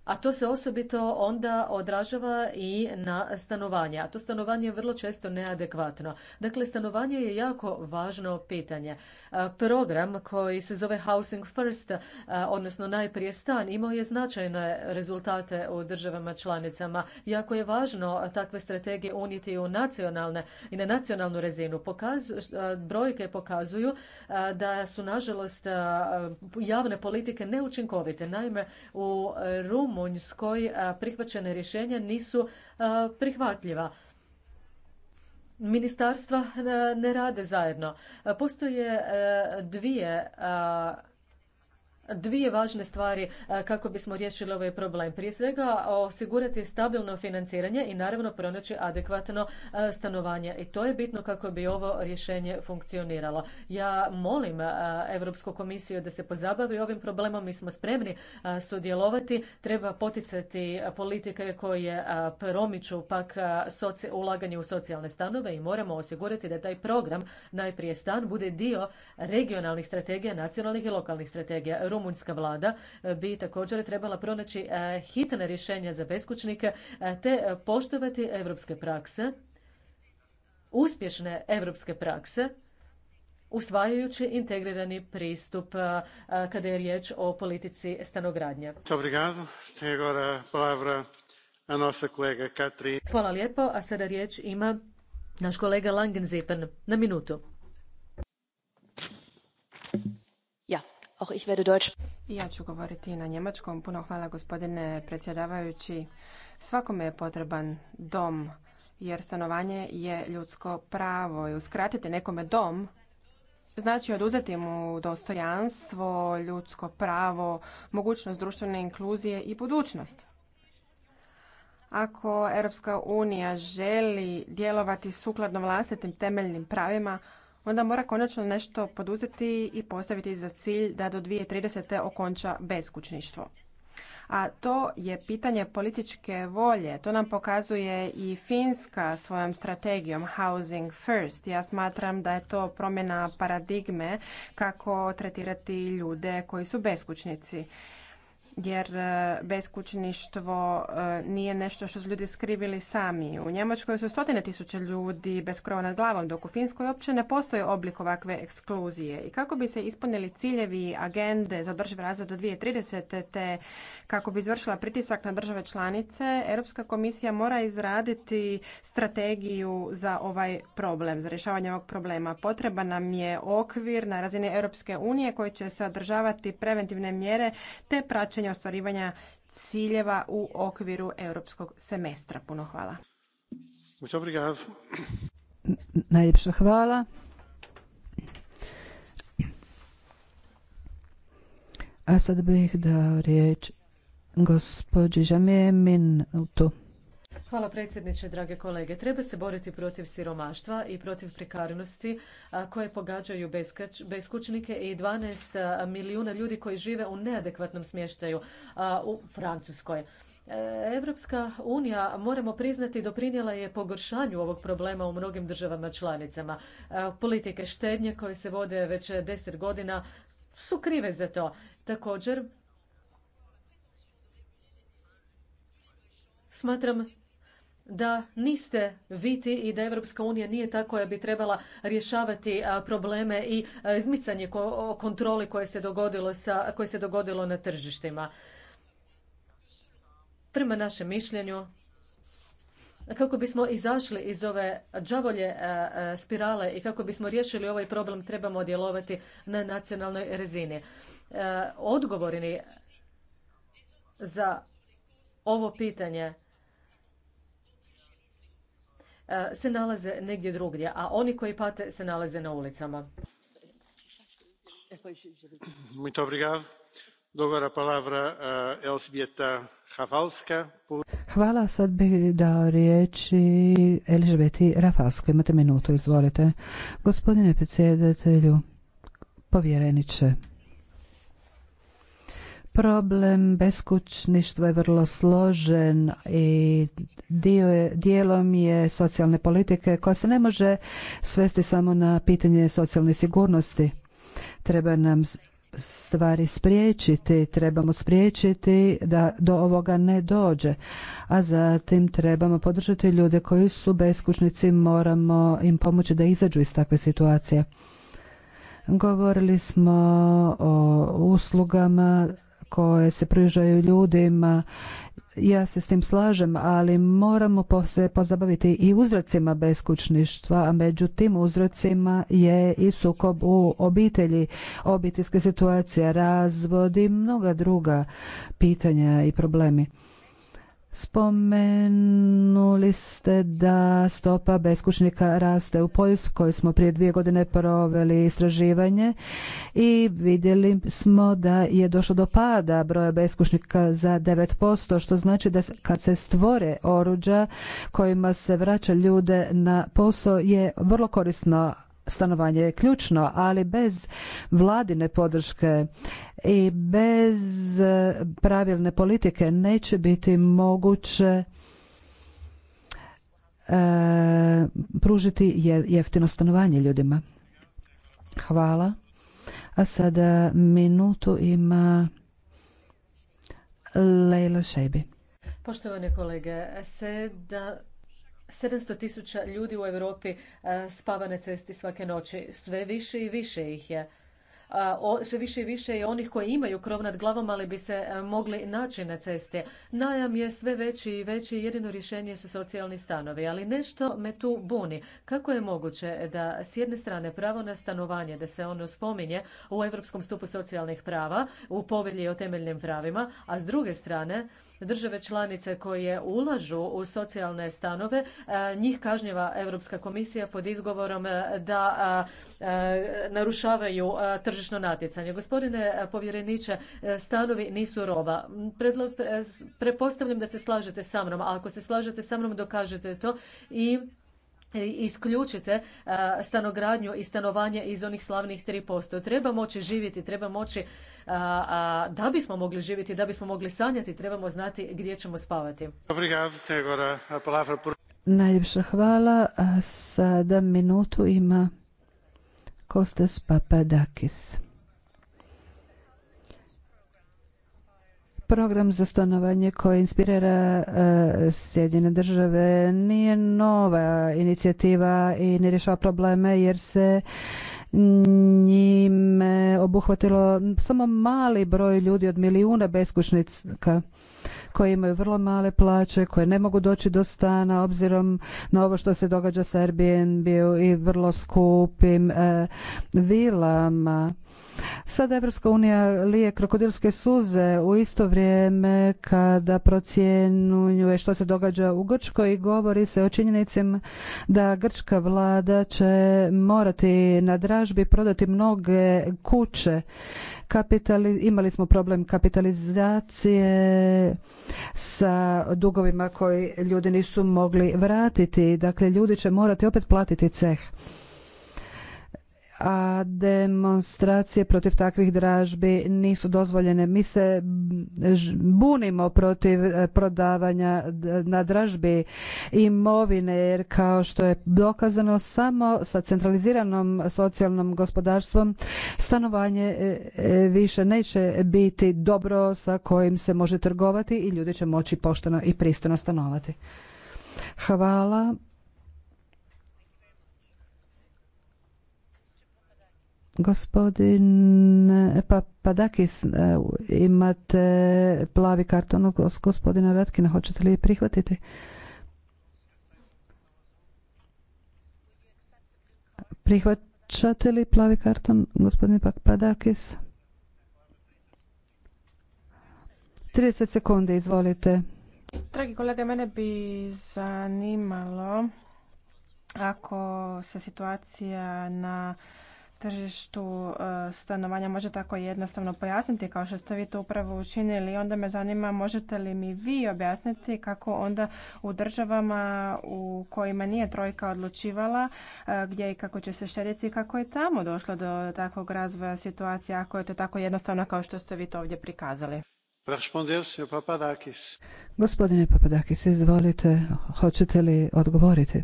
a to se osobito onda odražava i na stanovanje, a to stanovanje je vrlo često neadekvatno. Dakle, stanovanje je jako važno pitanje. Program koji se zove Housing First, odnosno najprije stan, imao je značajne rezultate u državama članicama. Jako je važno takve strategije unijeti u nacionalne i na nacionalnu razinu. brojke pokazuju da su, nažalost, javne politike neučinkovite. Naime, u Rumu Rumunjskoj prihvaćene rješenja nisu prihvatljiva. Ministarstva ne rade zajedno. Postoje dvije dvije važne stvari e, kako bismo riješili ovaj problem. Prije svega osigurati stabilno financiranje i naravno pronaći adekvatno e, stanovanje. I to je bitno kako bi ovo rješenje funkcioniralo. Ja molim e, Europsku komisiju da se pozabavi ovim problemom. Mi smo spremni sudjelovati. Treba poticati politike koje promiču pak ulaganje u socijalne stanove i moramo osigurati da taj program najprije stan bude dio regionalnih strategija, nacionalnih i lokalnih strategija rumunjska vlada e, bi također trebala pronaći e, hitne rješenja za beskućnike e, te poštovati europske prakse, uspješne europske prakse usvajajući integrirani pristup kada je riječ o politici stanogradnje. Hvala lijepo, a sada riječ ima naš kolega Langen Langenzipen na minutu. Auch ich werde Deutsch. Ja ću govoriti na njemačkom. Puno hvala gospodine predsjedavajući. Svakome je potreban dom jer stanovanje je ljudsko pravo i uskratiti nekome dom Znači, oduzeti mu dostojanstvo, ljudsko pravo, mogućnost društvene inkluzije i budućnost. Ako Europska unija želi djelovati sukladno vlastitim temeljnim pravima, onda mora konačno nešto poduzeti i postaviti za cilj da do 2030. okonča beskućništvo. A to je pitanje političke volje. To nam pokazuje i Finska svojom strategijom Housing First. Ja smatram da je to promjena paradigme kako tretirati ljude koji su beskućnici jer e, beskućništvo e, nije nešto što su ljudi skrivili sami. U Njemačkoj su stotine tisuća ljudi bez krova nad glavom, dok u Finskoj uopće ne postoji oblik ovakve ekskluzije. I kako bi se ispunili ciljevi agende za održiv razvoj do 2030. te kako bi izvršila pritisak na države članice, Europska komisija mora izraditi strategiju za ovaj problem, za rješavanje ovog problema. Potreba nam je okvir na razini Europske unije koji će sadržavati preventivne mjere te praćenje praćenja ostvarivanja ciljeva u okviru europskog semestra. Puno hvala. Najljepša hvala. A sad bih dao riječ gospođi Žamije Minutu. Hvala predsjedniče, drage kolege. Treba se boriti protiv siromaštva i protiv prekarnosti koje pogađaju beskućnike i 12 milijuna ljudi koji žive u neadekvatnom smještaju u Francuskoj. Europska unija, moramo priznati, doprinijela je pogoršanju ovog problema u mnogim državama članicama. E, politike štednje koje se vode već deset godina su krive za to. Također, smatram da niste viti i da Evropska unija nije ta koja bi trebala rješavati probleme i izmicanje kontroli koje se dogodilo, sa, koje se dogodilo na tržištima. Prema našem mišljenju, kako bismo izašli iz ove džavolje spirale i kako bismo riješili ovaj problem, trebamo djelovati na nacionalnoj razini. Odgovorni za ovo pitanje E, se nalaze negdje drugdje, a oni koji pate se nalaze na ulicama. Muito obrigado. Dogora palavra e, Hvala, sad bih dao riječi Elžbeti Rafalskoj. Imate minutu, izvolite. Gospodine predsjedatelju, povjereniče, Problem beskućništva je vrlo složen i dio je, dijelom je socijalne politike koja se ne može svesti samo na pitanje socijalne sigurnosti. Treba nam stvari spriječiti, trebamo spriječiti da do ovoga ne dođe, a zatim trebamo podržati ljude koji su beskućnici, moramo im pomoći da izađu iz takve situacije. Govorili smo o uslugama koje se pružaju ljudima. Ja se s tim slažem, ali moramo se pozabaviti i uzrocima beskućništva, a među tim uzrocima je i sukob u obitelji, obiteljska situacija, razvodi i mnoga druga pitanja i problemi. Spomenuli ste da stopa beskućnika raste u Poljskoj. Smo prije dvije godine proveli istraživanje i vidjeli smo da je došlo do pada broja beskućnika za 9%, što znači da kad se stvore oruđa kojima se vraća ljude na posao je vrlo korisno stanovanje je ključno, ali bez vladine podrške i bez e, pravilne politike neće biti moguće e, pružiti jeftino stanovanje ljudima. Hvala. A sada minutu ima Leila Šejbi. Poštovane kolege, se da 700 tisuća ljudi u Europi e, spava na cesti svake noći. Sve više i više ih je. Sve više i više je onih koji imaju krov nad glavom, ali bi se e, mogli naći na cesti. Najam je sve veći i veći, jedino rješenje su socijalni stanovi. Ali nešto me tu buni. Kako je moguće da s jedne strane pravo na stanovanje, da se ono spominje u Europskom stupu socijalnih prava, u povelji o temeljnim pravima, a s druge strane države članice koje ulažu u socijalne stanove, e, njih kažnjava Europska komisija pod izgovorom e, da e, narušavaju tržišno natjecanje. Gospodine povjereniče, stanovi nisu roba. Pretpostavljam prepostavljam da se slažete sa mnom, a ako se slažete sa mnom dokažete to i isključite stanogradnju i stanovanje iz onih slavnih 3%. Treba moći živjeti, treba moći a da bismo mogli živjeti, da bismo mogli sanjati, trebamo znati gdje ćemo spavati. Najljepša hvala. A sada minutu ima Kostas Papadakis. program za stanovanje koji inspirira uh, e, Sjedine države nije nova inicijativa i ne rješava probleme jer se njime obuhvatilo samo mali broj ljudi od milijuna beskućnika koji imaju vrlo male plaće, koje ne mogu doći do stana obzirom na ovo što se događa s Airbnb i vrlo skupim e, vilama. Sada Evropska unija lije krokodilske suze u isto vrijeme kada procjenjuje što se događa u Grčkoj i govori se o činjenicim da grčka vlada će morati na dražbi prodati mnoge kuće. Kapitali, imali smo problem kapitalizacije sa dugovima koji ljudi nisu mogli vratiti. Dakle, ljudi će morati opet platiti ceh a demonstracije protiv takvih dražbi nisu dozvoljene. Mi se bunimo protiv e, prodavanja na dražbi imovine jer kao što je dokazano samo sa centraliziranom socijalnom gospodarstvom stanovanje e, e, više neće biti dobro sa kojim se može trgovati i ljudi će moći pošteno i pristojno stanovati. Hvala. Gospodin e, pa, Padakis, e, imate plavi karton od gospodina Ratkina, hoćete li prihvatiti? Prihvaćate li plavi karton, gospodine Papadakis? 30 sekundi, izvolite. Dragi kolege, mene bi zanimalo ako se situacija na tržištu e, stanovanja može tako jednostavno pojasniti kao što ste vi to upravo učinili. Onda me zanima možete li mi vi objasniti kako onda u državama u kojima nije trojka odlučivala e, gdje i kako će se štediti kako je tamo došlo do takvog razvoja situacija ako je to tako jednostavno kao što ste vi to ovdje prikazali. Gospodine Papadakis, izvolite, hoćete li odgovoriti?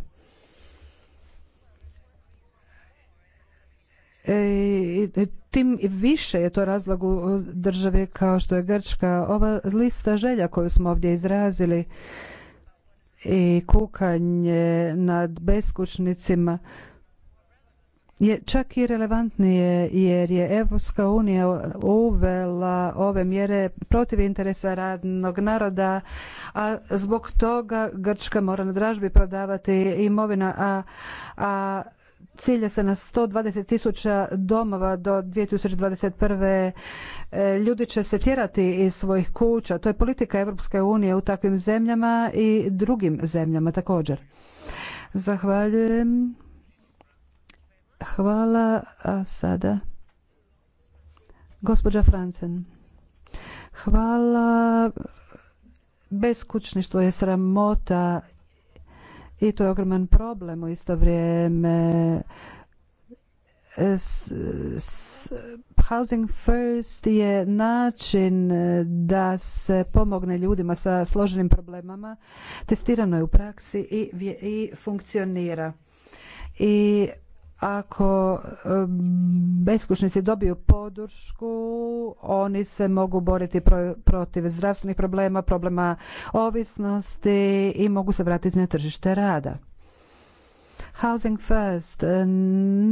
E, e, tim više je to razlog u državi kao što je Grčka. Ova lista želja koju smo ovdje izrazili i kukanje nad beskućnicima je čak i relevantnije jer je Evropska unija uvela ove mjere protiv interesa radnog naroda, a zbog toga Grčka mora na dražbi prodavati imovina, a, a cilja se na 120 tisuća domova do 2021. E, ljudi će se tjerati iz svojih kuća. To je politika Europske unije u takvim zemljama i drugim zemljama također. Zahvaljujem. Hvala. A sada gospođa Francen. Hvala. Beskućništvo je sramota i to je ogroman problem u isto vrijeme. E, s, s, housing First je način da se pomogne ljudima sa složenim problemama. Testirano je u praksi i, i funkcionira. I ako e, beskućnici dobiju podršku, oni se mogu boriti protiv zdravstvenih problema, problema ovisnosti i mogu se vratiti na tržište rada. Housing First e,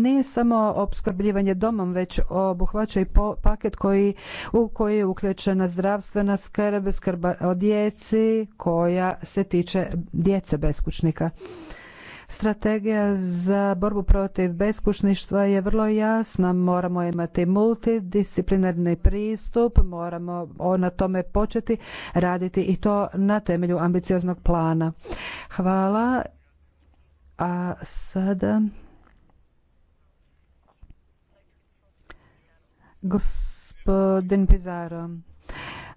nije samo opskrbljivanje domom, već obuhvaća i paket koji, u koji je uključena zdravstvena skrb, skrba o djeci koja se tiče djece beskućnika. Strategija za borbu protiv beskušništva je vrlo jasna. Moramo imati multidisciplinarni pristup, moramo na tome početi raditi i to na temelju ambicioznog plana. Hvala. A sada... Gospodin Pizarro.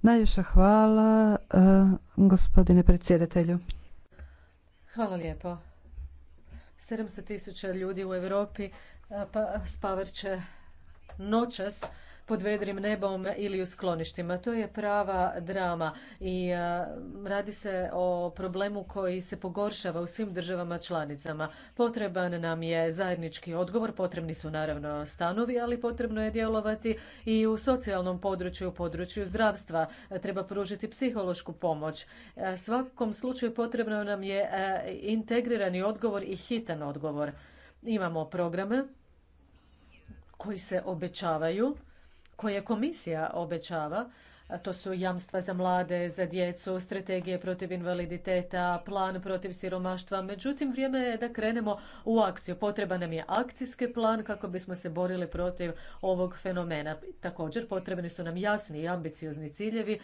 Najljepša hvala, e, gospodine predsjedatelju. Hvala lijepo. 700 tisuća ljudi u Europi pa spavat će noćas pod vedrim nebom ili u skloništima. To je prava drama i radi se o problemu koji se pogoršava u svim državama članicama. Potreban nam je zajednički odgovor, potrebni su naravno stanovi, ali potrebno je djelovati i u socijalnom području, u području zdravstva. Treba pružiti psihološku pomoć. Svakom slučaju potrebno nam je integrirani odgovor i hitan odgovor. Imamo programe koji se obećavaju koje komisija obećava, to su jamstva za mlade, za djecu, strategije protiv invaliditeta, plan protiv siromaštva. Međutim, vrijeme je da krenemo u akciju. Potreba nam je akcijski plan kako bismo se borili protiv ovog fenomena. Također, potrebni su nam jasni i ambiciozni ciljevi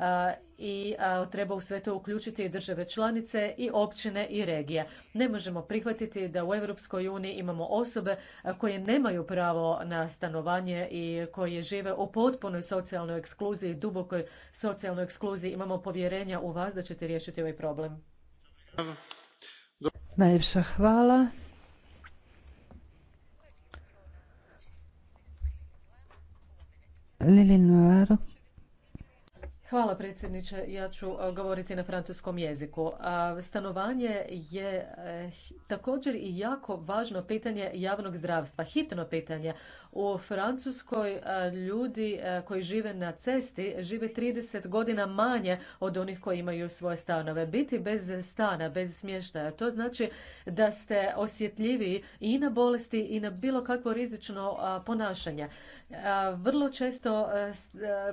E, i e, treba u sve to uključiti i države članice i općine i regije. Ne možemo prihvatiti da u Europskoj uniji imamo osobe e, koje nemaju pravo na stanovanje i koje žive u potpunoj socijalnoj ekskluziji, dubokoj socijalnoj ekskluziji. Imamo povjerenja u vas da ćete riješiti ovaj problem. Najljepša hvala. Lili Hvala predsjedniče, ja ću e, govoriti na francuskom jeziku. E, stanovanje je e, također i jako važno pitanje javnog zdravstva, hitno pitanje. U Francuskoj ljudi koji žive na cesti žive 30 godina manje od onih koji imaju svoje stanove. Biti bez stana, bez smještaja, to znači da ste osjetljiviji i na bolesti i na bilo kakvo rizično ponašanje. Vrlo često,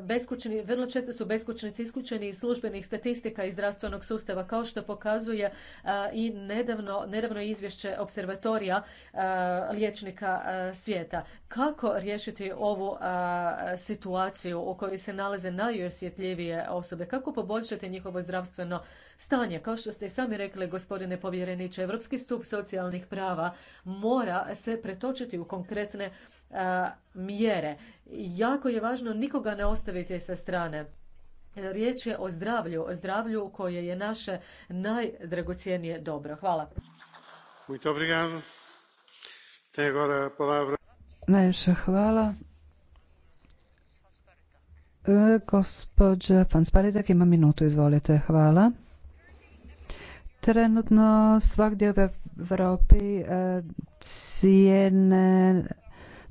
beskućni, vrlo često su beskućni beskućnici isključeni iz službenih statistika i zdravstvenog sustava, kao što pokazuje i nedavno, izvješće observatorija liječnika svijeta. Kako riješiti ovu situaciju u kojoj se nalaze najosjetljivije osobe? Kako poboljšati njihovo zdravstveno stanje? Kao što ste i sami rekli, gospodine povjereniče, Europski stup socijalnih prava mora se pretočiti u konkretne mjere. Jako je važno nikoga ne ostaviti sa strane. Riječ je o zdravlju, o zdravlju koje je naše najdragocijenije dobro. Hvala. Muito agora palavra. Najviše hvala. E, Gospodža Fansparidek ima minutu, izvolite. Hvala. Trenutno svakdje u Europi e, cijene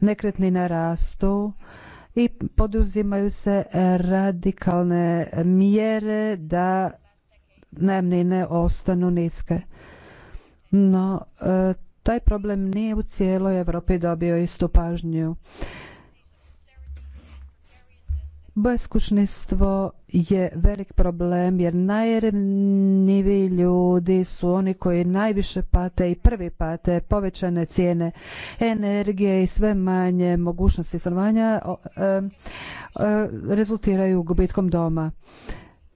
nekretnina rastu i poduzimaju se radikalne mjere da najemnine ostanu niske. No, e, taj problem nije u cijeloj Europi dobio istu pažnju. Beskućništvo je velik problem jer najranjiviji ljudi su oni koji najviše pate i prvi pate povećane cijene energije i sve manje mogućnosti stanovanja e, rezultiraju gubitkom doma.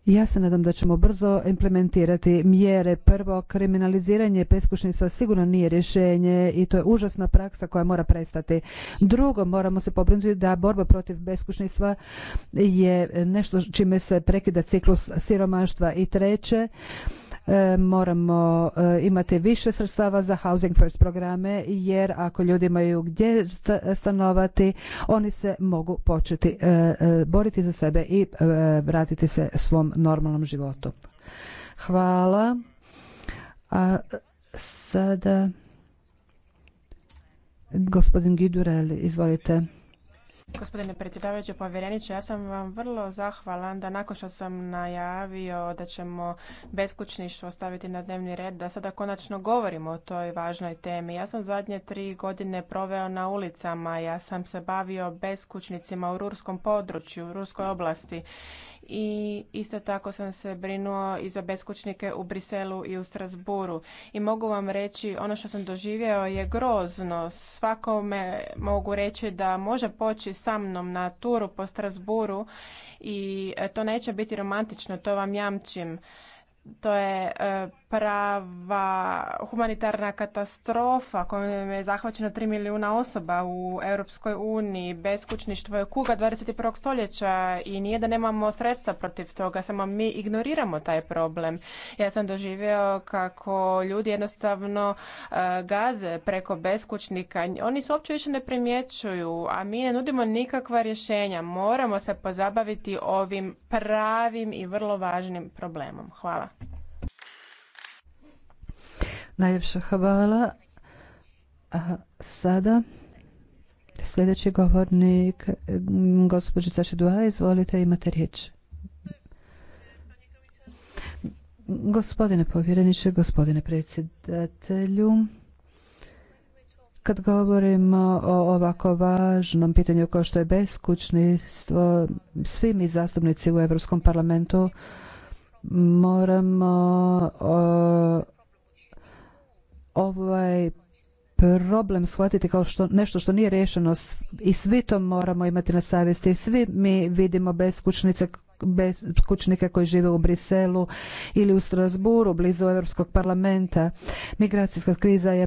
Ja se nadam da ćemo brzo implementirati mjere. Prvo, kriminaliziranje peskušnica sigurno nije rješenje i to je užasna praksa koja mora prestati. Drugo, moramo se pobrinuti da borba protiv beskućništva je nešto čime se prekida ciklus siromaštva. I treće, E, moramo e, imati više sredstava za Housing First programe jer ako ljudi imaju gdje stanovati, oni se mogu početi e, boriti za sebe i vratiti se svom normalnom životu. Hvala. A sada gospodin Gidurel, izvolite. Gospodine predsjedavajući povjereniče, ja sam vam vrlo zahvalan da nakon što sam najavio da ćemo beskućništvo staviti na dnevni red, da sada konačno govorimo o toj važnoj temi. Ja sam zadnje tri godine proveo na ulicama, ja sam se bavio beskućnicima u rurskom području, u ruskoj oblasti i isto tako sam se brinuo i za beskućnike u Briselu i u Strasburu. I mogu vam reći, ono što sam doživjeo je grozno. Svakome mogu reći da može poći sa mnom na turu po Strasburu i to neće biti romantično, to vam jamčim. To je e, prava humanitarna katastrofa kojom je zahvaćeno 3 milijuna osoba u Europskoj uniji. Beskućništvo je kuga 21. stoljeća i nije da nemamo sredstva protiv toga, samo mi ignoriramo taj problem. Ja sam doživio kako ljudi jednostavno e, gaze preko beskućnika. Oni se uopće više ne primjećuju, a mi ne nudimo nikakva rješenja. Moramo se pozabaviti ovim pravim i vrlo važnim problemom. Hvala. Najljepša hvala. sada sljedeći govornik, mm, gospođica Šedua, izvolite, imate riječ. Gospodine povjereniče, gospodine predsjedatelju, kad govorimo o ovako važnom pitanju kao što je beskućništvo, svi mi zastupnici u Europskom parlamentu moramo ovaj problem shvatiti kao što, nešto što nije riješeno i svi to moramo imati na savjesti. Svi mi vidimo beskućnice beskućnike koji žive u Briselu ili u Strasburu blizu Europskog parlamenta. Migracijska kriza je e,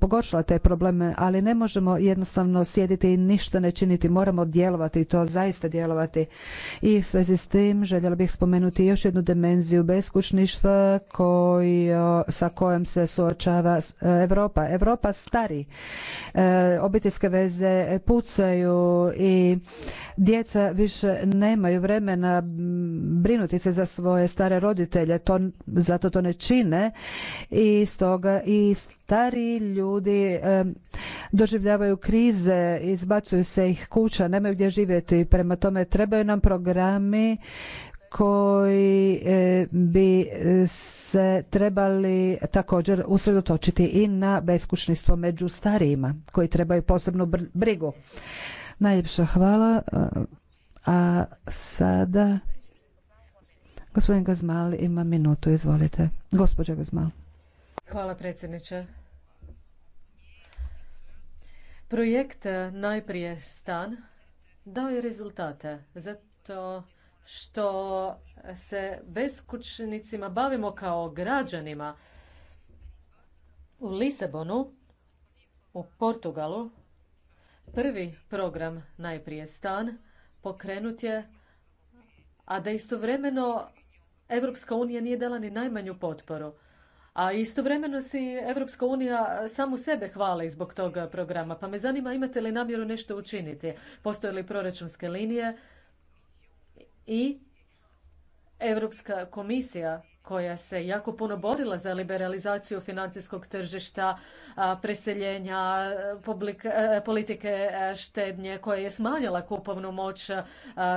pogoršala te probleme, ali ne možemo jednostavno sjediti i ništa ne činiti. Moramo djelovati i to zaista djelovati. I u svezi s tim željela bih spomenuti još jednu dimenziju beskućništva koji, sa kojom se suočava e, Europa. Europa stari. E, obiteljske veze pucaju i djeca više nemaju vremena brinuti se za svoje stare roditelje, to, zato to ne čine i stoga i stari ljudi doživljavaju krize, izbacuju se ih kuća, nemaju gdje živjeti, prema tome trebaju nam programi koji e, bi se trebali također usredotočiti i na beskućništvo među starijima koji trebaju posebnu brigu. Najljepša hvala. A sada gospodin Gazmal ima minutu, izvolite. Gospođa Gazmal. Hvala predsjedniče. Projekt e, Najprije stan dao je rezultate zato što se beskućnicima bavimo kao građanima. U Lisabonu, u Portugalu, prvi program Najprije stan pokrenut je, a da istovremeno Evropska unija nije dala ni najmanju potporu. A istovremeno si Evropska unija samu sebe hvali zbog tog programa. Pa me zanima imate li namjeru nešto učiniti? Postoje li proračunske linije i Europska komisija koja se jako puno borila za liberalizaciju financijskog tržišta, preseljenja, e, politike e, štednje, koja je smanjila kupovnu moć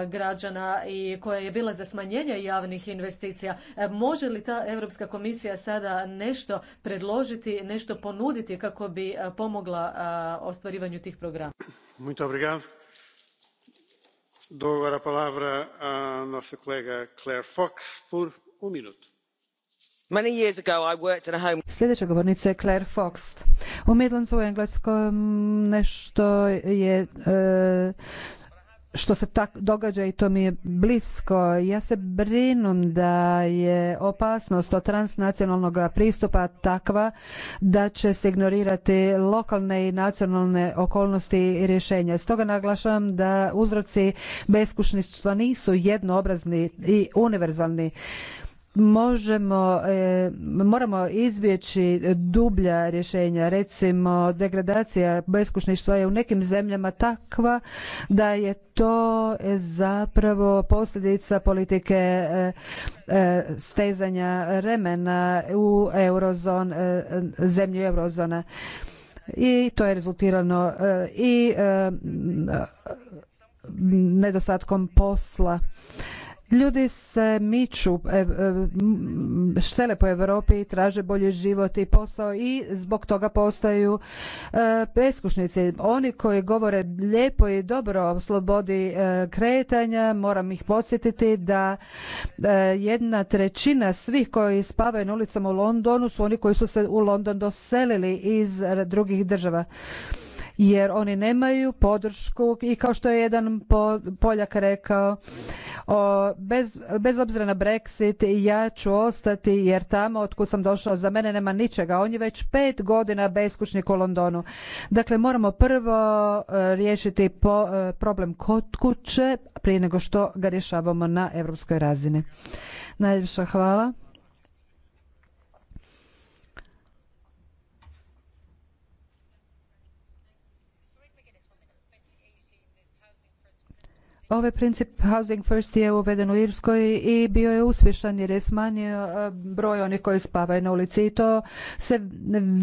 građana i koja je bila za smanjenje javnih investicija. E, može li ta Europska komisija sada nešto predložiti, nešto ponuditi kako bi pomogla ostvarivanju tih programa? Muito obrigado. Dou agora palavra à nossa colega Claire Fox por um minuto. Sljedeća govornica je Claire Fox. U Midlandsu u Engleskom nešto je e, što se tak događa i to mi je blisko. Ja se brinum da je opasnost od transnacionalnog pristupa takva da će se ignorirati lokalne i nacionalne okolnosti i rješenja. Stoga naglašavam da uzroci beskušništva nisu jednoobrazni i univerzalni možemo, e, moramo izbjeći dublja rješenja. Recimo, degradacija beskućništva je u nekim zemljama takva da je to zapravo posljedica politike e, e, stezanja remena u eurozon, zemlju eurozona. I to je rezultirano i nedostatkom posla Ljudi se miču, štele e, e, po Europi i traže bolji život i posao i zbog toga postaju e, beskušnici. Oni koji govore lijepo i dobro o slobodi kretanja, moram ih podsjetiti da jedna trećina svih koji spavaju na ulicama u Londonu su oni koji su se u London doselili iz drugih država jer oni nemaju podršku i kao što je jedan Poljak rekao bez, bez obzira na Brexit ja ću ostati jer tamo otkud sam došao za mene nema ničega. On je već pet godina beskućnik u Londonu. Dakle moramo prvo e, riješiti e, problem kod kuće prije nego što ga rješavamo na europskoj razini. Najljepša hvala. Ovaj princip Housing First je uveden u Irskoj i bio je uspješan jer je smanjio e, broj onih koji spavaju na ulici i to se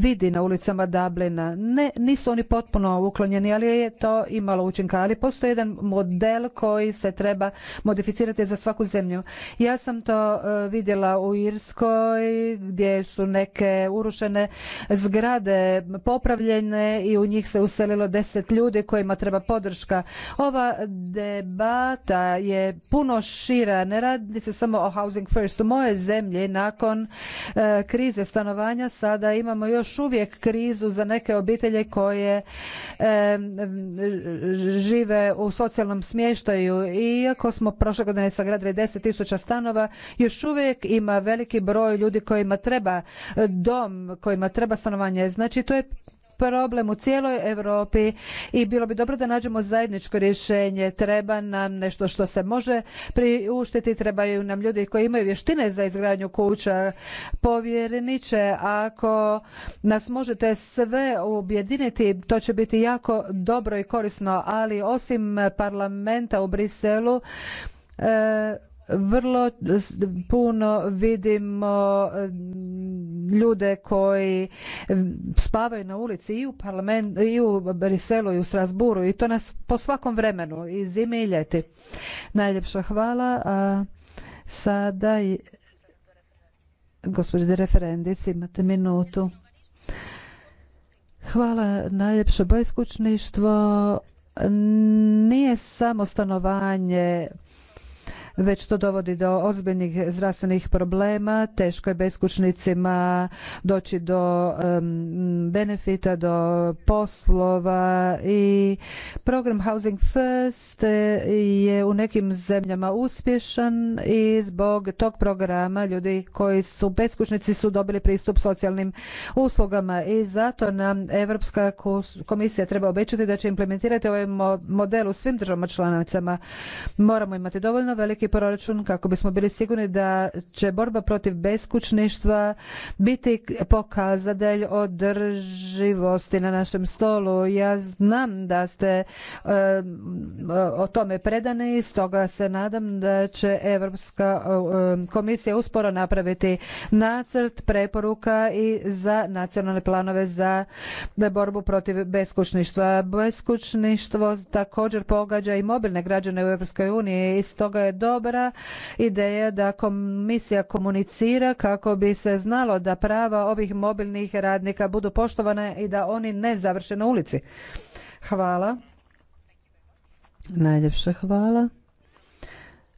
vidi na ulicama Dublina. Ne, nisu oni potpuno uklonjeni, ali je to imalo učinka. Ali postoji jedan model koji se treba modificirati za svaku zemlju. Ja sam to e, vidjela u Irskoj gdje su neke urušene zgrade popravljene i u njih se uselilo deset ljudi kojima treba podrška. Ova ta je puno šira. Ne radi se samo o Housing First. U moje zemlji nakon e, krize stanovanja sada imamo još uvijek krizu za neke obitelje koje e, žive u socijalnom smještaju. Iako smo prošle godine sagradili 10.000 stanova, još uvijek ima veliki broj ljudi kojima treba dom, kojima treba stanovanje. Znači to je problem u cijeloj Europi i bilo bi dobro da nađemo zajedničko rješenje. Treba nam nešto što se može priuštiti, trebaju nam ljudi koji imaju vještine za izgradnju kuća. Povjereniče, ako nas možete sve objediniti, to će biti jako dobro i korisno, ali osim parlamenta u Briselu, e, vrlo puno vidimo ljude koji spavaju na ulici i u parlamentu i u Briselu i u Strasburu i to nas po svakom vremenu i zime i ljeti. Najljepša hvala. A sada gospođe referendic imate minutu. Hvala najljepše. Beskućništvo nije samo stanovanje već to dovodi do ozbiljnih zdravstvenih problema, teško je beskućnicima doći do benefita, do poslova i program Housing First je u nekim zemljama uspješan i zbog tog programa ljudi koji su beskućnici su dobili pristup socijalnim uslugama i zato nam Europska komisija treba obećati da će implementirati ovaj model u svim državama članicama. Moramo imati dovoljno veliki proračun kako bismo bili sigurni da će borba protiv beskućništva biti pokazatelj održivosti na našem stolu. Ja znam da ste e, o tome predani i stoga se nadam da će Europska e, komisija usporo napraviti nacrt preporuka i za nacionalne planove za borbu protiv beskućništva. Beskućništvo također pogađa i mobilne građane u Evropskoj uniji i stoga je dobro dobra ideja da komisija komunicira kako bi se znalo da prava ovih mobilnih radnika budu poštovana i da oni ne završe na ulici. Hvala. Najljepše hvala.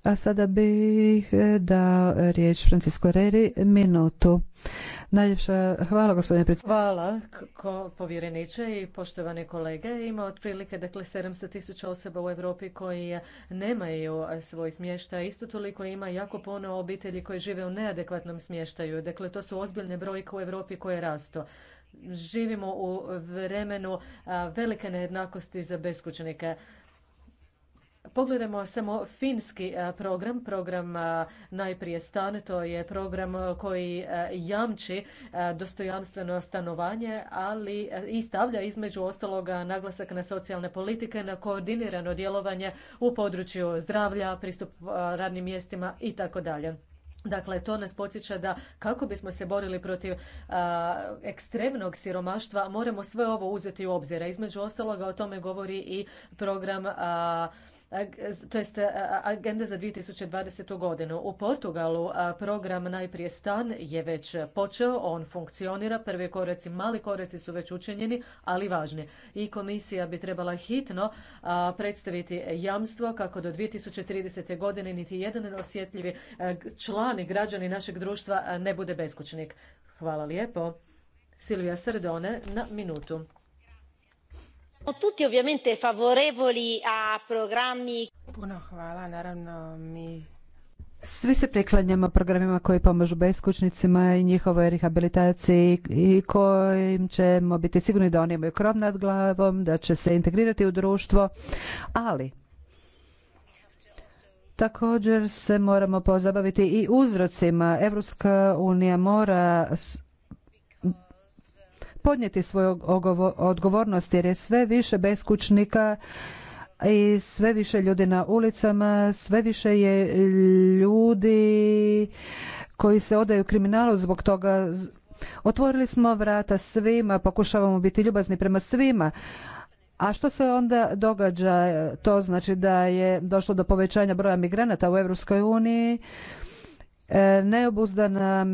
A sada bih e, dao riječ Francisco Reri minutu. Najljepša hvala gospodine predsjedniče. Hvala ko, povjereniče i poštovane kolege. Ima otprilike dakle 700 tisuća osoba u Europi koji nemaju svoj smještaj. Isto toliko ima jako puno obitelji koji žive u neadekvatnom smještaju. Dakle to su ozbiljne brojke u Europi koje rastu živimo u vremenu velike nejednakosti za beskućnike. Pogledajmo samo finski e, program, program e, najprije stan, to je program e, koji jamči dostojanstveno stanovanje, ali i stavlja između ostaloga naglasak na socijalne politike, na koordinirano djelovanje u području zdravlja, pristup radnim mjestima i tako dalje. Dakle, to nas podsjeća da kako bismo se borili protiv ekstremnog siromaštva, moramo sve ovo uzeti u obzira. Između ostaloga o tome govori i program to jest e, agende za 2020. godinu. U Portugalu program Najprije stan je već počeo, on funkcionira, prvi koreci, mali koreci su već učinjeni, ali važni. I komisija bi trebala hitno predstaviti jamstvo kako do 2030. godine niti jedan osjetljivi e, član i građani našeg društva ne bude beskućnik. Hvala lijepo. Silvija Srdone na minutu siamo tutti ovviamente favorevoli a programmi Puno hvala, naravno mi svi se priklanjamo programima koji pomažu beskućnicima i njihovoj rehabilitaciji i kojim ćemo biti sigurni da oni imaju krov nad glavom, da će se integrirati u društvo, ali Također se moramo pozabaviti i uzrocima. Evropska unija mora podnijeti svoju odgovornost jer je sve više beskućnika i sve više ljudi na ulicama, sve više je ljudi koji se odaju kriminalu zbog toga. Otvorili smo vrata svima, pokušavamo biti ljubazni prema svima, a što se onda događa? To znači da je došlo do povećanja broja migranata u Europskoj uniji. Neobuzdana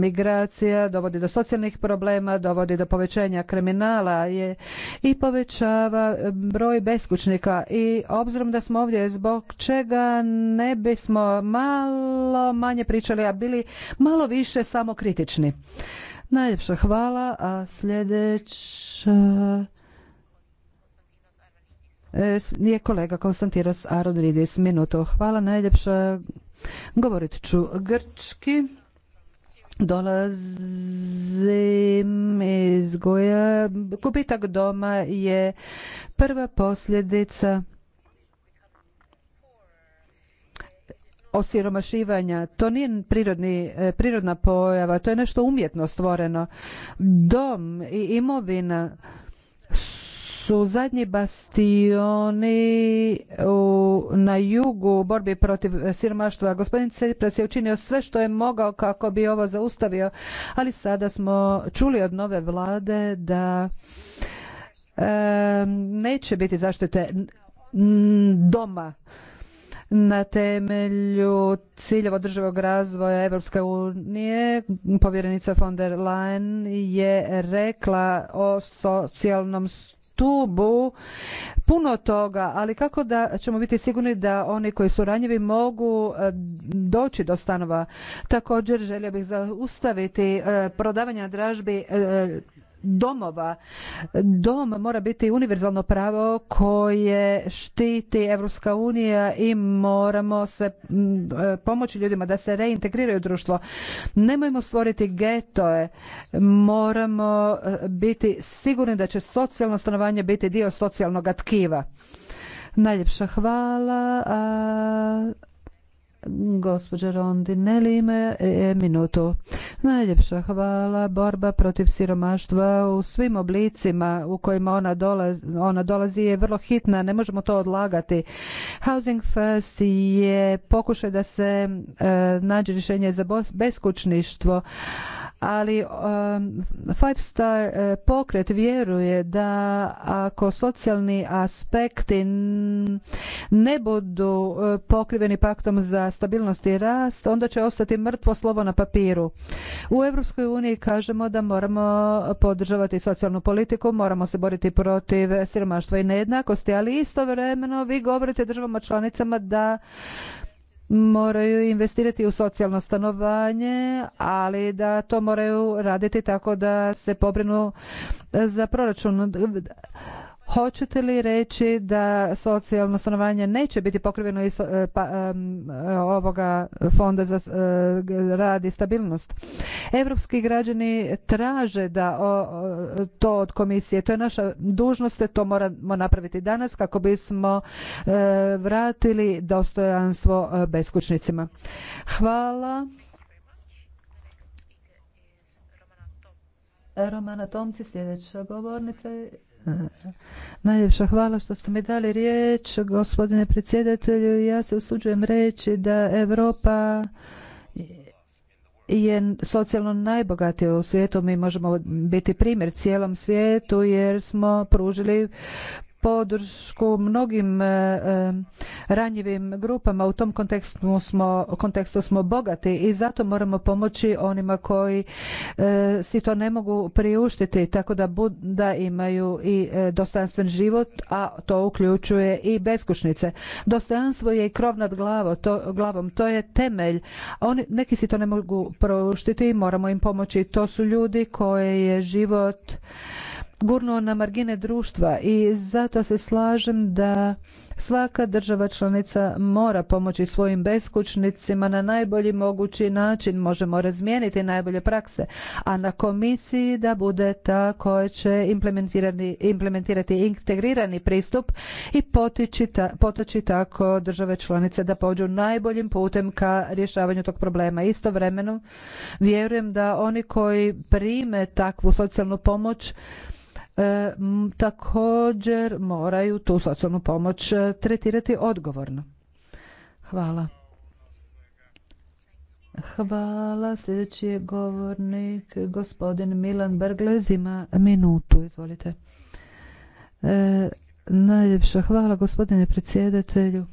migracija dovodi do socijalnih problema, dovodi do povećanja kriminala je i povećava broj beskućnika i obzirom da smo ovdje zbog čega ne bismo malo manje pričali, a bili malo više samokritični. Najljepša hvala, a sljedeća e, je kolega Konstantinos Arodridis. Minuto. Hvala najljepša Govorit ću grčki. Dolazim iz Goja. Kupitak doma je prva posljedica osiromašivanja. To nije prirodni, e, prirodna pojava, to je nešto umjetno stvoreno. Dom i imovina su zadnji bastioni na jugu u borbi protiv siromaštva. Gospodin presje je učinio sve što je mogao kako bi ovo zaustavio, ali sada smo čuli od nove vlade da neće biti zaštite doma na temelju ciljeva državog razvoja EU. unije povjerenica von der Leyen je rekla o socijalnom tubu puno toga, ali kako da ćemo biti sigurni da oni koji su ranjivi mogu e, doći do stanova. Također želio bih zaustaviti e, prodavanje dražbi e, domova. Dom mora biti univerzalno pravo koje štiti Evropska unija i moramo se e, pomoći ljudima da se reintegriraju u društvo. Nemojmo stvoriti getoje, moramo e, biti sigurni da će socijalno stanovanje biti dio socijalnog tkiva. Najljepša hvala. Gospođa Rondinelli ima e, minutu. Najljepša hvala. Borba protiv siromaštva u svim oblicima u kojima ona dolazi, ona dolazi je vrlo hitna. Ne možemo to odlagati. Housing First je pokušaj da se e, nađe rješenje za beskućništvo ali um, Five Star uh, pokret vjeruje da ako socijalni aspekti ne budu uh, pokriveni paktom za stabilnost i rast, onda će ostati mrtvo slovo na papiru. U Europskoj uniji kažemo da moramo podržavati socijalnu politiku, moramo se boriti protiv siromaštva i nejednakosti, ali istovremeno vi govorite državama članicama da moraju investirati u socijalno stanovanje, ali da to moraju raditi tako da se pobrinu za proračun Hoćete li reći da socijalno stanovanje neće biti pokriveno iz e, pa, e, ovoga fonda za e, rad i stabilnost? Europski građani traže da o, to od komisije, to je naša dužnost, to moramo napraviti danas kako bismo vratili dostojanstvo beskućnicima. Hvala. Romana Tomci, sljedeća govornica Najljepša hvala što ste mi dali riječ, gospodine predsjedatelju. Ja se usuđujem reći da Europa je socijalno najbogatija u svijetu. Mi možemo biti primjer cijelom svijetu jer smo pružili podršku mnogim e, e, ranjivim grupama. U tom kontekstu smo, kontekstu smo bogati i zato moramo pomoći onima koji e, si to ne mogu priuštiti tako da, da imaju i dostojanstven život, a to uključuje i beskušnice. Dostojanstvo je i krov nad glavo, to, glavom, to je temelj. Oni, neki si to ne mogu priuštiti i moramo im pomoći. To su ljudi koje je život gurnuo na margine društva i zato se slažem da svaka država članica mora pomoći svojim beskućnicima na najbolji mogući način. Možemo razmijeniti najbolje prakse, a na komisiji da bude ta koja će implementirati integrirani pristup i potoći tako države članice da pođu najboljim putem ka rješavanju tog problema. Istovremeno vjerujem da oni koji prime takvu socijalnu pomoć E, također moraju tu socijalnu pomoć e, tretirati odgovorno. Hvala. Hvala. Sljedeći je govornik gospodin Milan Berglez. Ima minutu. Izvolite. E, najljepša hvala gospodine predsjedatelju.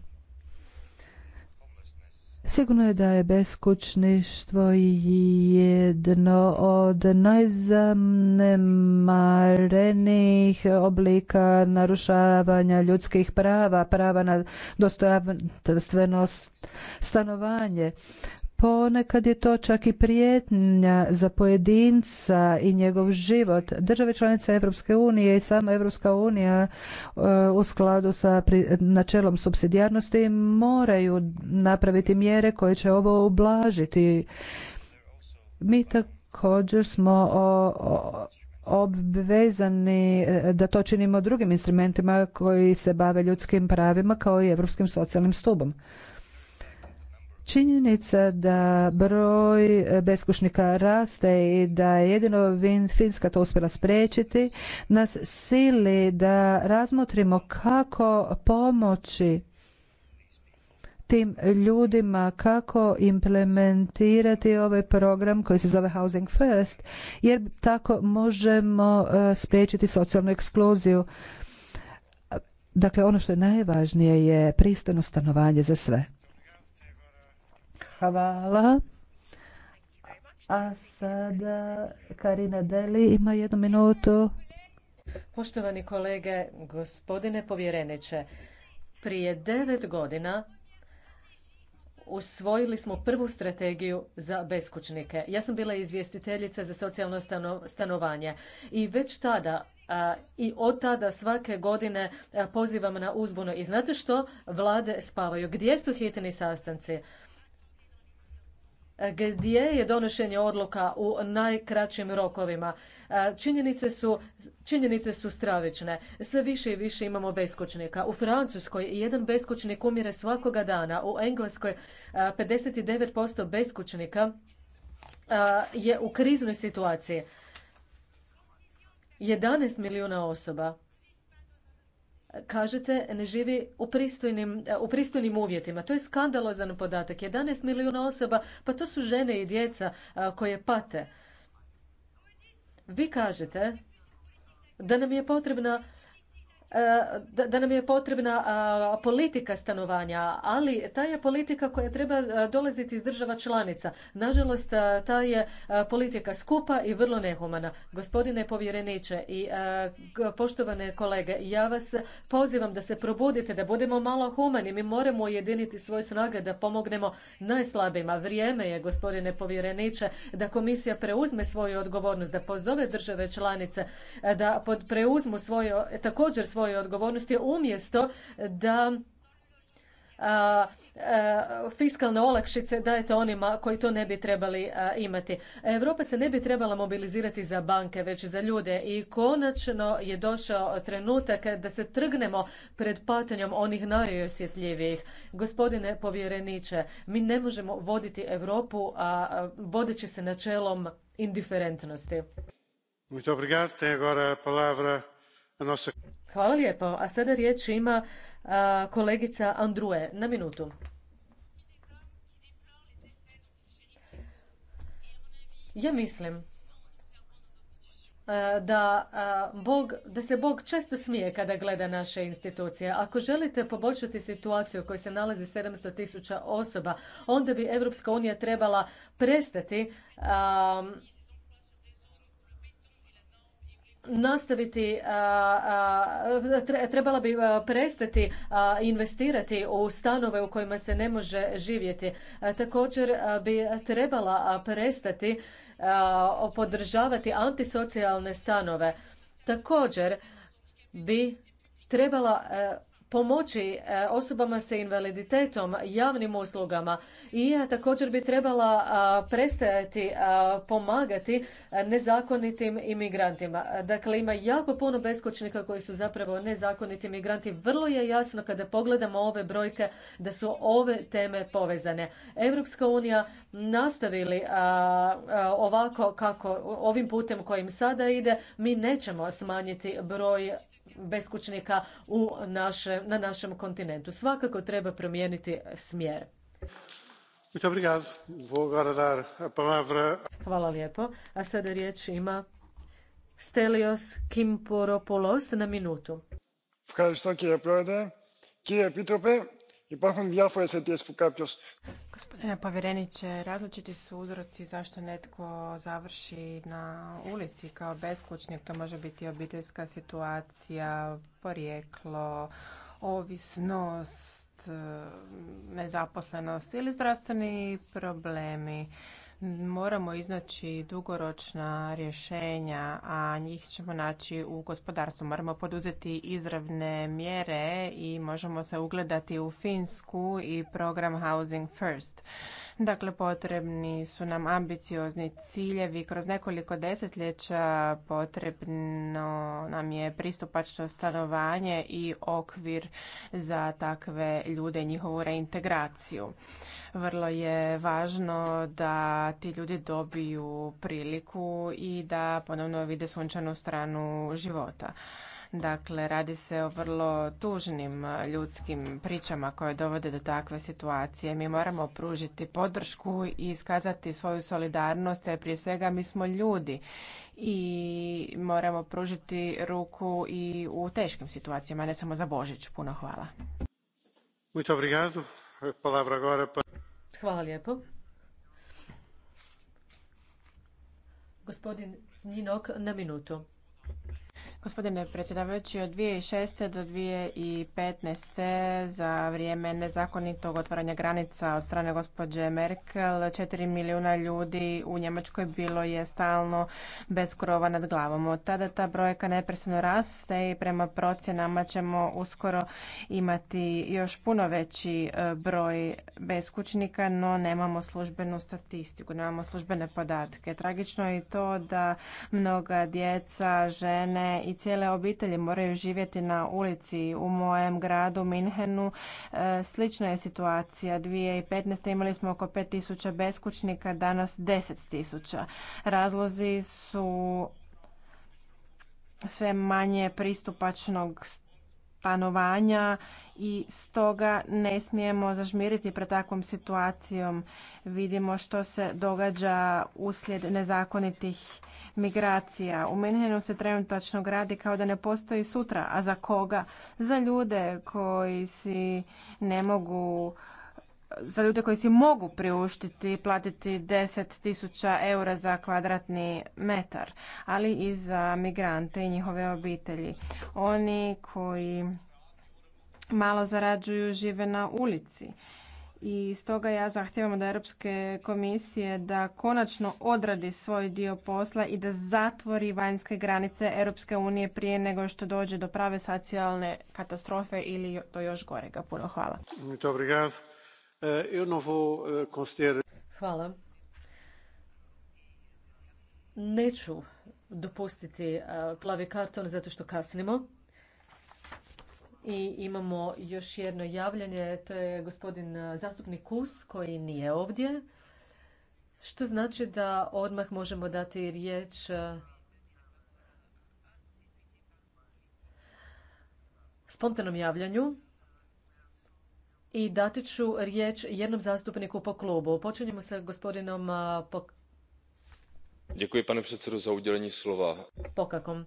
Sigurno je da je beskućništvo jedno od najzamnemarenijih oblika narušavanja ljudskih prava, prava na dostojanstvenost, stanovanje. Ponekad je to čak i prijetnja za pojedinca i njegov život. Države članice Europske unije i sama Europska unija e, u skladu sa načelom subsidijarnosti moraju napraviti mjere koje će ovo ublažiti. Mi također smo obvezani e, da to činimo drugim instrumentima koji se bave ljudskim pravima kao i Europskim socijalnim stubom. Činjenica da broj beskušnika raste i da je jedino Finska to uspjela spriječiti nas sili da razmotrimo kako pomoći tim ljudima kako implementirati ovaj program koji se zove Housing First jer tako možemo e, spriječiti socijalnu ekskluziju. Dakle, ono što je najvažnije je pristojno stanovanje za sve. Hvala. A sada Karina Deli ima jednu minutu. Poštovani kolege, gospodine povjereniče, prije devet godina usvojili smo prvu strategiju za beskućnike. Ja sam bila izvjestiteljica za socijalno stanovanje i već tada i od tada svake godine pozivam na uzbunu. I znate što? Vlade spavaju. Gdje su hitni sastanci? E, gdje je donošenje odluka u najkraćim rokovima. E, činjenice su, činjenice su stravične. Sve više i više imamo beskućnika. U Francuskoj jedan beskućnik umire svakoga dana. U Engleskoj 59% e, beskućnika je u kriznoj situaciji. 11 milijuna osoba kažete ne živi u pristojnim, e, u pristojnim uvjetima. To je skandalozan podatak. 11 milijuna osoba, pa to su žene i djeca e, koje pate. Vi kažete da nam je potrebna E, da nam je potrebna politika stanovanja, ali ta je politika koja treba e, dolaziti iz država članica. Nažalost, e, ta je politika skupa i vrlo nehumana. Gospodine povjereniče i poštovane kolege, ja vas pozivam da se probudite, da budemo malo humani. Mi moramo ujediniti svoje snage da pomognemo najslabijima. Vrijeme je, gospodine povjereniče, da komisija preuzme svoju odgovornost, da pozove države članice, da preuzmu svoje, također svoje svoje odgovornosti umjesto da a, a, fiskalne olakšice dajete onima koji to ne bi trebali imati. Europa se ne bi trebala mobilizirati za banke, već za ljude i konačno je došao trenutak da se trgnemo pred patanjom onih najosjetljivijih. Gospodine povjereniče, mi ne možemo voditi Europu a vodeći se načelom indiferentnosti. Muito obrigado. agora a palavra a nossa Hvala lijepo. A sada riječ ima kolegica Andruje na minutu. Ja mislim da, Bog, da se Bog često smije kada gleda naše institucije. Ako želite poboljšati situaciju u kojoj se nalazi 700 tisuća osoba, onda bi Evropska unija trebala prestati nastaviti, trebala bi prestati investirati u stanove u kojima se ne može živjeti. Također bi trebala prestati podržavati antisocijalne stanove. Također bi trebala pomoći e, osobama sa invaliditetom, javnim uslugama i e, također bi trebala prestajati pomagati e, nezakonitim imigrantima. Dakle, ima jako puno beskućnika koji su zapravo nezakoniti imigranti. Vrlo je jasno kada pogledamo ove brojke da su ove teme povezane. Europska unija nastavili ovako kako ovim putem kojim sada ide, mi nećemo smanjiti broj beskućnika u naše, na našem kontinentu. Svakako treba promijeniti smjer. Hvala lijepo. A sada riječ ima Stelios Kimporopoulos na minutu. Hvala što je Gospodine povjereniče, različiti su uzroci zašto netko završi na ulici kao beskućnik. To može biti obiteljska situacija, porijeklo, ovisnost, e, nezaposlenost ili zdravstveni problemi. Moramo iznaći dugoročna rješenja, a njih ćemo naći u gospodarstvu. Moramo poduzeti izravne mjere i možemo se ugledati u Finsku i program Housing First. Dakle, potrebni su nam ambiciozni ciljevi. Kroz nekoliko desetljeća potrebno nam je pristupačno stanovanje i okvir za takve ljude i njihovu reintegraciju. Vrlo je važno da ti ljudi dobiju priliku i da ponovno vide sunčanu stranu života. Dakle, radi se o vrlo tužnim e, ljudskim pričama koje dovode do takve situacije. Mi moramo pružiti podršku i iskazati svoju solidarnost, jer prije svega mi smo ljudi i moramo pružiti ruku i u teškim situacijama, ne samo za Božić. Puno hvala. Hvala lijepo. Gospodin Zminok na minutu. Gospodine predsjedavajući, od 2006. do 2015. za vrijeme nezakonitog otvaranja granica od strane gospođe Merkel četiri milijuna ljudi u Njemačkoj bilo je stalno bez krova nad glavom. Od tada ta brojka neprestano raste i prema procjenama ćemo uskoro imati još puno veći e, broj beskućnika, no nemamo službenu statistiku, nemamo službene podatke. Tragično je i to da mnoga djeca, žene i cijele obitelji moraju živjeti na ulici u mojem gradu Minhenu. E, slična je situacija. 2015. imali smo oko 5000 beskućnika, danas 10.000. Razlozi su sve manje pristupačnog stanovanja i stoga ne smijemo zažmiriti pred takvom situacijom. Vidimo što se događa uslijed nezakonitih migracija. U Minhenu se trenutačno gradi kao da ne postoji sutra. A za koga? Za ljude koji si ne mogu za ljude koji si mogu priuštiti platiti 10.000 eura za kvadratni metar, ali i za migrante i njihove obitelji. Oni koji malo zarađuju žive na ulici i stoga ja zahtijevam od Europske komisije da konačno odradi svoj dio posla i da zatvori vanjske granice Europske unije prije nego što dođe do prave socijalne katastrofe ili do još gorega. Puno hvala. Eh, eh, hvala. Neću dopustiti eh, plavi karton zato što kasnimo. I imamo još jedno javljanje, to je gospodin eh, zastupnik Kus koji nije ovdje. Što znači da odmah možemo dati riječ eh, spontanom javljanju i dati ću riječ jednom zastupniku po klubu. Počinjemo sa gospodinom eh, Pokakom. Pokakom.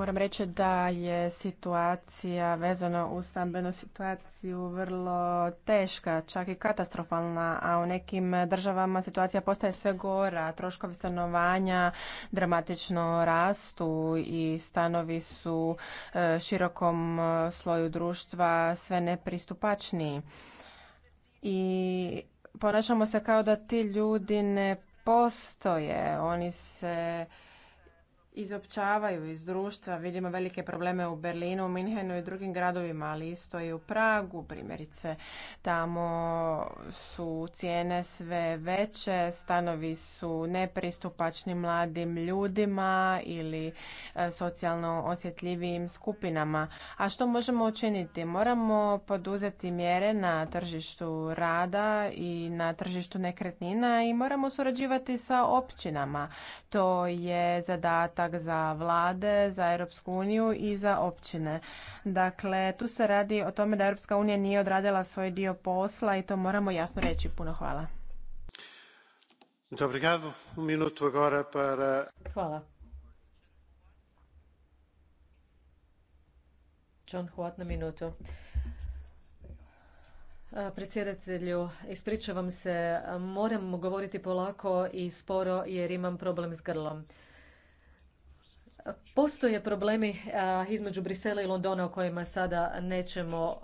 Moram reći da je situacija vezano uz stambenu situaciju vrlo teška, čak i katastrofalna, a u nekim državama situacija postaje sve gora. Troškovi stanovanja dramatično rastu i stanovi su e, širokom e, sloju društva sve nepristupačniji. I ponašamo se kao da ti ljudi ne postoje. Oni se izopćavaju iz društva. Vidimo velike probleme u Berlinu, u Minhenu i drugim gradovima, ali isto i u Pragu, primjerice. Tamo su cijene sve veće, stanovi su nepristupačni mladim ljudima ili e, socijalno osjetljivijim skupinama. A što možemo učiniti? Moramo poduzeti mjere na tržištu rada i na tržištu nekretnina i moramo surađivati sa općinama. To je zadatak za vlade, za Europsku uniju i za općine. Dakle, tu se radi o tome da Europska unija nije odradila svoj dio posla i to moramo jasno reći. Puno hvala. Hvala. na minutu. Predsjedatelju, ispričavam se, moram govoriti polako i sporo jer imam problem s grlom. Postoje problemi između Brisela i Londona o kojima sada nećemo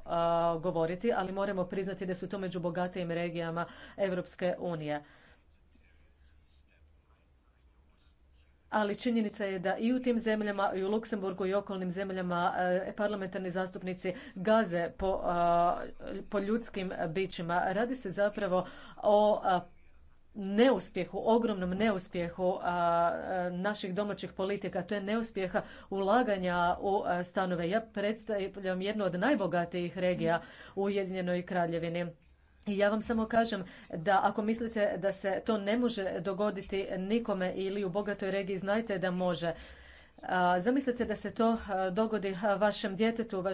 govoriti, ali moramo priznati da su to među bogatijim regijama Europske unije. ali činjenica je da i u tim zemljama i u Luksemburgu i okolnim zemljama parlamentarni zastupnici gaze po, po ljudskim bićima. Radi se zapravo o neuspjehu, ogromnom neuspjehu naših domaćih politika, to je neuspjeha ulaganja u stanove. Ja predstavljam jednu od najbogatijih regija u Ujedinjenoj Kraljevini. I ja vam samo kažem da ako mislite da se to ne može dogoditi nikome ili u bogatoj regiji, znajte da može. Zamislite da se to dogodi vašem djetetu,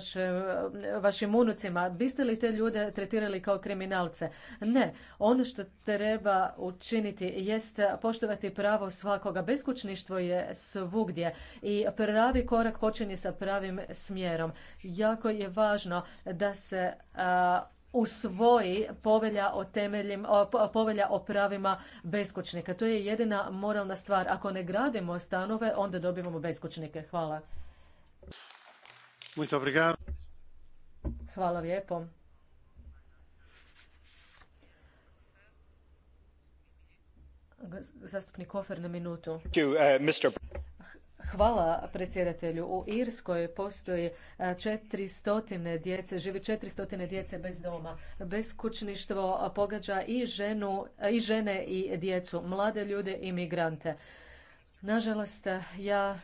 vašim unucima. Biste li te ljude tretirali kao kriminalce? Ne. Ono što treba učiniti jest poštovati pravo svakoga. Beskućništvo je svugdje i pravi korak počinje sa pravim smjerom. Jako je važno da se usvoji povelja o, temeljim, povelja o pravima beskućnika. To je jedina moralna stvar. Ako ne gradimo stanove, onda dobivamo beskućnike. Hvala. Hvala lijepo. Zastupnik Kofer na minutu. Eh, Hvala predsjedatelju. U Irskoj postoji 400 e, djece, živi 400 djece bez doma. Beskućništvo pogađa i, ženu, i žene i djecu, mlade ljude i migrante. Nažalost, ja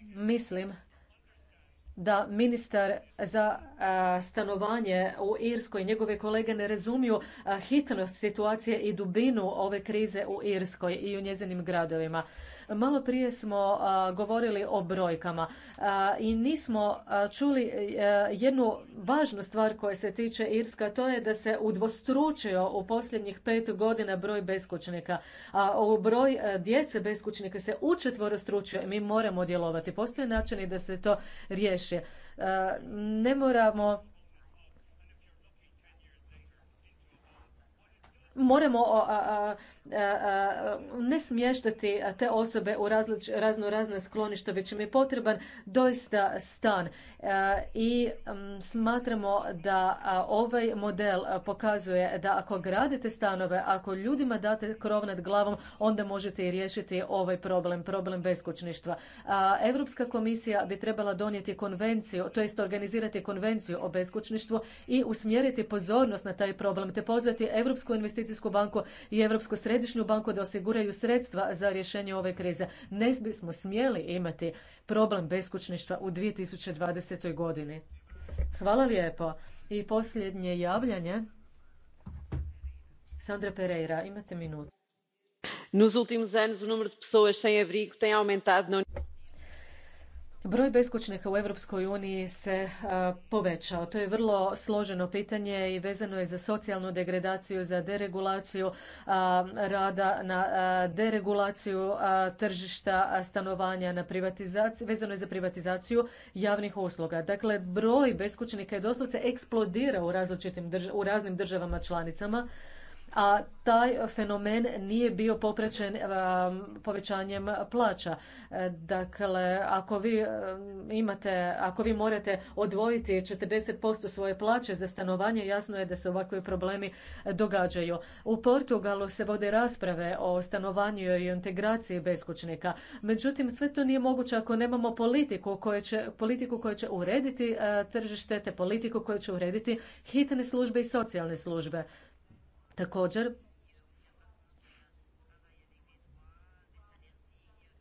mislim da ministar za e, stanovanje u Irskoj i njegove kolege ne razumiju e, hitnost situacije i dubinu ove krize u Irskoj i u njezinim gradovima. Malo prije smo govorili o brojkama i nismo čuli e, jednu važnu stvar koja se tiče Irska, to je da se udvostručio u posljednjih pet godina broj beskućnika, a u broj e, djece beskućnika se i Mi moramo djelovati. Postoje načini da se to riješi. E, ne moramo moramo ne smještati te osobe u razno razne skloništa, već im je potreban doista stan. E, I smatramo da ovaj model pokazuje da ako gradite stanove, ako ljudima date krov nad glavom, onda možete i riješiti ovaj problem, problem beskućništva. Europska komisija bi trebala donijeti konvenciju, to jest organizirati konvenciju o beskućništvu i usmjeriti pozornost na taj problem, te pozvati Europsku investiciju investicijsku banku i Europsku središnju banku da osiguraju sredstva za rješenje ove krize. Ne bismo smjeli imati problem beskućništva u 2020. godini. Hvala lijepo. I posljednje javljanje. Sandra Pereira, imate minutu. Nos últimos anos, o número de pessoas sem abrigo tem aumentado na Broj beskućnika u Europskoj uniji se e, povećao. To je vrlo složeno pitanje i vezano je za socijalnu degradaciju, za deregulaciju e, rada, na e, deregulaciju tržišta stanovanja, na privatizaciju, vezano je za privatizaciju javnih usluga. Dakle, broj beskućnika je doslovce eksplodirao u različitim, u raznim državama članicama a taj fenomen nije bio popraćen povećanjem plaća. E, dakle, ako vi imate, ako vi morate odvojiti 40% svoje plaće za stanovanje, jasno je da se ovakvi problemi događaju. U Portugalu se vode rasprave o stanovanju i integraciji beskućnika. Međutim, sve to nije moguće ako nemamo politiku koja će, politiku koja će urediti e, tržište, politiku koja će urediti hitne službe i socijalne službe. Također,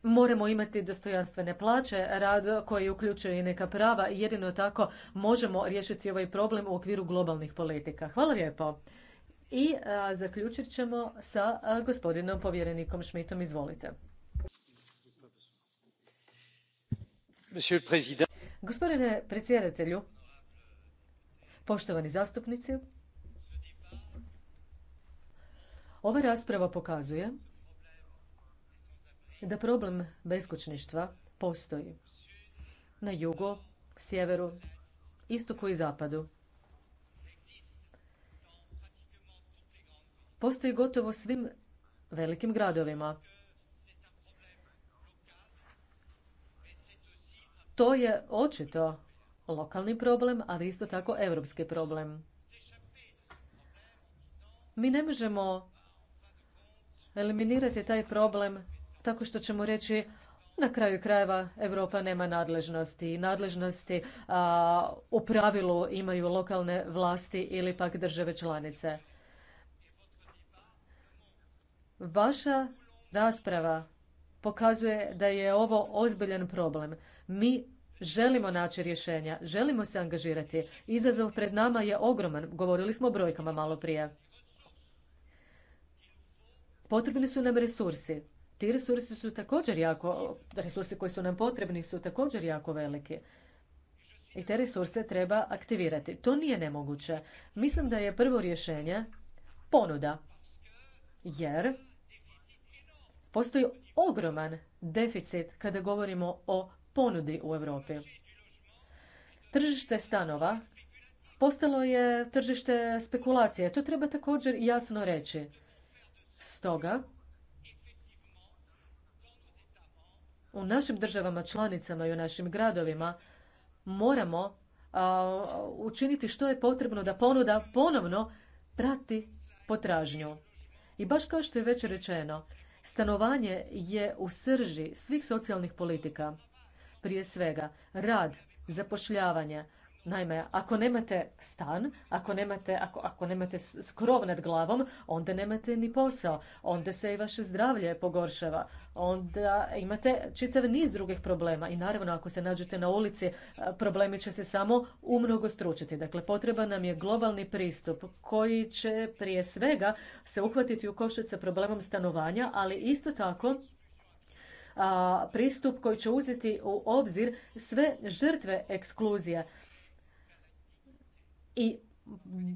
moramo imati dostojanstvene plaće, rad koji uključuje i neka prava i jedino tako možemo riješiti ovaj problem u okviru globalnih politika. Hvala lijepo. I zaključit ćemo sa gospodinom povjerenikom Šmitom. Izvolite. Gospodine predsjedatelju, poštovani zastupnici, ova rasprava pokazuje da problem beskućništva postoji na jugu, sjeveru, istoku i zapadu. Postoji gotovo svim velikim gradovima. To je očito lokalni problem, ali isto tako europski problem. Mi ne možemo eliminirati taj problem tako što ćemo reći na kraju krajeva Europa nema nadležnosti i nadležnosti u pravilu imaju lokalne vlasti ili pak države članice. Vaša rasprava pokazuje da je ovo ozbiljan problem. Mi želimo naći rješenja, želimo se angažirati. Izazov pred nama je ogroman, govorili smo o brojkama malo prije. Potrebni su nam resursi. Ti resursi su također jako, resursi koji su nam potrebni su također jako veliki. I te resurse treba aktivirati. To nije nemoguće. Mislim da je prvo rješenje ponuda. Jer postoji ogroman deficit kada govorimo o ponudi u Europi. Tržište stanova postalo je tržište spekulacije. To treba također jasno reći. Stoga, u našim državama članicama i u našim gradovima moramo učiniti što je potrebno da ponuda ponovno prati potražnju. I baš kao što je već rečeno, stanovanje je u srži svih socijalnih politika. Prije svega, rad, zapošljavanje, Naime, ako nemate stan, ako nemate, ako, ako nemate skrov nad glavom, onda nemate ni posao, onda se i vaše zdravlje pogoršava, onda imate čitav niz drugih problema i naravno ako se nađete na ulici, e, problemi će se samo umnogo stručiti. Dakle, potreba nam je globalni pristup koji će prije svega se uhvatiti u košet sa problemom stanovanja, ali isto tako pristup koji će uzeti u obzir sve žrtve ekskluzije i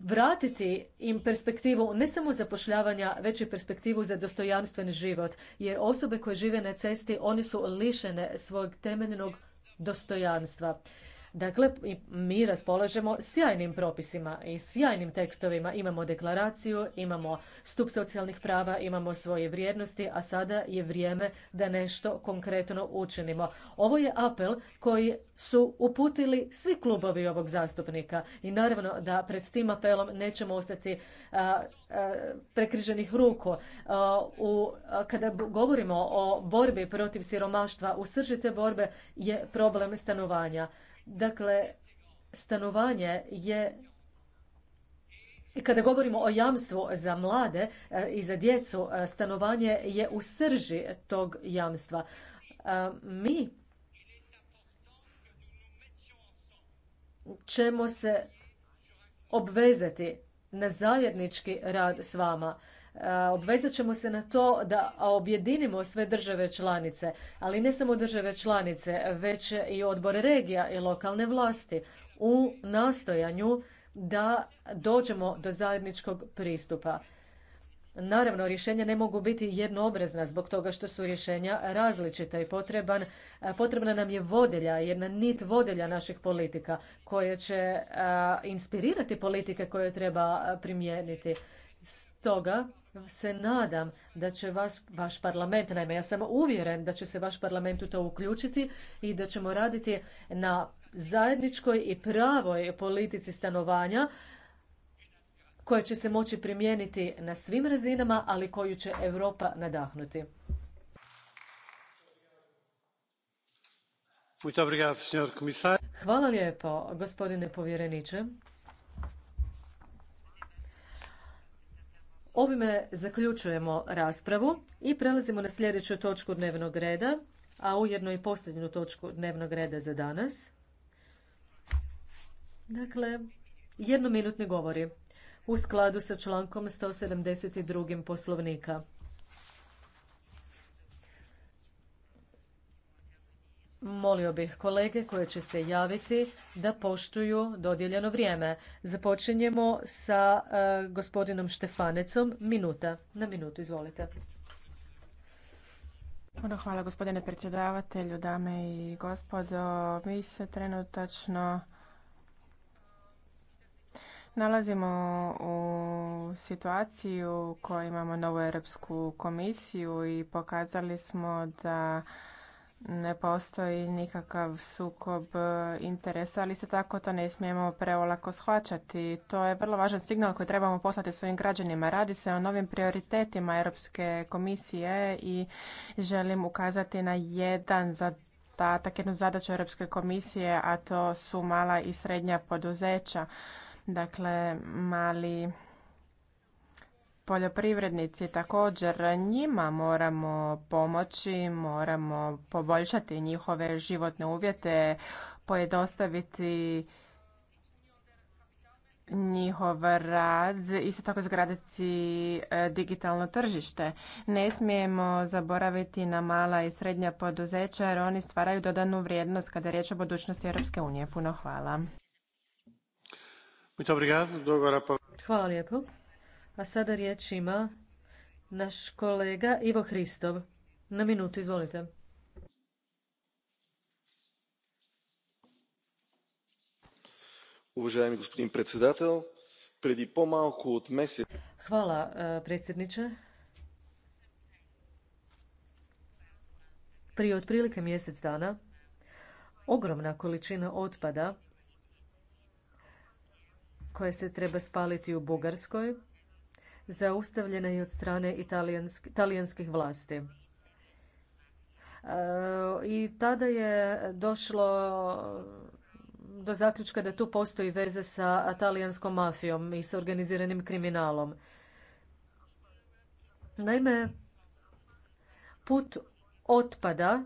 vratiti im perspektivu ne samo zapošljavanja, već i perspektivu za dostojanstven život. Jer osobe koje žive na cesti, oni su lišene svog temeljnog dostojanstva. Dakle, mi raspolažemo sjajnim propisima i sjajnim tekstovima. Imamo deklaraciju, imamo stup socijalnih prava, imamo svoje vrijednosti, a sada je vrijeme da nešto konkretno učinimo. Ovo je apel koji su uputili svi klubovi ovog zastupnika i naravno da pred tim apelom nećemo ostati prekriženih ruku. u, kada govorimo o borbi protiv siromaštva, u srži borbe je problem stanovanja. Dakle, stanovanje je kada govorimo o jamstvu za mlade eh, i za djecu, eh, stanovanje je u srži tog jamstva. Eh, mi ćemo se obvezati na zajednički rad s vama Obvezat ćemo se na to da objedinimo sve države članice, ali ne samo države članice, već i odbor regija i lokalne vlasti u nastojanju da dođemo do zajedničkog pristupa. Naravno, rješenja ne mogu biti jednoobrazna zbog toga što su rješenja različita i potreban, potrebna nam je vodelja, jedna nit vodelja naših politika koje će inspirirati politike koje treba primijeniti. Stoga, se nadam da će vas, vaš parlament, naime ja sam uvjeren da će se vaš parlament u to uključiti i da ćemo raditi na zajedničkoj i pravoj politici stanovanja koja će se moći primijeniti na svim razinama, ali koju će Europa nadahnuti. Hvala lijepo, gospodine povjereniče. Ovime zaključujemo raspravu i prelazimo na sljedeću točku dnevnog reda, a ujedno i posljednju točku dnevnog reda za danas. Dakle, jednominutni govori u skladu sa člankom 172. poslovnika. Molio bih kolege koje će se javiti da poštuju dodijeljeno vrijeme. Započinjemo sa e, gospodinom Štefanecom. Minuta. Na minutu, izvolite. Puno hvala gospodine predsjedavatelju, dame i gospodo. Mi se trenutačno nalazimo u situaciju u kojoj imamo novu Europsku komisiju i pokazali smo da ne postoji nikakav sukob e, interesa, ali isto tako to ne smijemo preolako shvaćati. To je vrlo važan signal koji trebamo poslati svojim građanima. Radi se o novim prioritetima Europske komisije i želim ukazati na jedan zadatak, jednu zadaću Europske komisije, a to su mala i srednja poduzeća. Dakle, mali poljoprivrednici također njima moramo pomoći, moramo poboljšati njihove životne uvjete, pojedostaviti njihov rad, isto tako zgraditi e, digitalno tržište. Ne smijemo zaboraviti na mala i srednja poduzeća jer oni stvaraju dodanu vrijednost kada je riječ o budućnosti Europske unije. Puno hvala. Hvala lijepo. A sada riječ ima naš kolega Ivo Hristov. Na minutu, izvolite. predsjedatel, pomalku od Hvala, e, predsjedniče. Prije otprilike mjesec dana ogromna količina otpada koja se treba spaliti u Bugarskoj zaustavljena i od strane talijanskih vlasti. E, I tada je došlo do zaključka da tu postoji veze sa talijanskom mafijom i sa organiziranim kriminalom. Naime, put otpada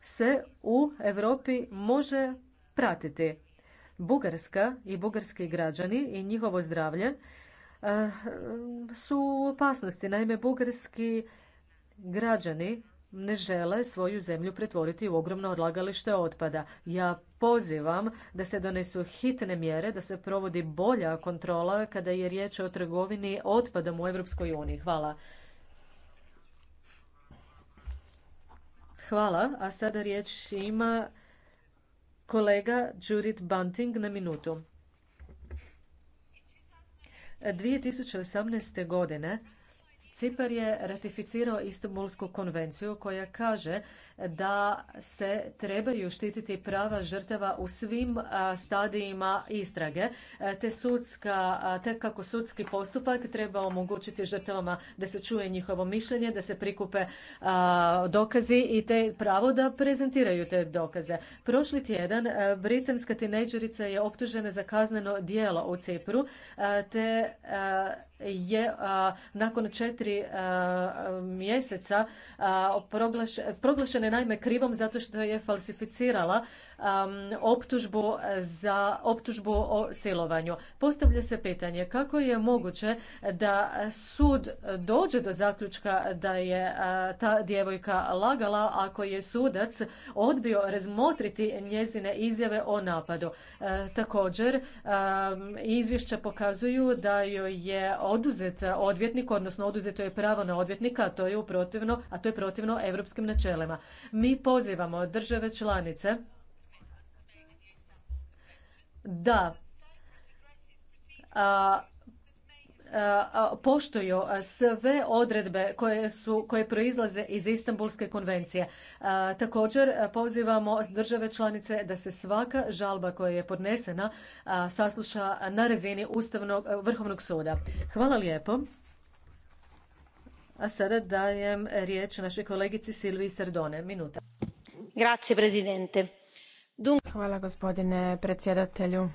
se u Europi može pratiti. Bugarska i bugarski građani i njihovo zdravlje Eh, su u opasnosti. Naime, bugarski građani ne žele svoju zemlju pretvoriti u ogromno odlagalište otpada. Ja pozivam da se donesu hitne mjere, da se provodi bolja kontrola kada je riječ o trgovini otpadom u Europskoj uniji. Hvala. Hvala, a sada riječ ima kolega Judith Bunting na minutu. 2018. godine Cipar je ratificirao Istanbulsku konvenciju koja kaže da se trebaju štititi prava žrtava u svim stadijima istrage, te, sudska, te kako sudski postupak treba omogućiti žrtavama da se čuje njihovo mišljenje, da se prikupe dokazi i te pravo da prezentiraju te dokaze. Prošli tjedan britanska tineđerica je optužena za kazneno djelo u Cipru, te je nakon četiri mjeseca proglašena je naime krivom zato što je falsificirala Um, optužbu za optužbu o silovanju. Postavlja se pitanje kako je moguće da sud dođe do zaključka da je uh, ta djevojka lagala ako je sudac odbio razmotriti njezine izjave o napadu. Uh, također um, izvješća pokazuju da joj je oduzet odvjetnik, odnosno oduzeto je pravo na odvjetnika, a to je protivno, a to je protivno europskim načelima. Mi pozivamo države članice da poštuju sve odredbe koje, su, koje proizlaze iz Istanbulske konvencije. također pozivamo države članice da se svaka žalba koja je podnesena sasluša na razini Ustavnog Vrhovnog suda. Hvala lijepo. A sada dajem riječ našoj kolegici Silvi Sardone. Minuta. Grazie, Presidente Hvala gospodine predsjedatelju.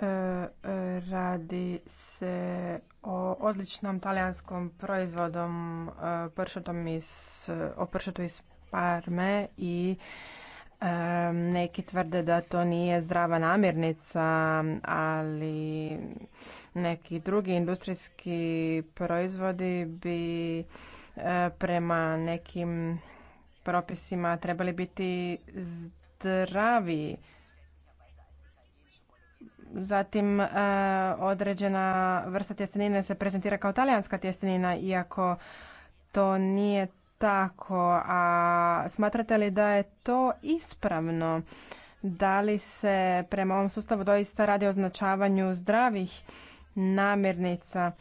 E, radi se o odličnom talijanskom proizvodom e, o pršutu iz Parme i e, neki tvrde da to nije zdrava namirnica, ali neki drugi industrijski proizvodi bi prema nekim propisima trebali biti zdravi. Zatim e, određena vrsta tjestenine se prezentira kao talijanska tjestenina, iako to nije tako. A smatrate li da je to ispravno? Da li se prema ovom sustavu doista radi o označavanju zdravih namirnica?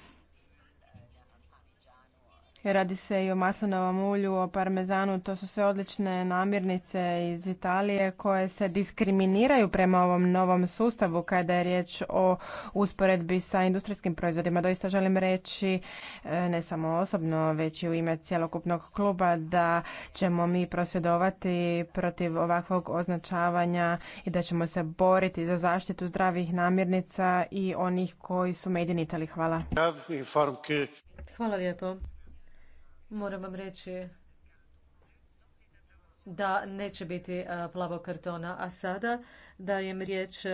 Radi se i o maslinovom ulju, o parmezanu, to su sve odlične namirnice iz Italije koje se diskriminiraju prema ovom novom sustavu kada je riječ o usporedbi sa industrijskim proizvodima. Doista želim reći, e, ne samo osobno, već i u ime cjelokupnog kluba, da ćemo mi prosvjedovati protiv ovakvog označavanja i da ćemo se boriti za zaštitu zdravih namirnica i onih koji su made in Italy. Hvala. Hvala lijepo. Moram vam reći da neće biti e, plavo kartona, a sada dajem riječ e,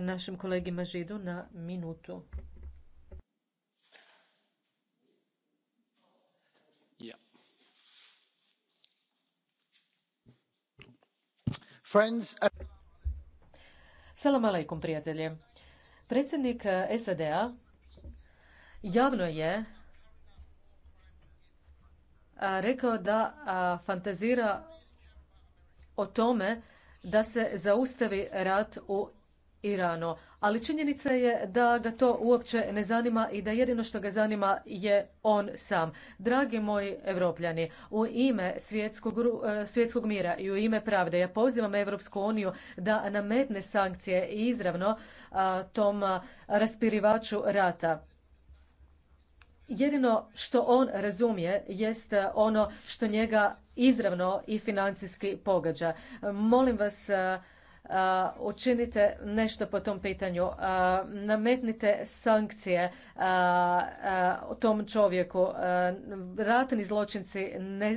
našem kolegima Židu na minutu. Friends... Uh, Salam alaikum, prijatelje. Predsjednik e, SAD-a javno je rekao da fantazira o tome da se zaustavi rat u Iranu. Ali činjenica je da ga to uopće ne zanima i da jedino što ga zanima je on sam. Dragi moji evropljani, u ime svjetskog, e, svjetskog mira i u ime pravde ja pozivam Evropsku uniju da nametne sankcije izravno a, tom raspirivaču rata jedino što on razumije jest e, ono što njega izravno i financijski pogađa. Molim vas e, učinite nešto po tom pitanju, nametnite sankcije tom čovjeku. Ratni zločinci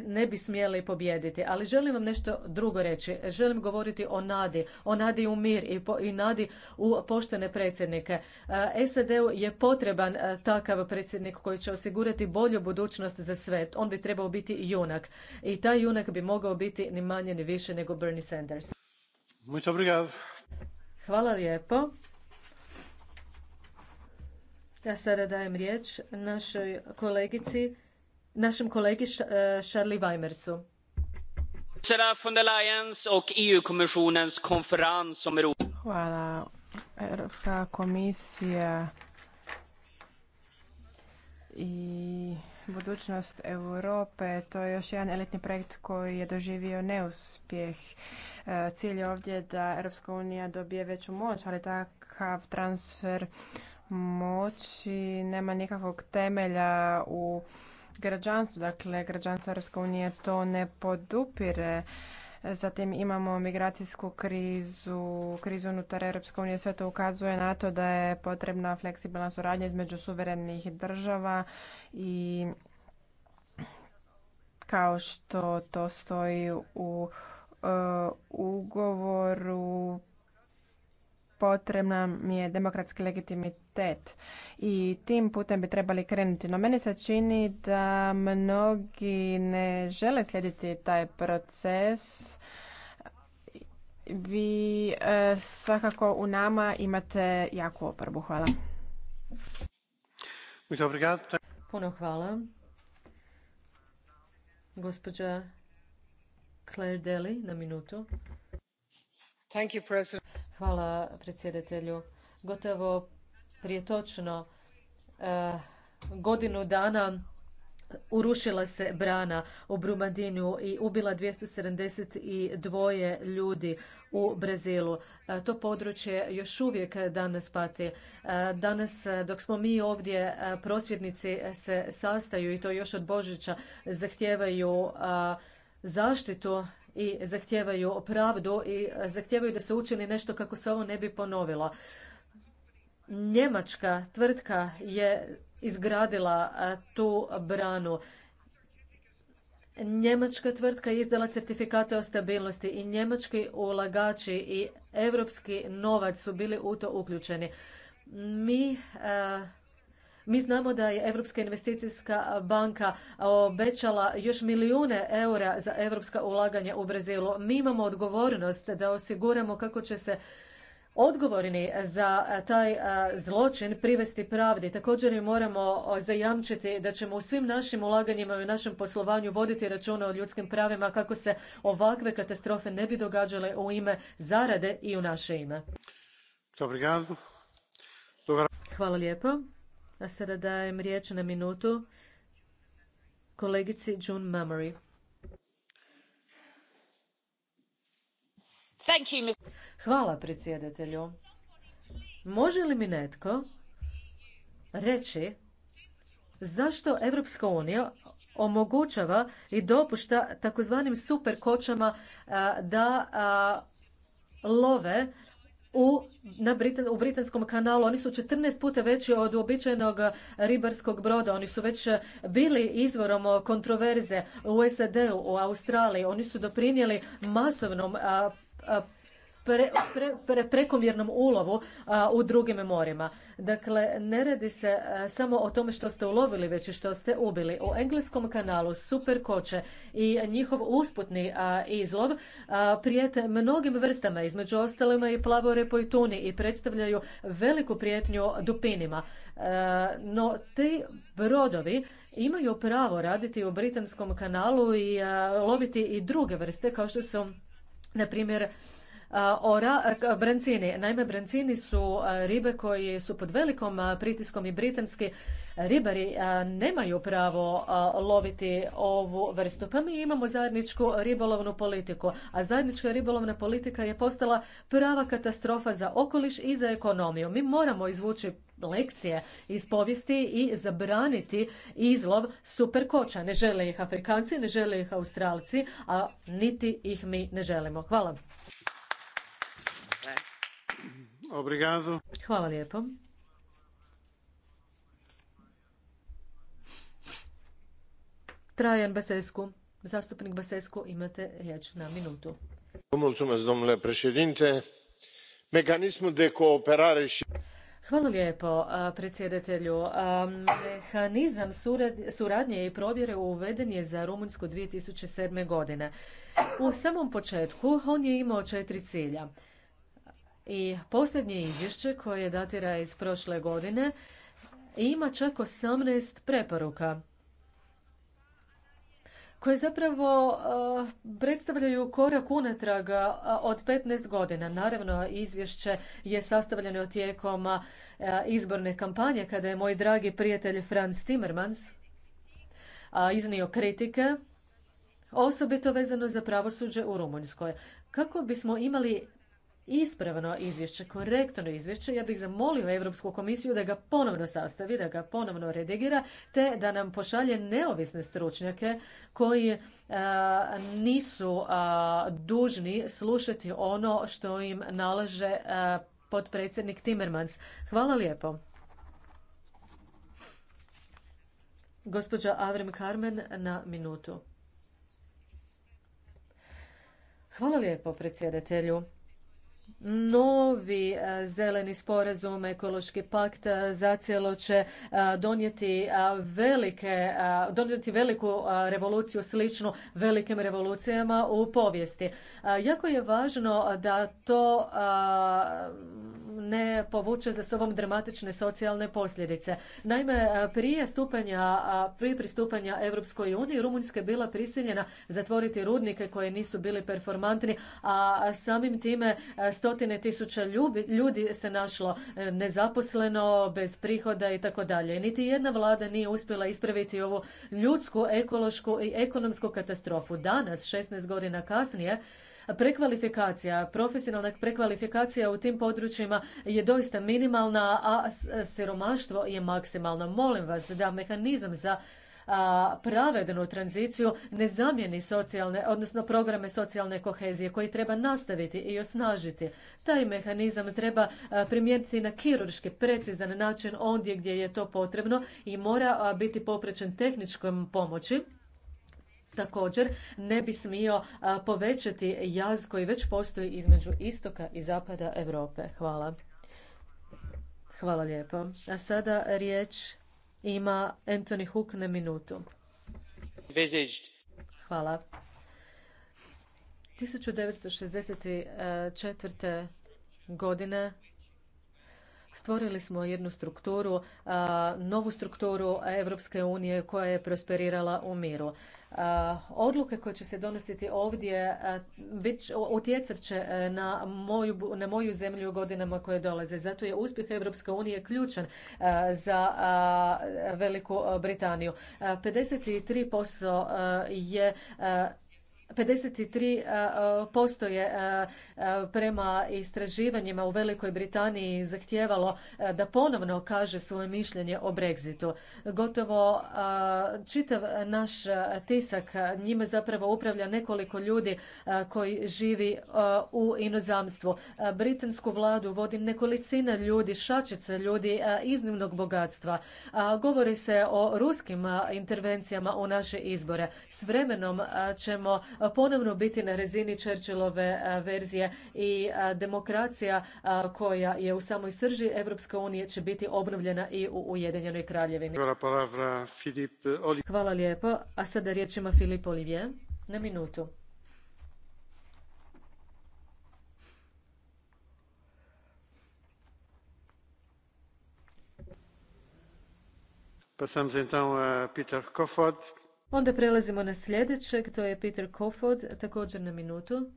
ne, bi smjeli pobijediti, ali želim vam nešto drugo reći. Želim govoriti o nadi, o nadi u mir i, i nadi u poštene predsjednike. SAD-u je potreban takav predsjednik koji će osigurati bolju budućnost za svet. On bi trebao biti junak i taj junak bi mogao biti ni manje ni više nego Bernie Sanders. Muito obrigado. Hvala lijepo. Ja sada dajem riječ našoj kolegici, našem kolegi eh, Charlie Weimersu. von der Leyens och EU-kommissionens konferens om Europa. Hvala. Europska komisija i budućnost Europe, to je još jedan elitni projekt koji je doživio neuspjeh. E, cilj je ovdje da Europska unija dobije veću moć, ali takav transfer moći nema nikakvog temelja u građanstvu. Dakle, građanstvo Europske unije to ne podupire. Zatim imamo migracijsku krizu, krizu unutar Europske unije. Sve to ukazuje na to da je potrebna fleksibilna suradnja između suverenih država i kao što to stoji u e, ugovoru potrebna mi je demokratski legitimitet i tim putem bi trebali krenuti. No meni se čini da mnogi ne žele slijediti taj proces. Vi e, svakako u nama imate jaku oporbu. Hvala. Puno hvala. Gospođa Claire Daly na minutu. Hvala predsjedatelju. Gotovo prije točno e, godinu dana urušila se brana u Brumadinju i ubila 272 ljudi u Brazilu. E, to područje još uvijek danas pati. E, danas dok smo mi ovdje prosvjednici se sastaju i to još od Božića zahtijevaju zaštitu i zahtijevaju pravdu i zahtijevaju da se učini nešto kako se ovo ne bi ponovilo. Njemačka tvrtka je izgradila tu branu. Njemačka tvrtka je izdala certifikate o stabilnosti i njemački ulagači i europski novac su bili u to uključeni. Mi mi znamo da je Europska investicijska banka obećala još milijune eura za europska ulaganja u Brazilu. Mi imamo odgovornost da osiguramo kako će se odgovorni za e, taj e, zločin privesti pravdi. Također im moramo zajamčiti da ćemo u svim našim ulaganjima i u našem poslovanju voditi računa o ljudskim pravima kako se ovakve katastrofe ne bi događale u ime zarade i u naše ime. Hvala lijepo. A sada dajem riječ na minutu kolegici June Memory. Hvala predsjedatelju. Može li mi netko reći zašto Evropska unija omogućava i dopušta takozvanim super da love u, na Britanskom kanalu. Oni su 14 puta veći od uobičajenog ribarskog broda. Oni su već bili izvorom kontroverze u SAD-u, u Australiji. Oni su doprinijeli masovnom Pre, pre, prekomjernom ulovu u drugim morima. Dakle, ne radi se samo o tome što ste ulovili, već i što ste ubili. U engleskom kanalu super koče i njihov usputni izlov prijete mnogim vrstama, između ostalima i plavore i tuni i predstavljaju veliku prijetnju dupinima. No, ti brodovi imaju pravo raditi u britanskom kanalu i loviti i druge vrste kao što su na primjer Ora, brancini. Naime, brancini su ribe koji su pod velikom pritiskom i britanski ribari nemaju pravo loviti ovu vrstu. Pa mi imamo zajedničku ribolovnu politiku, a zajednička ribolovna politika je postala prava katastrofa za okoliš i za ekonomiju. Mi moramo izvući lekcije iz povijesti i zabraniti izlov superkoća. Ne žele ih Afrikanci, ne žele ih Australci, a niti ih mi ne želimo. Hvala. Obrigado. Hvala lijepo. Trajan Basescu, zastupnik Basescu, imate riječ na minutu. Mulțumesc, domnule Hvala lijepo predsjedatelju. Mehanizam suradnje i provjere uveden je za Rumunjsku 2007. godine. U samom početku on je imao četiri cilja. I posljednje izvješće koje datira iz prošle godine ima čak 18 preporuka koje zapravo predstavljaju korak unatrag od 15 godina. Naravno, izvješće je sastavljeno tijekom izborne kampanje kada je moj dragi prijatelj Franz Timmermans iznio kritike osobito vezano za pravosuđe u Rumunjskoj. Kako bismo imali ispravno izvješće, korektno izvješće. Ja bih zamolio Europsku komisiju da ga ponovno sastavi, da ga ponovno redigira, te da nam pošalje neovisne stručnjake koji e, nisu dužni slušati ono što im nalaže podpredsjednik potpredsjednik Timmermans. Hvala lijepo. Gospođa Avrim Karmen na minutu. Hvala lijepo predsjedatelju novi e, zeleni sporazum, ekološki pakt e, zacijelo će e, donijeti velike, donijeti veliku revoluciju sličnu velikim revolucijama u povijesti. Jako je važno da to ne povuče za sobom dramatične socijalne posljedice. Naime, e, prije stupanja, prije pristupanja Europskoj uniji Rumunjska je bila prisiljena zatvoriti rudnike koje nisu bili performantni, a samim time e, stotine tisuća ljudi se našlo e, nezaposleno, bez prihoda i tako dalje. Niti jedna vlada nije uspjela ispraviti ovu ljudsku, ekološku i ekonomsku katastrofu. Danas, 16 godina kasnije, Prekvalifikacija, profesionalna prekvalifikacija u tim područjima je doista minimalna, a siromaštvo je maksimalno. Molim vas da mehanizam za pravednu tranziciju ne zamijeni socijalne, odnosno programe socijalne kohezije koji treba nastaviti i osnažiti. Taj mehanizam treba primijeniti na kirurški precizan način ondje gdje je to potrebno i mora biti poprečen tehničkom pomoći također ne bi smio povećati jaz koji već postoji između istoka i zapada Europe. Hvala. Hvala lijepo. A sada riječ ima Anthony Hook na minutu. Hvala. 1964. godine stvorili smo jednu strukturu, novu strukturu Europske unije koja je prosperirala u miru. Eh, odluke koje će se donositi ovdje eh, bit, utjecat će eh, na moju, na moju zemlju godinama koje dolaze. Zato je uspjeh Europske unije ključan za Veliku Britaniju. 53% je 53% e, e, je e, prema istraživanjima u Velikoj Britaniji zahtijevalo da ponovno kaže svoje mišljenje o Brexitu. Gotovo čitav naš tisak, njime zapravo upravlja nekoliko ljudi koji živi u inozamstvu. Britansku vladu vodi nekolicina ljudi, šačica ljudi iznimnog bogatstva. Govori se o ruskim intervencijama u naše izbore. S vremenom ćemo ponovno biti na rezini Churchillove verzije i demokracija koja je u samoj srži Evropske unije će biti obnovljena i u Ujedinjenoj kraljevini. Hvala lijepo. A sada riječ ima Filip Olivier na minutu. Passamos então a Peter Kofod Onda prelazimo na sljedećeg, to je Peter Kofod, također na minutu.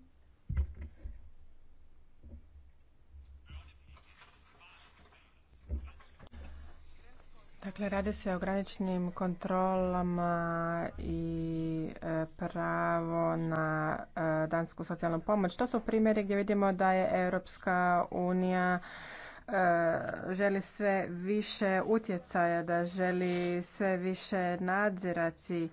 Dakle, radi se o graničnim kontrolama i e, pravo na e, dansku socijalnu pomoć. To su primjeri gdje vidimo da je Europska unija E, želi sve više utjecaja, da želi sve više nadzirati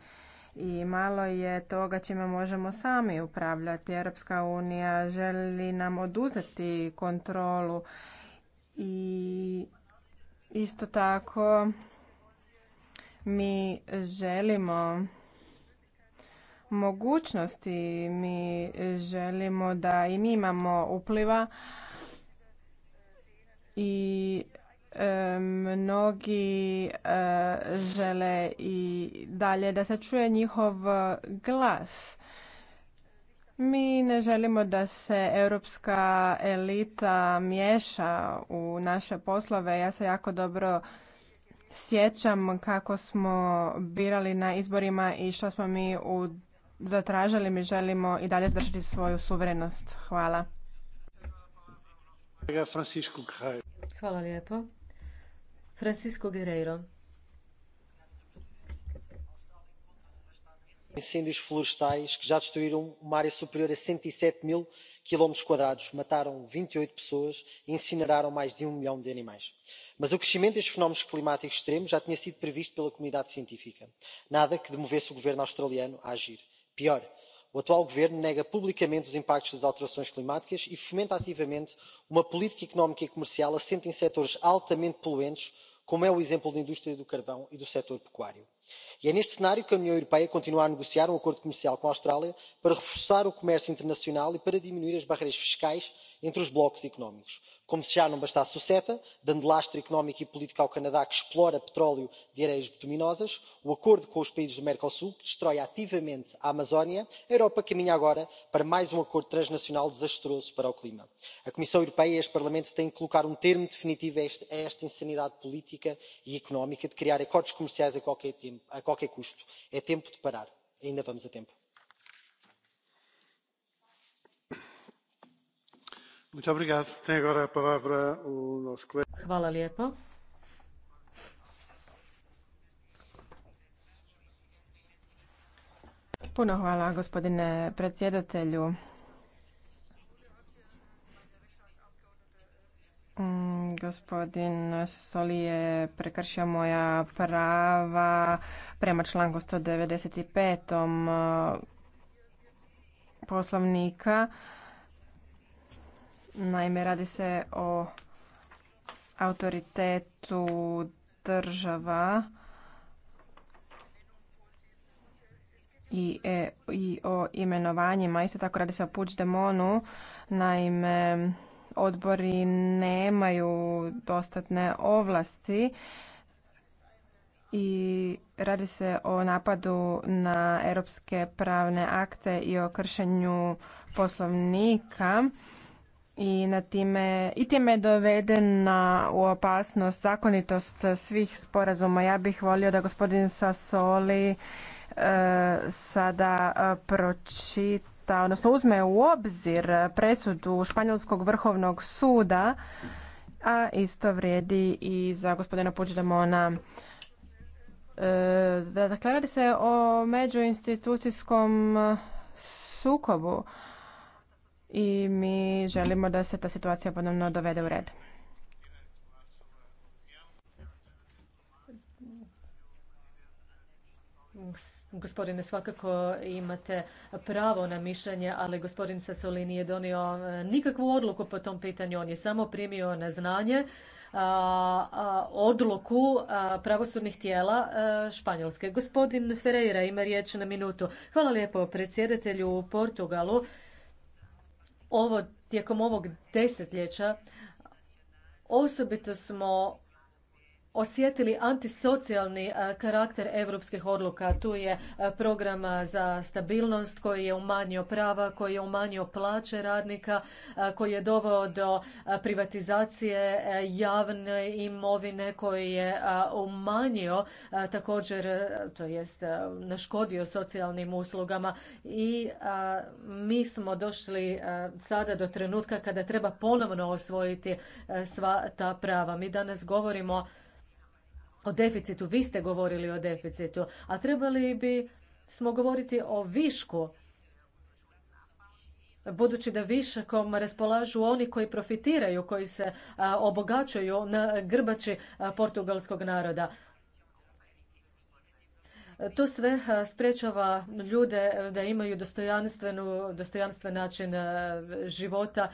i malo je toga čime možemo sami upravljati. Europska unija želi nam oduzeti kontrolu i isto tako mi želimo mogućnosti, mi želimo da i mi imamo upliva, i e, mnogi e, žele i dalje da se čuje njihov glas. Mi ne želimo da se europska elita miješa u naše poslove. Ja se jako dobro sjećam kako smo birali na izborima i što smo mi u zatražili. Mi želimo i dalje zadržati svoju suverenost. Hvala. Hvala lijepo. Francisco Guerreiro. incêndios florestais que já destruíram uma área superior a 107 e mil quilómetros quadrados, mataram 28 e pessoas e incineraram mais de um milhão de animais. Mas o crescimento destes fenómenos climáticos extremos já tinha sido previsto pela comunidade científica. Nada que demovesse o governo australiano a agir. Pior, o atual governo nega publicamente os impactos das alterações climáticas e fomenta ativamente uma política económica e comercial assente em setores altamente poluentes como é o exemplo da indústria do carvão e do setor pecuário e neste cenário que a união europeia continua a negociar um acordo comercial com a austrália para reforçar o comércio internacional e para diminuir as barreiras fiscais entre os blocos económicos como se já não bastasse o ceta dando lastro económico e político ao canadá que explora petróleo de areias bituminosas o acordo com os países do mercosul que destrói ativamente a amazónia a europa caminha agora para mais um acordo transnacional desastroso para o clima. a comissão europeia e este parlamento têm que colocar um termo definitivo a esta insanidade política e económica de criar acordos comerciais a qualquer a qualquer custo. É tempo de parar. Ainda vamos a tempo. Muito obrigado. Tem agora a palavra o nosso colega. Hvala lijepo. Puno hvala, gospodine predsjedatelju. Mm, Gospodin Soli je prekršio moja prava prema članku 195. Eh, poslovnika. Naime, radi se o autoritetu država e, i, o imenovanjima. Isto tako radi se o Puigdemonu. Naime, odbori nemaju dostatne ovlasti i radi se o napadu na europske pravne akte i o kršenju poslovnika i na time i time je dovedena u opasnost zakonitost svih sporazuma. Ja bih volio da gospodin Sasoli e, sada e, pročita odnosno uzme u obzir presudu Španjolskog vrhovnog suda, a isto vrijedi i za gospodina Puđdemona. E, dakle, radi se o međuinstitucijskom sukobu i mi želimo da se ta situacija ponovno dovede u red. Gospodine, svakako imate pravo na mišljenje, ali gospodin Sassoli nije donio e, nikakvu odluku po tom pitanju. On je samo primio na znanje odluku pravosudnih tijela e, Španjolske. Gospodin Ferreira ima riječ na minutu. Hvala lijepo predsjedatelju u Portugalu. Ovo, tijekom ovog desetljeća osobito smo osjetili antisocijalni e, karakter europskih odluka. Tu je e, programa e, za stabilnost koji je umanjio prava, koji je umanjio plaće radnika, koji je doveo do privatizacije javne imovine, koji je umanjio također, to jest naškodio socijalnim uslugama i mi smo došli sada do trenutka kada treba ponovno osvojiti sva ta prava. Mi danas govorimo o deficitu, vi ste govorili o deficitu, a trebali bi smo govoriti o višku, budući da viškom raspolažu oni koji profitiraju, koji se obogaćuju na grbači portugalskog naroda. To sve sprečava ljude da imaju dostojanstven način života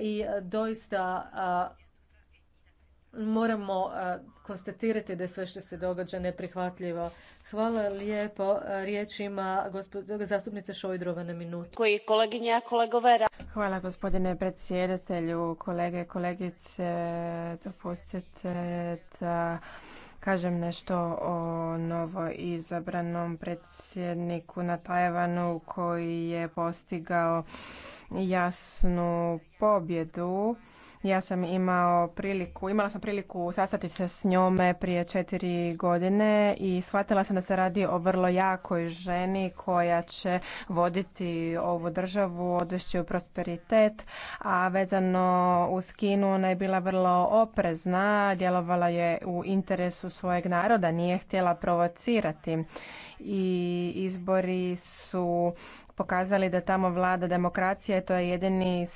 i doista moramo e, konstatirati da je sve što se događa neprihvatljivo. Hvala lijepo. E, riječ ima zastupnica Šojdrova na minutu. Koji koleginja, kolegovera Hvala gospodine predsjedatelju, kolege, kolegice. Dopustite da kažem nešto o novo izabranom predsjedniku na Tajvanu koji je postigao jasnu pobjedu ja sam imao priliku, imala sam priliku sastati se s njome prije četiri godine i shvatila sam da se radi o vrlo jakoj ženi koja će voditi ovu državu, odvešću u prosperitet, a vezano u skinu ona je bila vrlo oprezna, djelovala je u interesu svojeg naroda, nije htjela provocirati i izbori su pokazali da tamo vlada demokracija i to je jedini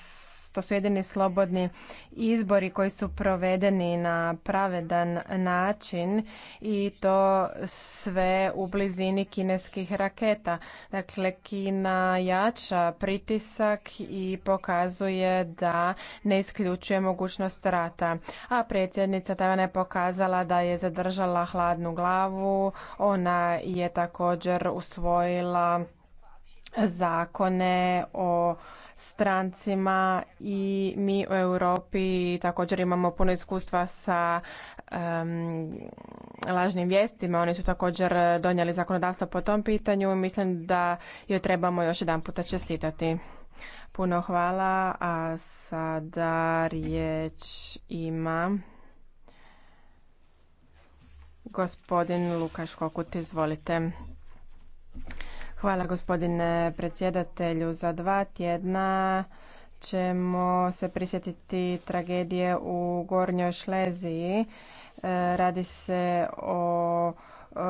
to su jedini slobodni izbori koji su provedeni na pravedan način i to sve u blizini kineskih raketa. Dakle, Kina jača pritisak i pokazuje da ne isključuje mogućnost rata. A predsjednica Tajvana je pokazala da je zadržala hladnu glavu. Ona je također usvojila zakone o strancima i mi u Europi također imamo puno iskustva sa lažnim vijestima. Oni su također donijeli zakonodavstvo po tom pitanju. Mislim da joj trebamo još jedan puta čestitati. Puno hvala. A sada riječ ima gospodin Lukaš Kokut. Izvolite. Hvala gospodine predsjedatelju. Za dva tjedna ćemo se prisjetiti tragedije u Gornjoj Šleziji. E, radi se o e,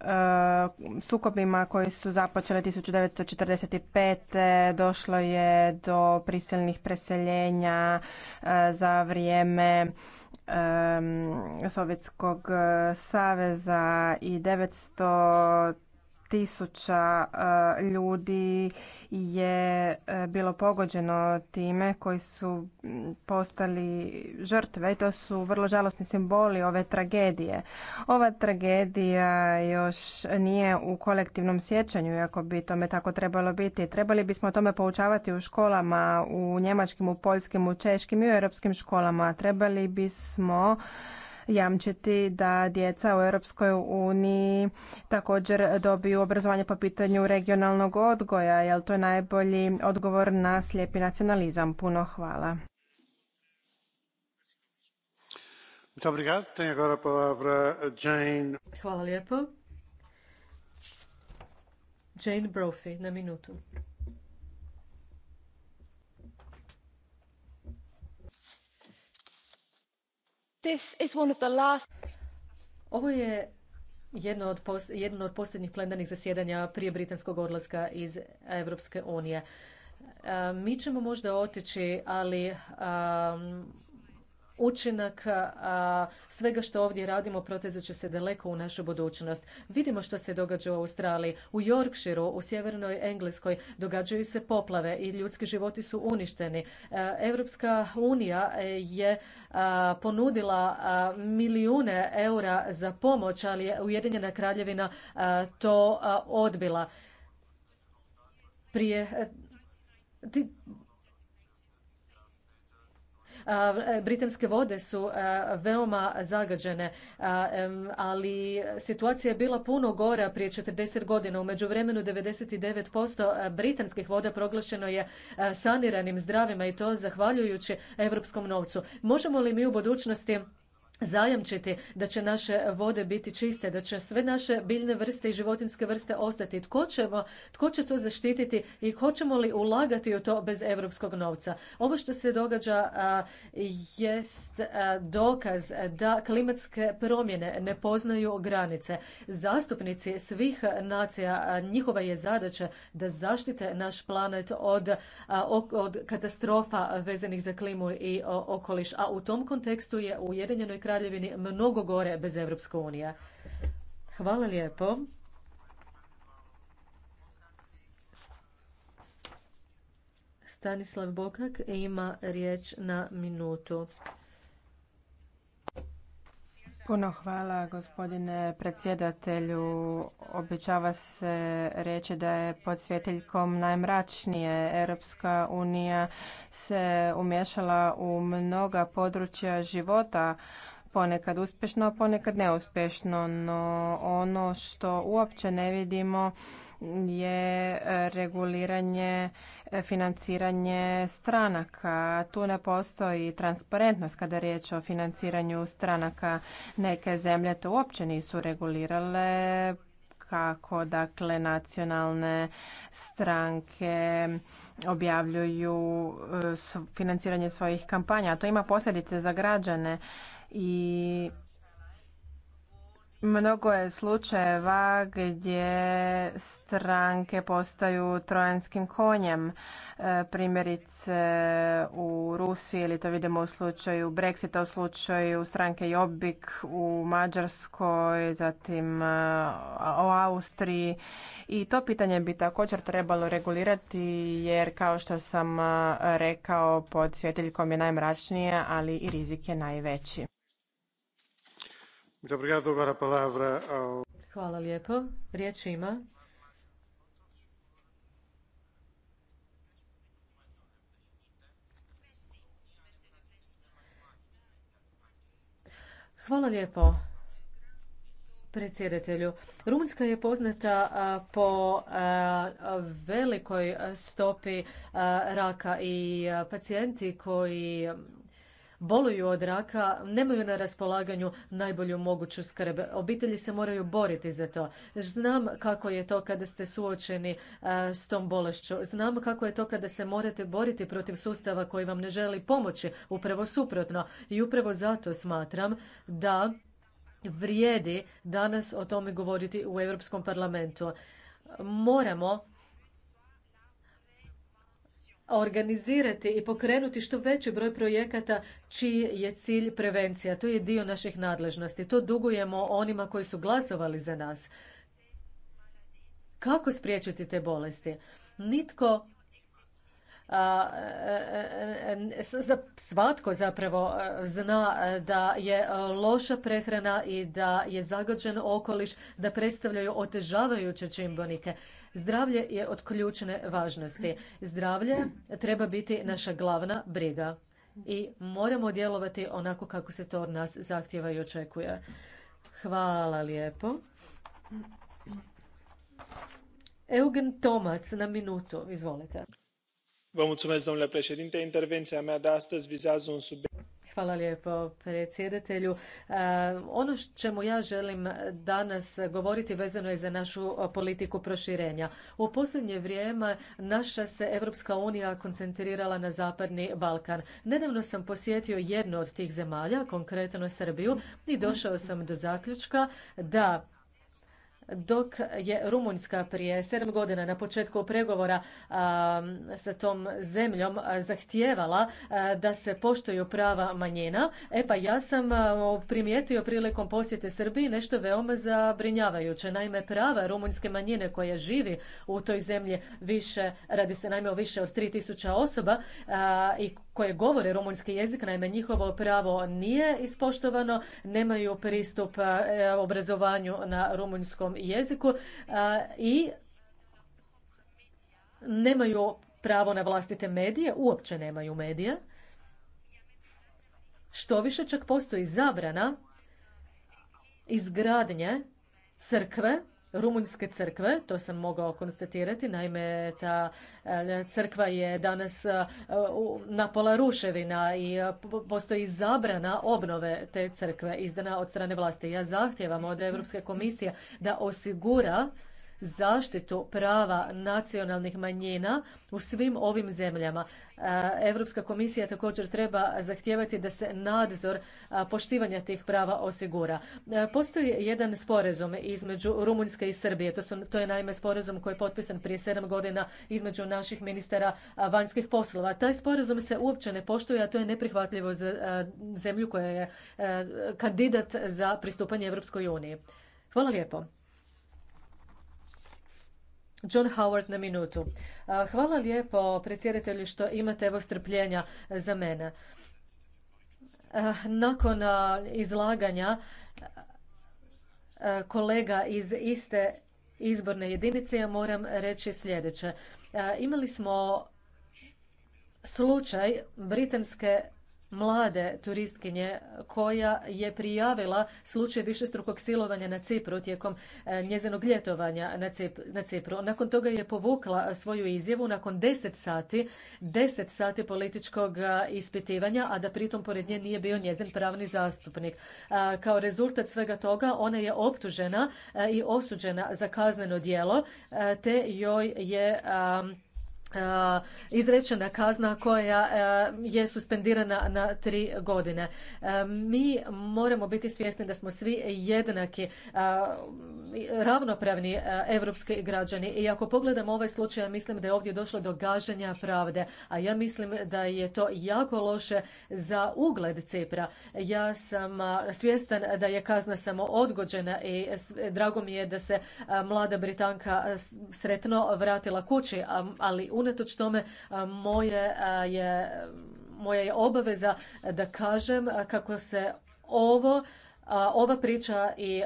e, sukobima koji su započeli 1945. došlo je do prisilnih preseljenja za vrijeme Sovjetskog eh, saveza i 900 tisuća e, ljudi je e, bilo pogođeno time koji su postali žrtve i to su vrlo žalosni simboli ove tragedije. Ova tragedija još nije u kolektivnom sjećanju, iako bi tome tako trebalo biti. Trebali bismo o tome poučavati u školama, u njemačkim, u poljskim, u češkim i u europskim školama. Trebali bismo jamčiti da djeca u Europskoj uniji također dobiju obrazovanje po pitanju regionalnog odgoja, jer to je najbolji odgovor na slijepi nacionalizam. Puno hvala. Hvala lijepo. Jane Brophy na minutu. Ovo je jedno od, pos, posljednjih plenarnih zasjedanja prije britanskog odlaska iz Europske unije. E, mi ćemo možda otići, ali učinak svega što ovdje radimo protezat će se daleko u našu budućnost. Vidimo što se događa u Australiji, u Yorkshireu, u sjevernoj Engleskoj događaju se poplave i ljudski životi su uništeni. Europska unija e, je ponudila milijune eura za pomoć, ali je Ujedinjena kraljevina to odbila. Prije e, E, britanske vode su e, veoma zagađene, ali situacija je bila puno gora prije 40 godina. U međuvremenu 99% e, britanskih voda proglašeno je saniranim zdravima i to zahvaljujući europskom novcu. Možemo li mi u budućnosti zajamčiti da će naše vode biti čiste, da će sve naše biljne vrste i životinske vrste ostati. Tko, ćemo, tko će to zaštititi i hoćemo li ulagati u to bez europskog novca? Ovo što se događa a, jest dokaz da klimatske promjene ne poznaju granice. Zastupnici svih nacija, njihova je zadaća da zaštite naš planet od, od katastrofa vezanih za klimu i okoliš. A u tom kontekstu je Ujedinjenoj kraljevini mnogo gore bez Evropske unije. Hvala lijepo. Stanislav Bokak ima riječ na minutu. Puno hvala gospodine predsjedatelju. Obećava se reći da je pod svjetiljkom najmračnije. Europska unija se umješala u mnoga područja života ponekad uspješno, a ponekad neuspješno, no ono što uopće ne vidimo je e, reguliranje, e, financiranje stranaka. Tu ne postoji transparentnost kada je riječ o financiranju stranaka. Neke zemlje to uopće nisu regulirale kako dakle nacionalne stranke objavljuju e, financiranje svojih kampanja. To ima posljedice za građane i Mnogo je slučajeva gdje stranke postaju trojanskim konjem. E, primjerice u Rusiji ili to vidimo u slučaju Brexita, u slučaju stranke Jobbik u Mađarskoj, zatim u e, Austriji. I to pitanje bi također trebalo regulirati jer kao što sam e, rekao pod svjetiljkom je najmračnije, ali i rizik je najveći. Hvala lijepo. Riječ ima Hvala lijepo predsjedatelju. Rumunjska je poznata po velikoj stopi raka i pacijenti koji boluju od raka nemaju na raspolaganju najbolju moguću skrb. Obitelji se moraju boriti za to. Znam kako je to kada ste suočeni e, s tom bolešću. Znam kako je to kada se morate boriti protiv sustava koji vam ne želi pomoći. Upravo suprotno. I upravo zato smatram da vrijedi danas o tome govoriti u Europskom parlamentu. Moramo organizirati i pokrenuti što veći broj projekata čiji je cilj prevencija. To je dio naših nadležnosti. To dugujemo onima koji su glasovali za nas. Kako spriječiti te bolesti? Nitko a, svatko zapravo zna da je loša prehrana i da je zagađen okoliš, da predstavljaju otežavajuće čimbenike. Zdravlje je od ključne važnosti. Zdravlje treba biti naša glavna briga i moramo djelovati onako kako se to od nas zahtjeva i očekuje. Hvala lijepo. Eugen Tomac na minutu, izvolite. Vă mulțumesc, domnule președinte. Intervenția mea de astăzi vizează un subiect Hvala lijepo predsjedatelju. E, ono čemu ja želim danas govoriti vezano je za našu politiku proširenja. U posljednje vrijeme naša se Europska unija koncentrirala na Zapadni Balkan. Nedavno sam posjetio jednu od tih zemalja, konkretno Srbiju, i došao sam do zaključka da dok je Rumunjska prije sedam godina na početku pregovora sa tom zemljom zahtijevala da se poštuju prava manjina, e pa ja sam primijetio prilikom posjete Srbiji nešto veoma zabrinjavajuće. Naime, prava rumunjske manjine koja živi u toj zemlji više, radi se naime o više od 3000 osoba i koje govore rumunjski jezik, naime njihovo pravo nije ispoštovano, nemaju pristup obrazovanju na rumunjskom jeziku i nemaju pravo na vlastite medije, uopće nemaju medije. Što više čak postoji zabrana izgradnje crkve rumunjske crkve, to sam mogao konstatirati, naime ta e, crkva je danas e, pola ruševina i e, postoji zabrana obnove te crkve izdana od strane vlasti. Ja zahtijevam od Europske komisije da osigura zaštitu prava nacionalnih manjina u svim ovim zemljama. Europska komisija također treba zahtijevati da se nadzor e, poštivanja tih prava osigura. E, postoji jedan sporazum između Rumunjske i Srbije. To, je naime sporazum koji je potpisan prije sedam godina između naših ministara vanjskih poslova. Taj sporazum se uopće ne poštuje, a to je neprihvatljivo za e, zemlju koja je kandidat za pristupanje Europskoj uniji. Hvala lijepo. John Howard na minutu. Hvala lijepo predsjedatelju što imate evo strpljenja za mene. Nakon izlaganja kolega iz iste izborne jedinice ja moram reći sljedeće. Imali smo slučaj britanske mlade turistkinje koja je prijavila slučaj višestrukog silovanja na Cipru tijekom e, njezinog ljetovanja na Cipru. Nakon toga je povukla svoju izjavu nakon 10 sati, 10 sati političkog e, ispitivanja, a da pritom pored nje nije bio njezin pravni zastupnik. E, kao rezultat svega toga ona je optužena i osuđena za kazneno djelo, te joj je E, izrečena kazna koja e, je suspendirana na tri godine. E, mi moramo biti svjesni da smo svi jednaki, ravnopravni evropski građani i ako pogledamo ovaj slučaj, ja mislim da je ovdje došlo do gaženja pravde, a ja mislim da je to jako loše za ugled Cipra. Ja sam svjestan da je kazna samo odgođena i drago mi je da se mlada Britanka sretno vratila kući, ali unatoč tome moje je, moja je obaveza da kažem kako se ovo ova priča i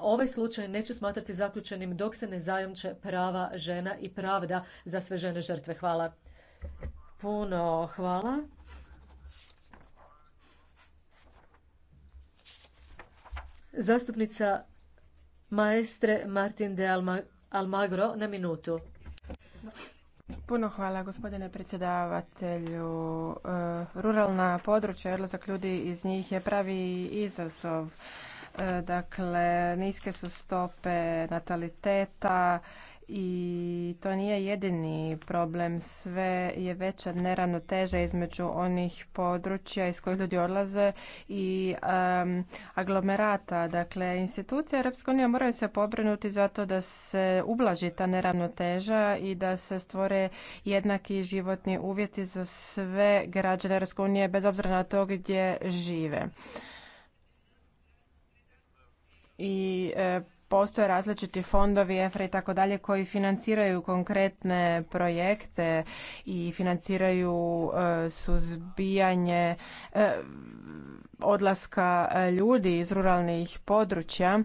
ovaj slučaj neće smatrati zaključenim dok se ne zajamče prava žena i pravda za sve žene žrtve. Hvala. Puno hvala. Zastupnica maestre Martin de Almagro na minutu. Puno hvala gospodine predsjedavatelju. E, ruralna područja, odlazak ljudi iz njih je pravi izazov. E, dakle, niske su stope nataliteta, i to nije jedini problem. Sve je veća neravnoteža između onih područja iz kojih ljudi odlaze i aglomerata. Dakle, institucije Europske unije moraju se pobrinuti zato da se ublaži ta neravnoteža i da se stvore jednaki životni uvjeti za sve građane Europske unije bez obzira na to gdje žive. I e, postoje različiti fondovi, EFRE i tako dalje, koji financiraju konkretne projekte i financiraju e, suzbijanje e, odlaska e, ljudi iz ruralnih područja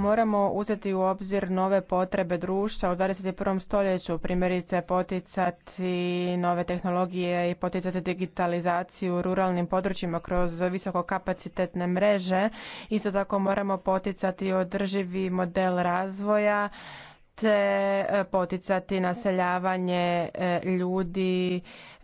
moramo uzeti u obzir nove potrebe društva u 21. stoljeću, primjerice poticati nove tehnologije i poticati digitalizaciju u ruralnim područjima kroz visokokapacitetne mreže. Isto tako moramo poticati održivi model razvoja te e, poticati naseljavanje e, ljudi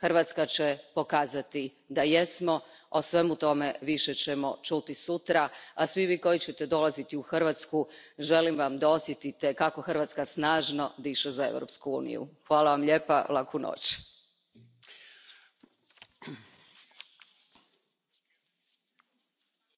hrvatska će pokazati da jesmo o svemu tome više ćemo čuti sutra a svi vi koji ćete dolaziti u hrvatsku želim vam da osjetite kako hrvatska snažno diše za europsku uniju. hvala vam lijepa laku noć.